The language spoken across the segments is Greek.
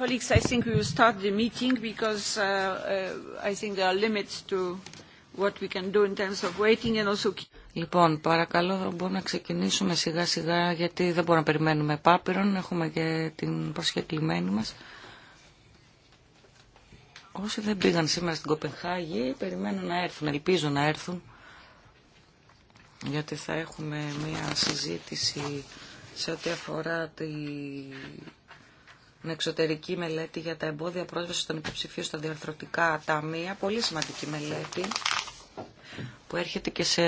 Colleagues, Λοιπόν, παρακαλώ, μπορούμε να ξεκινήσουμε σιγά σιγά γιατί δεν μπορούμε να περιμένουμε πάπυρον. Έχουμε και την προσκεκλημένη μας. Όσοι δεν πήγαν σήμερα στην Κοπενχάγη, περιμένουν να έρθουν, ελπίζω να έρθουν. Γιατί θα έχουμε μία συζήτηση σε ό,τι αφορά τη με εξωτερική μελέτη για τα εμπόδια πρόσβασης των υποψηφίων στα διαρθρωτικά ταμεία. Πολύ σημαντική μελέτη που έρχεται και σε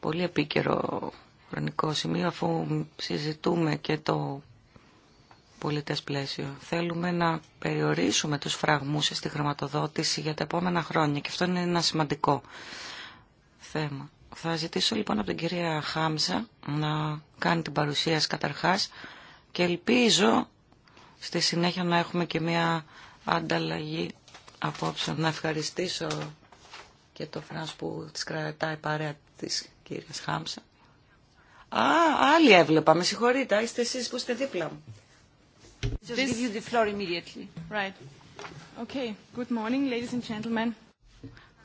πολύ επίκαιρο χρονικό σημείο αφού συζητούμε και το πολιτές πλαίσιο. Θέλουμε να περιορίσουμε τους φραγμούς στη χρηματοδότηση για τα επόμενα χρόνια και αυτό είναι ένα σημαντικό θέμα. Θα ζητήσω λοιπόν από την κυρία Χάμζα να κάνει την παρουσίαση καταρχάς και ελπίζω στη συνέχεια να έχουμε και μια ανταλλαγή απόψε. Να ευχαριστήσω και το Φρανς που της κρατάει παρέα της κυρίας Χάμσα. Α, άλλη έβλεπα, με συγχωρείτε, είστε εσείς που είστε δίπλα μου.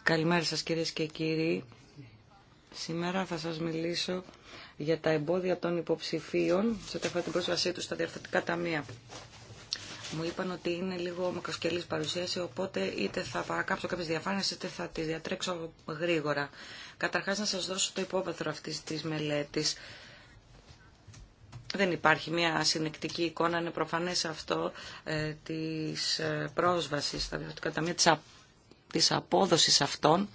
Καλημέρα σας κυρίες και κύριοι. Σήμερα θα σας μιλήσω για τα εμπόδια των υποψηφίων σε τεφά την πρόσβασή τους στα διαρθρωτικά ταμεία. Μου είπαν ότι είναι λίγο μακροσκελή παρουσίαση, οπότε είτε θα παρακάψω κάποιε διαφάνειε, είτε θα τι διατρέξω γρήγορα. Καταρχάς να σας δώσω το υπόβαθρο αυτής της μελέτης. Δεν υπάρχει μια συνεκτική εικόνα, είναι προφανές αυτό, ε, της ε, πρόσβασης στα διευθυντικά ταμεία, α, αυτών.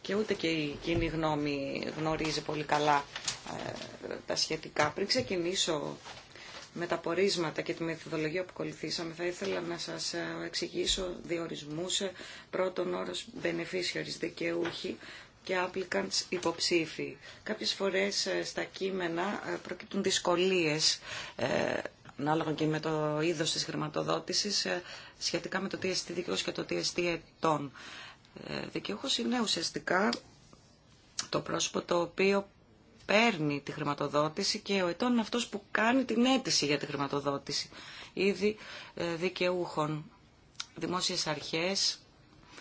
Και ούτε και η κοινή γνώμη γνωρίζει πολύ καλά ε, τα σχετικά. Πριν ξεκινήσω με τα πορίσματα και τη μεθοδολογία που ακολουθήσαμε, θα ήθελα να σας ε, εξηγήσω διορισμούς. Πρώτον όρος beneficiaries, δικαιούχοι και applicants υποψήφοι. Κάποιες φορές ε, στα κείμενα προκύπτουν δυσκολίες ανάλογα και με το είδος της χρηματοδότησης σχετικά με το TST δικαιούς και το TST ετών. Δικαιούχος είναι ουσιαστικά το πρόσωπο το οποίο παίρνει τη χρηματοδότηση και ο ετών είναι αυτός που κάνει την αίτηση για τη χρηματοδότηση ήδη ε, δικαιούχων. Δημόσιες αρχές,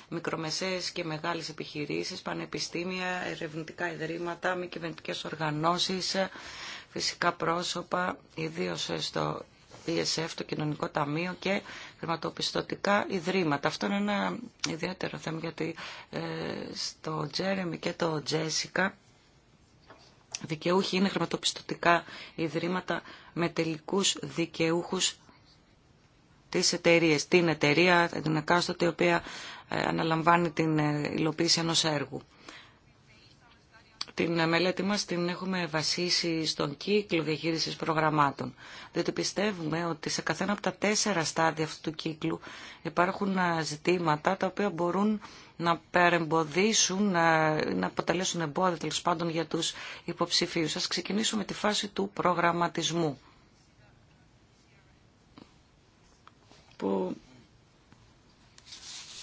μικρομεσαίες και μεγάλες επιχειρήσεις, πανεπιστήμια, ερευνητικά ιδρύματα, μη κυβερνητικές οργανώσεις, ε, φυσικά πρόσωπα, ιδίως ε, στο ESF, το Κοινωνικό Ταμείο και χρηματοπιστωτικά ιδρύματα. Αυτό είναι ένα ιδιαίτερο θέμα γιατί στο Τζέρεμι και το Τζέσικα δικαιούχοι είναι χρηματοπιστωτικά ιδρύματα με τελικούς δικαιούχους τις εταιρείε, την εταιρεία, την εκάστοτε η οποία ε, αναλαμβάνει την ε, υλοποίηση ενός έργου την μελέτη μας την έχουμε βασίσει στον κύκλο διαχείρισης προγραμμάτων, διότι πιστεύουμε ότι σε καθένα από τα τέσσερα στάδια αυτού του κύκλου υπάρχουν ζητήματα τα οποία μπορούν να παρεμποδίσουν, να, να αποτελέσουν εμπόδια τέλο πάντων για τους υποψηφίους. Ας ξεκινήσουμε τη φάση του προγραμματισμού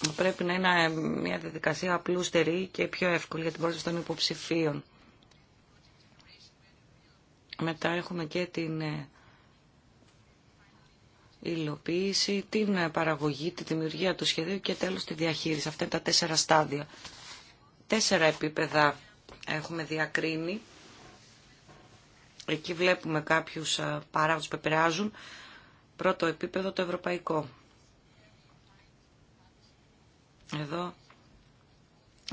πρέπει να είναι μια διαδικασία απλούστερη και πιο εύκολη για την πρόσβαση των υποψηφίων. Μετά έχουμε και την ε, υλοποίηση, την ε, παραγωγή, τη δημιουργία του σχεδίου και τέλος τη διαχείριση. Αυτά είναι τα τέσσερα στάδια. Τέσσερα επίπεδα έχουμε διακρίνει. Εκεί βλέπουμε κάποιους ε, παράγοντες που επηρεάζουν. Πρώτο επίπεδο το ευρωπαϊκό. Εδώ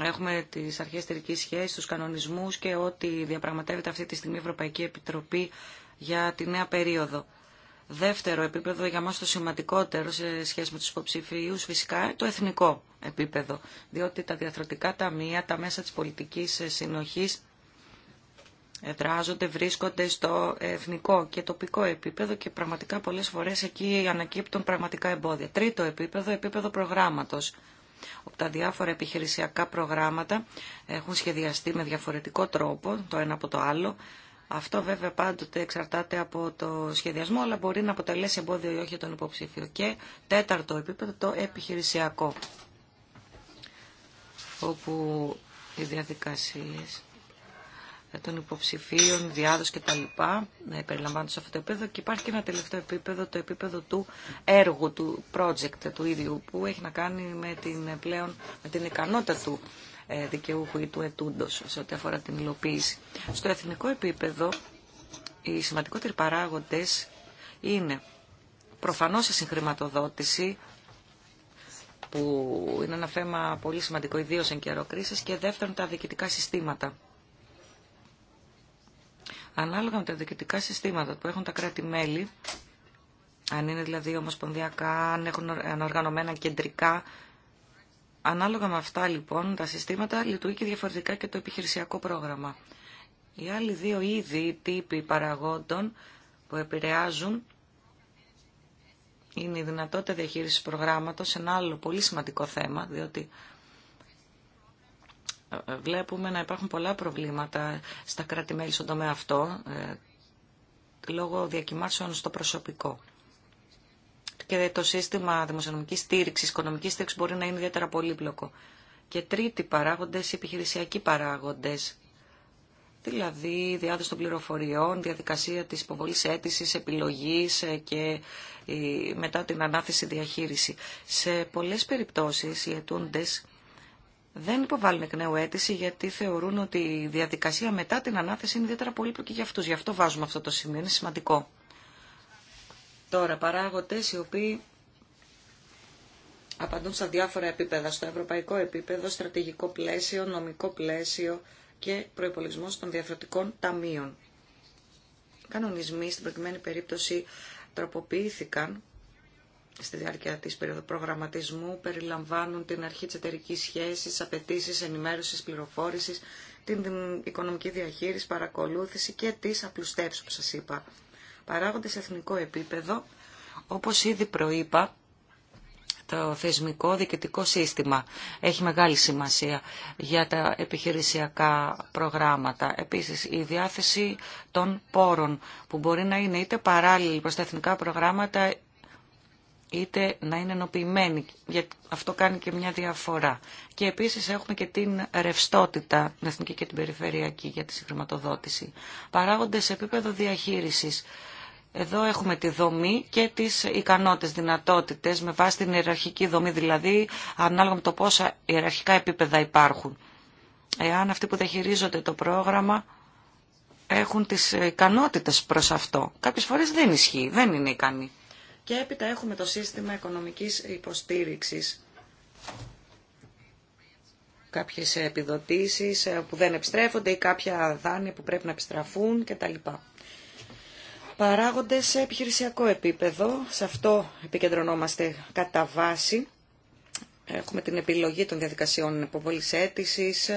έχουμε τις αρχές τερικής σχέσης, τους κανονισμούς και ό,τι διαπραγματεύεται αυτή τη στιγμή η Ευρωπαϊκή Επιτροπή για τη νέα περίοδο. Δεύτερο επίπεδο για μας το σημαντικότερο σε σχέση με τους υποψηφίους φυσικά το εθνικό επίπεδο, διότι τα διαθροτικά ταμεία, τα μέσα της πολιτικής συνοχής εδράζονται, βρίσκονται στο εθνικό και τοπικό επίπεδο και πραγματικά πολλές φορές εκεί ανακύπτουν πραγματικά εμπόδια. Τρίτο επίπεδο, επίπεδο προγράμματος όπου τα διάφορα επιχειρησιακά προγράμματα έχουν σχεδιαστεί με διαφορετικό τρόπο το ένα από το άλλο. Αυτό βέβαια πάντοτε εξαρτάται από το σχεδιασμό, αλλά μπορεί να αποτελέσει εμπόδιο ή όχι τον υποψήφιο. Και τέταρτο επίπεδο, το επιχειρησιακό, όπου οι διαδικασίες των υποψηφίων, διάδοση κτλ. τα ε, περιλαμβάνονται σε αυτό το επίπεδο και υπάρχει και ένα τελευταίο επίπεδο, το επίπεδο του έργου, του project του ίδιου που έχει να κάνει με την πλέον, με την ικανότητα του ε, δικαιούχου ή του ετούντος σε ό,τι αφορά την υλοποίηση. Στο εθνικό επίπεδο οι σημαντικότεροι παράγοντες είναι προφανώς η συγχρηματοδότηση που είναι ένα θέμα πολύ σημαντικό ιδίως εν καιρό κρίσης και δεύτερον τα διοικητικά συστήματα Ανάλογα με τα διοικητικά συστήματα που έχουν τα κράτη-μέλη, αν είναι δηλαδή ομοσπονδιακά, αν έχουν αναργανωμένα κεντρικά, ανάλογα με αυτά λοιπόν τα συστήματα λειτουργεί και διαφορετικά και το επιχειρησιακό πρόγραμμα. Οι άλλοι δύο είδη τύποι παραγόντων που επηρεάζουν είναι η δυνατότητα διαχείρισης προγράμματος, ένα άλλο πολύ σημαντικό θέμα, διότι βλέπουμε να υπάρχουν πολλά προβλήματα στα κράτη-μέλη στον τομέα αυτό, ε, λόγω διακυμάνσεων στο προσωπικό. Και το σύστημα δημοσιονομικής στήριξης, οικονομικής στήριξης μπορεί να είναι ιδιαίτερα πολύπλοκο. Και τρίτοι παράγοντες, επιχειρησιακοί παράγοντες, δηλαδή διάδοση των πληροφοριών, διαδικασία της υποβολής αίτηση, επιλογής ε, και μετά την ανάθεση διαχείριση. Σε πολλές περιπτώσεις οι αιτούντες δεν υποβάλλουν εκ νέου αίτηση γιατί θεωρούν ότι η διαδικασία μετά την ανάθεση είναι ιδιαίτερα πολύπλοκη για αυτούς. Γι' αυτό βάζουμε αυτό το σημείο, είναι σημαντικό. Τώρα, παράγοντες οι οποίοι απαντούν στα διάφορα επίπεδα, στο ευρωπαϊκό επίπεδο, στρατηγικό πλαίσιο, νομικό πλαίσιο και προϋπολογισμός των διαφορετικών ταμείων. Οι κανονισμοί στην προκειμένη περίπτωση τροποποιήθηκαν στη διάρκεια της περίοδου προγραμματισμού περιλαμβάνουν την αρχή της εταιρική σχέσης, απαιτήσει ενημέρωση πληροφόρηση, την οικονομική διαχείριση, παρακολούθηση και τι απλουστεύσει που σα είπα. Παράγονται σε εθνικό επίπεδο, όπω ήδη προείπα, το θεσμικό διοικητικό σύστημα έχει μεγάλη σημασία για τα επιχειρησιακά προγράμματα. Επίσης, η διάθεση των πόρων που μπορεί να είναι είτε παράλληλη προς τα εθνικά προγράμματα είτε να είναι ενοποιημένοι, γιατί αυτό κάνει και μια διαφορά. Και επίσης έχουμε και την ρευστότητα, την εθνική και την περιφερειακή για τη συγχρηματοδότηση. Παράγονται σε επίπεδο διαχείρισης. Εδώ έχουμε τη δομή και τις ικανότητες, δυνατότητες, με βάση την ιεραρχική δομή, δηλαδή ανάλογα με το πόσα ιεραρχικά επίπεδα υπάρχουν. Εάν αυτοί που διαχειρίζονται το πρόγραμμα έχουν τις ικανότητες προς αυτό. Κάποιες φορές δεν ισχύει, δεν είναι ικανή. Και έπειτα έχουμε το σύστημα οικονομικής υποστήριξης. Κάποιες επιδοτήσεις ε, που δεν επιστρέφονται ή κάποια δάνεια που πρέπει να επιστραφούν κτλ. Παράγονται σε επιχειρησιακό επίπεδο, σε αυτό επικεντρωνόμαστε κατά βάση. Έχουμε την επιλογή των διαδικασιών υποβολής αίτησης,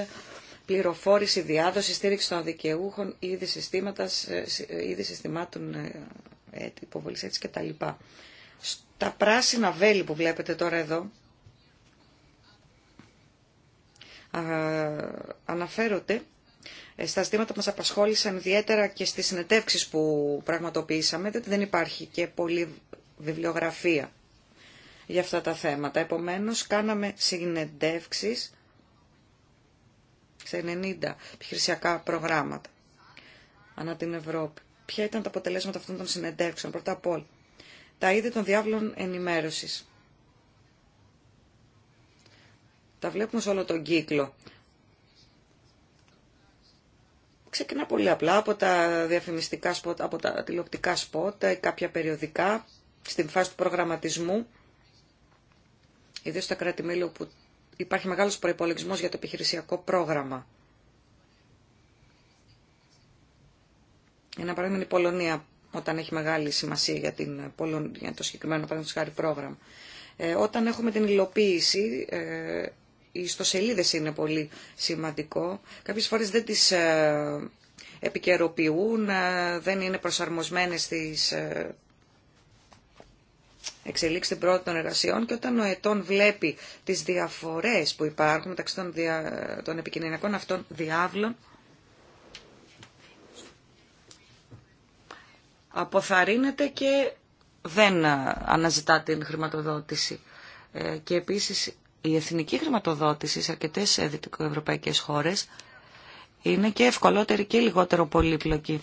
πληροφόρηση, διάδοση, στήριξη των δικαιούχων, είδη, συστήματων ε, ε, ε, έτσι και τα λοιπά. Στα πράσινα βέλη που βλέπετε τώρα εδώ, αναφέρονται ε, στα ζητήματα που μας απασχόλησαν ιδιαίτερα και στις συνετεύξεις που πραγματοποιήσαμε, διότι δεν υπάρχει και πολλή βιβλιογραφία για αυτά τα θέματα. Επομένως, κάναμε συνεντεύξεις σε 90 επιχειρησιακά προγράμματα ανά την Ευρώπη ποια ήταν τα αποτελέσματα αυτών των συνεντεύξεων. Πρώτα απ' όλα, τα είδη των διάβλων ενημέρωση. Τα βλέπουμε σε όλο τον κύκλο. Ξεκινά πολύ απλά από τα διαφημιστικά σποτ, από τα τηλεοπτικά σποτ, ε, κάποια περιοδικά, στην φάση του προγραμματισμού, ιδίως στα κράτη-μήλου που υπάρχει μεγάλος προϋπολογισμός για το επιχειρησιακό πρόγραμμα. Ένα παράδειγμα είναι η Πολωνία, όταν έχει μεγάλη σημασία για, την, για το συγκεκριμένο παράδειγμα χάρη πρόγραμμα. Ε, όταν έχουμε την υλοποίηση, ε, οι ιστοσελίδες είναι πολύ σημαντικό. Κάποιες φορές δεν τις ε, επικαιροποιούν, ε, δεν είναι προσαρμοσμένες στις ε, εξελίξει των πρώτη των εργασιών και όταν ο ετών βλέπει τις διαφορές που υπάρχουν μεταξύ των, δια, των επικοινωνιακών αυτών διάβλων, αποθαρρύνεται και δεν ε, αναζητά την χρηματοδότηση. Ε, και επίσης η εθνική χρηματοδότηση σε αρκετές ε, δυτικοευρωπαϊκές χώρες είναι και ευκολότερη και λιγότερο πολύπλοκη.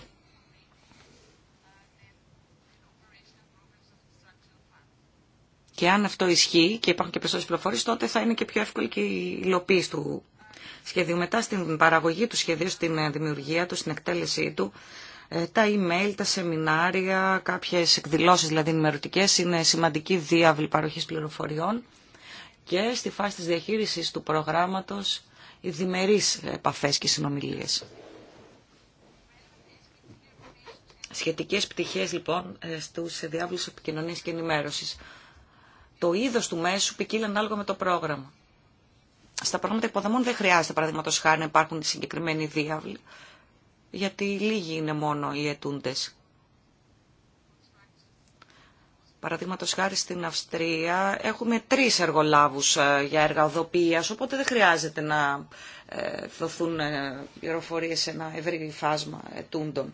Και αν αυτό ισχύει και υπάρχουν και περισσότερες πληροφορίες τότε θα είναι και πιο εύκολη και η υλοποίηση του σχεδίου. Μετά στην παραγωγή του σχεδίου, στην δημιουργία του, στην εκτέλεσή του, ε, τα email, τα σεμινάρια, κάποιες εκδηλώσεις δηλαδή ενημερωτικέ είναι σημαντική διάβλη παροχής πληροφοριών και στη φάση της διαχείρισης του προγράμματος οι διμερείς επαφές και συνομιλίες. Σχετικές πτυχές λοιπόν ε, στους διάβλους επικοινωνίας και ενημέρωσης. Το είδος του μέσου ποικίλει ανάλογα με το πρόγραμμα. Στα προγράμματα υποδομών δεν χρειάζεται, παραδείγματος χάρη, να υπάρχουν συγκεκριμένοι διάβλοι γιατί λίγοι είναι μόνο οι αιτούντες. Παραδείγματο χάρη στην Αυστρία έχουμε τρεις εργολάβους ε, για εργαδοποίηση, οπότε δεν χρειάζεται να ε, δοθούν ε, πληροφορίε σε ένα ευρύ φάσμα ετούντων.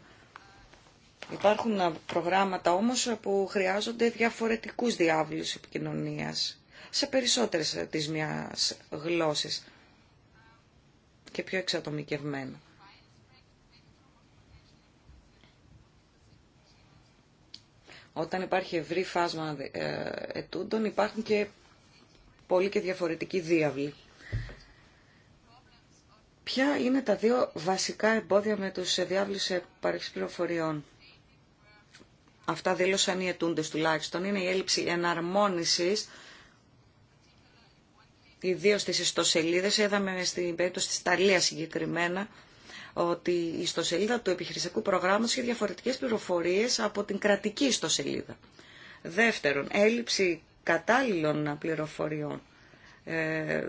Υπάρχουν προγράμματα όμως που χρειάζονται διαφορετικούς διάβλους επικοινωνίας σε περισσότερες της μιας γλώσσες και πιο εξατομικευμένα. Όταν υπάρχει ευρύ φάσμα ε, ετούντων υπάρχουν και πολύ και διαφορετικοί διάβλοι. Ποια είναι τα δύο βασικά εμπόδια με τους διάβλους παρέχεις πληροφοριών. Αυτά δήλωσαν οι ετούντες τουλάχιστον. Είναι η έλλειψη εναρμόνισης, ιδίως στις ιστοσελίδες. Είδαμε στην περίπτωση της Ιταλίας συγκεκριμένα ότι η ιστοσελίδα του επιχειρησιακού προγράμματος έχει διαφορετικές πληροφορίες από την κρατική ιστοσελίδα. Δεύτερον, έλλειψη κατάλληλων πληροφοριών. Ε,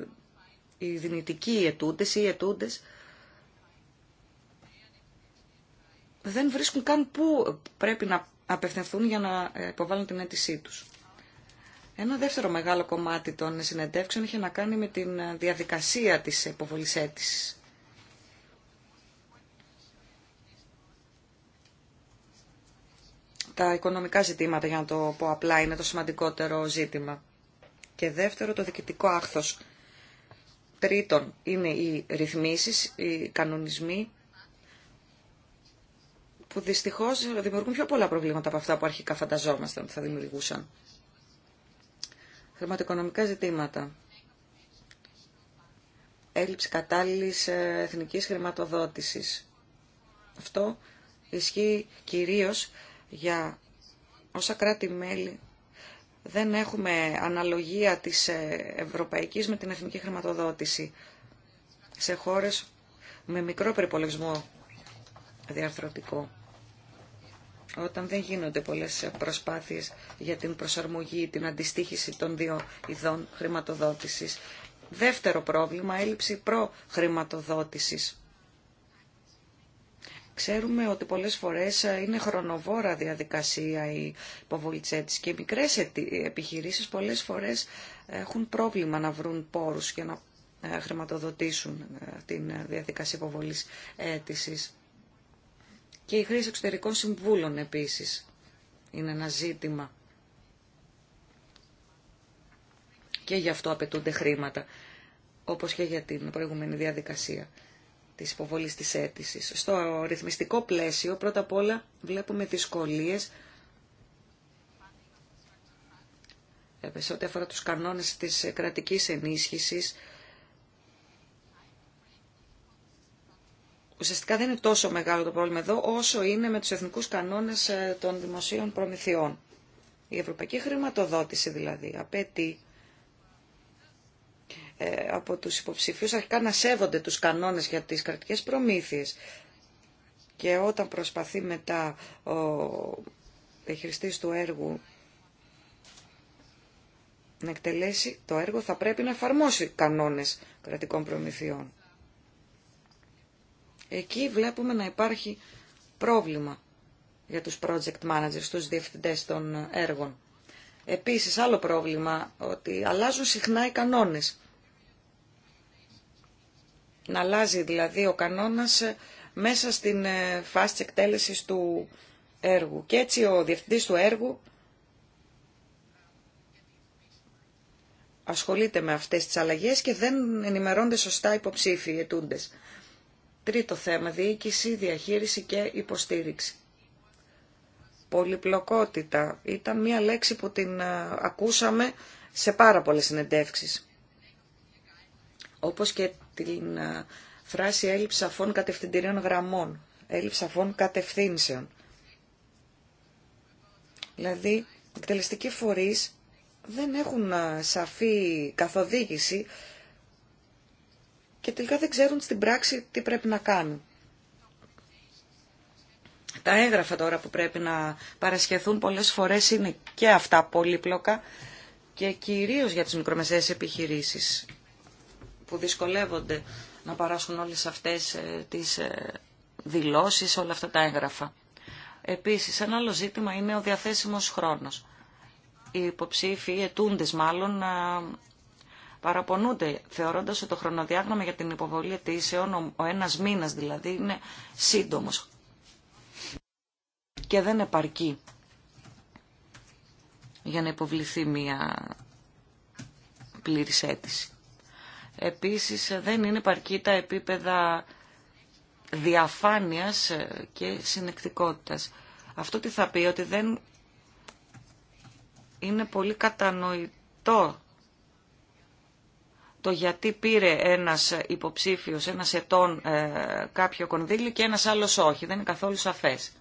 οι δυνητικοί ετούντες ή ετούντες δεν βρίσκουν καν πού πρέπει να απευθυνθούν για να ε, υποβάλουν την αίτησή τους. Ένα δεύτερο μεγάλο κομμάτι των συνεντεύξεων είχε να κάνει με την ε, διαδικασία της υποβολής αίτησης. τα οικονομικά ζητήματα, για να το πω απλά, είναι το σημαντικότερο ζήτημα. Και δεύτερο, το διοικητικό άχθος. Τρίτον, είναι οι ρυθμίσεις, οι κανονισμοί, που δυστυχώς δημιουργούν πιο πολλά προβλήματα από αυτά που αρχικά φανταζόμασταν ότι θα δημιουργούσαν. Χρηματοοικονομικά ζητήματα. Έλλειψη κατάλληλης ε, εθνικής χρηματοδότησης. Αυτό ισχύει κυρίως για όσα κράτη-μέλη δεν έχουμε αναλογία της ε, ευρωπαϊκής με την εθνική χρηματοδότηση σε χώρες με μικρό περιπολογισμό διαρθρωτικό. Όταν δεν γίνονται πολλές προσπάθειες για την προσαρμογή, την αντιστοίχηση των δύο ειδών χρηματοδότησης. Δεύτερο πρόβλημα, έλλειψη προ-χρηματοδότησης. Ξέρουμε ότι πολλές φορές ε, είναι χρονοβόρα διαδικασία η υποβολή της και οι μικρές επιχειρήσεις πολλές φορές έχουν πρόβλημα να βρουν πόρους και να ε, χρηματοδοτήσουν ε, την διαδικασία υποβολής αίτησης. Και η χρήση εξωτερικών συμβούλων επίσης είναι ένα ζήτημα. Και γι' αυτό απαιτούνται χρήματα, όπως και για την προηγούμενη διαδικασία της υποβολής της αίτησης. Στο ρυθμιστικό πλαίσιο πρώτα απ' όλα βλέπουμε δυσκολίες ε, σε ό,τι αφορά τους κανόνες της κρατικής ενίσχυσης. Ουσιαστικά δεν είναι τόσο μεγάλο το πρόβλημα εδώ όσο είναι με τους εθνικούς κανόνες ε, των δημοσίων προμηθειών. Η ευρωπαϊκή χρηματοδότηση δηλαδή απαιτεί ε, από τους υποψηφίους αρχικά να σέβονται τους κανόνες για τις κρατικές προμήθειες. Και όταν προσπαθεί μετά ο διαχειριστής του έργου να εκτελέσει το έργο θα πρέπει να εφαρμόσει κανόνες κρατικών προμηθειών. Εκεί βλέπουμε να υπάρχει πρόβλημα για τους project managers, τους διευθυντές των έργων. Επίσης, άλλο πρόβλημα, ότι αλλάζουν συχνά οι κανόνες να αλλάζει δηλαδή ο κανόνας ε, μέσα στην ε, φάση της εκτέλεσης του έργου. Και έτσι ο διευθυντής του έργου ασχολείται με αυτές τις αλλαγές και δεν ενημερώνται σωστά υποψήφοι ετούντες. Τρίτο θέμα, διοίκηση, διαχείριση και υποστήριξη. Πολυπλοκότητα ήταν μια λέξη που την ε, ακούσαμε σε πάρα πολλές συνεντεύξεις. Όπως και την ε, φράση έλλειψη σαφών κατευθυντηρίων γραμμών, έλλειψη σαφών κατευθύνσεων. Δηλαδή, οι εκτελεστικοί φορείς δεν έχουν ε, σαφή καθοδήγηση και τελικά δεν ξέρουν στην πράξη τι πρέπει να κάνουν. Τα έγγραφα τώρα που πρέπει να παρασχεθούν πολλές φορές είναι και αυτά πολύπλοκα και κυρίως για τις μικρομεσαίες επιχειρήσεις που δυσκολεύονται να παράσχουν όλες αυτές ε, τις ε, δηλώσεις, όλα αυτά τα έγγραφα. Επίσης, ένα άλλο ζήτημα είναι ο διαθέσιμος χρόνος. Οι υποψήφοι, οι ετούντες μάλλον, παραπονούνται θεωρώντας ότι το χρονοδιάγραμμα για την υποβολή αιτήσεων, ο ένας μήνας δηλαδή, είναι σύντομος και δεν επαρκεί για να υποβληθεί μια πλήρης αίτηση. Επίσης δεν είναι παρκή τα επίπεδα διαφάνειας και συνεκτικότητας. Αυτό τι θα πει ότι δεν είναι πολύ κατανοητό το γιατί πήρε ένας υποψήφιος, ένας ετών ε, κάποιο κονδύλι και ένας άλλος όχι. Δεν είναι καθόλου σαφές.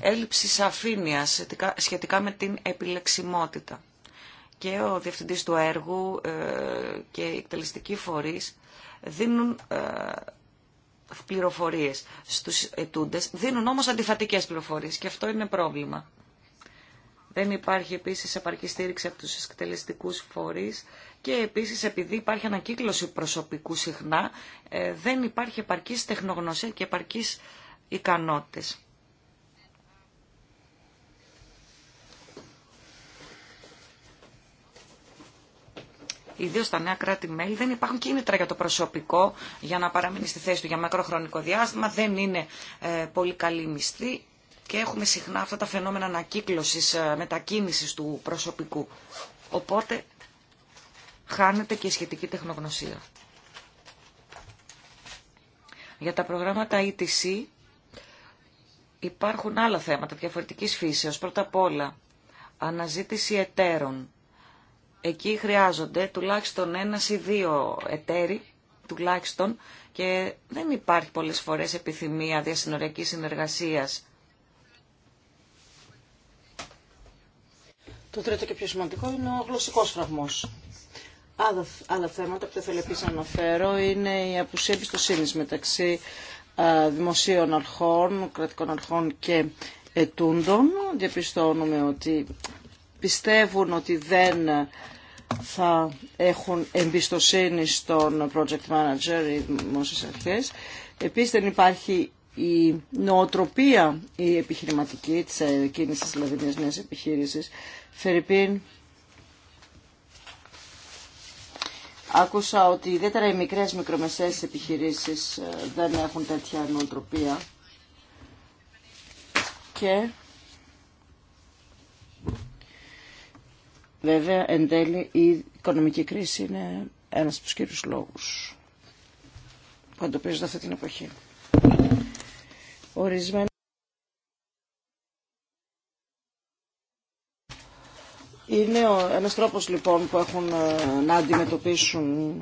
Έλλειψη σαφήνειας σχετικά με την επιλεξιμότητα και ο διευθυντής του έργου ε, και οι εκτελεστικοί φορείς δίνουν ε, πληροφορίες στους ετούντες, δίνουν όμως αντιφατικές πληροφορίες και αυτό είναι πρόβλημα. Δεν υπάρχει επίσης επαρκή στήριξη από τους εκτελεστικούς φορείς και επίσης επειδή υπάρχει ανακύκλωση προσωπικού συχνά, ε, δεν υπάρχει επαρκής τεχνογνωσία και επαρκής ικανότητες. ιδίω στα νέα κράτη-μέλη, δεν υπάρχουν κίνητρα για το προσωπικό για να παραμείνει στη θέση του για μακροχρονικό διάστημα, δεν είναι ε, πολύ καλή μισθή και έχουμε συχνά αυτά τα φαινόμενα ανακύκλωσης, ε, μετακίνησης του προσωπικού. Οπότε χάνεται και η σχετική τεχνογνωσία. Για τα προγράμματα ETC υπάρχουν άλλα θέματα διαφορετικής φύσεως. Πρώτα απ' όλα, αναζήτηση εταίρων Εκεί χρειάζονται τουλάχιστον ένα ή δύο εταίροι, τουλάχιστον, και δεν υπάρχει πολλές φορές επιθυμία διασυνοριακής συνεργασίας. Το τρίτο και πιο σημαντικό είναι ο γλωσσικός φραγμός. Άλλα, άλλα θέματα που θα ήθελα να αναφέρω είναι η απουσία εμπιστοσύνη μεταξύ δημοσίων αρχών, κρατικών αρχών και ετούντων. Διαπιστώνουμε ότι πιστεύουν ότι δεν θα έχουν εμπιστοσύνη στον project manager οι δημόσιες αρχές. Επίσης δεν υπάρχει η νοοτροπία η επιχειρηματική της κίνησης δηλαδή μιας νέας επιχείρησης. Φερρυπίν, άκουσα ότι ιδιαίτερα οι μικρές μικρομεσαίες επιχειρήσεις ε, δεν έχουν τέτοια νοοτροπία και Βέβαια, εν τέλει, η οικονομική κρίση είναι ένας από τους κύριους λόγους που αντοπίζονται αυτή την εποχή. Ορισμένα Είναι ένας τρόπος λοιπόν που έχουν ε, να αντιμετωπίσουν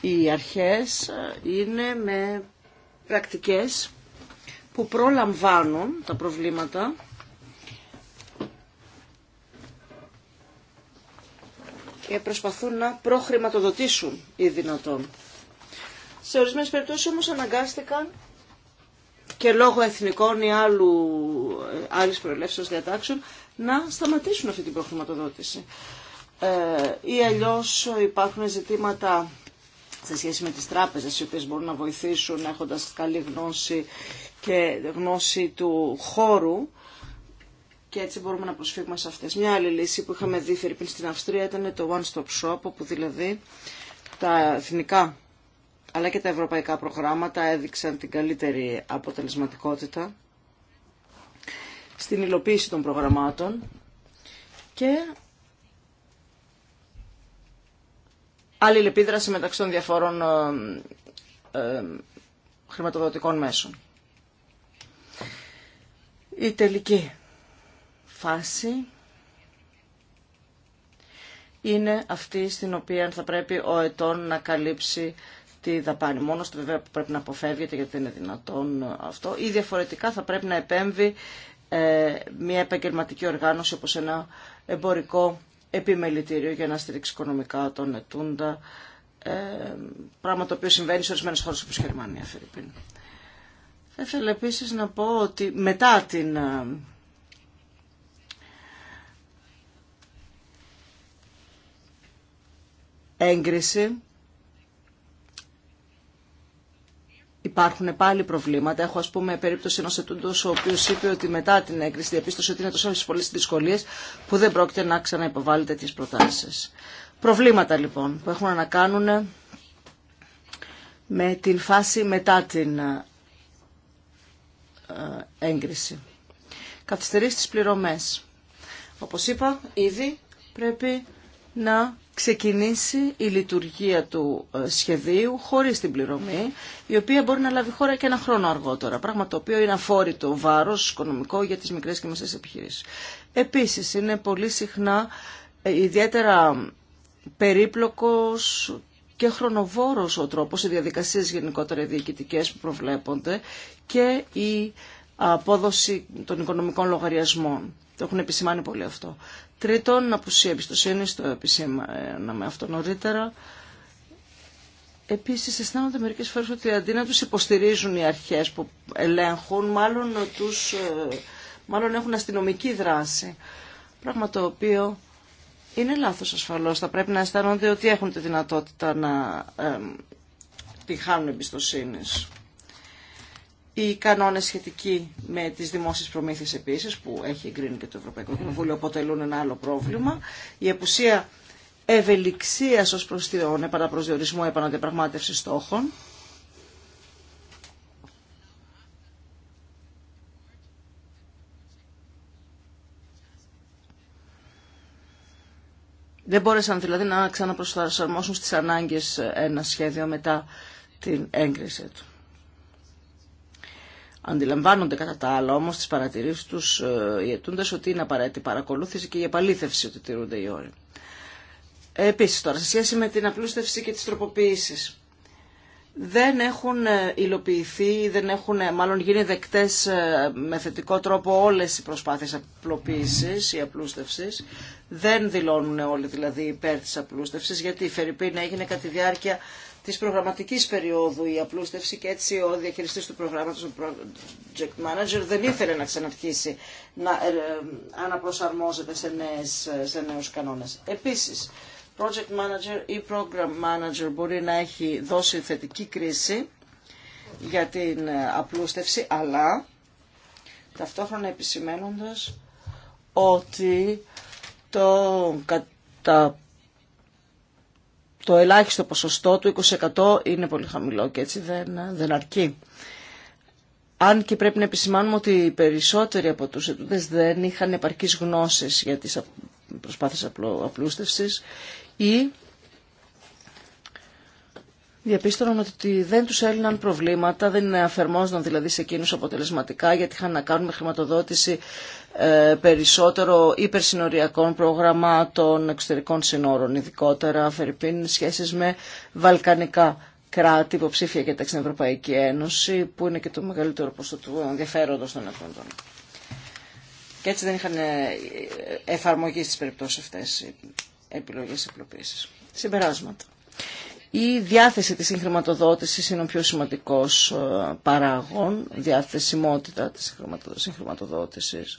οι αρχές ε, είναι με πρακτικές που προλαμβάνουν τα προβλήματα προσπαθούν να προχρηματοδοτήσουν οι δυνατόν. Σε ορισμένε περιπτώσει όμω αναγκάστηκαν και λόγω εθνικών ή άλλου, ε, άλλης προελεύσεως διατάξεων να σταματήσουν αυτή την προχρηματοδότηση. Ε, ή αλλιώς υπάρχουν ζητήματα σε σχέση με τις τράπεζες οι οποίες μπορούν να βοηθήσουν έχοντας καλή γνώση και γνώση του χώρου και έτσι μπορούμε να προσφύγουμε σε αυτές. Μια άλλη λύση που είχαμε δει Φερρυπίν στην Αυστρία ήταν το One Stop Shop, όπου δηλαδή τα εθνικά αλλά και τα ευρωπαϊκά προγράμματα έδειξαν την καλύτερη αποτελεσματικότητα στην υλοποίηση των προγραμμάτων και λεπίδραση μεταξύ των διαφορών ε, ε, χρηματοδοτικών μέσων. Η τελική φάση είναι αυτή στην οποία θα πρέπει ο ετών να καλύψει τη δαπάνη. Μόνο στο βέβαια που πρέπει να αποφεύγεται γιατί δεν είναι δυνατόν αυτό ή διαφορετικά θα πρέπει να επέμβει ε, μια επαγγελματική οργάνωση όπως ένα εμπορικό επιμελητήριο για να στηρίξει οικονομικά τον ετούντα ε, πράγμα το οποίο συμβαίνει σε ορισμένες χώρες όπως η Γερμανία. Θα ήθελα επίσης να πω ότι μετά την ε, έγκριση υπάρχουν πάλι προβλήματα. Έχω, α πούμε, περίπτωση ενό ετούντο ο οποίο είπε ότι μετά την έγκριση διαπίστωσε ότι είναι τόσο πολλέ δυσκολίε που δεν πρόκειται να ξαναυποβάλει τέτοιε προτάσει. Προβλήματα λοιπόν που έχουν να κάνουν με την φάση μετά την ε, έγκριση. Καθυστερήσει τις πληρωμές. Όπως είπα, ήδη πρέπει να ξεκινήσει η λειτουργία του ε, σχεδίου χωρίς την πληρωμή, η οποία μπορεί να λάβει χώρα και ένα χρόνο αργότερα, πράγμα το οποίο είναι αφόρητο βάρος οικονομικό για τις μικρές και μεσαίες επιχειρήσεις. Επίσης, είναι πολύ συχνά ε, ιδιαίτερα περίπλοκος και χρονοβόρος ο τρόπος, οι διαδικασίες γενικότερα διοικητικές που προβλέπονται και η απόδοση των οικονομικών λογαριασμών. Το έχουν επισημάνει πολύ αυτό. Τρίτον, απουσία εμπιστοσύνη, το να με αυτό νωρίτερα. Επίσης αισθάνονται μερικές φορές ότι αντί να τους υποστηρίζουν οι αρχές που ελέγχουν, μάλλον, τους, ε, μάλλον έχουν αστυνομική δράση. Πράγμα το οποίο είναι λάθος ασφαλώς. Θα πρέπει να αισθάνονται ότι έχουν τη δυνατότητα να ε, τη χάνουν εμπιστοσύνης οι κανόνες σχετικοί με τις δημόσιες προμήθειες επίσης, που έχει εγκρίνει και το Ευρωπαϊκό Κοινοβούλιο, αποτελούν ένα άλλο πρόβλημα. Η απουσία ευελιξίας ως προς τον επαναπροσδιορισμό επαναδιαπραγμάτευση στόχων. Δεν μπόρεσαν δηλαδή να ξαναπροσαρμόσουν στις ανάγκες ένα σχέδιο μετά την έγκριση του. Αντιλαμβάνονται κατά τα άλλα όμως τις παρατηρήσεις τους ε, οι αιτούντες ότι είναι απαραίτητη παρακολούθηση και η επαλήθευση ότι τηρούνται οι όροι. Επίσης τώρα, σε σχέση με την απλούστευση και τις τροποποίησεις. Δεν έχουν ε, υλοποιηθεί, δεν έχουν ε, μάλλον γίνει δεκτές με θετικό τρόπο όλες οι προσπάθειες απλοποίησης ή απλούστευσης. Δεν δηλώνουν όλοι δηλαδή υπέρ της απλούστευσης, γιατί η Φερρυπίν έγινε κατά τη διάρκεια της προγραμματικής περίοδου η απλούστευση και έτσι ο διαχειριστής του προγράμματος, ο project manager, δεν ήθελε να ξαναρχίσει να ε, ε, αναπροσαρμόζεται σε, νέες, σε νέους κανόνες. Επίσης, project manager ή program manager μπορεί να έχει δώσει θετική κρίση για την ε, απλούστευση, αλλά ταυτόχρονα επισημένοντας ότι το κατά το ελάχιστο ποσοστό του 20% είναι πολύ χαμηλό και έτσι δεν, αρκεί. Αν και πρέπει να επισημάνουμε ότι οι περισσότεροι από τους ετούντες δεν είχαν επαρκείς γνώσεις για τις προσπάθειες απλούστευσης ή διαπίστωναν ότι δεν τους έλυναν προβλήματα, δεν αφαιρμόζονταν δηλαδή σε εκείνους αποτελεσματικά γιατί είχαν να κάνουν με χρηματοδότηση ε, περισσότερο υπερσυνοριακών προγραμμάτων εξωτερικών συνόρων, ειδικότερα Φερρυπίν σχέσεις με βαλκανικά κράτη υποψήφια για την Ευρωπαϊκή Ένωση, που είναι και το μεγαλύτερο ποσό του ενδιαφέροντος των εθνών. Και έτσι δεν είχαν ε, εφαρμογή στις περιπτώσεις αυτές οι επιλογές επιλοποίησης. Συμπεράσματα. Η διάθεση της συγχρηματοδότησης είναι ο πιο σημαντικός ε, παράγων, διαθεσιμότητα της συγχρηματοδότησης.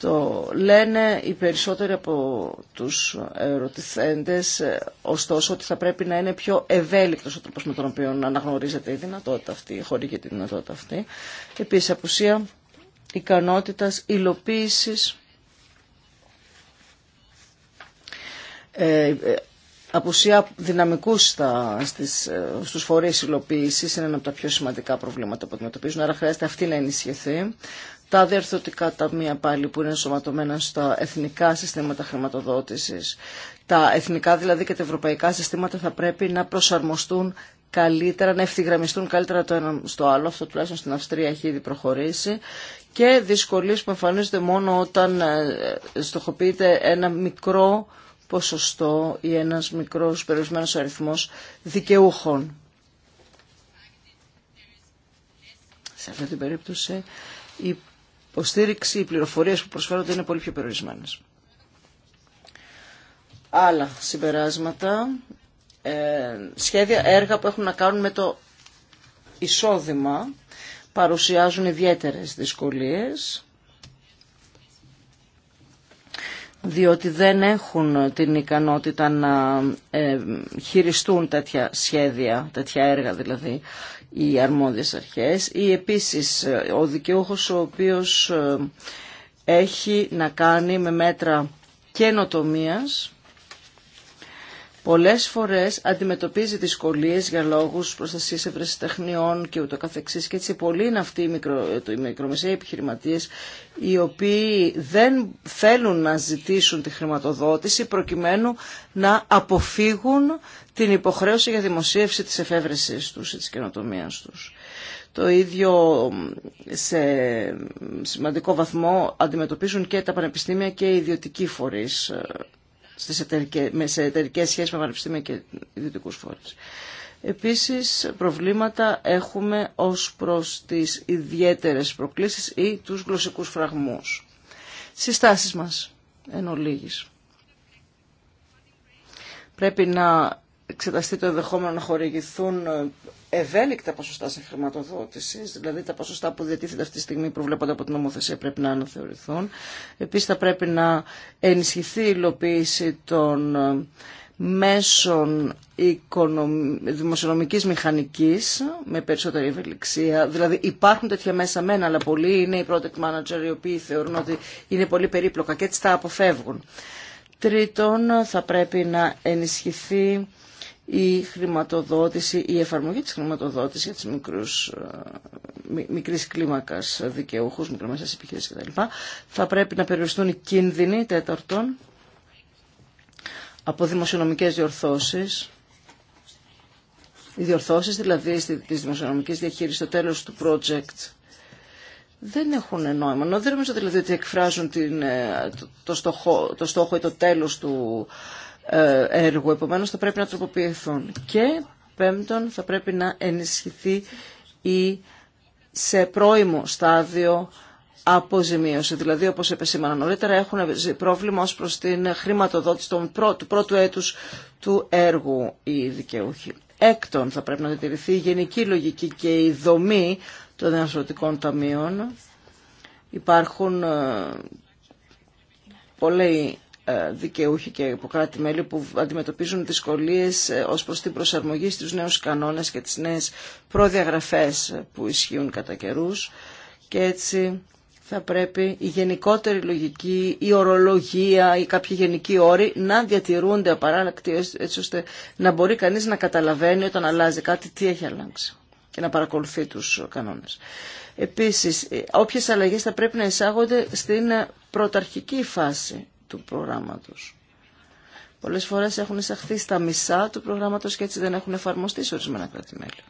Το λένε οι περισσότεροι από τους ερωτηθέντες, ε, ωστόσο ότι θα πρέπει να είναι πιο ευέλικτος ο τρόπος με τον οποίο αναγνωρίζεται η δυνατότητα αυτή, και τη δυνατότητα αυτή. Επίσης, απουσία ικανότητας υλοποίησης ε, απουσία δυναμικού στα, στις, ε, στους φορείς υλοποίησης είναι ένα από τα πιο σημαντικά προβλήματα που αντιμετωπίζουν, άρα χρειάζεται αυτή να ενισχυθεί. Τα διαρθρωτικά ταμεία πάλι που είναι σωματωμένα στα εθνικά συστήματα χρηματοδότησης. Τα εθνικά δηλαδή και τα ευρωπαϊκά συστήματα θα πρέπει να προσαρμοστούν καλύτερα, να ευθυγραμμιστούν καλύτερα το ένα στο άλλο. Αυτό τουλάχιστον στην Αυστρία έχει ήδη προχωρήσει. Και δυσκολίες που εμφανίζονται μόνο όταν ε, στοχοποιείται ένα μικρό ποσοστό ή ένας μικρός περιορισμένος αριθμός δικαιούχων. Σε αυτή την περίπτωση η υποστήριξη, οι πληροφορίες που προσφέρονται είναι πολύ πιο περιορισμένες. Άλλα συμπεράσματα, ε, σχέδια, έργα που έχουν να κάνουν με το εισόδημα παρουσιάζουν ιδιαίτερες δυσκολίες διότι δεν έχουν την ικανότητα να ε, χειριστούν τέτοια σχέδια, τέτοια έργα δηλαδή, οι αρμόδιες αρχές ή επίσης ο δικαιούχος ο οποίος ε, έχει να κάνει με μέτρα καινοτομίας πολλές φορές αντιμετωπίζει δυσκολίες για λόγους προστασίας ευρεσιτεχνιών και ούτω καθεξής και έτσι πολλοί είναι αυτοί οι, μικρο, οι μικρομεσαίοι επιχειρηματίες οι οποίοι δεν θέλουν να ζητήσουν τη χρηματοδότηση προκειμένου να αποφύγουν την υποχρέωση για δημοσίευση της εφεύρεσής τους ή της καινοτομίας τους. Το ίδιο σε σημαντικό βαθμό αντιμετωπίζουν και τα πανεπιστήμια και οι ιδιωτικοί φορείς ε, στις εταιρικές, σε εταιρικέ σχέσεις με πανεπιστήμια και ιδιωτικούς φόρους. Επίσης προβλήματα έχουμε ως προς τις ιδιαίτερες προκλήσεις ή τους γλωσσικούς φραγμούς. Συστάσεις μας εν ολίγης. Πρέπει να εξεταστεί το ενδεχόμενο να χορηγηθούν ε, ευέλικτα ποσοστά χρηματοδότηση, δηλαδή τα ποσοστά που διατίθεται αυτή τη στιγμή προβλέπονται από την νομοθεσία πρέπει να αναθεωρηθούν. Επίση θα πρέπει να ενισχυθεί η υλοποίηση των ε, μέσων δημοσιονομικής μηχανικής με περισσότερη ευελιξία. Δηλαδή υπάρχουν τέτοια μέσα μένα, αλλά πολλοί είναι οι project manager οι οποίοι θεωρούν ότι είναι πολύ περίπλοκα και έτσι τα αποφεύγουν. Τρίτον, θα πρέπει να ενισχυθεί η χρηματοδότηση, η εφαρμογή της χρηματοδότησης για τις μικρούς, ε, μικρής κλίμακας δικαιούχους, μικρομεσαίες επιχειρήσεις κτλ. Θα πρέπει να περιοριστούν οι κίνδυνοι τέταρτον από δημοσιονομικές διορθώσεις. Οι διορθώσεις δηλαδή της δημοσιονομικής διαχείρισης στο τέλος του project δεν έχουν νόημα. Δεν νομίζω δηλαδή ότι εκφράζουν την, ε, το, στόχο, το στόχο ή το τέλος του ε, έργου. Επομένως θα πρέπει να τροποποιηθούν. Και πέμπτον θα πρέπει να ενισχυθεί η σε πρώιμο στάδιο αποζημίωση. Δηλαδή, όπως επεσήμανα νωρίτερα, έχουν πρόβλημα ως προς την χρηματοδότηση του πρώτου, πρώτου έτους του έργου οι δικαιούχοι. Έκτον, θα πρέπει να διατηρηθεί η γενική λογική και η δομή των διαστροτικών ταμείων. Υπάρχουν ε, πολλοί ε, δικαιούχοι και υποκράτη κράτη-μέλη που αντιμετωπίζουν δυσκολίες ε, ως προς την προσαρμογή στους νέους κανόνες και τις νέες προδιαγραφές που ισχύουν κατά καιρού. και έτσι θα πρέπει η γενικότερη λογική, η ορολογία ή κάποιοι γενικοί όροι να διατηρούνται απαράλλακτοι ε, έτσι ώστε να μπορεί κανείς να καταλαβαίνει όταν αλλάζει κάτι τι έχει αλλάξει και να παρακολουθεί τους κανόνες. Επίσης, όποιες αλλαγές θα πρέπει να εισάγονται στην πρωταρχική φάση του προγράμματος. Πολλές φορές έχουν εισαχθεί στα μισά του προγράμματος και έτσι δεν έχουν εφαρμοστεί σε ορισμένα κράτη-μέλη.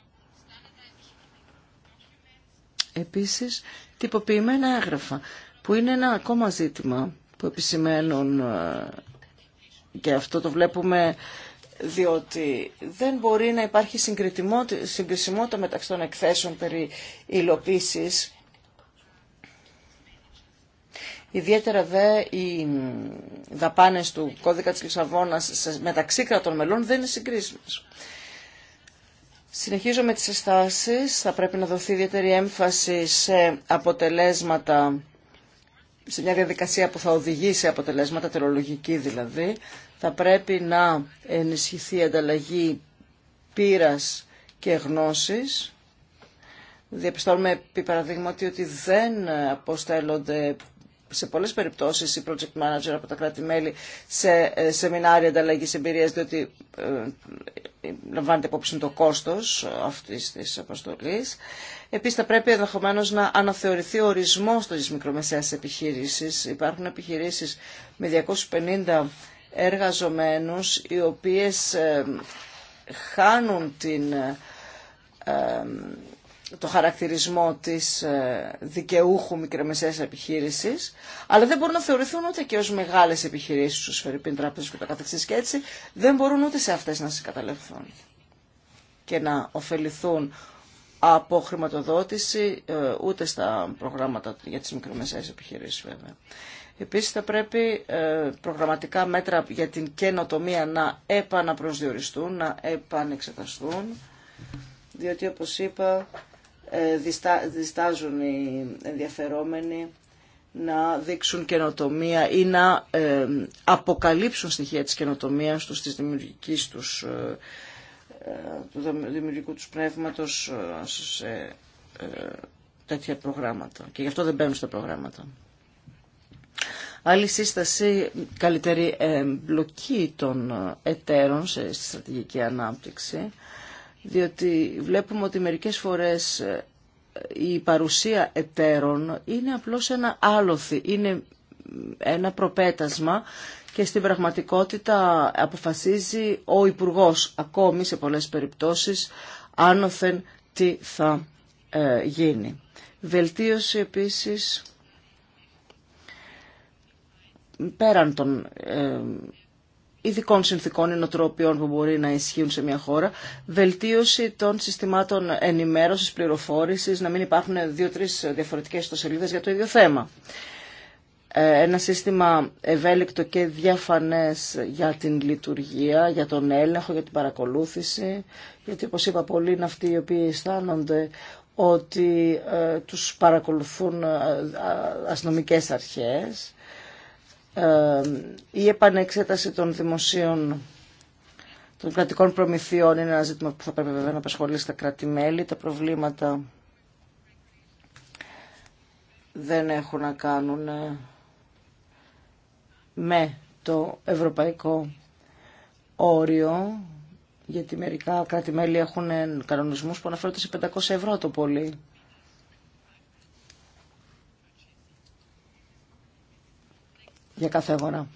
Επίσης, τυποποιημένα έγγραφα, που είναι ένα ακόμα ζήτημα που επισημαίνουν ε, και αυτό το βλέπουμε διότι δεν μπορεί να υπάρχει συγκρισιμότητα μεταξύ των εκθέσεων περί υλοποίησης Ιδιαίτερα δε οι δαπάνες του κώδικα της Λισαβόνα μεταξύ κρατών μελών δεν είναι συγκρίσιμες. Συνεχίζω με τις συστάσεις. Θα πρέπει να δοθεί ιδιαίτερη έμφαση σε αποτελέσματα, σε μια διαδικασία που θα οδηγήσει αποτελέσματα, τερολογική δηλαδή. Θα πρέπει να ενισχυθεί η ανταλλαγή πείρας και γνώσης. Διαπιστώνουμε επί παραδείγματι ότι δεν αποστέλλονται σε πολλές περιπτώσεις οι project manager από τα κράτη-μέλη σε ε, σεμινάρια ανταλλαγής εμπειρίας διότι ε, λαμβάνεται υπόψη το κόστος αυτής της αποστολής. Επίσης θα πρέπει ενδεχομένω να αναθεωρηθεί ο ορισμός των μικρομεσαίας επιχείρησης. Υπάρχουν επιχειρήσεις με 250 εργαζομένους οι οποίες ε, χάνουν την το χαρακτηρισμό της ε, δικαιούχου μικρομεσαίας επιχείρησης, αλλά δεν μπορούν να θεωρηθούν ούτε και ως μεγάλες επιχειρήσεις, στους φερρυπίν τράπεζες και το καθεξής και έτσι, δεν μπορούν ούτε σε αυτές να συγκαταλευθούν και να ωφεληθούν από χρηματοδότηση ε, ούτε στα προγράμματα για τις μικρομεσαίες επιχειρήσεις βέβαια. Επίσης θα πρέπει ε, προγραμματικά μέτρα για την καινοτομία να επαναπροσδιοριστούν, να επανεξεταστούν, διότι όπως είπα ε, διστάζουν οι ενδιαφερόμενοι να δείξουν καινοτομία ή να ε, αποκαλύψουν στοιχεία της καινοτομίας τους, της τους, ε, του δημιουργικού τους πνεύματος σε τέτοια προγράμματα. Και γι' αυτό δεν μπαίνουν στα προγράμματα. Άλλη σύσταση, καλύτερη εμπλοκή των εταίρων στη στρατηγική ανάπτυξη διότι βλέπουμε ότι μερικές φορές ε, η παρουσία εταίρων είναι απλώς ένα άλοθη, είναι ένα προπέτασμα και στην πραγματικότητα αποφασίζει ο Υπουργός ακόμη σε πολλές περιπτώσεις άνωθεν τι θα ε, γίνει. Βελτίωση επίσης πέραν των ε, ειδικών συνθήκων ή που μπορεί να ισχύουν σε μια χώρα, βελτίωση των συστημάτων ενημέρωσης, πληροφόρησης, να μην υπάρχουν δύο-τρεις διαφορετικές ιστοσελίδες για το ίδιο θέμα. Ε, ένα σύστημα ευέλικτο και διαφανές για την λειτουργία, για τον έλεγχο, για την παρακολούθηση, γιατί όπως είπα πολλοί είναι αυτοί οι οποίοι αισθάνονται ότι ε, τους παρακολουθούν ε, αστυνομικές αρχές ε, η επανεξέταση των δημοσίων των κρατικών προμηθειών είναι ένα ζήτημα που θα πρέπει βέβαια να απασχολήσει τα κρατημέλη. Τα προβλήματα δεν έχουν να κάνουν ε, με το ευρωπαϊκό όριο, γιατί μερικά κράτη-μέλη έχουν ε, κανονισμούς που αναφέρονται σε 500 ευρώ το πολύ. για κάθε αγορά.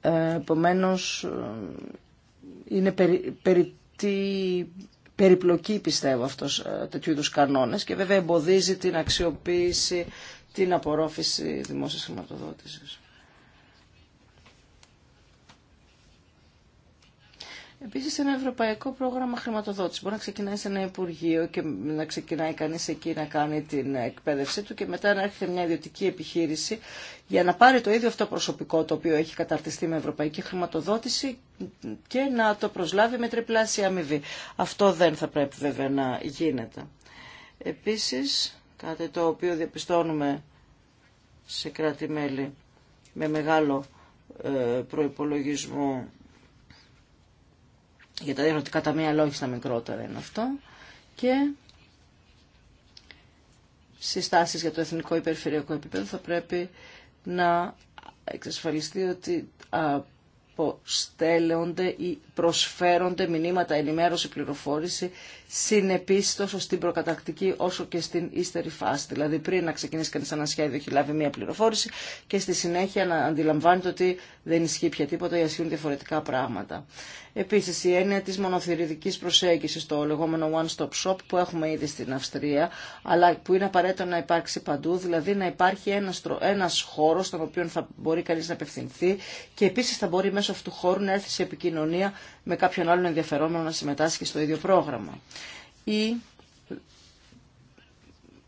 Ε, επομένως, είναι περί, περιπλοκή πιστεύω αυτός ε, τέτοιου είδους κανόνες και βέβαια εμποδίζει την αξιοποίηση, την απορρόφηση δημόσιας χρηματοδότησης. Επίσης ένα ευρωπαϊκό πρόγραμμα χρηματοδότησης. Μπορεί να ξεκινάει σε ένα Υπουργείο και να ξεκινάει κανεί εκεί να κάνει την εκπαίδευσή του και μετά να έρχεται μια ιδιωτική επιχείρηση για να πάρει το ίδιο αυτό προσωπικό το οποίο έχει καταρτιστεί με ευρωπαϊκή χρηματοδότηση και να το προσλάβει με τριπλάσια αμοιβή. Αυτό δεν θα πρέπει βέβαια να γίνεται. Επίση, κάτι το οποίο διαπιστώνουμε σε κράτη-μέλη με μεγάλο ε, προπολογισμό. Για τα μία ταμεία λόγιστα μικρότερα είναι αυτό. Και συστάσεις για το εθνικό περιφερειακό επίπεδο θα πρέπει να εξασφαλιστεί ότι αποστέλλονται ή προσφέρονται μηνύματα ενημέρωση, πληροφόρηση συνεπιστο στην προκατακτική όσο και στην ύστερη φάση. Δηλαδή πριν να ξεκινήσει κανείς ένα σχέδιο έχει λάβει μία πληροφόρηση και στη συνέχεια να αντιλαμβάνεται ότι δεν ισχύει πια τίποτα ή ασχύουν διαφορετικά πράγματα. Επίσης η έννοια της μονοθυριδικής προσέγγισης, στο λεγόμενο one-stop shop που έχουμε ήδη στην Αυστρία, αλλά που είναι απαραίτητο να υπάρξει παντού, δηλαδή να υπάρχει ένας, ένας χώρος στον οποίο θα μπορεί κανείς να απευθυνθεί και επίσης θα μπορεί μέσω αυτού του χώρου να έρθει σε επικοινωνία με κάποιον άλλον ενδιαφερόμενο να συμμετάσχει στο ίδιο πρόγραμμα. Η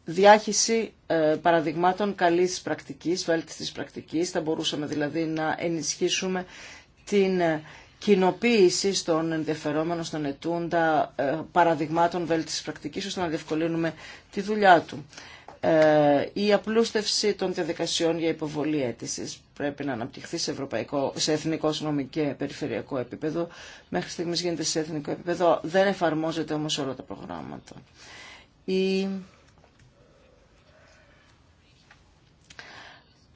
διάχυση ε, παραδειγμάτων καλής πρακτικής, βέλτιστης πρακτικής. Θα μπορούσαμε δηλαδή να ενισχύσουμε την ε, κοινοποίηση των ενδιαφερόμενων, στον ετούντα, ε, παραδειγμάτων βέλτισης πρακτικής, ώστε να διευκολύνουμε τη δουλειά του. Ε, η απλούστευση των διαδικασιών για υποβολή αίτησης πρέπει να αναπτυχθεί σε, ευρωπαϊκό, σε εθνικό συγγνώμη και περιφερειακό επίπεδο. Μέχρι στιγμής γίνεται σε εθνικό επίπεδο, δεν εφαρμόζεται όμως όλα τα προγράμματα. Η...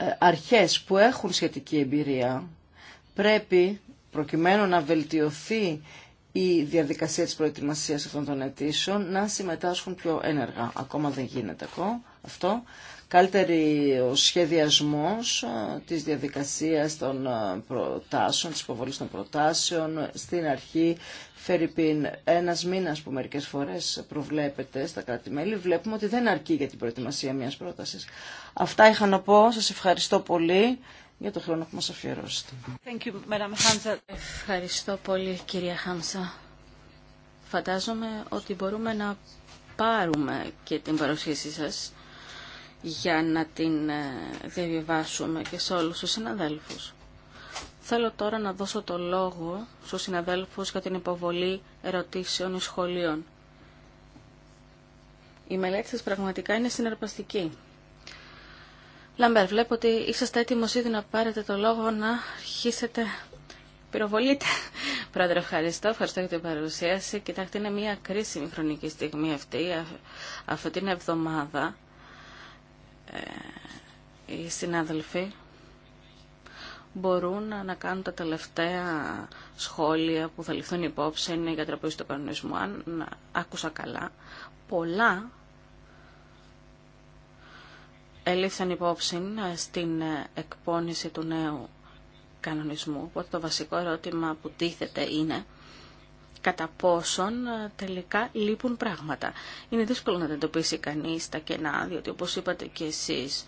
Ε, αρχές που έχουν σχετική εμπειρία πρέπει προκειμένου να βελτιωθεί η διαδικασία της προετοιμασίας αυτών των αιτήσεων να συμμετάσχουν πιο ένεργα. Ακόμα δεν γίνεται αυτό. Καλύτερη ο σχεδιασμός της διαδικασίας των προτάσεων, της υποβολής των προτάσεων. Στην αρχή, Φερρυπίν, ένας μήνας που μερικές φορές προβλέπεται στα κράτη-μέλη, βλέπουμε ότι δεν αρκεί για την προετοιμασία μιας πρότασης. Αυτά είχα να πω. Σας ευχαριστώ πολύ για το χρόνο που μας αφιερώσετε. Ευχαριστώ πολύ, κυρία Χάμσα. Φαντάζομαι ότι μπορούμε να πάρουμε και την παρουσίασή σας για να την ε, διαβιβάσουμε και σε όλους τους συναδέλφους. Θέλω τώρα να δώσω το λόγο στους συναδέλφους για την υποβολή ερωτήσεων ή σχολείων. Η μελέτη σας πραγματικά είναι συναρπαστική. Λαμπέρ, βλέπω ότι είσαστε έτοιμος ήδη να πάρετε το λόγο να αρχίσετε πυροβολείτε. Πρόεδρε, ευχαριστώ. Ευχαριστώ για την παρουσίαση. Κοιτάξτε, είναι μια κρίσιμη χρονική στιγμή αυτή, αυτή την εβδομάδα. Ε, οι συνάδελφοι μπορούν να κάνουν τα τελευταία σχόλια που θα ληφθούν υπόψη για τραπέζι το του κανονισμού, αν άκουσα καλά. Πολλά ελήφθαν υπόψη ε, στην ε, εκπόνηση του νέου κανονισμού. Οπότε το βασικό ερώτημα που τίθεται είναι κατά πόσον ε, τελικά λείπουν πράγματα. Είναι δύσκολο να τα εντοπίσει κανείς τα κενά, διότι όπως είπατε και εσείς,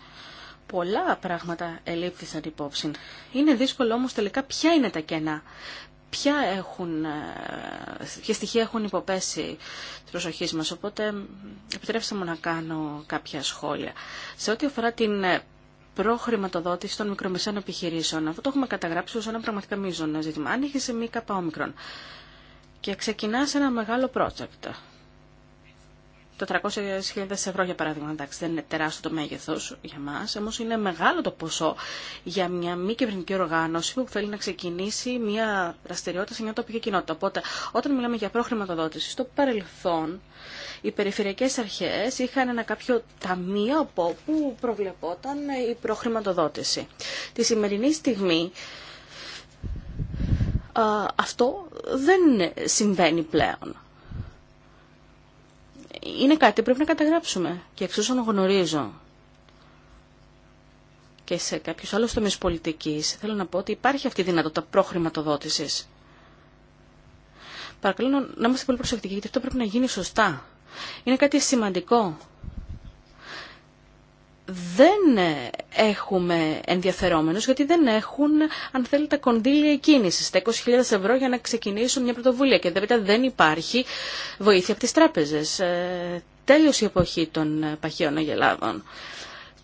πολλά πράγματα ελήφθησαν υπόψη. Είναι δύσκολο όμως τελικά ποια είναι τα κενά ποια, έχουν, ε, ποια στοιχεία έχουν υποπέσει τη προσοχή μας. Οπότε επιτρέψτε μου να κάνω κάποια σχόλια. Σε ό,τι αφορά την ε, προχρηματοδότηση των μικρομεσαίων επιχειρήσεων, αυτό το έχουμε καταγράψει ως ένα πραγματικά μείζον ζήτημα. Αν είχε σε μη καπαόμικρον και ξεκινάς ένα μεγάλο project, 400.000 ευρώ για παράδειγμα. Εντάξει, δεν είναι τεράστιο το μέγεθο για μα, όμω είναι μεγάλο το ποσό για μια μη κυβερνητική οργάνωση που θέλει να ξεκινήσει μια δραστηριότητα σε μια τοπική κοινότητα. Οπότε, όταν μιλάμε για προχρηματοδότηση, στο παρελθόν οι περιφερειακέ αρχέ είχαν ένα κάποιο ταμείο από όπου προβλεπόταν η προχρηματοδότηση. Τη σημερινή στιγμή αυτό δεν συμβαίνει πλέον είναι κάτι που πρέπει να καταγράψουμε. Και εξ όσων γνωρίζω και σε κάποιου άλλου τομεί πολιτική, θέλω να πω ότι υπάρχει αυτή η δυνατότητα προχρηματοδότηση. Παρακαλώ να είμαστε πολύ προσεκτικοί, γιατί αυτό πρέπει να γίνει σωστά. Είναι κάτι σημαντικό δεν έχουμε ενδιαφερόμενους, γιατί δεν έχουν, αν θέλετε, κονδύλια κίνησης, τα 20.000 ευρώ για να ξεκινήσουν μια πρωτοβουλία και δεν, δεν υπάρχει βοήθεια από τις τράπεζες. Ε, Τέλειωσε η εποχή των παχαίων αγελάδων.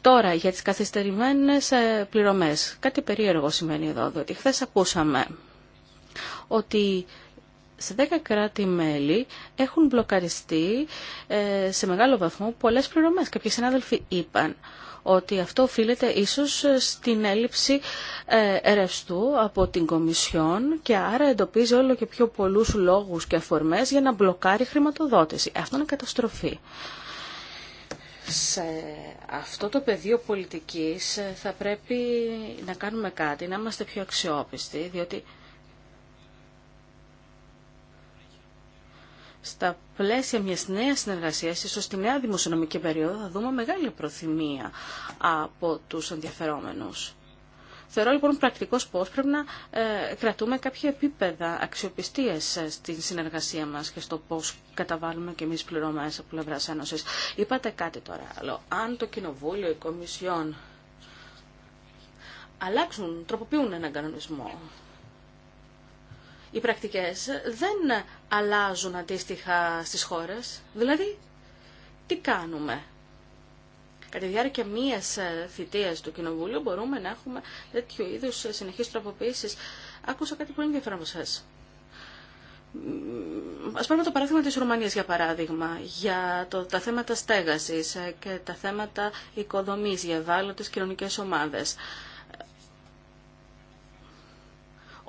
Τώρα, για τις καθυστερημένες ε, πληρωμές. Κάτι περίεργο σημαίνει εδώ, διότι χθε ακούσαμε ότι σε 10 κράτη-μέλη έχουν μπλοκαριστεί ε, σε μεγάλο βαθμό πολλές πληρωμές. Κάποιοι συνάδελφοι είπαν ότι αυτό οφείλεται ίσως στην έλλειψη ε, ρευστού από την Κομισιόν και άρα εντοπίζει όλο και πιο πολλούς λόγους και αφορμές για να μπλοκάρει χρηματοδότηση. Αυτό είναι καταστροφή. Σε αυτό το πεδίο πολιτικής ε, θα πρέπει να κάνουμε κάτι, να είμαστε πιο αξιόπιστοι, διότι στα πλαίσια μιας νέας συνεργασίας, ίσως στη νέα δημοσιονομική περίοδο, θα δούμε μεγάλη προθυμία από τους ενδιαφερόμενους. Θεωρώ λοιπόν πρακτικός πώς πρέπει να ε, κρατούμε κάποια επίπεδα αξιοπιστίας ε, στην συνεργασία μας και στο πώς καταβάλουμε και εμείς πληρώμες από πλευράς Ένωσης. Είπατε κάτι τώρα άλλο. Αν το Κοινοβούλιο, η Κομισιόν αλλάξουν, τροποποιούν έναν κανονισμό, οι πρακτικές δεν αλλάζουν αντίστοιχα στις χώρες. Δηλαδή, τι κάνουμε. Κατά τη διάρκεια μία ε, θητεία του Κοινοβούλου μπορούμε να έχουμε τέτοιου είδου ε, συνεχεί τροποποιήσει. Άκουσα κάτι πολύ ενδιαφέρον από εσά. Α πάρουμε το παράδειγμα τη Ρουμανία, για παράδειγμα, για το, τα θέματα στέγαση ε, και τα θέματα οικοδομή για ευάλωτε κοινωνικέ ομάδε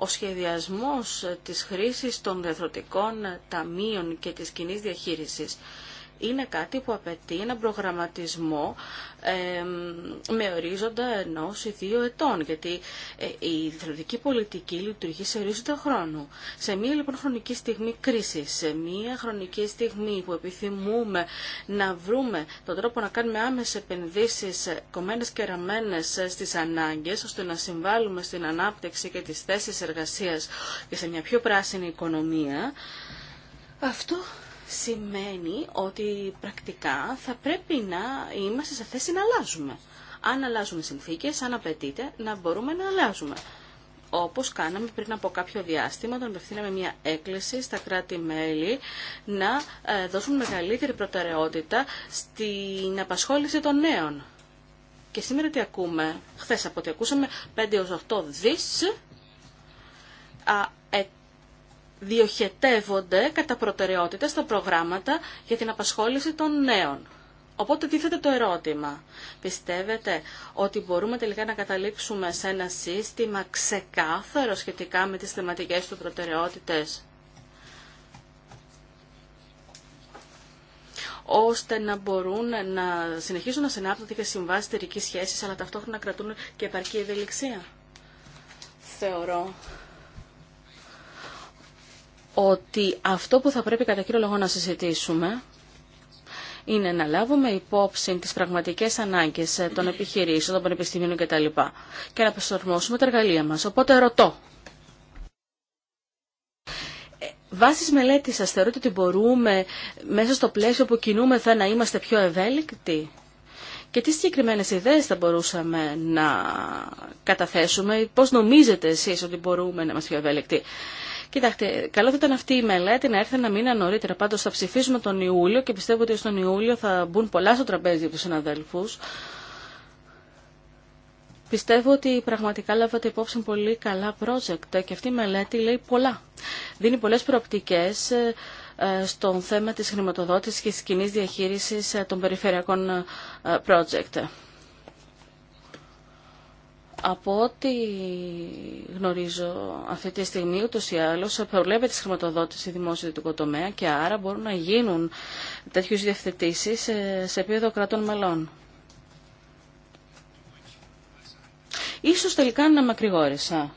ο σχεδιασμός της χρήσης των διαθροτικών ταμείων και της κοινή διαχείρισης είναι κάτι που απαιτεί έναν προγραμματισμό με ορίζοντα ενό ή δύο ετών, γιατί ε, η διεθνωτική πολιτική λειτουργεί σε ορίζοντα χρόνου. Σε μία λοιπόν χρονική στιγμή κρίση, σε μία χρονική στιγμή που επιθυμούμε να βρούμε τον τρόπο να κάνουμε άμεσε επενδύσει ε, κομμένε και ραμμένε ε, στι ανάγκε, ώστε να συμβάλλουμε στην ανάπτυξη και τι θέσει εργασία και σε μια πιο πράσινη οικονομία, αυτό σημαίνει ότι πρακτικά θα πρέπει να είμαστε σε θέση να αλλάζουμε. Αν αλλάζουμε συνθήκες, αν απαιτείται, να μπορούμε να αλλάζουμε. Όπως κάναμε πριν από κάποιο διάστημα, όταν απευθύναμε μια έκκληση στα κράτη-μέλη να ε, δώσουν μεγαλύτερη προτεραιότητα στην απασχόληση των νέων. Και σήμερα τι ακούμε, χθες από ό,τι ακούσαμε, 5 έως 8 διοχετεύονται κατά προτεραιότητα στα προγράμματα για την απασχόληση των νέων. Οπότε τίθεται το ερώτημα. Πιστεύετε ότι μπορούμε τελικά να καταλήξουμε σε ένα σύστημα ξεκάθαρο σχετικά με τις θεματικές του προτεραιότητες ώστε να μπορούν να συνεχίσουν να συνάπτονται και συμβάσει εταιρική σχέση, αλλά ταυτόχρονα να κρατούν και επαρκή ευελιξία. Θεωρώ ότι αυτό που θα πρέπει κατά κύριο λόγο να συζητήσουμε είναι να λάβουμε υπόψη τις πραγματικές ανάγκες ε, των επιχειρήσεων, των πανεπιστημίων κτλ. και να προσαρμόσουμε τα εργαλεία μας. Οπότε ρωτώ. Ε, Βάσει μελέτη σα, θεωρείτε ότι μπορούμε μέσα στο πλαίσιο που κινούμεθα να είμαστε πιο ευέλικτοι. Και τι συγκεκριμένε ιδέε θα μπορούσαμε να καταθέσουμε, πώ νομίζετε εσεί ότι μπορούμε να είμαστε πιο ευέλικτοι. Κοιτάξτε, καλό θα ήταν αυτή η μελέτη να έρθει ένα μήνα νωρίτερα. Πάντω θα ψηφίσουμε τον Ιούλιο και πιστεύω ότι στον Ιούλιο θα μπουν πολλά στο τραπέζι από του συναδέλφου. Πιστεύω ότι πραγματικά λάβατε υπόψη πολύ καλά project και αυτή η μελέτη λέει πολλά. Δίνει πολλές προοπτικές ε, στον θέμα της χρηματοδότησης και της κοινή διαχείρισης ε, των περιφερειακών ε, project. Από ό,τι γνωρίζω αυτή τη στιγμή ούτως ή άλλως προβλέπεται η χρηματοδότηση δημόσιο του τομέα και άρα μπορούν να γίνουν τέτοιου διευθετήσει σε επίπεδο κρατών μελών. Ίσως τελικά να μακρηγόρησα.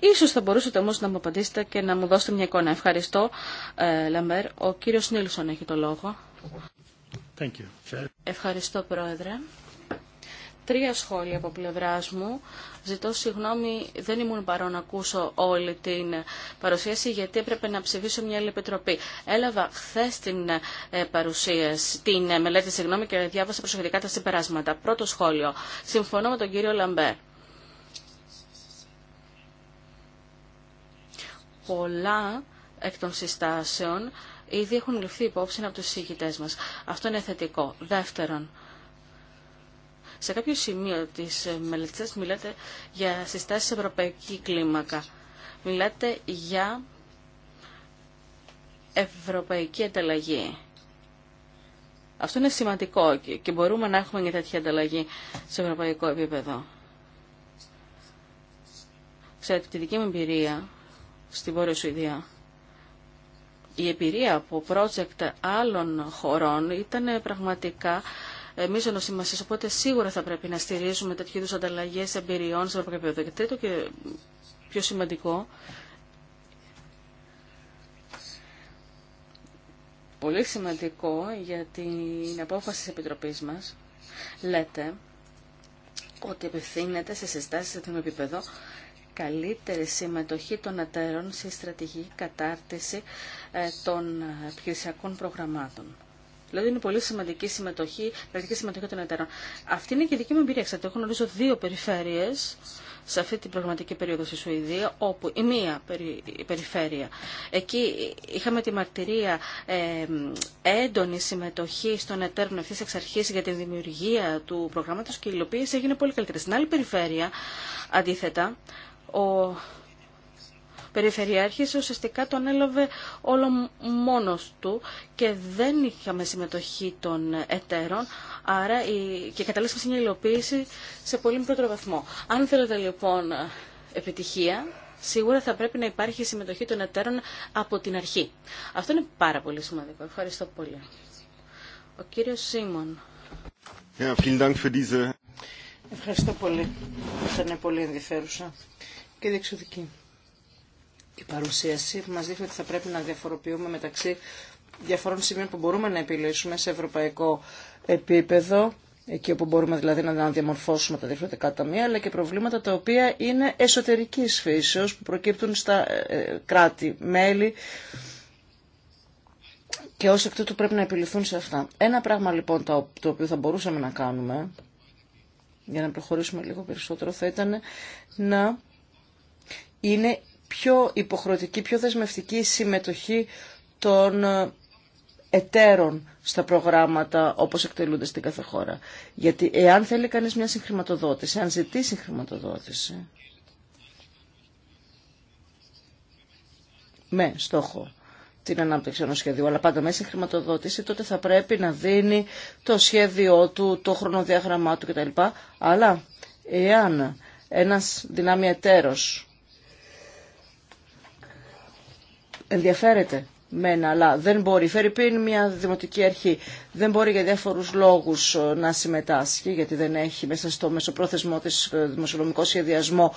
Ίσως θα μπορούσατε όμως να μου απαντήσετε και να μου δώσετε μια εικόνα. Ευχαριστώ, ε, Λαμπέρ. Ο κύριος Νίλσον έχει το λόγο. Ευχαριστώ, Πρόεδρε τρία σχόλια από πλευρά μου. Ζητώ συγγνώμη, δεν ήμουν παρόν να ακούσω όλη την παρουσίαση, γιατί έπρεπε να ψηφίσω μια άλλη επιτροπή. Έλαβα χθε την ε, παρουσίαση, την ε, μελέτη, συγγνώμη, και διάβασα προσεκτικά τα συμπεράσματα. Πρώτο σχόλιο. Συμφωνώ με τον κύριο Λαμπέρ. Πολλά εκ των συστάσεων ήδη έχουν ληφθεί υπόψη από τους συγκητές μας. Αυτό είναι θετικό. Δεύτερον, σε κάποιο σημείο της μελέτης μιλάτε για συστάσεις σε ευρωπαϊκή κλίμακα. Μιλάτε για ευρωπαϊκή ανταλλαγή. Αυτό είναι σημαντικό και μπορούμε να έχουμε μια τέτοια ανταλλαγή σε ευρωπαϊκό επίπεδο. Ξέρετε, τη δική μου εμπειρία στη Βόρεια Σουηδία, η εμπειρία από project άλλων χωρών ήταν πραγματικά ε, μείζονο σημασία. Οπότε σίγουρα θα πρέπει να στηρίζουμε τέτοιου είδου ανταλλαγέ εμπειριών σε ευρωπαϊκό επίπεδο. Και τρίτο και πιο σημαντικό, πολύ σημαντικό για την απόφαση της Επιτροπής μας, λέτε ότι απευθύνεται σε συστάσεις σε τέτοιο επίπεδο καλύτερη συμμετοχή των εταίρων στη στρατηγική κατάρτιση ε, των επιχειρησιακών προγραμμάτων. Δηλαδή είναι πολύ σημαντική συμμετοχή, πρακτική συμμετοχή των εταίρων. Αυτή είναι και η δική μου εμπειρία. Ξέρετε, έχω γνωρίσει δύο περιφέρειες σε αυτή την προγραμματική περίοδο στη Σουηδία, όπου η μία περι, περιφέρεια. Εκεί είχαμε τη μαρτυρία ε, έντονη συμμετοχή των εταίρων ευθύ εξ αρχή για την δημιουργία του προγράμματο και η υλοποίηση έγινε πολύ καλύτερη. Στην άλλη περιφέρεια, αντίθετα, ο περιφερειάρχης ουσιαστικά τον έλαβε όλο μόνος του και δεν είχαμε συμμετοχή των εταίρων άρα η... και καταλήξαμε στην υλοποίηση σε πολύ μικρότερο βαθμό. Αν θέλετε λοιπόν επιτυχία, σίγουρα θα πρέπει να υπάρχει συμμετοχή των εταίρων από την αρχή. Αυτό είναι πάρα πολύ σημαντικό. Ευχαριστώ πολύ. Ο κύριος Σίμων. Ευχαριστώ πολύ. Ήταν πολύ ενδιαφέρουσα και διεξοδική η παρουσίαση που μας δείχνει ότι θα πρέπει να διαφοροποιούμε μεταξύ διαφορών σημείων που μπορούμε να επιλύσουμε σε ευρωπαϊκό επίπεδο, εκεί όπου μπορούμε δηλαδή να διαμορφώσουμε τα διαφορετικά ταμεία, αλλά και προβλήματα τα οποία είναι εσωτερικής φύσεως, που προκύπτουν στα ε, ε, κράτη, μέλη, και ως εκ τούτου πρέπει να επιληθούν σε αυτά. Ένα πράγμα λοιπόν το οποίο θα μπορούσαμε να κάνουμε, για να προχωρήσουμε λίγο περισσότερο, θα ήταν να είναι πιο υποχρεωτική, πιο δεσμευτική συμμετοχή των ε, εταίρων στα προγράμματα όπως εκτελούνται στην κάθε χώρα. Γιατί εάν θέλει κανείς μια συγχρηματοδότηση, αν ζητήσει συγχρηματοδότηση με στόχο την ανάπτυξη ενός σχεδίου, αλλά πάντα με συγχρηματοδότηση, τότε θα πρέπει να δίνει το σχέδιό του, το χρονοδιάγραμμά του κτλ. Αλλά εάν ένας δυνάμει εταίρος ενδιαφέρεται μεν, αλλά δεν μπορεί. Φέρει πριν μια δημοτική αρχή. Δεν μπορεί για διάφορου λόγου ε, να συμμετάσχει, γιατί δεν έχει μέσα στο μεσοπρόθεσμό τη ε, δημοσιονομικό σχεδιασμό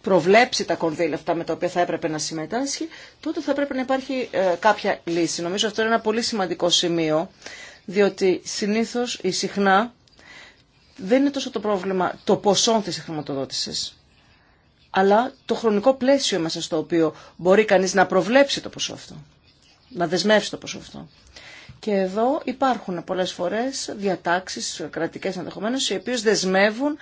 προβλέψει τα κονδύλια αυτά με τα οποία θα έπρεπε να συμμετάσχει, τότε θα έπρεπε να υπάρχει ε, κάποια λύση. Νομίζω αυτό είναι ένα πολύ σημαντικό σημείο, διότι συνήθως ή συχνά δεν είναι τόσο το πρόβλημα το ποσό της χρηματοδότησης αλλά το χρονικό πλαίσιο μέσα στο οποίο μπορεί κανείς να προβλέψει το ποσό αυτό, να δεσμεύσει το ποσό αυτό. Και εδώ υπάρχουν πολλές φορές διατάξεις κρατικές ενδεχομένω, οι οποίες δεσμεύουν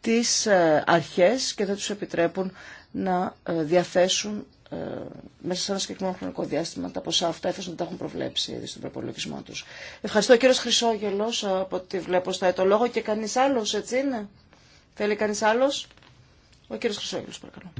τις ε, αρχές και δεν τους επιτρέπουν να ε, διαθέσουν ε, μέσα σε ένα συγκεκριμένο χρονικό διάστημα τα ποσά αυτά, να τα έχουν προβλέψει ήδη στον προπολογισμό τους. Ευχαριστώ κύριο Χρυσόγελος από ό,τι βλέπω στα ετολόγο και κανείς άλλος, έτσι είναι. Θέλει κανείς άλλος. Ο κύριος Χρυσόγελος, παρακαλώ.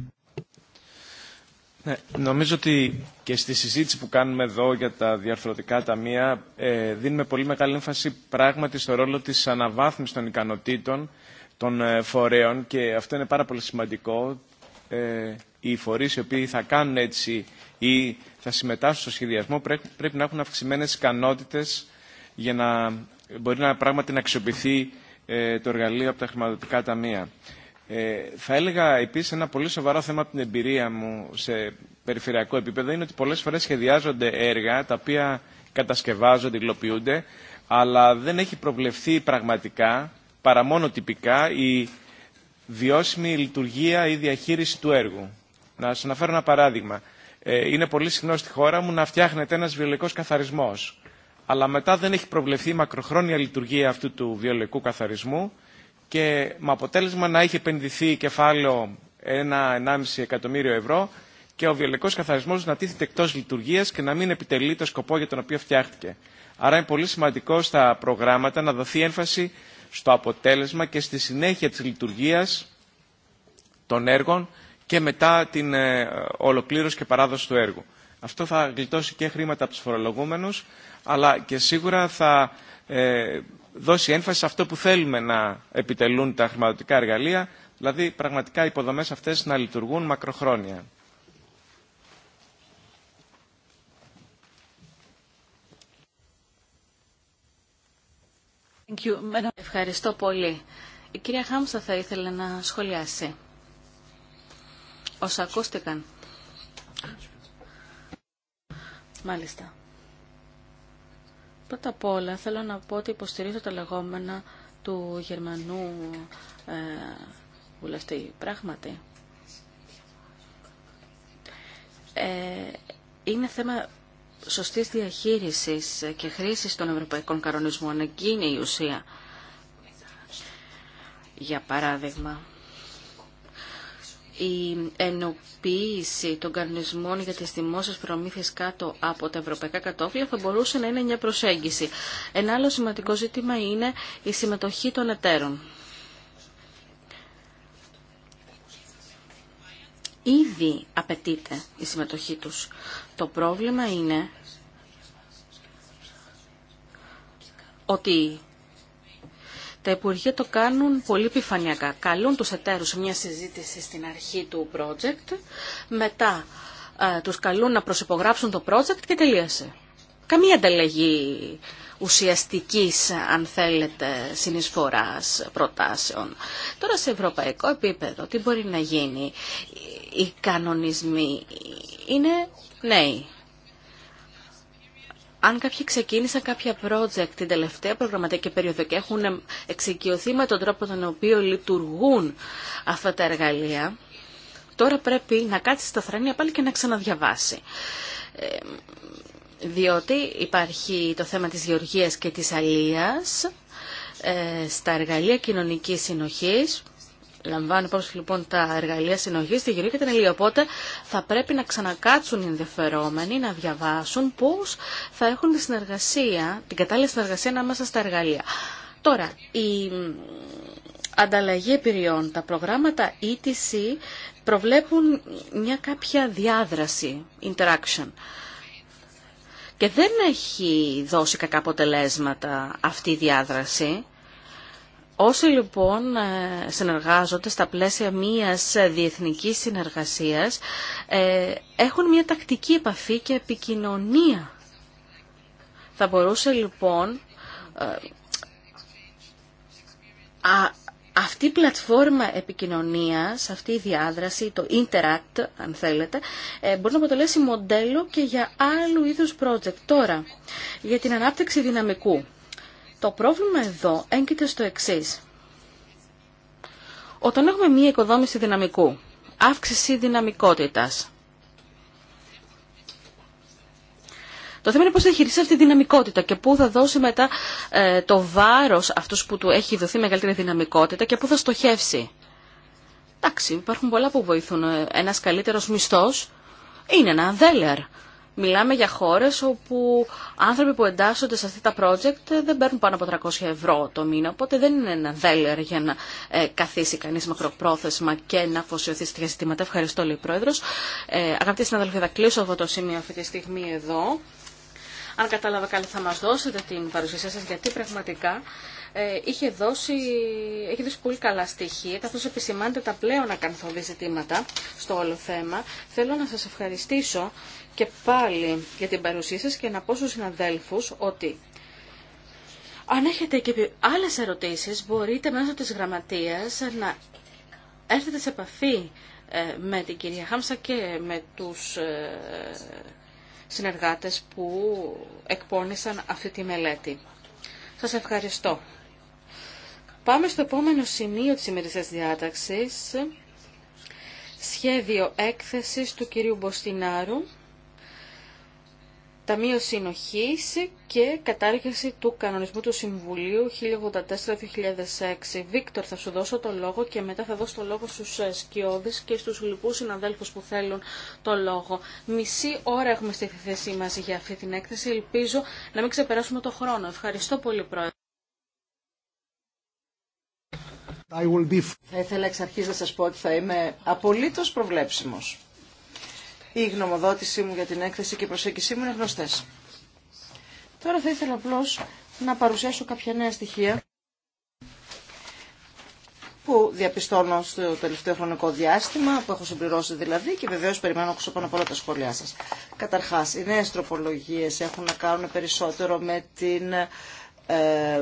Ναι, νομίζω ότι και στη συζήτηση που κάνουμε εδώ για τα διαρθρωτικά ταμεία ε, δίνουμε πολύ μεγάλη έμφαση πράγματι στο ρόλο της αναβάθμισης των ικανοτήτων των ε, φορέων και αυτό είναι πάρα πολύ σημαντικό. Ε, οι φορείς οι οποίοι θα κάνουν έτσι ή θα συμμετάσχουν στο σχεδιασμό πρέπει, πρέπει να έχουν αυξημένε ικανότητε για να μπορεί να πράγματι να αξιοποιηθεί το εργαλείο από τα χρηματοδοτικά ταμεία. Ε, θα έλεγα επίση ένα πολύ σοβαρό θέμα από την εμπειρία μου σε περιφερειακό επίπεδο είναι ότι πολλέ φορέ σχεδιάζονται έργα τα οποία κατασκευάζονται, υλοποιούνται, αλλά δεν έχει προβλεφθεί πραγματικά, παρά μόνο τυπικά, η βιώσιμη λειτουργία ή διαχείριση του έργου. Να σα αναφέρω ένα παράδειγμα. Ε, είναι πολύ συχνό στη χώρα μου να φτιάχνεται ένα βιολογικό καθαρισμό, Αλλά μετά δεν έχει προβλεφθεί η μακροχρόνια λειτουργία αυτού του βιολογικού καθαρισμού και με αποτέλεσμα να έχει επενδυθεί κεφάλαιο 1,5 εκατομμύριο ευρώ και ο βιολογικό καθαρισμό να τίθεται εκτό λειτουργία και να μην επιτελεί το σκοπό για τον οποίο φτιάχτηκε. Άρα είναι πολύ σημαντικό στα προγράμματα να δοθεί έμφαση στο αποτέλεσμα και στη συνέχεια τη λειτουργία των έργων και μετά την ε, ολοκλήρωση και παράδοση του έργου. Αυτό θα γλιτώσει και χρήματα από του φορολογούμενου, αλλά και σίγουρα θα ε, δώσει έμφαση σε αυτό που θέλουμε να επιτελούν τα χρηματοδοτικά εργαλεία, δηλαδή πραγματικά οι υποδομές αυτές να λειτουργούν μακροχρόνια. Ευχαριστώ πολύ. Η κυρία Χάμσα θα ήθελε να σχολιάσει. Όσα ακούστηκαν. Μάλιστα. Πρώτα απ' όλα θέλω να πω ότι υποστηρίζω τα λεγόμενα του Γερμανού ε, βουλευτή. Πράγματι. Ε, είναι θέμα σωστής διαχείρισης και χρήσης των ευρωπαϊκών κανονισμών. Εκείνη η ουσία. Για παράδειγμα, η ενοποίηση των κανονισμών για τις δημόσιες προμήθειες κάτω από τα ευρωπαϊκά κατόφλια θα μπορούσε να είναι μια προσέγγιση. Ένα άλλο σημαντικό ζήτημα είναι η συμμετοχή των εταίρων. Ήδη απαιτείται η συμμετοχή τους. Το πρόβλημα είναι ότι τα Υπουργεία το κάνουν πολύ επιφανειακά. Καλούν τους εταίρους σε μια συζήτηση στην αρχή του project, μετά ε, τους καλούν να προσυπογράψουν το project και τελείωσε. Καμία ανταλλαγή ουσιαστικής, αν θέλετε, συνεισφοράς προτάσεων. Τώρα σε ευρωπαϊκό επίπεδο τι μπορεί να γίνει. Οι κανονισμοί είναι νέοι αν κάποιοι ξεκίνησαν κάποια project την τελευταία προγραμματική περίοδο και έχουν εξοικειωθεί με τον τρόπο τον οποίο λειτουργούν αυτά τα εργαλεία, τώρα πρέπει να κάτσει στα θρανία πάλι και να ξαναδιαβάσει. Ε, διότι υπάρχει το θέμα της γεωργίας και της αλίας ε, στα εργαλεία κοινωνικής συνοχής λαμβάνουν πώ λοιπόν τα εργαλεία συνοχή στη γεωργία και την αλληλεία. Οπότε θα πρέπει να ξανακάτσουν οι ενδιαφερόμενοι να διαβάσουν πώ θα έχουν τη συνεργασία, την κατάλληλη συνεργασία ανάμεσα στα εργαλεία. Τώρα, η ανταλλαγή εμπειριών, τα προγράμματα ETC προβλέπουν μια κάποια διάδραση, interaction. Και δεν έχει δώσει κακά αποτελέσματα αυτή η διάδραση. Όσοι λοιπόν ε, συνεργάζονται στα πλαίσια μίας ε, διεθνικής συνεργασίας ε, έχουν μια τακτική επαφή και επικοινωνία. Θα μπορούσε λοιπόν αυτή η πλατφόρμα επικοινωνίας, αυτή η διάδραση, το Interact αν θέλετε, μπορεί να αποτελέσει μοντέλο και για άλλου είδους project. Τώρα, για την ανάπτυξη δυναμικού. Το πρόβλημα εδώ έγκυται στο εξή. Όταν έχουμε μία οικοδόμηση δυναμικού, αύξηση δυναμικότητας, Το θέμα είναι πώς θα χειριστεί αυτή τη δυναμικότητα και πού θα δώσει μετά ε, το βάρος αυτούς που του έχει δοθεί μεγαλύτερη δυναμικότητα και πού θα στοχεύσει. Εντάξει, υπάρχουν πολλά που βοηθούν. Ε, ένας καλύτερος μισθός είναι ένα δέλεαρ. Μιλάμε για χώρες όπου άνθρωποι που εντάσσονται σε αυτά τα project δεν παίρνουν πάνω από 300 ευρώ το μήνα, οπότε δεν είναι ένα δέλερ για να ε, καθίσει κανείς μακροπρόθεσμα και να αφοσιωθεί στη ζητήματα. Ευχαριστώ, λέει η Πρόεδρος. Ε, αγαπητοί συναδελφοί, θα κλείσω αυτό το σημείο αυτή τη στιγμή εδώ. Αν κατάλαβα καλά θα μας δώσετε την παρουσία σας, γιατί πραγματικά ε, είχε δώσει, έχει δώσει πολύ καλά στοιχεία, καθώ επισημάνεται τα πλέον ακαθόδη ζητήματα στο όλο θέμα. Θέλω να σας ευχαριστήσω και πάλι για την παρουσία σας και να πω στους συναδέλφους ότι αν έχετε και άλλες ερωτήσεις, μπορείτε μέσω της γραμματείας να έρθετε σε επαφή ε, με την κυρία Χάμσα και με τους ε, συνεργάτες που εκπώνησαν αυτή τη μελέτη. Σας ευχαριστώ. Πάμε στο επόμενο σημείο της ημερησίας διάταξης. Σχέδιο έκθεσης του κυρίου Μποστινάρου. Ταμείο Συνοχής και κατάργηση του κανονισμού του Συμβουλίου 1084-2006. Βίκτορ, θα σου δώσω το λόγο και μετά θα δώσω το λόγο στους ε, σκιώδεις και στους λοιπούς συναδέλφους που θέλουν το λόγο. Μισή ώρα έχουμε στη θέση μας για αυτή την έκθεση. Ελπίζω να μην ξεπεράσουμε το χρόνο. Ευχαριστώ πολύ, Πρόεδρε. Θα ήθελα εξ αρχής να σας πω ότι θα είμαι απολύτως προβλέψιμος. Η γνωμοδότησή μου για την έκθεση και η προσέγγισή μου είναι γνωστές. Τώρα θα ήθελα απλώς να παρουσιάσω κάποια νέα στοιχεία που διαπιστώνω στο τελευταίο χρονικό διάστημα, που έχω συμπληρώσει δηλαδή και βεβαίως περιμένω να ακούσω πάνω από όλα τα σχόλιά σας. Καταρχάς, οι νέες τροπολογίες έχουν να κάνουν περισσότερο με την ε,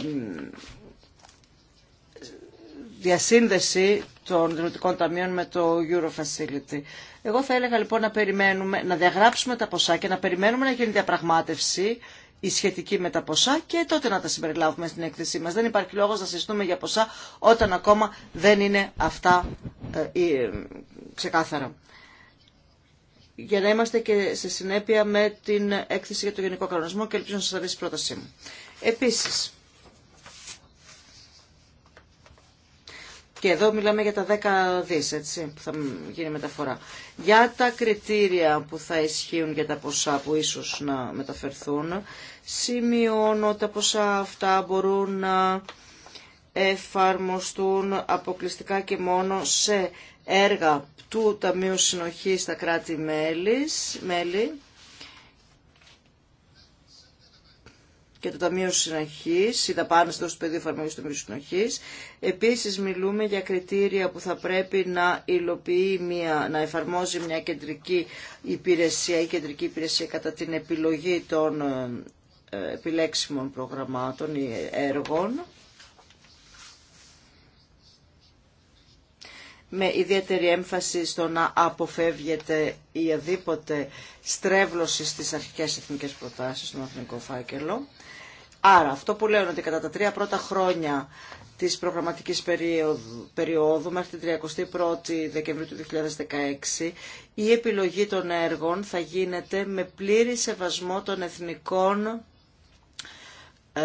διασύνδεση των Δημοτικών Ταμείων με το Euro Facility. Εγώ θα έλεγα λοιπόν να περιμένουμε, να διαγράψουμε τα ποσά και να περιμένουμε να γίνει διαπραγμάτευση η σχετική με τα ποσά και τότε να τα συμπεριλάβουμε στην έκθεσή μας. Δεν υπάρχει λόγος να συζητούμε για ποσά όταν ακόμα δεν είναι αυτά ε, ε ξεκάθαρα. Για να είμαστε και σε συνέπεια με την έκθεση για το Γενικό Κανονισμό και ελπίζω να σας αρέσει η πρότασή μου. Επίσης, Και εδώ μιλάμε για τα 10 δις, έτσι, που θα γίνει μεταφορά. Για τα κριτήρια που θα ισχύουν για τα ποσά που ίσως να μεταφερθούν, σημειώνω ότι τα ποσά αυτά μπορούν να εφαρμοστούν αποκλειστικά και μόνο σε έργα του Ταμείου Συνοχής στα κράτη-μέλη, και το Ταμείο Συνοχή, τα δαπάνε του πεδίο εφαρμογή του Ταμείου Συνοχή. Επίση, μιλούμε για κριτήρια που θα πρέπει να υλοποιεί μια, να εφαρμόζει μια κεντρική υπηρεσία ή κεντρική υπηρεσία κατά την επιλογή των ε, επιλέξιμων προγραμμάτων ή έργων. με ιδιαίτερη έμφαση στο να αποφεύγεται η αδίποτε στρέβλωση στις αρχικές εθνικές προτάσεις στον εθνικό φάκελο. Άρα αυτό που λέω ότι κατά τα τρία πρώτα χρόνια της προγραμματικής περίοδου, μέχρι την 31η Δεκεμβρίου του 2016 η επιλογή των έργων θα γίνεται με πλήρη σεβασμό των εθνικών ε,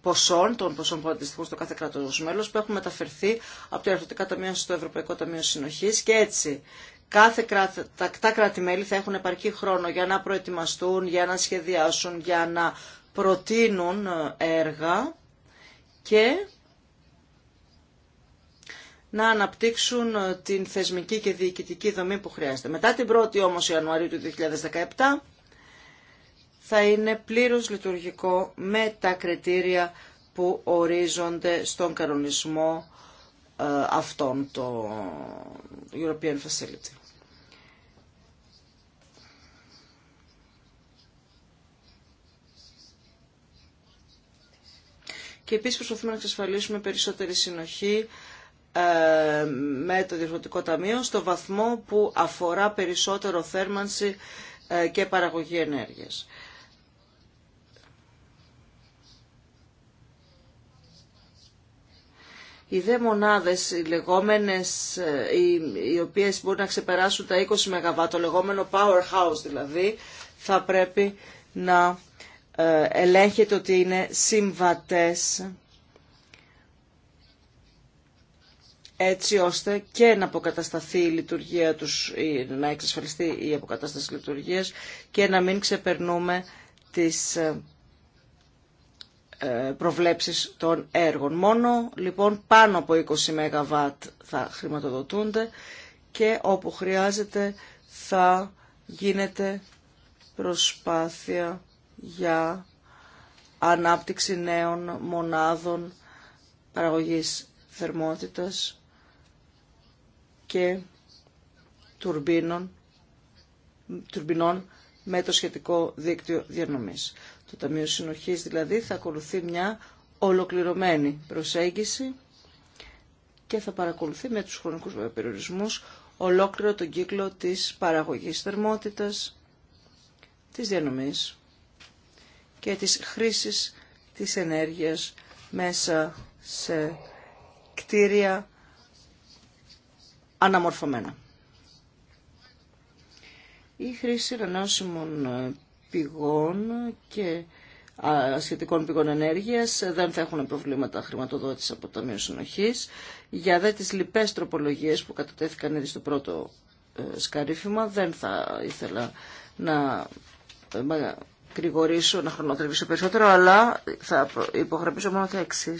ποσών, των ποσών που αντιστοιχούν στο κάθε κράτο μέλο, που έχουν μεταφερθεί από το Ερωτικά στο Ευρωπαϊκό Ταμείο Συνοχή και έτσι. Κάθε κράτη, τα κράτη-μέλη θα έχουν επαρκή χρόνο για να προετοιμαστούν, για να σχεδιάσουν, για να προτείνουν ε, έργα και να αναπτύξουν ε, την θεσμική και διοικητική δομή που χρειάζεται. Μετά την 1η όμως Ιανουαρίου του 2017 θα είναι πλήρως λειτουργικό με τα κριτήρια που ορίζονται στον κανονισμό ε, αυτών, το European Facility. και επίσης προσπαθούμε να εξασφαλίσουμε περισσότερη συνοχή ε, με το Διευθυντικό Ταμείο στο βαθμό που αφορά περισσότερο θέρμανση ε, και παραγωγή ενέργειας. οι δε μονάδες, οι λεγόμενες, ε, οι, οποίες μπορούν να ξεπεράσουν τα 20 ΜΒ, το λεγόμενο powerhouse δηλαδή, θα πρέπει να ε, ελέγχεται ότι είναι συμβατές έτσι ώστε και να αποκατασταθεί η λειτουργία τους, να εξασφαλιστεί η αποκατάσταση λειτουργίας και να μην ξεπερνούμε τις ε, ε, προβλέψεις των έργων. Μόνο λοιπόν πάνω από 20 ΜΒ θα χρηματοδοτούνται και όπου χρειάζεται θα γίνεται προσπάθεια για ανάπτυξη νέων μονάδων παραγωγής θερμότητας και τουρμπίνων, τουρμπινών με το σχετικό δίκτυο διανομής. Το Ταμείο Συνοχής δηλαδή θα ακολουθεί μια ολοκληρωμένη προσέγγιση και θα παρακολουθεί με τους χρονικούς περιορισμούς ολόκληρο τον κύκλο της παραγωγής θερμότητας, της διανομής και της χρήσης της ενέργειας μέσα σε κτίρια αναμορφωμένα. Η χρήση ανανεώσιμων πηγών και σχετικών πηγών ενέργειας δεν θα έχουν προβλήματα χρηματοδότηση από το Ταμείο Συνοχής. Για δε τις λοιπές τροπολογίες που κατατέθηκαν ήδη στο πρώτο ε, σκαρίφημα δεν θα ήθελα να ε, γρηγορήσω, να χρονοτριβήσω περισσότερο, αλλά θα υπογραμμίσω μόνο το εξή.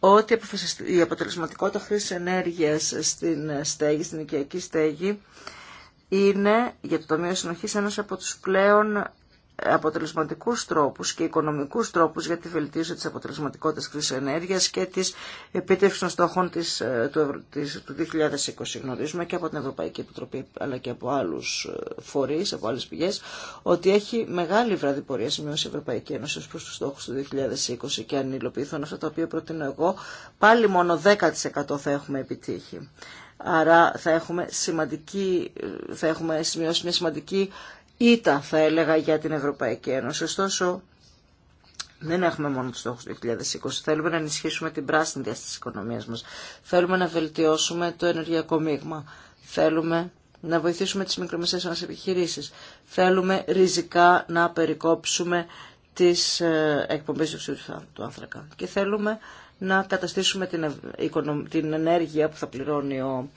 Ότι η αποτελεσματικότητα χρήση ενέργεια στην στέγη, στην οικιακή στέγη, είναι για το Ταμείο συνοχή ένα από τους πλέον αποτελεσματικούς τρόπους και οικονομικούς τρόπους για τη βελτίωση της αποτελεσματικότητας χρήσης ενέργειας και της επίτευξης των στόχων της, ε, του, του 2020. Γνωρίζουμε και από την Ευρωπαϊκή Επιτροπή αλλά και από άλλους ε, φορείς, από άλλες πηγές, ότι έχει μεγάλη βραδιπορία σημειώσει η Ευρωπαϊκή Ένωση προς τους στόχους του 2020 και αν υλοποιηθούν αυτά τα οποία προτείνω εγώ, πάλι μόνο 10% θα έχουμε επιτύχει. Άρα θα έχουμε, σημαντική, ε, θα έχουμε σημειώσει μια σημαντική ήταν θα έλεγα για την Ευρωπαϊκή Ένωση. Ωστόσο, δεν έχουμε μόνο τους στόχους του 2020. Θέλουμε να ενισχύσουμε την πράσινη διάσταση της οικονομίας μας. Θέλουμε να βελτιώσουμε το ενεργειακό μείγμα. Θέλουμε να βοηθήσουμε τις μικρομεσαίες μα επιχειρήσεις. Θέλουμε ριζικά να περικόψουμε τις ε, εκπομπές του του άνθρακα. Και θέλουμε να καταστήσουμε την ενέργεια που θα πληρώνει ο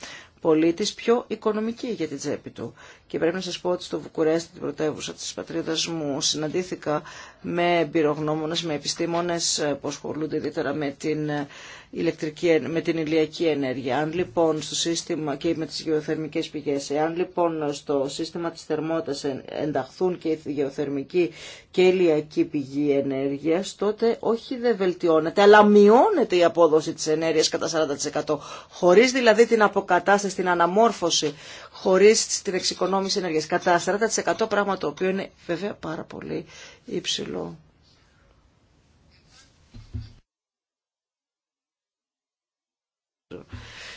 πολίτης πιο οικονομική για την τσέπη του. Και πρέπει να σας πω ότι στο Βουκουρέστι, την πρωτεύουσα της πατρίδας μου, συναντήθηκα με εμπειρογνώμονες, με επιστήμονες ε, που ασχολούνται ιδιαίτερα με την, ε, ηλεκτρική, με την ηλιακή ενέργεια. Αν λοιπόν στο σύστημα και με τις γεωθερμικές πηγές, Αν λοιπόν στο σύστημα της θερμότητας ενταχθούν και η γεωθερμική και η ηλιακή πηγή ενέργειας, τότε όχι δεν βελτιώνεται, αλλά μειώνεται η απόδοση της ενέργειας κατά 40%. Χωρίς δηλαδή την αποκατάσταση, την αναμόρφωση Χωρί την εξοικονόμηση ενέργειας. Κατά 40% πράγμα το οποίο είναι βέβαια πάρα πολύ υψηλό.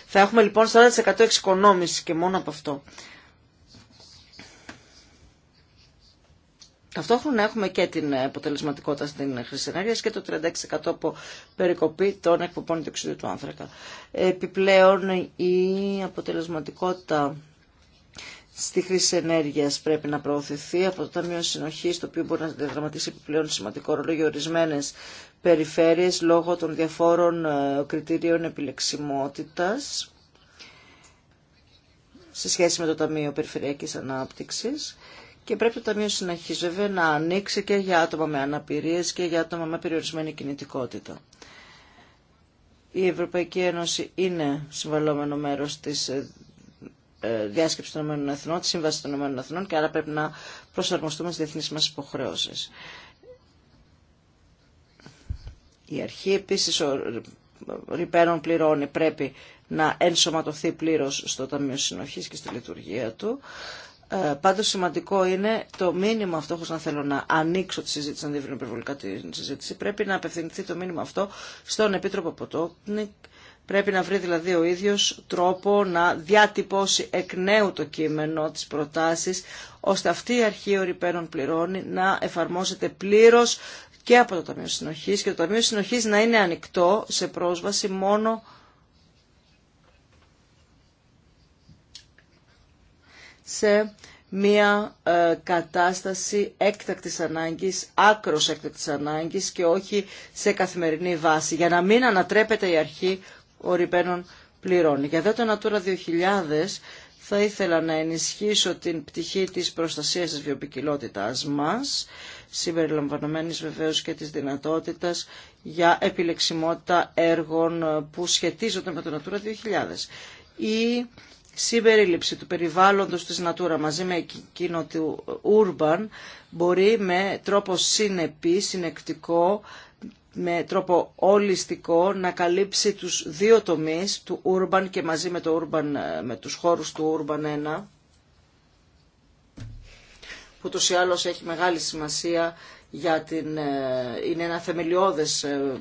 Θα έχουμε λοιπόν 40% εξοικονόμηση και μόνο από αυτό. Ταυτόχρονα έχουμε και την αποτελεσματικότητα στην χρήση ενέργεια και το 36% από περικοπή των εκπομπών διοξιδίου του άνθρακα. Επιπλέον η αποτελεσματικότητα στη χρήση ενέργεια πρέπει να προωθηθεί από το Ταμείο Συνοχής, το οποίο μπορεί να διαδραματίσει επιπλέον σημαντικό ρόλο για ορισμένε περιφέρειες λόγω των διαφόρων ε, κριτηρίων επιλεξιμότητας σε σχέση με το Ταμείο Περιφερειακής Ανάπτυξης και πρέπει το Ταμείο Συνοχής βέβαια να ανοίξει και για άτομα με αναπηρίες και για άτομα με περιορισμένη κινητικότητα. Η Ευρωπαϊκή Ένωση είναι συμβαλόμενο μέρος της ε, ε, διάσκεψη των Ηνωμένων Εθνών, τη Σύμβαση των Ηνωμένων και άρα πρέπει να προσαρμοστούμε στι διεθνεί μα υποχρέωσει. Η αρχή επίση ο πληρώνει πρέπει να ενσωματωθεί πλήρω στο Ταμείο συνοχή και στη λειτουργία του. Ε, πάντως σημαντικό είναι το μήνυμα αυτό, όπως να θέλω να ανοίξω τη συζήτηση, να διευρύνω υπερβολικά τη συζήτηση, πρέπει να απευθυνθεί το μήνυμα αυτό στον Επίτροπο Ποτόπνικ, Πρέπει να βρει δηλαδή ο ίδιος τρόπο να διατυπώσει εκ νέου το κείμενο της προτάσεις, ώστε αυτή η αρχή ορυπαίνων πληρώνει να εφαρμόζεται πλήρως και από το Ταμείο Συνοχής και το Ταμείο Συνοχής να είναι ανοιχτό σε πρόσβαση μόνο σε μια ε, κατάσταση έκτακτης ανάγκης, άκρος έκτακτης ανάγκης και όχι σε καθημερινή βάση, για να μην ανατρέπεται η αρχή ο πληρώνει. Για δε το Natura 2000 θα ήθελα να ενισχύσω την πτυχή της προστασίας της βιοποικιλότητας μας, συμπεριλαμβανομένης βεβαίως και της δυνατότητας για επιλεξιμότητα έργων που σχετίζονται με το Natura 2000. Η συμπερίληψη του περιβάλλοντος της Natura μαζί με εκείνο του Urban μπορεί με τρόπο συνεπή, συνεκτικό με τρόπο ολιστικό να καλύψει τους δύο τομείς του urban και μαζί με, το urban, ε, με τους χώρους του urban 1 που τους ή άλλως έχει μεγάλη σημασία για την, ε, είναι ένα θεμελιώδες ε,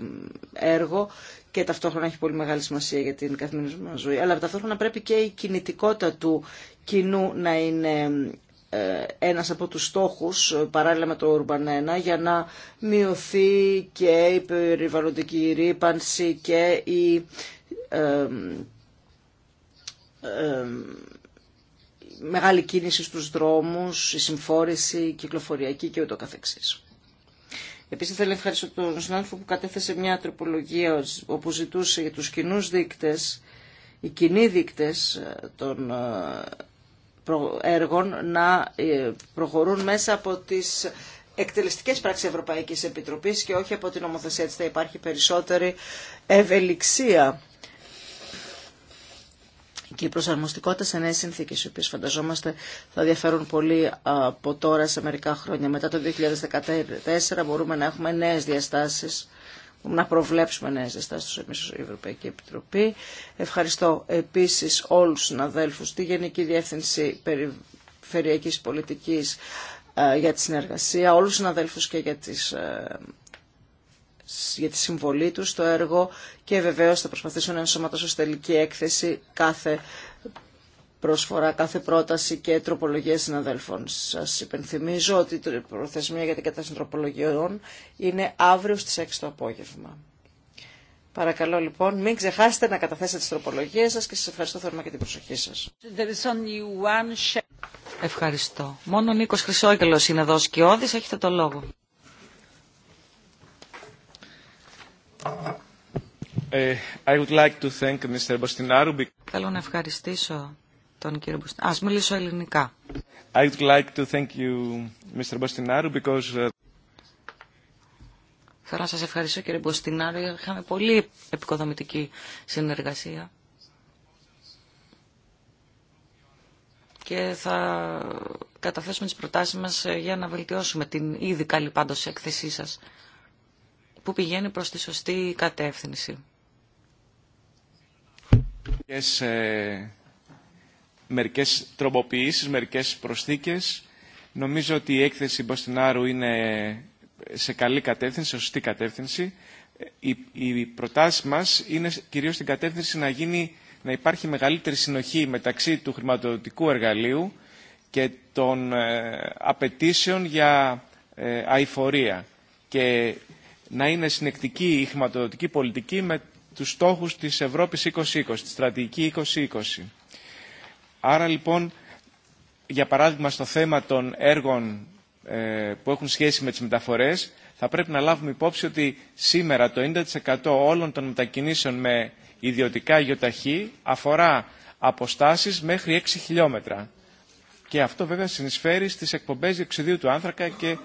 έργο και ταυτόχρονα έχει πολύ μεγάλη σημασία για την καθημερινή μας ζωή. Αλλά ταυτόχρονα πρέπει και η κινητικότητα του κοινού να είναι ε, ένας από τους στόχους, ε, παράλληλα με το Urban 1, για να μειωθεί και η περιβαλλοντική ρήπανση και η ε, μεγάλη κίνηση στους δρόμους, η συμφόρηση, η κυκλοφοριακή και ούτω καθεξής. Επίσης θέλω να ευχαριστώ τον συνάδελφο που κατέθεσε μια τροπολογία όπου ζητούσε για τους κοινούς δείκτες, οι κοινοί δείκτες των έργων να ε, προχωρούν μέσα από τις εκτελεστικές πράξεις Ευρωπαϊκής Επιτροπής και όχι από την νομοθεσία της θα υπάρχει περισσότερη ευελιξία και η προσαρμοστικότητα σε νέε συνθήκε, οι οποίε φανταζόμαστε θα διαφέρουν πολύ από τώρα σε μερικά χρόνια. Μετά το 2014 μπορούμε να έχουμε νέε διαστάσει να προβλέψουμε νέες ζεστάσεις εμείς Ευρωπαϊκή Επιτροπή. Ευχαριστώ επίσης όλους τους συναδέλφους τη Γενική Διεύθυνση Περιφερειακής Πολιτικής ε, για τη συνεργασία, όλους τους συναδέλφους και για τις ε, για τη συμβολή τους στο έργο και βεβαίως θα προσπαθήσω να ενσωματώσω στη τελική έκθεση κάθε προσφορά κάθε πρόταση και τροπολογία συναδέλφων. Σας υπενθυμίζω ότι η προθεσμία για την κατάσταση τροπολογιών είναι αύριο στις 6 το απόγευμα. Παρακαλώ λοιπόν, μην ξεχάσετε να καταθέσετε τις τροπολογίες σας και σας ευχαριστώ θερμά για την προσοχή σας. Ευχαριστώ. Μόνο ο Νίκος Χρυσόγελος είναι εδώ σκιώδης, έχετε το λόγο. Ε, I would like to thank Mr. Θέλω να ευχαριστήσω τον κύριο Μπουστινάρου. Ας μιλήσω ελληνικά. I'd like to thank you, Mr. because... Uh, Θέλω να σας ευχαριστώ κύριε Μποστινάρου, είχαμε πολύ επικοδομητική συνεργασία. Και θα καταθέσουμε τις προτάσεις μας ε, για να βελτιώσουμε την ήδη καλή πάντως έκθεσή σας, που πηγαίνει προς τη σωστή κατεύθυνση. Yes, ε, μερικές τροποποιήσεις, μερικές προσθήκες. Νομίζω ότι η έκθεση Μποστινάρου είναι σε καλή κατεύθυνση, σε σωστή κατεύθυνση. Οι, οι προτάσεις μας είναι κυρίως στην κατεύθυνση να, γίνει, να υπάρχει μεγαλύτερη συνοχή μεταξύ του χρηματοδοτικού εργαλείου και των ε, απαιτήσεων για ε, αηφορία και να είναι συνεκτική η χρηματοδοτική πολιτική με τους στόχους της Ευρώπης 2020, της στρατηγική 2020. Άρα λοιπόν, για παράδειγμα στο θέμα των έργων ε, που έχουν σχέση με τις μεταφορές, θα πρέπει να λάβουμε υπόψη ότι σήμερα το 90% όλων των μετακινήσεων με ιδιωτικά γεωταχή αφορά αποστάσεις μέχρι 6 χιλιόμετρα. Και αυτό βέβαια συνεισφέρει στις εκπομπές διοξιδίου του άνθρακα και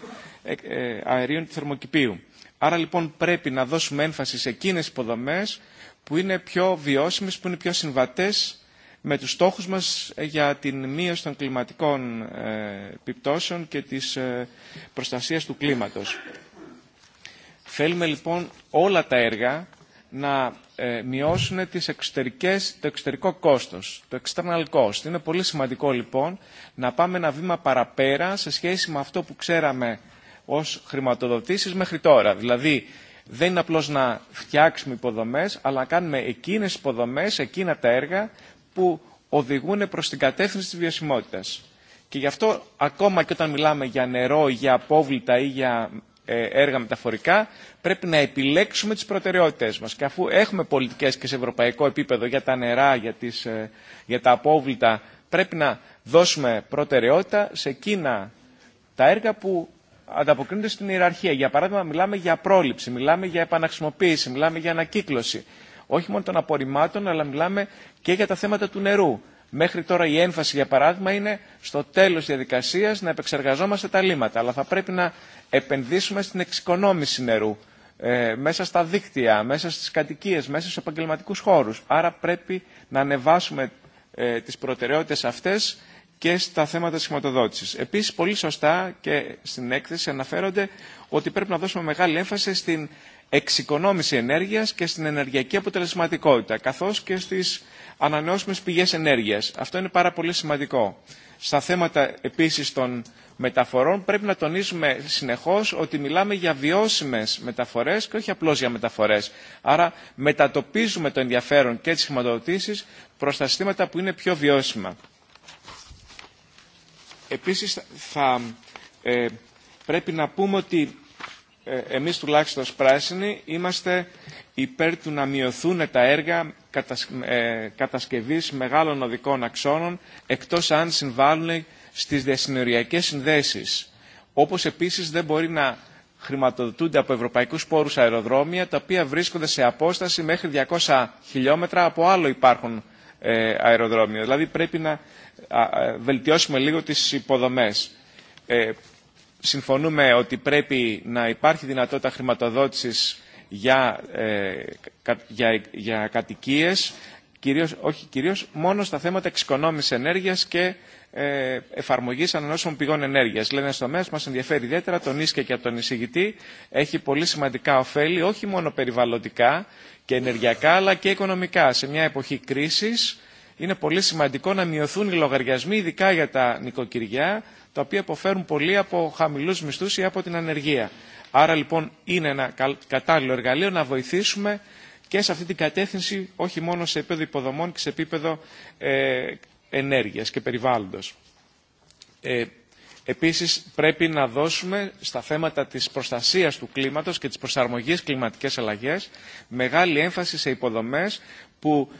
ε, ε, αερίων του θερμοκηπίου. Άρα λοιπόν πρέπει να δώσουμε έμφαση σε εκείνες υποδομές που είναι πιο βιώσιμες, που είναι πιο συμβατές με τους στόχους μας για την μείωση των κλιματικών ε, επιπτώσεων και της ε, προστασίας του κλίματος. Θέλουμε λοιπόν όλα τα έργα να ε, μειώσουν τις εξωτερικές, το εξωτερικό κόστος, το external cost. Είναι πολύ σημαντικό λοιπόν να πάμε ένα βήμα παραπέρα σε σχέση με αυτό που ξέραμε ως χρηματοδοτήσεις μέχρι τώρα. Δηλαδή δεν είναι απλώς να φτιάξουμε υποδομές, αλλά να κάνουμε εκείνες υποδομές, εκείνα τα έργα που οδηγούν προς την κατεύθυνση της βιωσιμότητας. Και γι' αυτό ακόμα και όταν μιλάμε για νερό, για απόβλητα ή για ε, έργα μεταφορικά, πρέπει να επιλέξουμε τις προτεραιότητες μας. Και αφού έχουμε πολιτικές και σε ευρωπαϊκό επίπεδο για τα νερά, για, τις, ε, για τα απόβλητα, πρέπει να δώσουμε προτεραιότητα σε εκείνα τα έργα που ανταποκρίνονται στην ιεραρχία. Για παράδειγμα, μιλάμε για πρόληψη, μιλάμε για επαναχρησιμοποίηση, μιλάμε για ανακύκλωση όχι μόνο των απορριμμάτων, αλλά μιλάμε και για τα θέματα του νερού. Μέχρι τώρα η έμφαση, για παράδειγμα, είναι στο τέλο τη διαδικασία να επεξεργαζόμαστε τα λίμματα. Αλλά θα πρέπει να επενδύσουμε στην εξοικονόμηση νερού ε, μέσα στα δίκτυα, μέσα στι κατοικίε, μέσα στου επαγγελματικού χώρου. Άρα πρέπει να ανεβάσουμε ε, τι προτεραιότητε αυτέ και στα θέματα της χρηματοδότησης. Επίσης, πολύ σωστά και στην έκθεση αναφέρονται ότι πρέπει να δώσουμε μεγάλη έμφαση στην εξοικονόμηση ενέργειας και στην ενεργειακή αποτελεσματικότητα, καθώς και στις ανανεώσιμες πηγές ενέργειας. Αυτό είναι πάρα πολύ σημαντικό. Στα θέματα επίσης των μεταφορών πρέπει να τονίζουμε συνεχώς ότι μιλάμε για βιώσιμες μεταφορές και όχι απλώς για μεταφορές. Άρα μετατοπίζουμε το ενδιαφέρον και τις χρηματοδοτήσεις προς τα συστήματα που είναι πιο βιώσιμα. Επίσης θα, ε, πρέπει να πούμε ότι ε, εμείς τουλάχιστον ως πράσινοι είμαστε υπέρ του να μειωθούν τα έργα ε, κατασκευής μεγάλων οδικών αξώνων εκτός αν συμβάλλουν στις διασυνοριακές συνδέσεις. Όπως επίσης δεν μπορεί να χρηματοδοτούνται από ευρωπαϊκούς πόρους αεροδρόμια τα οποία βρίσκονται σε απόσταση μέχρι 200 χιλιόμετρα από άλλο υπάρχουν ε, αεροδρόμιο. Δηλαδή πρέπει να βελτιώσουμε λίγο τις υποδομές συμφωνούμε ότι πρέπει να υπάρχει δυνατότητα χρηματοδότησης για, ε, για, για κατοικίες, κυρίως, όχι κυρίως μόνο στα θέματα εξοικονόμησης ενέργειας και ε, εφαρμογής ανανεώσιμων πηγών ενέργειας. Λένε στο μέσος μας ενδιαφέρει ιδιαίτερα, τον Ίσκε και τον εισηγητή, έχει πολύ σημαντικά ωφέλη, όχι μόνο περιβαλλοντικά και ενεργειακά, αλλά και οικονομικά. Σε μια εποχή κρίσης, είναι πολύ σημαντικό να μειωθούν οι λογαριασμοί, ειδικά για τα νοικοκυριά, τα οποία αποφέρουν πολύ από χαμηλούς μισθούς ή από την ανεργία. Άρα λοιπόν είναι ένα κατάλληλο εργαλείο να βοηθήσουμε και σε αυτή την κατεύθυνση, όχι μόνο σε επίπεδο υποδομών και σε επίπεδο ε, ενέργειας και περιβάλλοντος. Ε, Επίσης πρέπει να δώσουμε στα θέματα της προστασίας του κλίματος και της προσαρμογής κλιματικές αλλαγές μεγάλη έμφαση σε υποδομές που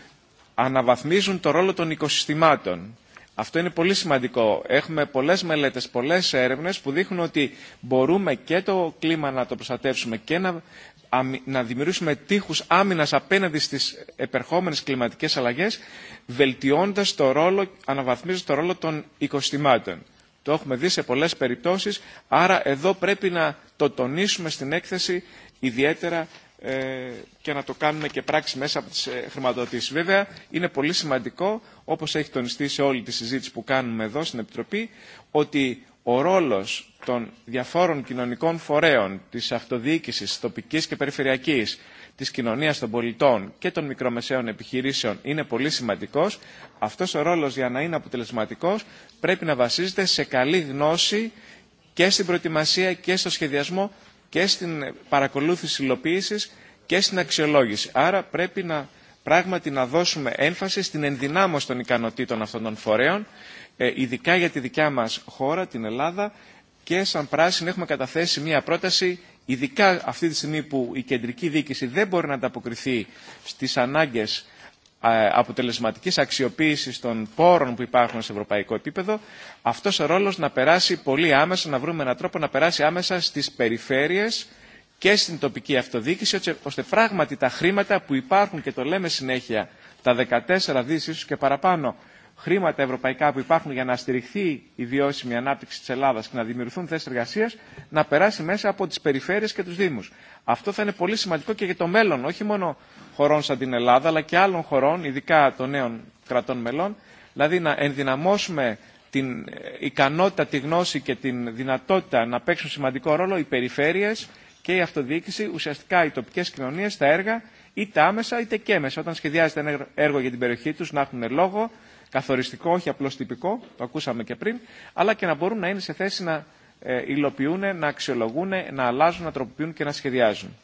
αναβαθμίζουν το ρόλο των οικοσυστημάτων. Αυτό είναι πολύ σημαντικό. Έχουμε πολλές μελέτες, πολλές έρευνες που δείχνουν ότι μπορούμε και το κλίμα να το προστατεύσουμε και να, να δημιουργήσουμε τείχους άμυνας απέναντι στις επερχόμενες κλιματικές αλλαγές, βελτιώντας το ρόλο, αναβαθμίζοντας το ρόλο των οικοσυστημάτων. Το έχουμε δει σε πολλές περιπτώσεις, άρα εδώ πρέπει να το τονίσουμε στην έκθεση ιδιαίτερα ε, και να το κάνουμε και πράξη μέσα από τις ε, χρηματοδοτήσεις. Βέβαια, είναι πολύ σημαντικό, όπως έχει τονιστεί σε όλη τη συζήτηση που κάνουμε εδώ στην Επιτροπή, ότι ο ρόλος των διαφόρων κοινωνικών φορέων, της αυτοδιοίκησης, τοπικής και περιφερειακής, της κοινωνίας των πολιτών και των μικρομεσαίων επιχειρήσεων είναι πολύ σημαντικός. Αυτός ο ρόλος για να είναι αποτελεσματικός πρέπει να βασίζεται σε καλή γνώση και στην προετοιμασία και στο σχεδιασμό και στην παρακολούθηση υλοποίηση και στην αξιολόγηση. Άρα πρέπει να, πράγματι να δώσουμε έμφαση στην ενδυνάμωση των ικανοτήτων αυτών των φορέων, ε, ειδικά για τη δικιά μας χώρα, την Ελλάδα, και σαν πράσινη έχουμε καταθέσει μια πρόταση, ειδικά αυτή τη στιγμή που η κεντρική διοίκηση δεν μπορεί να ανταποκριθεί στις ανάγκες ε, αποτελεσματικής αξιοποίησης των πόρων που υπάρχουν σε ευρωπαϊκό επίπεδο, αυτός ο ρόλος να περάσει πολύ άμεσα, να βρούμε έναν τρόπο να περάσει άμεσα στις περιφέρειες και στην τοπική αυτοδιοίκηση, ώστε πράγματι τα χρήματα που υπάρχουν και το λέμε συνέχεια, τα 14 δις και παραπάνω χρήματα ευρωπαϊκά που υπάρχουν για να στηριχθεί η βιώσιμη ανάπτυξη τη Ελλάδα και να δημιουργηθούν θέσει εργασία, να περάσει μέσα από τι περιφέρειες και του Δήμου. Αυτό θα είναι πολύ σημαντικό και για το μέλλον, όχι μόνο χωρών σαν την Ελλάδα, αλλά και άλλων χωρών, ειδικά των νέων κρατών μελών. Δηλαδή να ενδυναμώσουμε την ικανότητα, τη γνώση και την δυνατότητα να παίξουν σημαντικό ρόλο οι περιφέρειες και η αυτοδιοίκηση, ουσιαστικά οι τοπικέ κοινωνίε, τα έργα, είτε άμεσα είτε και έμεσα, Όταν σχεδιάζεται ένα έργο για την περιοχή του να έχουν λόγο, καθοριστικό, όχι απλώ τυπικό, το ακούσαμε και πριν, αλλά και να μπορούν να είναι σε θέση να ε, υλοποιούν, να αξιολογούν, να αλλάζουν, να τροποποιούν και να σχεδιάζουν.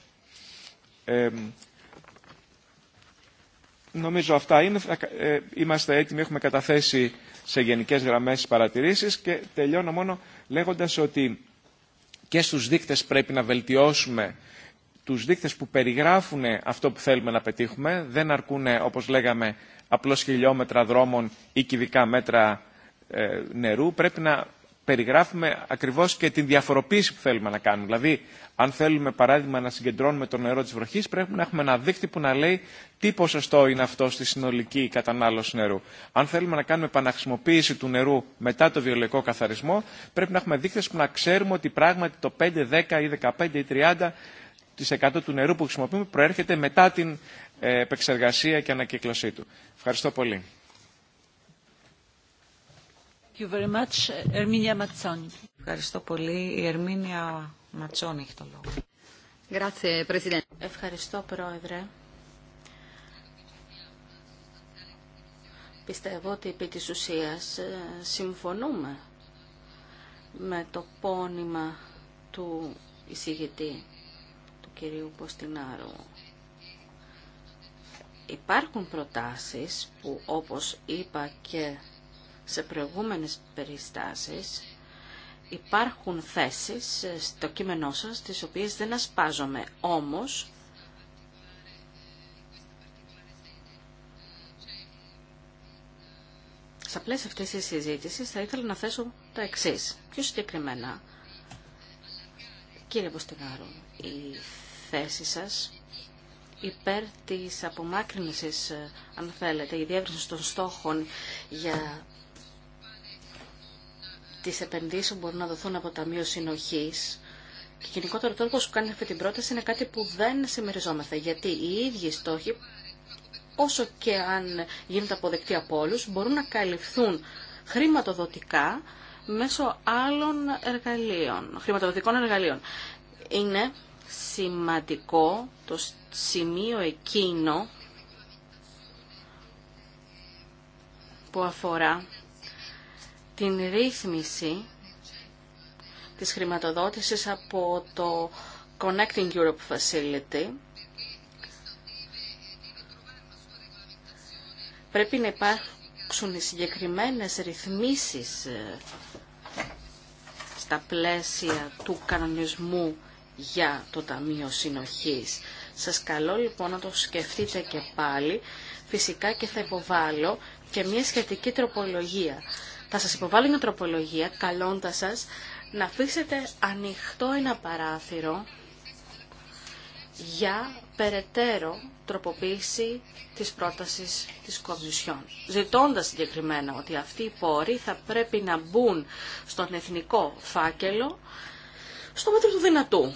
νομίζω αυτά είναι. Ε, είμαστε έτοιμοι, έχουμε καταθέσει σε γενικές γραμμές τις παρατηρήσεις και τελειώνω μόνο λέγοντας ότι και στους δείκτες πρέπει να βελτιώσουμε τους δείκτες που περιγράφουν αυτό που θέλουμε να πετύχουμε. Δεν αρκούν, όπως λέγαμε, απλώς χιλιόμετρα δρόμων ή κυβικά μέτρα ε, νερού, πρέπει να περιγράφουμε ακριβώς και την διαφοροποίηση που θέλουμε να κάνουμε. Δηλαδή, αν θέλουμε παράδειγμα να συγκεντρώνουμε το νερό της βροχής, πρέπει να έχουμε ένα δείχτη που να λέει τι ποσοστό είναι αυτό στη συνολική κατανάλωση νερού. Αν θέλουμε να κάνουμε επαναχρησιμοποίηση του νερού μετά το βιολογικό καθαρισμό, πρέπει να έχουμε δείκτες που να ξέρουμε ότι πράγματι το 5, 10 ή 15 ή 30 90% του νερού που χρησιμοποιούμε προέρχεται μετά την ε, επεξεργασία και ανακύκλωσή του. Ευχαριστώ πολύ. Ευχαριστώ πολύ. Η Ερμήνια Ματσόνη έχει το λόγο. Ευχαριστώ, Πρόεδρε. Πιστεύω ότι επί της ουσίας ε, συμφωνούμε με το πόνημα του εισηγητή του κυρίου Ποστινάρου. Υπάρχουν προτάσεις που όπως είπα και σε προηγούμενες περιστάσεις υπάρχουν θέσεις στο κείμενό σας τις οποίες δεν ασπάζομαι. Όμως σε πλαίσια αυτή τη συζήτηση θα ήθελα να θέσω τα εξή. Πιο συγκεκριμένα, κύριε Ποστινάρου, η θέση σας υπέρ της απομάκρυνσης, ε, αν θέλετε, η διεύρυνση των στόχων για τις επενδύσεις που μπορούν να δοθούν από Ταμείο Συνοχής. Και γενικότερα το που κάνει αυτή την πρόταση είναι κάτι που δεν συμμεριζόμαστε, γιατί οι ίδιοι στόχοι, όσο και αν γίνονται αποδεκτοί από όλους, μπορούν να καλυφθούν χρηματοδοτικά μέσω άλλων εργαλείων, χρηματοδοτικών εργαλείων. Είναι σημαντικό το σημείο εκείνο που αφορά την ρύθμιση της χρηματοδότησης από το Connecting Europe Facility. Πρέπει να υπάρξουν οι συγκεκριμένες ρυθμίσεις ε, στα πλαίσια του κανονισμού για το Ταμείο Συνοχής. Σας καλώ λοιπόν να το σκεφτείτε και πάλι, φυσικά και θα υποβάλω και μια σχετική τροπολογία. Θα σας υποβάλω μια τροπολογία καλώντας σας να αφήσετε ανοιχτό ένα παράθυρο για περαιτέρω τροποποίηση της πρότασης της Κομισιόν. Ζητώντας συγκεκριμένα ότι αυτοί οι πόροι θα πρέπει να μπουν στον εθνικό φάκελο στο μέτρο του δυνατού.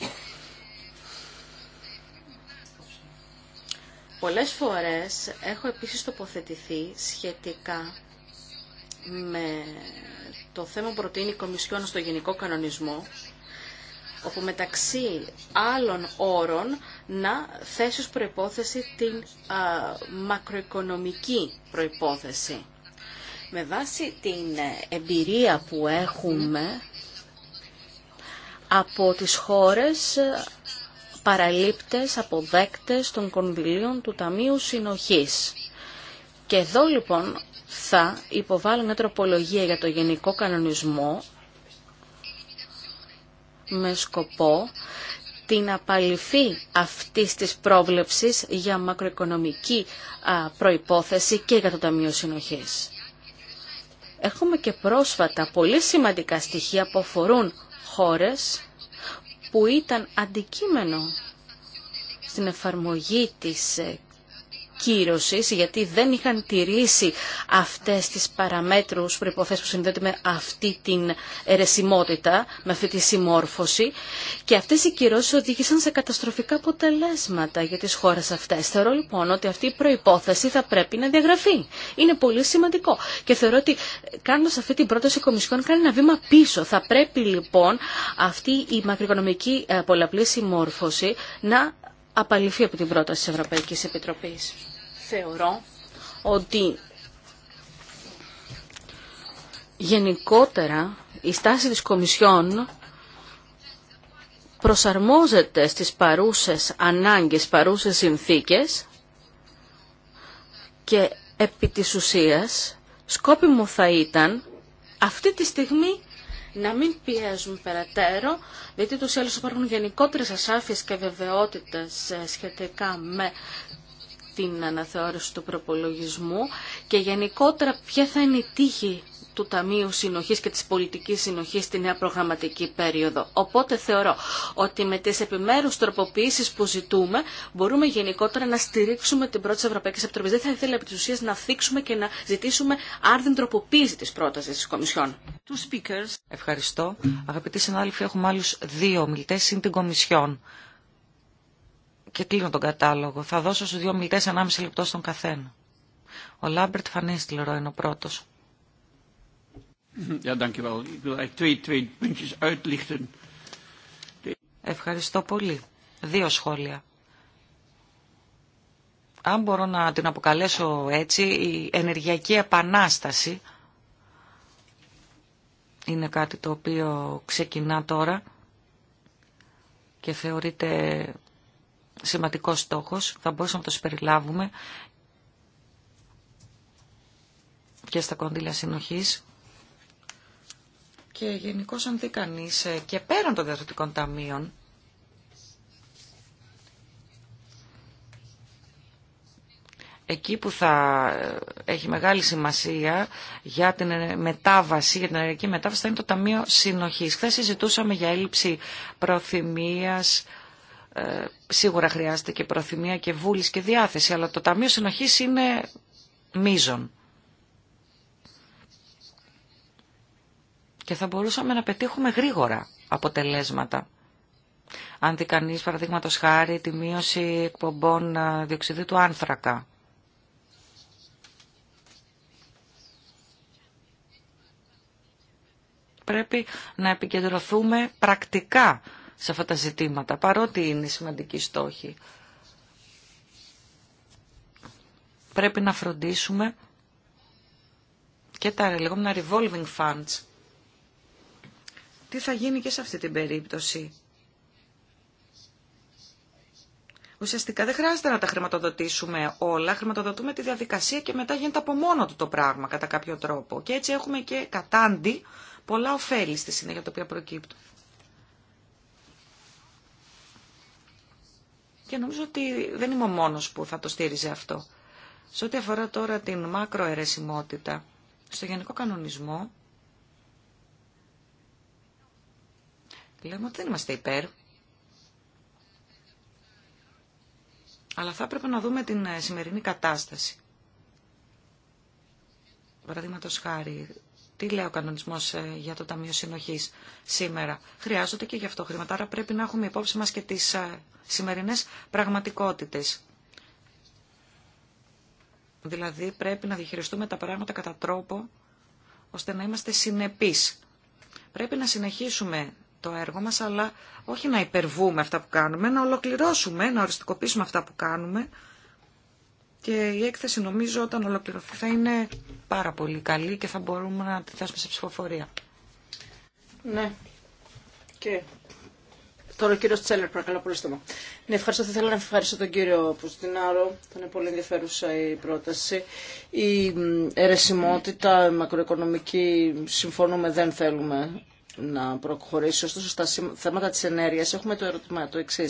Πολλές φορές έχω επίσης τοποθετηθεί σχετικά με το θέμα που προτείνει η Κομισιόν στο Γενικό Κανονισμό, όπου μεταξύ άλλων όρων να θέσει ως προϋπόθεση την μακροοικονομική προϋπόθεση. Με βάση την εμπειρία που έχουμε από τις χώρες παραλήπτες, αποδέκτες των κονδυλίων του Ταμείου Συνοχής. Και εδώ λοιπόν θα υποβάλω μια τροπολογία για το γενικό κανονισμό με σκοπό την απαλυφή αυτής της πρόβλεψης για μακροοικονομική προϋπόθεση και για το Ταμείο Συνοχής. Έχουμε και πρόσφατα πολύ σημαντικά στοιχεία που αφορούν χώρες που ήταν αντικείμενο στην εφαρμογή της ε, γιατί δεν είχαν τηρήσει αυτές τις παραμέτρους προϋποθέσεις που συνδέονται με αυτή την ερεσιμότητα, με αυτή τη συμμόρφωση και αυτές οι κυρώσεις οδήγησαν σε καταστροφικά αποτελέσματα για τις χώρες αυτές. Θεωρώ λοιπόν ότι αυτή η προϋπόθεση θα πρέπει να διαγραφεί. Είναι πολύ σημαντικό και θεωρώ ότι κάνοντας αυτή την πρόταση η Κομισιόν κάνει ένα βήμα πίσω. Θα πρέπει λοιπόν αυτή η μακροοικονομική ε, πολλαπλή συμμόρφωση να απαλληφθεί από την πρόταση της Ευρωπαϊκής Επιτροπής. Θεωρώ ότι γενικότερα η στάση της Κομισιόν προσαρμόζεται στις παρούσες ανάγκες, παρούσες συνθήκες και επί της ουσίας σκόπιμο θα ήταν αυτή τη στιγμή να μην πιέζουν περαιτέρω, γιατί τους άλλους υπάρχουν γενικότερες ασάφειες και βεβαιότητες ε, σχετικά με την αναθεώρηση του προπολογισμού και γενικότερα ποια θα είναι η τύχη του Ταμείου Συνοχής και της Πολιτικής Συνοχής στη νέα προγραμματική περίοδο. Οπότε θεωρώ ότι με τις επιμέρους τροποποιήσεις που ζητούμε μπορούμε γενικότερα να στηρίξουμε την πρώτη Ευρωπαϊκή Επιτροπή. Δεν θα ήθελα επί της ουσίας να θίξουμε και να ζητήσουμε άρδιν τροποποίηση της πρότασης της Κομισιόν. Ευχαριστώ. Αγαπητοί συνάδελφοι, έχουμε άλλους δύο ομιλητές συν την Κομισιόν. Και κλείνω τον κατάλογο. Θα δώσω στους δύο ομιλητές 1,5 λεπτό στον καθένα. Ο Λάμπερτ Φανίστλερο είναι ο πρώτος. Ευχαριστώ πολύ. Δύο σχόλια. Αν μπορώ να την αποκαλέσω έτσι, η ενεργειακή επανάσταση είναι κάτι το οποίο ξεκινά τώρα και θεωρείται σημαντικός στόχος. Θα μπορούσαμε να το συμπεριλάβουμε και στα κονδύλια συνοχής. Και γενικώ αν δει κανεί ε, και πέραν των διαδοτικών ταμείων, εκεί που θα ε, έχει μεγάλη σημασία για την μετάβαση, για την ενεργειακή μετάβαση, θα είναι το Ταμείο Συνοχής. Χθε συζητούσαμε για έλλειψη προθυμίας, ε, σίγουρα χρειάζεται και προθυμία και βούλης και διάθεση, αλλά το Ταμείο Συνοχής είναι μείζον. και θα μπορούσαμε να πετύχουμε γρήγορα αποτελέσματα. Αν δει κανείς, παραδείγματος χάρη, τη μείωση εκπομπών ε, διοξιδίου του άνθρακα. Πρέπει να επικεντρωθούμε πρακτικά σε αυτά τα ζητήματα, παρότι είναι σημαντική στόχη. Πρέπει να φροντίσουμε και τα λεγόμενα revolving funds, τι θα γίνει και σε αυτή την περίπτωση. Ουσιαστικά δεν χρειάζεται να τα χρηματοδοτήσουμε όλα, χρηματοδοτούμε τη διαδικασία και μετά γίνεται από μόνο του το πράγμα κατά κάποιο τρόπο. Και έτσι έχουμε και κατάντι πολλά ωφέλη στη συνέχεια τα οποία προκύπτουν. Και νομίζω ότι δεν είμαι ο μόνος που θα το στήριζε αυτό. Σε ό,τι αφορά τώρα την μακροαιρεσιμότητα, στο γενικό κανονισμό Λέμε ότι δεν είμαστε υπέρ. Αλλά θα έπρεπε να δούμε την ε, σημερινή κατάσταση. Παραδείγματο χάρη, τι λέει ο κανονισμό ε, για το Ταμείο Συνοχή σήμερα. Χρειάζονται και γι' αυτό χρήματα. Άρα πρέπει να έχουμε υπόψη μα και τι ε, σημερινέ πραγματικότητε. Δηλαδή πρέπει να διαχειριστούμε τα πράγματα κατά τρόπο ώστε να είμαστε συνεπείς. Πρέπει να συνεχίσουμε το έργο μας, αλλά όχι να υπερβούμε αυτά που κάνουμε, να ολοκληρώσουμε, να οριστικοποιήσουμε αυτά που κάνουμε. Και η έκθεση νομίζω όταν ολοκληρωθεί θα είναι πάρα πολύ καλή και θα μπορούμε να τη θέσουμε σε ψηφοφορία. Ναι. Και... Τώρα ο κύριο Τσέλερ, παρακαλώ πολύ στόμα. Ναι, ευχαριστώ. Θα ήθελα να ευχαριστήσω τον κύριο Πουστινάρο. Θα είναι πολύ ενδιαφέρουσα η πρόταση. Η αιρεσιμότητα, η μακροοικονομική, συμφωνούμε, δεν θέλουμε να προχωρήσει. Ωστόσο, στα θέματα της ενέργειας έχουμε το ερώτημα το εξή.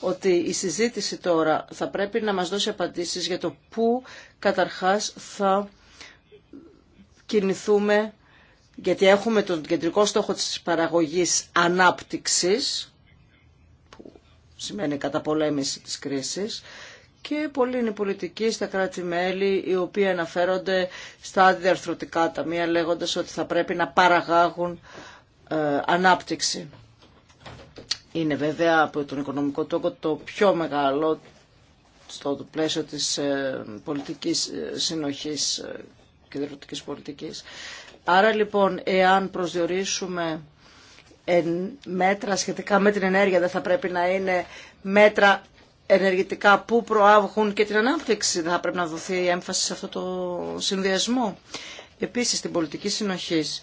Ότι η συζήτηση τώρα θα πρέπει να μας δώσει απαντήσεις για το πού καταρχάς θα κινηθούμε, γιατί έχουμε τον κεντρικό στόχο της παραγωγής ανάπτυξης, που σημαίνει καταπολέμηση της κρίσης, και πολλοί είναι πολιτικοί στα κράτη-μέλη οι οποίοι αναφέρονται στα αντιδιαρθρωτικά ταμεία λέγοντας ότι θα πρέπει να παραγάγουν ε, ανάπτυξη. Είναι βέβαια από τον οικονομικό τόκο το πιο μεγάλο στο πλαίσιο της ε, πολιτικής ε, συνοχής και διευθυντικής πολιτικής. Άρα λοιπόν, εάν προσδιορίσουμε μέτρα σχετικά με την ενέργεια, δεν θα πρέπει να είναι μέτρα ενεργητικά που προάγουν και την ανάπτυξη. Δεν θα πρέπει να δοθεί έμφαση σε αυτό το συνδυασμό. Επίσης, στην πολιτική συνοχής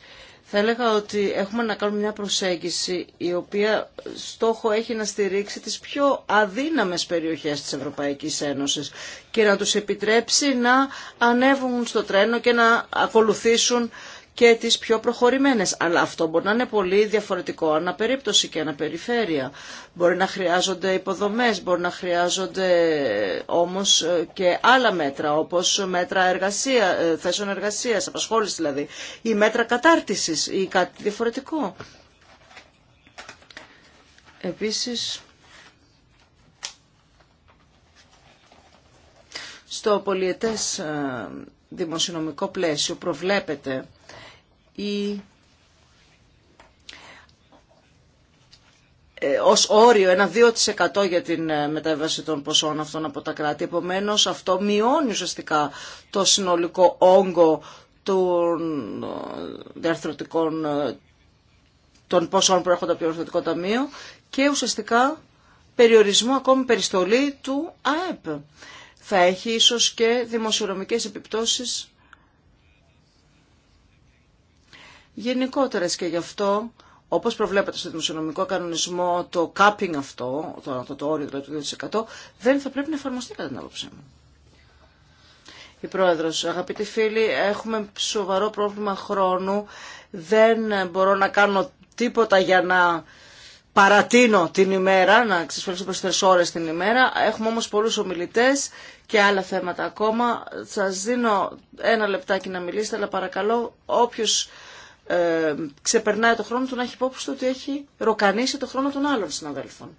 θα έλεγα ότι έχουμε να κάνουμε μια προσέγγιση η οποία στόχο έχει να στηρίξει τις πιο αδύναμες περιοχές της Ευρωπαϊκής Ένωσης και να τους επιτρέψει να ανέβουν στο τρένο και να ακολουθήσουν και τις πιο προχωρημένες. Αλλά αυτό μπορεί να είναι πολύ διαφορετικό αναπερίπτωση και αναπεριφέρεια. Μπορεί να χρειάζονται υποδομές, μπορεί να χρειάζονται ε, όμως ε, και άλλα μέτρα, όπως μέτρα εργασία, ε, θέσεων εργασίας, απασχόληση δηλαδή, ή μέτρα κατάρτισης ή κάτι διαφορετικό. Επίσης, στο πολιετές δημοσιονομικό πλαίσιο προβλέπεται η ε, ως όριο ένα 2% για την ε, μεταβαση των ποσών αυτών από τα κράτη. Επομένως αυτό μειώνει ουσιαστικά το συνολικό όγκο των ε, διαρθρωτικών των ποσών που έρχονται από το διαρθρωτικό ταμείο και ουσιαστικά περιορισμό ακόμη περιστολή του ΑΕΠ. Θα έχει ίσως και δημοσιονομικές επιπτώσεις Γενικότερα και γι' αυτό όπως προβλέπεται στο δημοσιονομικό κανονισμό, το capping αυτό, το, το, το όριο δηλαδή του 2%, δεν θα πρέπει να εφαρμοστεί κατά την άποψή μου. Η Πρόεδρος, αγαπητοί φίλοι, έχουμε σοβαρό πρόβλημα χρόνου. Δεν μπορώ να κάνω τίποτα για να παρατείνω την ημέρα, να εξασφαλίσω περισσότερες ώρες την ημέρα. Έχουμε όμως πολλούς ομιλητές και άλλα θέματα ακόμα. Σας δίνω ένα λεπτάκι να μιλήσετε, αλλά παρακαλώ όποιο. Ε, ξεπερνάει το χρόνο του να έχει υπόψη του ότι έχει ροκανίσει το χρόνο των άλλων συναδέλφων.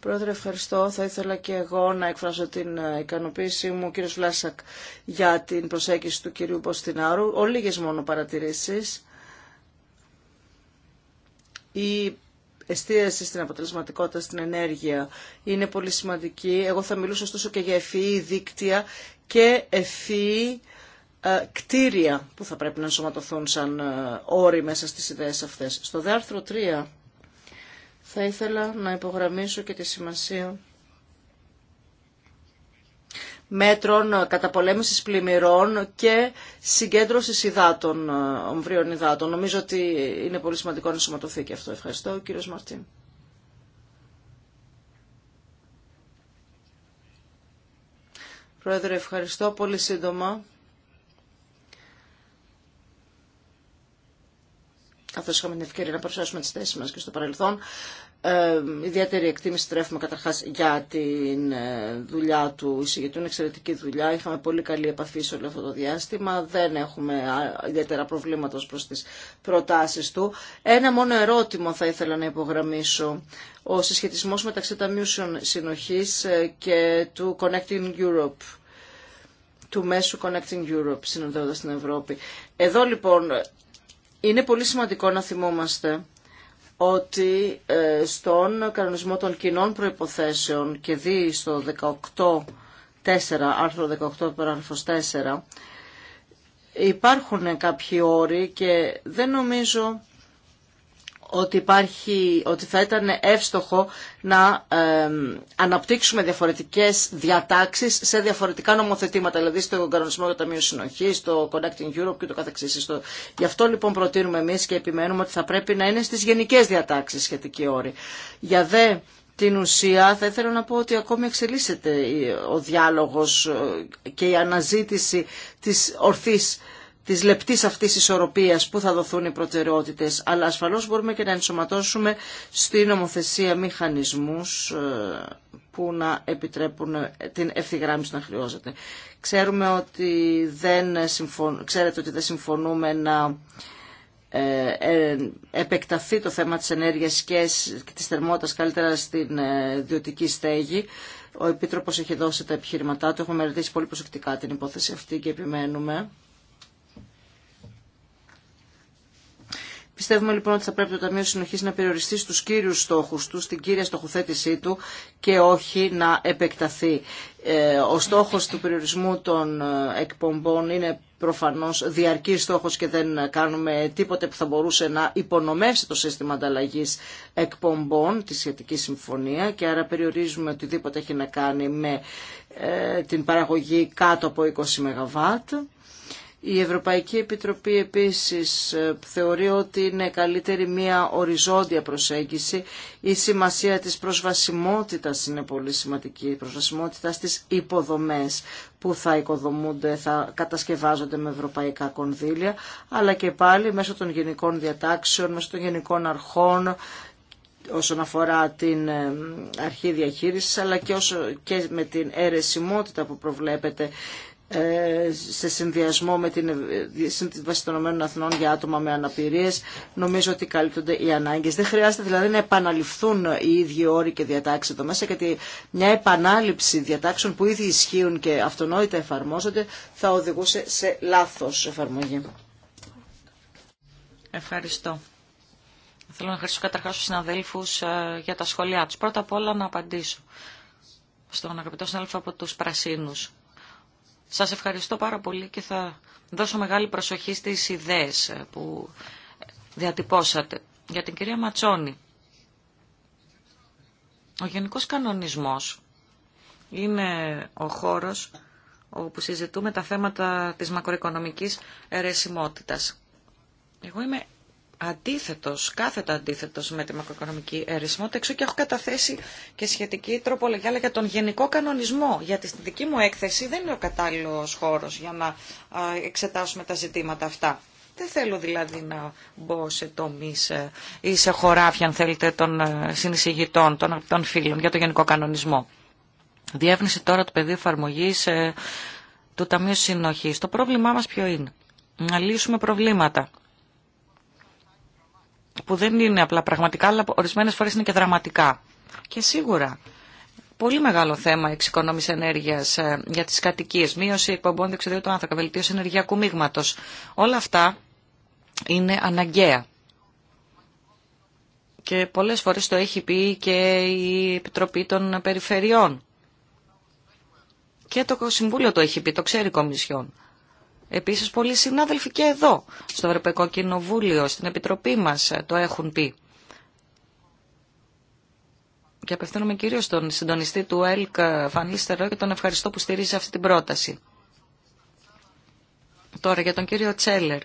Πρόεδρε, ευχαριστώ. Θα ήθελα και εγώ να εκφράσω την ε, ικανοποίησή μου, κύριο Βλάσακ, για την προσέγγιση του κυρίου Ποστινάρου. Ο λίγες μόνο παρατηρήσεις. Η εστίαση στην αποτελεσματικότητα, στην ενέργεια είναι πολύ σημαντική. Εγώ θα μιλούσα ωστόσο και για ευφυή δίκτυα και ευφυή ε, κτίρια που θα πρέπει να ενσωματωθούν σαν ε, όροι μέσα στις ιδέες αυτές. Στο διάρθρο 3 θα ήθελα να υπογραμμίσω και τη σημασία μέτρων ε, καταπολέμησης πλημμυρών και συγκέντρωσης υδάτων, ομβρίων υδάτων. Νομίζω ότι είναι πολύ σημαντικό να ενσωματωθεί και αυτό. Ευχαριστώ, Μαρτίν. Πρόεδρε, ευχαριστώ πολύ σύντομα. καθώ είχαμε την ευκαιρία να παρουσιάσουμε τι θέσει μα και στο παρελθόν. Ε, ιδιαίτερη εκτίμηση τρέφουμε καταρχά για την ε, δουλειά του εισηγητού, είναι εξαιρετική δουλειά. Είχαμε πολύ καλή επαφή σε όλο αυτό το διάστημα, δεν έχουμε ιδιαίτερα προβλήματα προ τι προτάσει του. Ένα μόνο ερώτημα θα ήθελα να υπογραμμίσω. Ο συσχετισμό μεταξύ Ταμείου συνοχή ε, και του Connecting Europe του μέσου Connecting Europe, συνοδεύοντας την Ευρώπη. Εδώ λοιπόν είναι πολύ σημαντικό να θυμόμαστε ότι ε, στον κανονισμό των κοινών προϋποθέσεων και δει στο 18.4, άρθρο 18, 4, υπάρχουν κάποιοι όροι και δεν νομίζω ότι, υπάρχει, ότι θα ήταν εύστοχο να αναπτύξουμε διαφορετικές διατάξεις σε διαφορετικά νομοθετήματα, δηλαδή στο κανονισμό το Ταμείο Συνοχή, στο Connecting Europe και το καθεξής. Στο... Γι' αυτό λοιπόν προτείνουμε εμείς και επιμένουμε ότι θα πρέπει να είναι στις γενικές διατάξεις σχετική όρη. Για δε την ουσία θα ήθελα να πω ότι ακόμη εξελίσσεται ο διάλογος ε, και η αναζήτηση της ορθής τη λεπτή αυτή ισορροπία που θα δοθούν οι προτεραιότητε, αλλά ασφαλώ μπορούμε και να ενσωματώσουμε στην νομοθεσία μηχανισμού ε, που να επιτρέπουν ε, την ευθυγράμμιση να χρειάζεται. Ξέρουμε ότι δεν συμφων... Ξέρετε ότι δεν συμφωνούμε να ε, επεκταθεί το θέμα της ενέργειας και της θερμότητας καλύτερα στην ιδιωτική στέγη. Ο Επίτροπος έχει δώσει τα επιχειρηματά του. Έχουμε μελετήσει πολύ προσεκτικά την υπόθεση αυτή και επιμένουμε. Πιστεύουμε λοιπόν ότι θα πρέπει το Ταμείο συνοχή να περιοριστεί στους κύριους στόχου του, στην κύρια στοχοθέτησή του και όχι να επεκταθεί. Ε, ο στόχο του περιορισμού των ε, εκπομπών είναι προφανώς διαρκή στόχο και δεν κάνουμε τίποτε που θα μπορούσε να υπονομεύσει το σύστημα ανταλλαγή εκπομπών, τη σχετική συμφωνία και άρα περιορίζουμε οτιδήποτε έχει να κάνει με ε, την παραγωγή κάτω από 20 ΜΒ η Ευρωπαϊκή Επιτροπή επίσης ε, θεωρεί ότι είναι καλύτερη μια οριζόντια προσέγγιση. Η σημασία της προσβασιμότητας είναι πολύ σημαντική, η προσβασιμότητα στις υποδομές που θα οικοδομούνται, θα κατασκευάζονται με ευρωπαϊκά κονδύλια, αλλά και πάλι μέσω των γενικών διατάξεων, μέσω των γενικών αρχών, όσον αφορά την ε, αρχή διαχείρισης αλλά και, όσο, και με την αιρεσιμότητα που προβλέπεται ε, σε συνδυασμό με την Σύμβαση των Ηνωμένων Αθηνών για άτομα με αναπηρίες νομίζω ότι καλύπτονται οι ανάγκες. Δεν χρειάζεται δηλαδή να επαναληφθούν οι ίδιοι όροι και διατάξεις εδώ μέσα γιατί μια επανάληψη διατάξεων που ήδη ισχύουν και αυτονόητα εφαρμόζονται θα οδηγούσε σε λάθος εφαρμογή. Ευχαριστώ. Θέλω να ευχαριστήσω καταρχάς τους συναδέλφους ε, για τα σχόλιά τους. Πρώτα απ' όλα να απαντήσω στον αγαπητό συνάδελφο από τους Πρασίνους σας ευχαριστώ πάρα πολύ και θα δώσω μεγάλη προσοχή στις ιδέες ε, που διατυπώσατε. Για την κυρία Ματσόνη, ο γενικός κανονισμός είναι ο χώρος όπου συζητούμε τα θέματα της μακροοικονομικής ερεσιμότητας. Εγώ είμαι Αντίθετο, κάθετα αντίθετο με τη μακροοικονομική αιρεσιμότητα. Εξού και έχω καταθέσει και σχετική τροπολογία, αλλά για τον γενικό κανονισμό. Γιατί στην δική μου έκθεση δεν είναι ο κατάλληλο χώρο για να εξετάσουμε τα ζητήματα αυτά. Δεν θέλω δηλαδή να μπω σε τομεί ε, ή σε χωράφια, αν θέλετε, των ε, συνεισηγητών, των, των φίλων για τον γενικό κανονισμό. Διεύνηση τώρα του πεδίου εφαρμογή ε, του Ταμείου Συνοχή. Το πρόβλημά μα ποιο είναι. Να λύσουμε προβλήματα που δεν είναι απλά πραγματικά, αλλά ορισμένες φορές είναι και δραματικά. Και σίγουρα πολύ μεγάλο θέμα εξοικονόμηση ενέργεια ε, για τις κατοικίες, μείωση εκπομπών δεξιδιού του άνθρακα, βελτίωση ενεργειακού μείγματος. Όλα αυτά είναι αναγκαία. Και πολλές φορές το έχει πει και η Επιτροπή των Περιφερειών. Και το Συμβούλιο το έχει πει, το ξέρει η Κομισιόν. Επίσης πολλοί συνάδελφοι και εδώ, στο Ευρωπαϊκό Κοινοβούλιο, στην Επιτροπή μας ε, το έχουν πει. Και απευθύνομαι κυρίως στον συντονιστή του ΕΛΚ ε, Φανίστερο και τον ευχαριστώ που στηρίζει αυτή την πρόταση. Τώρα για τον κύριο Τσέλερ.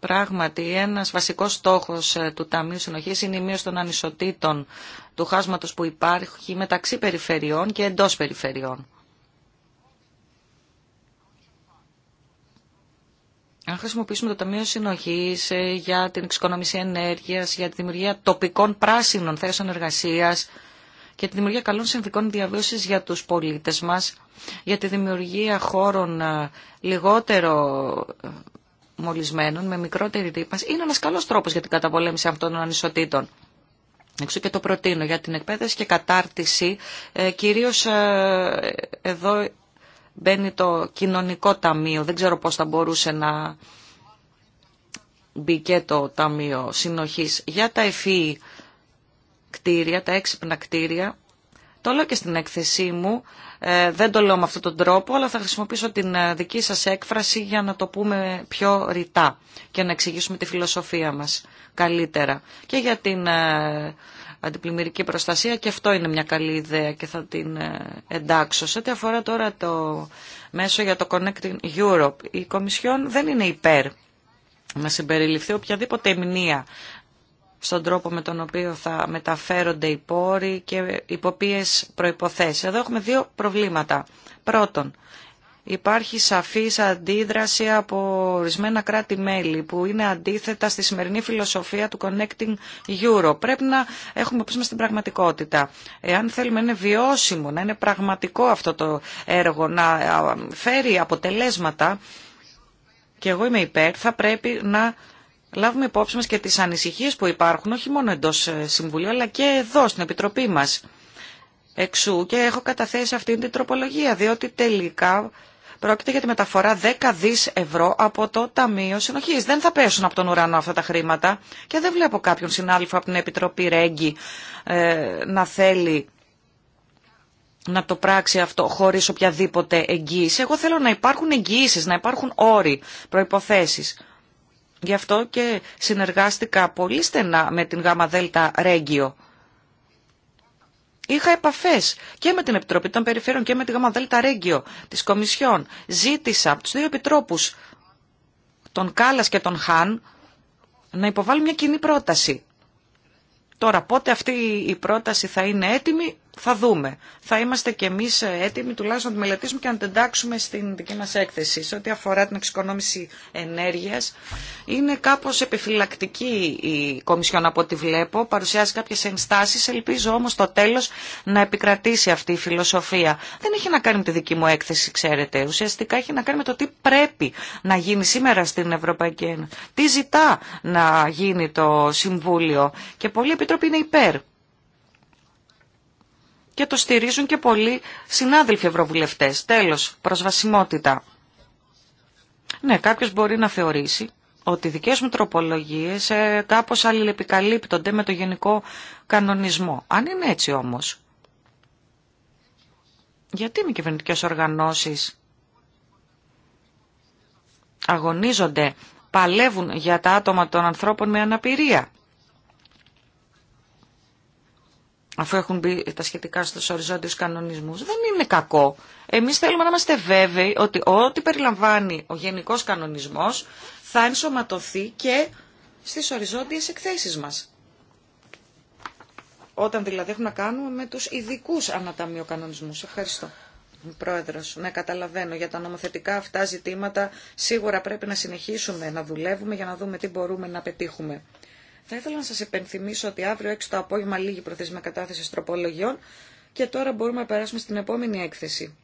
Πράγματι, ένας βασικός στόχος ε, του Ταμείου Συνοχής είναι η μείωση των ανισοτήτων του χάσματος που υπάρχει μεταξύ περιφερειών και εντός περιφερειών. Αν χρησιμοποιήσουμε το Ταμείο Συνοχή ε, για την εξοικονόμηση ενέργεια, για τη δημιουργία τοπικών πράσινων θέσεων εργασία και τη δημιουργία καλών συνθηκών διαβίωση για του πολίτε μα, για τη δημιουργία χώρων ε, λιγότερο ε, μολυσμένων, με μικρότερη ρήπανση, είναι ένα καλό τρόπο για την καταπολέμηση αυτών των ανισοτήτων. Εξού και το προτείνω για την εκπαίδευση και κατάρτιση, κυρίως εδώ μπαίνει το κοινωνικό ταμείο. Δεν ξέρω πώς θα μπορούσε να μπει και το ταμείο συνοχής. Για τα εφή κτίρια, τα έξυπνα κτίρια, το λέω και στην έκθεσή μου, ε, δεν το λέω με αυτόν τον τρόπο, αλλά θα χρησιμοποιήσω την ε, δική σας έκφραση για να το πούμε πιο ρητά και να εξηγήσουμε τη φιλοσοφία μας καλύτερα. Και για την... Ε, αντιπλημμυρική προστασία και αυτό είναι μια καλή ιδέα και θα την ε, εντάξω. Σε ό,τι αφορά τώρα το μέσο για το Connecting Europe, η Κομισιόν δεν είναι υπέρ να συμπεριληφθεί οποιαδήποτε μνήμα στον τρόπο με τον οποίο θα μεταφέρονται οι πόροι και υπό ποιες προϋποθέσεις. Εδώ έχουμε δύο προβλήματα. Πρώτον, υπάρχει σαφής αντίδραση από ορισμένα κράτη-μέλη που είναι αντίθετα στη σημερινή φιλοσοφία του Connecting Euro. Πρέπει να έχουμε πίσω την πραγματικότητα. Εάν θέλουμε να είναι βιώσιμο, να είναι πραγματικό αυτό το έργο, να φέρει αποτελέσματα, και εγώ είμαι υπέρ, θα πρέπει να λάβουμε υπόψη μας και τις ανησυχίες που υπάρχουν, όχι μόνο εντός ε, Συμβουλίου, αλλά και εδώ στην Επιτροπή μας. Εξού και έχω καταθέσει αυτή την τροπολογία, διότι τελικά Πρόκειται για τη μεταφορά 10 δι ευρώ από το Ταμείο συνοχή. Δεν θα πέσουν από τον ουρανό αυτά τα χρήματα και δεν βλέπω κάποιον συνάδελφο από την Επιτροπή Ρέγγι ε, να θέλει να το πράξει αυτό χωρίς οποιαδήποτε εγγύηση. Εγώ θέλω να υπάρχουν εγγύησεις, να υπάρχουν όροι, προϋποθέσεις. Γι' αυτό και συνεργάστηκα πολύ στενά με την ΓΔ Ρέγγιο Είχα επαφέ και με την Επιτροπή των Περιφέρων και με τη ΓΔ Ρέγκιο τη Κομισιόν. Ζήτησα από του δύο επιτρόπου, τον Κάλλα και τον Χαν, να υποβάλουν μια κοινή πρόταση. Τώρα, πότε αυτή η πρόταση θα είναι έτοιμη, θα δούμε. Θα είμαστε κι εμεί ε, έτοιμοι τουλάχιστον να το μελετήσουμε και να το εντάξουμε στην δική μα έκθεση. Σε ό,τι αφορά την εξοικονόμηση ενέργεια είναι κάπω επιφυλακτική η Κομισιόν από ό,τι βλέπω. Παρουσιάζει κάποιε ενστάσει. ελπίζω όμω το τέλο να επικρατήσει αυτή η φιλοσοφία. Δεν έχει να κάνει με τη δική μου έκθεση, ξέρετε. Ουσιαστικά έχει να κάνει με το τι πρέπει να γίνει σήμερα στην Ευρωπαϊκή Ένωση. Τι ζητά να γίνει το Συμβούλιο. Και πολλοί επιτρόποι είναι υπέρ και το στηρίζουν και πολλοί συνάδελφοι ευρωβουλευτές. Τέλος, προσβασιμότητα. Ναι, κάποιος μπορεί να θεωρήσει ότι οι δικές μου τροπολογίες ε, κάπως αλληλεπικαλύπτονται με το γενικό κανονισμό. Αν είναι έτσι όμως, γιατί με κυβερνητικέ οργανώσεις αγωνίζονται, παλεύουν για τα άτομα των ανθρώπων με αναπηρία. αφού έχουν μπει τα σχετικά στους οριζόντιους κανονισμούς, δεν είναι κακό. Εμείς θέλουμε να είμαστε βέβαιοι ότι ό,τι περιλαμβάνει ο γενικός κανονισμός θα ενσωματωθεί και στις οριζόντιες εκθέσεις μας. Όταν δηλαδή έχουμε να κάνουμε με τους ειδικού αναταμιοκανονισμούς. Ευχαριστώ. Πρόεδρος, ναι καταλαβαίνω για τα νομοθετικά αυτά ζητήματα σίγουρα πρέπει να συνεχίσουμε να δουλεύουμε για να δούμε τι μπορούμε να πετύχουμε. Θα ήθελα να σας επενθυμίσω ότι αύριο έξω το απόγευμα λίγη προθεσμία κατάθεση τροπολογιών και τώρα μπορούμε να περάσουμε στην επόμενη έκθεση.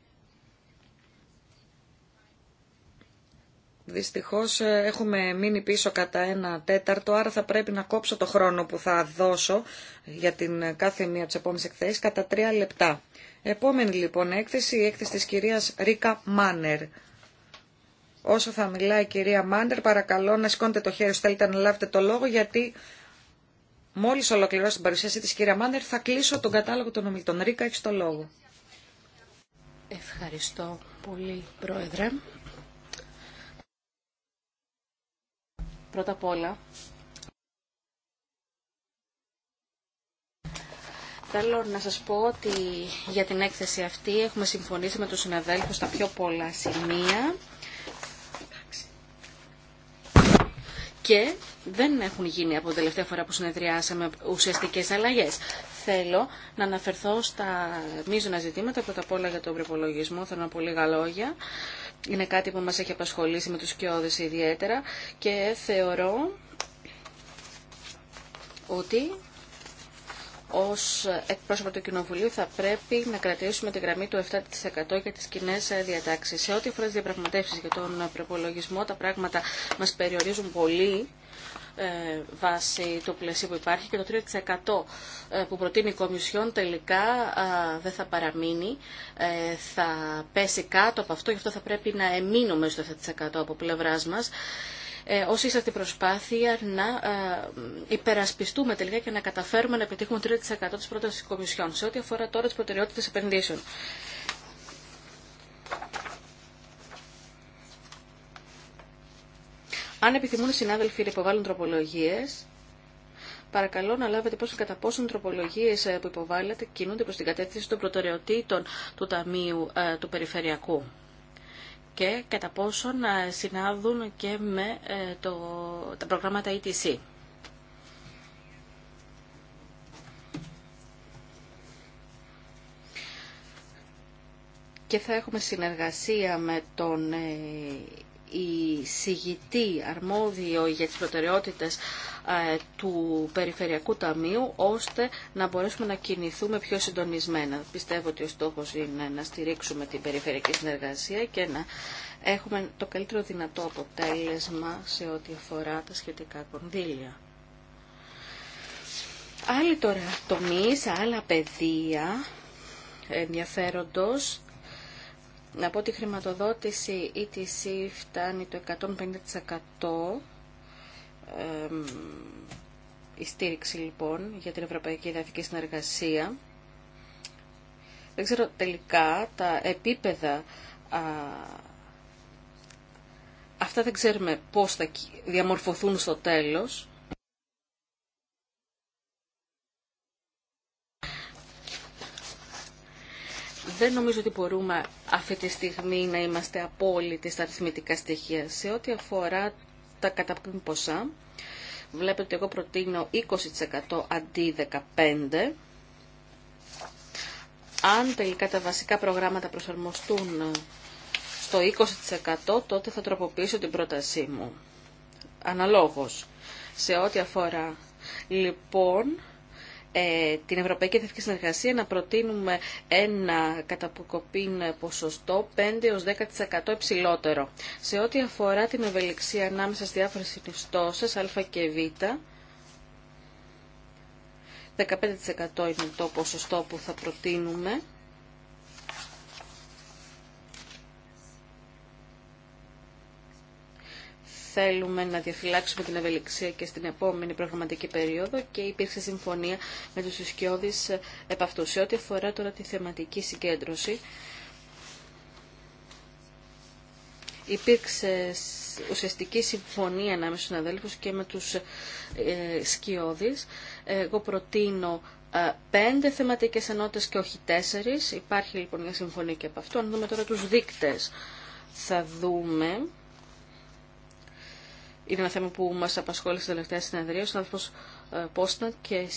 Δυστυχώς ε, έχουμε μείνει πίσω κατά ένα τέταρτο, άρα θα πρέπει να κόψω το χρόνο που θα δώσω για την ε, κάθε μία της επόμενης εκθέσει κατά τρία λεπτά. Επόμενη λοιπόν έκθεση, η έκθεση της κυρίας Ρίκα Μάνερ. Όσο θα μιλάει η κυρία Μάντερ, παρακαλώ να σηκώνετε το χέρι θέλετε να λάβετε το λόγο, γιατί μόλις ολοκληρώσει την παρουσίασή της κυρία Μάντερ θα κλείσω τον κατάλογο των ομιλητών. Ρίκα, έχεις το λόγο. Ευχαριστώ πολύ, Πρόεδρε. Πρώτα απ' όλα, θέλω να σας πω ότι για την έκθεση αυτή έχουμε συμφωνήσει με τους συναδέλφους στα πιο πολλά σημεία. και δεν έχουν γίνει από την τελευταία φορά που συνεδριάσαμε ουσιαστικές αλλαγές. Θέλω να αναφερθώ στα μείζωνα ζητήματα, πρώτα απ' όλα για τον προπολογισμό, θέλω να πω λίγα λόγια. Είναι κάτι που μας έχει απασχολήσει με τους κοιόδες ιδιαίτερα και θεωρώ ότι ως εκπρόσωπο του Κοινοβουλίου θα πρέπει να κρατήσουμε τη γραμμή του 7% για τις κοινέ διατάξεις. Σε ό,τι αφορά τις διαπραγματεύσεις για τον προπολογισμό, τα πράγματα μας περιορίζουν πολύ ε, βάσει το πλαισίου που υπάρχει και το 3% ε, που προτείνει η Κομισιόν τελικά δεν θα παραμείνει, ε, θα πέσει κάτω από αυτό, γι' αυτό θα πρέπει να εμείνουμε στο 7% από πλευρά μας όσοι ε, είσαστε προσπάθεια να ε, υπερασπιστούμε τελικά και να καταφέρουμε να επιτύχουμε 3% της πρότασης της Κομισιόν σε ό,τι αφορά τώρα τις προτεραιότητες επενδύσεων. Αν επιθυμούν οι συνάδελφοι να υποβάλουν τροπολογίες, παρακαλώ να λάβετε πόσο κατά πόσο τροπολογίε ε, που υποβάλλετε κινούνται προ την κατεύθυνση των προτεραιοτήτων του Ταμείου του Περιφερειακού και κατά πόσον ε, συνάδουν και με ε, το, τα προγράμματα ETC. Ε και θα έχουμε συνεργασία με τον η συγητή αρμόδιο για τις προτεραιότητες ε, του Περιφερειακού Ταμείου, ώστε να μπορέσουμε να κινηθούμε πιο συντονισμένα. Πιστεύω ότι ο στόχος είναι να στηρίξουμε την περιφερειακή συνεργασία και να έχουμε το καλύτερο δυνατό αποτέλεσμα σε ό,τι αφορά τα σχετικά κονδύλια. Άλλοι τώρα τομείς, άλλα πεδία ενδιαφέροντος να πω ότι η χρηματοδότηση ETC φτάνει το 150% η στήριξη λοιπόν για την Ευρωπαϊκή Εδαφική Συνεργασία. Δεν ξέρω τελικά τα επίπεδα αυτά δεν ξέρουμε πώς θα διαμορφωθούν στο τέλος δεν νομίζω ότι μπορούμε αυτή τη στιγμή να είμαστε απόλυτοι στα αριθμητικά στοιχεία. Σε ό,τι αφορά τα καταπληκτικά, ποσά, βλέπετε ότι εγώ προτείνω 20% αντί 15%. Αν τελικά τα βασικά προγράμματα προσαρμοστούν στο 20% τότε θα τροποποιήσω την πρότασή μου. Αναλόγως. Σε ό,τι αφορά λοιπόν ε, την Ευρωπαϊκή Εθνική Συνεργασία να προτείνουμε ένα καταποκοπήν ποσοστό 5-10% υψηλότερο. Σε ό,τι αφορά την ευελιξία ανάμεσα στις διάφορες συνιστώσεις α και β, 15% είναι το ποσοστό που θα προτείνουμε θέλουμε να διαφυλάξουμε την ευελιξία και στην επόμενη προγραμματική περίοδο και υπήρξε συμφωνία με τους ισχυώδεις επ' αυτού. Σε ό,τι αφορά τώρα τη θεματική συγκέντρωση, υπήρξε ουσιαστική συμφωνία ανάμεσα στους αδέλφους και με τους ε, Εγώ προτείνω ε, πέντε θεματικές ενότητες και όχι τέσσερις. Υπάρχει λοιπόν μια συμφωνία και από αυτό. Αν δούμε τώρα τους δείκτες, θα δούμε είναι ένα θέμα που μας απασχόλησε τελευταία συνεδρία. Ο συνάδελφος ε, Πόστα και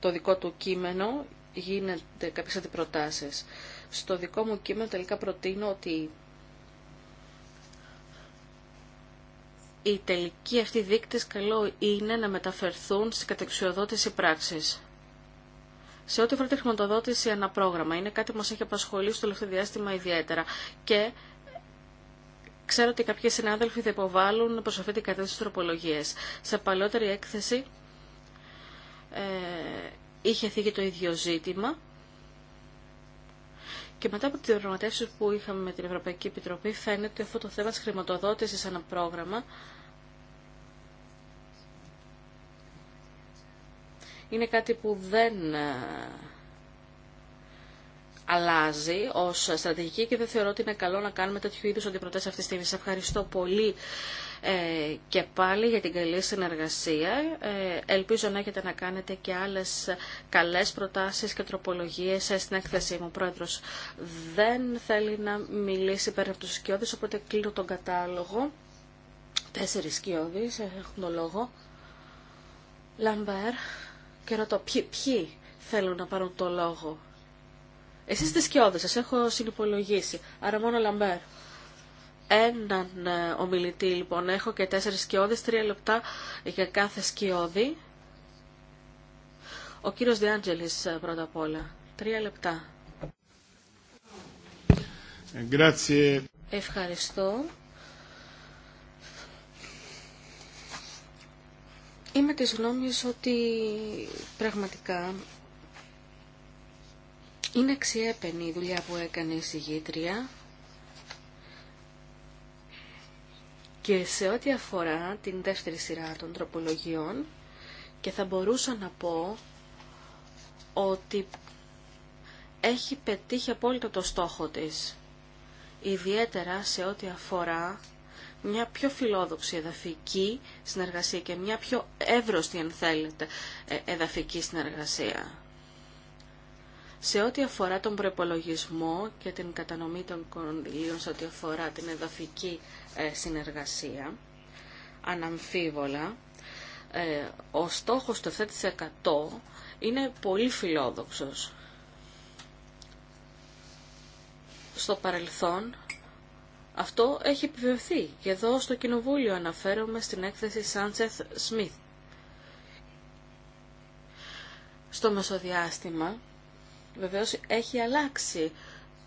το δικό του κείμενο γίνεται κάποιες αντιπροτάσεις. Στο δικό μου κείμενο τελικά προτείνω ότι οι τελικοί αυτοί δείκτες καλό είναι να μεταφερθούν στην κατεξιοδότηση πράξης. Σε ό,τι αφορά τη χρηματοδότηση πρόγραμμα είναι κάτι που μας έχει απασχολήσει στο τελευταίο διάστημα ιδιαίτερα και Ξέρω ότι κάποιοι συνάδελφοι θα υποβάλουν προς αυτή την κατεύθυνση τροπολογίες. Σε παλαιότερη έκθεση ε, είχε θίγει το ίδιο ζήτημα και μετά από τις διαπραγματεύσει που είχαμε με την Ευρωπαϊκή Επιτροπή φαίνεται ότι αυτό το θέμα της χρηματοδότησης ένα πρόγραμμα είναι κάτι που δεν ε, αλλάζει ω στρατηγική και δεν θεωρώ ότι είναι καλό να κάνουμε τέτοιου είδου αντιπροτέ αυτή τη στιγμή. Σας ευχαριστώ πολύ ε, και πάλι για την καλή συνεργασία. Ε, ελπίζω να έχετε να κάνετε και άλλε καλέ προτάσει και τροπολογίες ε, στην έκθεσή μου. Ο πρόεδρο. δεν θέλει να μιλήσει πέρα από του σκιώδεις, οπότε κλείνω τον κατάλογο. Τέσσερι σκιώδεις έχουν το λόγο. Λαμπέρ και ρωτώ ποιοι, ποιοι θέλουν να πάρουν το λόγο. Εσείς είστε σκιώδες, σας έχω συνυπολογίσει. Άρα μόνο Λαμπέρ. Έναν ε, ομιλητή λοιπόν έχω και τέσσερις σκιώδες, τρία λεπτά για κάθε σκιώδη. Ο κύριος Διάντζελης ε, πρώτα απ' όλα. Τρία λεπτά. Ε, Ευχαριστώ. Είμαι της γνώμης ότι πραγματικά είναι αξιέπαινη η δουλειά που έκανε η συγγήτρια και σε ό,τι αφορά την δεύτερη σειρά των τροπολογιών και θα μπορούσα να πω ότι έχει πετύχει απόλυτα το στόχο της, ιδιαίτερα σε ό,τι αφορά μια πιο φιλόδοξη εδαφική συνεργασία και μια πιο εύρωστη, αν θέλετε, ε, εδαφική συνεργασία. Σε ό,τι αφορά τον προπολογισμό και την κατανομή των κονδυλίων, σε ό,τι αφορά την εδαφική ε, συνεργασία, αναμφίβολα, ε, ο στόχος του 7% είναι πολύ φιλόδοξος. Στο παρελθόν αυτό έχει επιβεβαιωθεί και εδώ στο Κοινοβούλιο αναφέρομαι στην έκθεση Σάντσεθ Σμιθ. Στο μεσοδιάστημα Βεβαίως έχει αλλάξει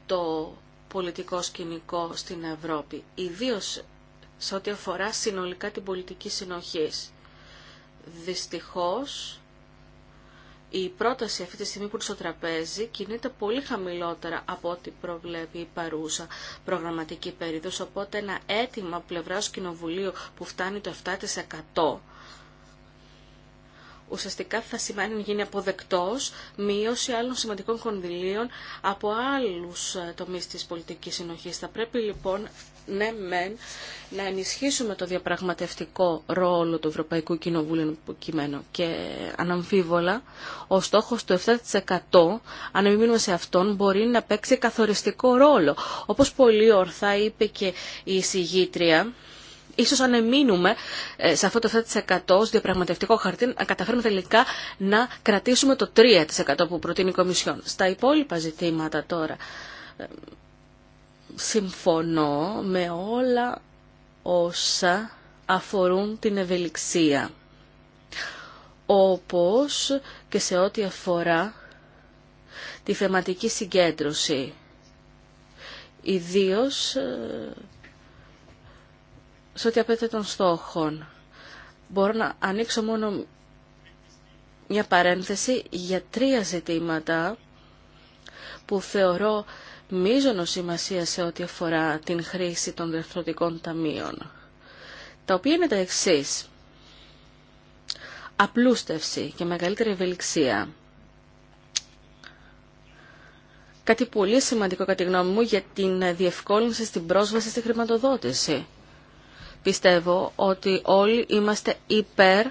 το πολιτικό σκηνικό στην Ευρώπη, ιδίως σε ό,τι αφορά συνολικά την πολιτική συνοχή. Δυστυχώς, η πρόταση αυτή τη στιγμή που είναι στο τραπέζι κινείται πολύ χαμηλότερα από ό,τι προβλέπει η παρούσα προγραμματική περίοδος, οπότε ένα αίτημα πλευράς Κοινοβουλίου που φτάνει το 7% ουσιαστικά θα σημαίνει να γίνει αποδεκτός μείωση άλλων σημαντικών κονδυλίων από άλλους ε, τομείς της πολιτικής συνοχής. Θα πρέπει λοιπόν ναι μεν να ενισχύσουμε το διαπραγματευτικό ρόλο του Ευρωπαϊκού Κοινοβούλου και αναμφίβολα ο στόχος του 7% αν μην σε αυτόν μπορεί να παίξει καθοριστικό ρόλο. Όπως πολύ ορθά είπε και η συγγήτρια ίσως αν εμείνουμε ε, σε αυτό το 7% διαπραγματευτικό χαρτί, να καταφέρουμε τελικά να κρατήσουμε το 3% που προτείνει η Κομισιόν. Στα υπόλοιπα ζητήματα τώρα, ε, συμφωνώ με όλα όσα αφορούν την ευελιξία. Όπως και σε ό,τι αφορά τη θεματική συγκέντρωση. Ιδίως ε, σε ό,τι απαιτείται των στόχων. Μπορώ να ανοίξω μόνο μια παρένθεση για τρία ζητήματα που θεωρώ μείζονο σημασία σε ό,τι αφορά την χρήση των διευθυντικών ταμείων, τα οποία είναι τα εξή. Απλούστευση και μεγαλύτερη ευελιξία. Κάτι πολύ σημαντικό κατά τη γνώμη μου για την διευκόλυνση στην πρόσβαση στη χρηματοδότηση πιστεύω ότι όλοι είμαστε υπέρ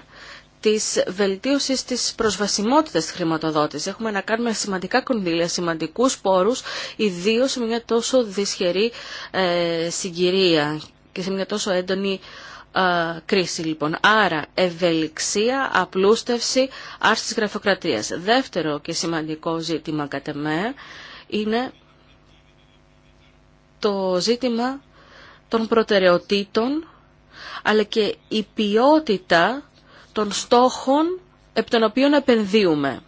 της βελτίωσης της προσβασιμότητας της χρηματοδότησης. Έχουμε να κάνουμε σημαντικά κονδύλια, σημαντικούς πόρους, ιδίως σε μια τόσο δυσχερή ε, συγκυρία και σε μια τόσο έντονη ε, κρίση λοιπόν. Άρα ευελιξία, απλούστευση, άρση της γραφειοκρατίας. Δεύτερο και σημαντικό ζήτημα κατά με είναι το ζήτημα των προτεραιοτήτων αλλά και η ποιότητα των στόχων επί των οποίων επενδύουμε.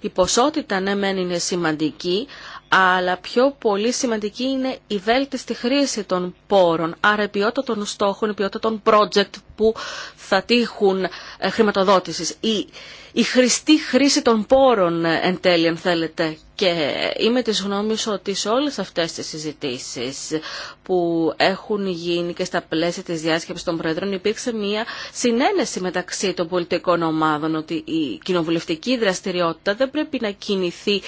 Η ποσότητα ναι μεν είναι σημαντική, αλλά πιο πολύ σημαντική είναι η βέλτιστη χρήση των πόρων, άρα η ποιότητα των στόχων, η ποιότητα των project που θα τύχουν ε, χρηματοδότησης. Η, η χρηστή χρήση των πόρων ε, εν τέλει αν θέλετε και ε, είμαι της γνώμης ότι σε όλες αυτές τις συζητήσεις που έχουν γίνει και στα πλαίσια της διάσκεψης των Πρόεδρων υπήρξε μια συνένεση μεταξύ των πολιτικών ομάδων ότι η κοινοβουλευτική δραστηριότητα δεν πρέπει να κινηθεί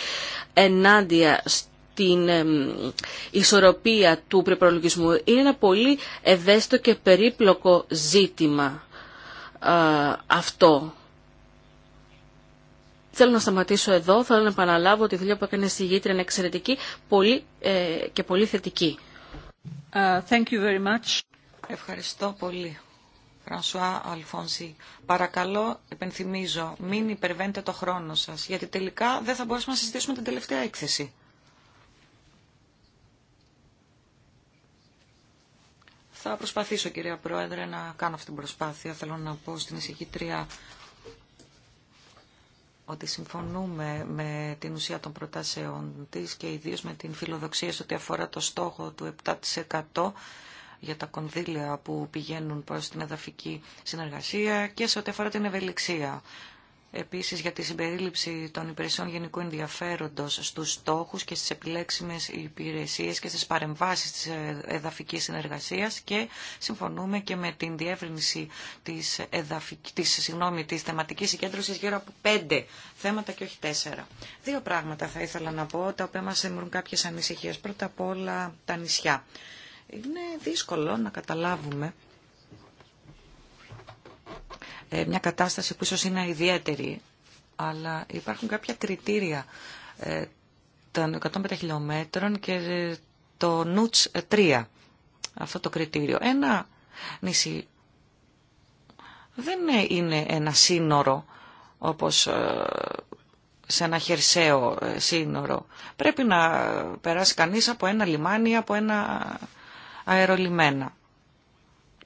ενάντια την ισορροπία του προπολογισμού. Είναι ένα πολύ ευαίσθητο και περίπλοκο ζήτημα αυτό. Θέλω να σταματήσω εδώ. Θέλω να επαναλάβω ότι η δουλειά που έκανε στη γήτρια είναι εξαιρετική πολύ, ε, και πολύ θετική. Ε, thank you very much. Ευχαριστώ πολύ. Φρανσουά Αλφόνση, παρακαλώ, επενθυμίζω, μην υπερβαίνετε το χρόνο σας, γιατί τελικά δεν θα μπορέσουμε να συζητήσουμε την τελευταία έκθεση. Θα προσπαθήσω, κυρία Πρόεδρε, να κάνω αυτή την προσπάθεια. Θέλω να πω στην εισηγήτρια ότι συμφωνούμε με την ουσία των προτάσεών της και ιδίως με την φιλοδοξία σε ό,τι αφορά το στόχο του 7% για τα κονδύλια που πηγαίνουν προς την εδαφική συνεργασία και σε ό,τι αφορά την ευελιξία επίσης για τη συμπερίληψη των υπηρεσιών γενικού ενδιαφέροντος στους στόχους και στις επιλέξιμες υπηρεσίες και στις παρεμβάσεις της εδαφικής συνεργασίας και συμφωνούμε και με την διεύρυνση της, εδαφικής, της, συγγνώμη, της θεματικής συγκέντρωσης γύρω από πέντε θέματα και όχι τέσσερα. Δύο πράγματα θα ήθελα να πω, τα οποία μας δημιουργούν κάποιες ανησυχίες. Πρώτα απ' όλα τα νησιά. Είναι δύσκολο να καταλάβουμε ε, μια κατάσταση που ίσως είναι ιδιαίτερη, αλλά υπάρχουν κάποια κριτήρια ε, των 105 χιλιόμετρων και ε, το νουτς 3, αυτό το κριτήριο. Ένα νησί δεν είναι ένα σύνορο όπως σε ένα χερσαίο σύνορο. Πρέπει να περάσει κανείς από ένα λιμάνι, από ένα αερολιμένα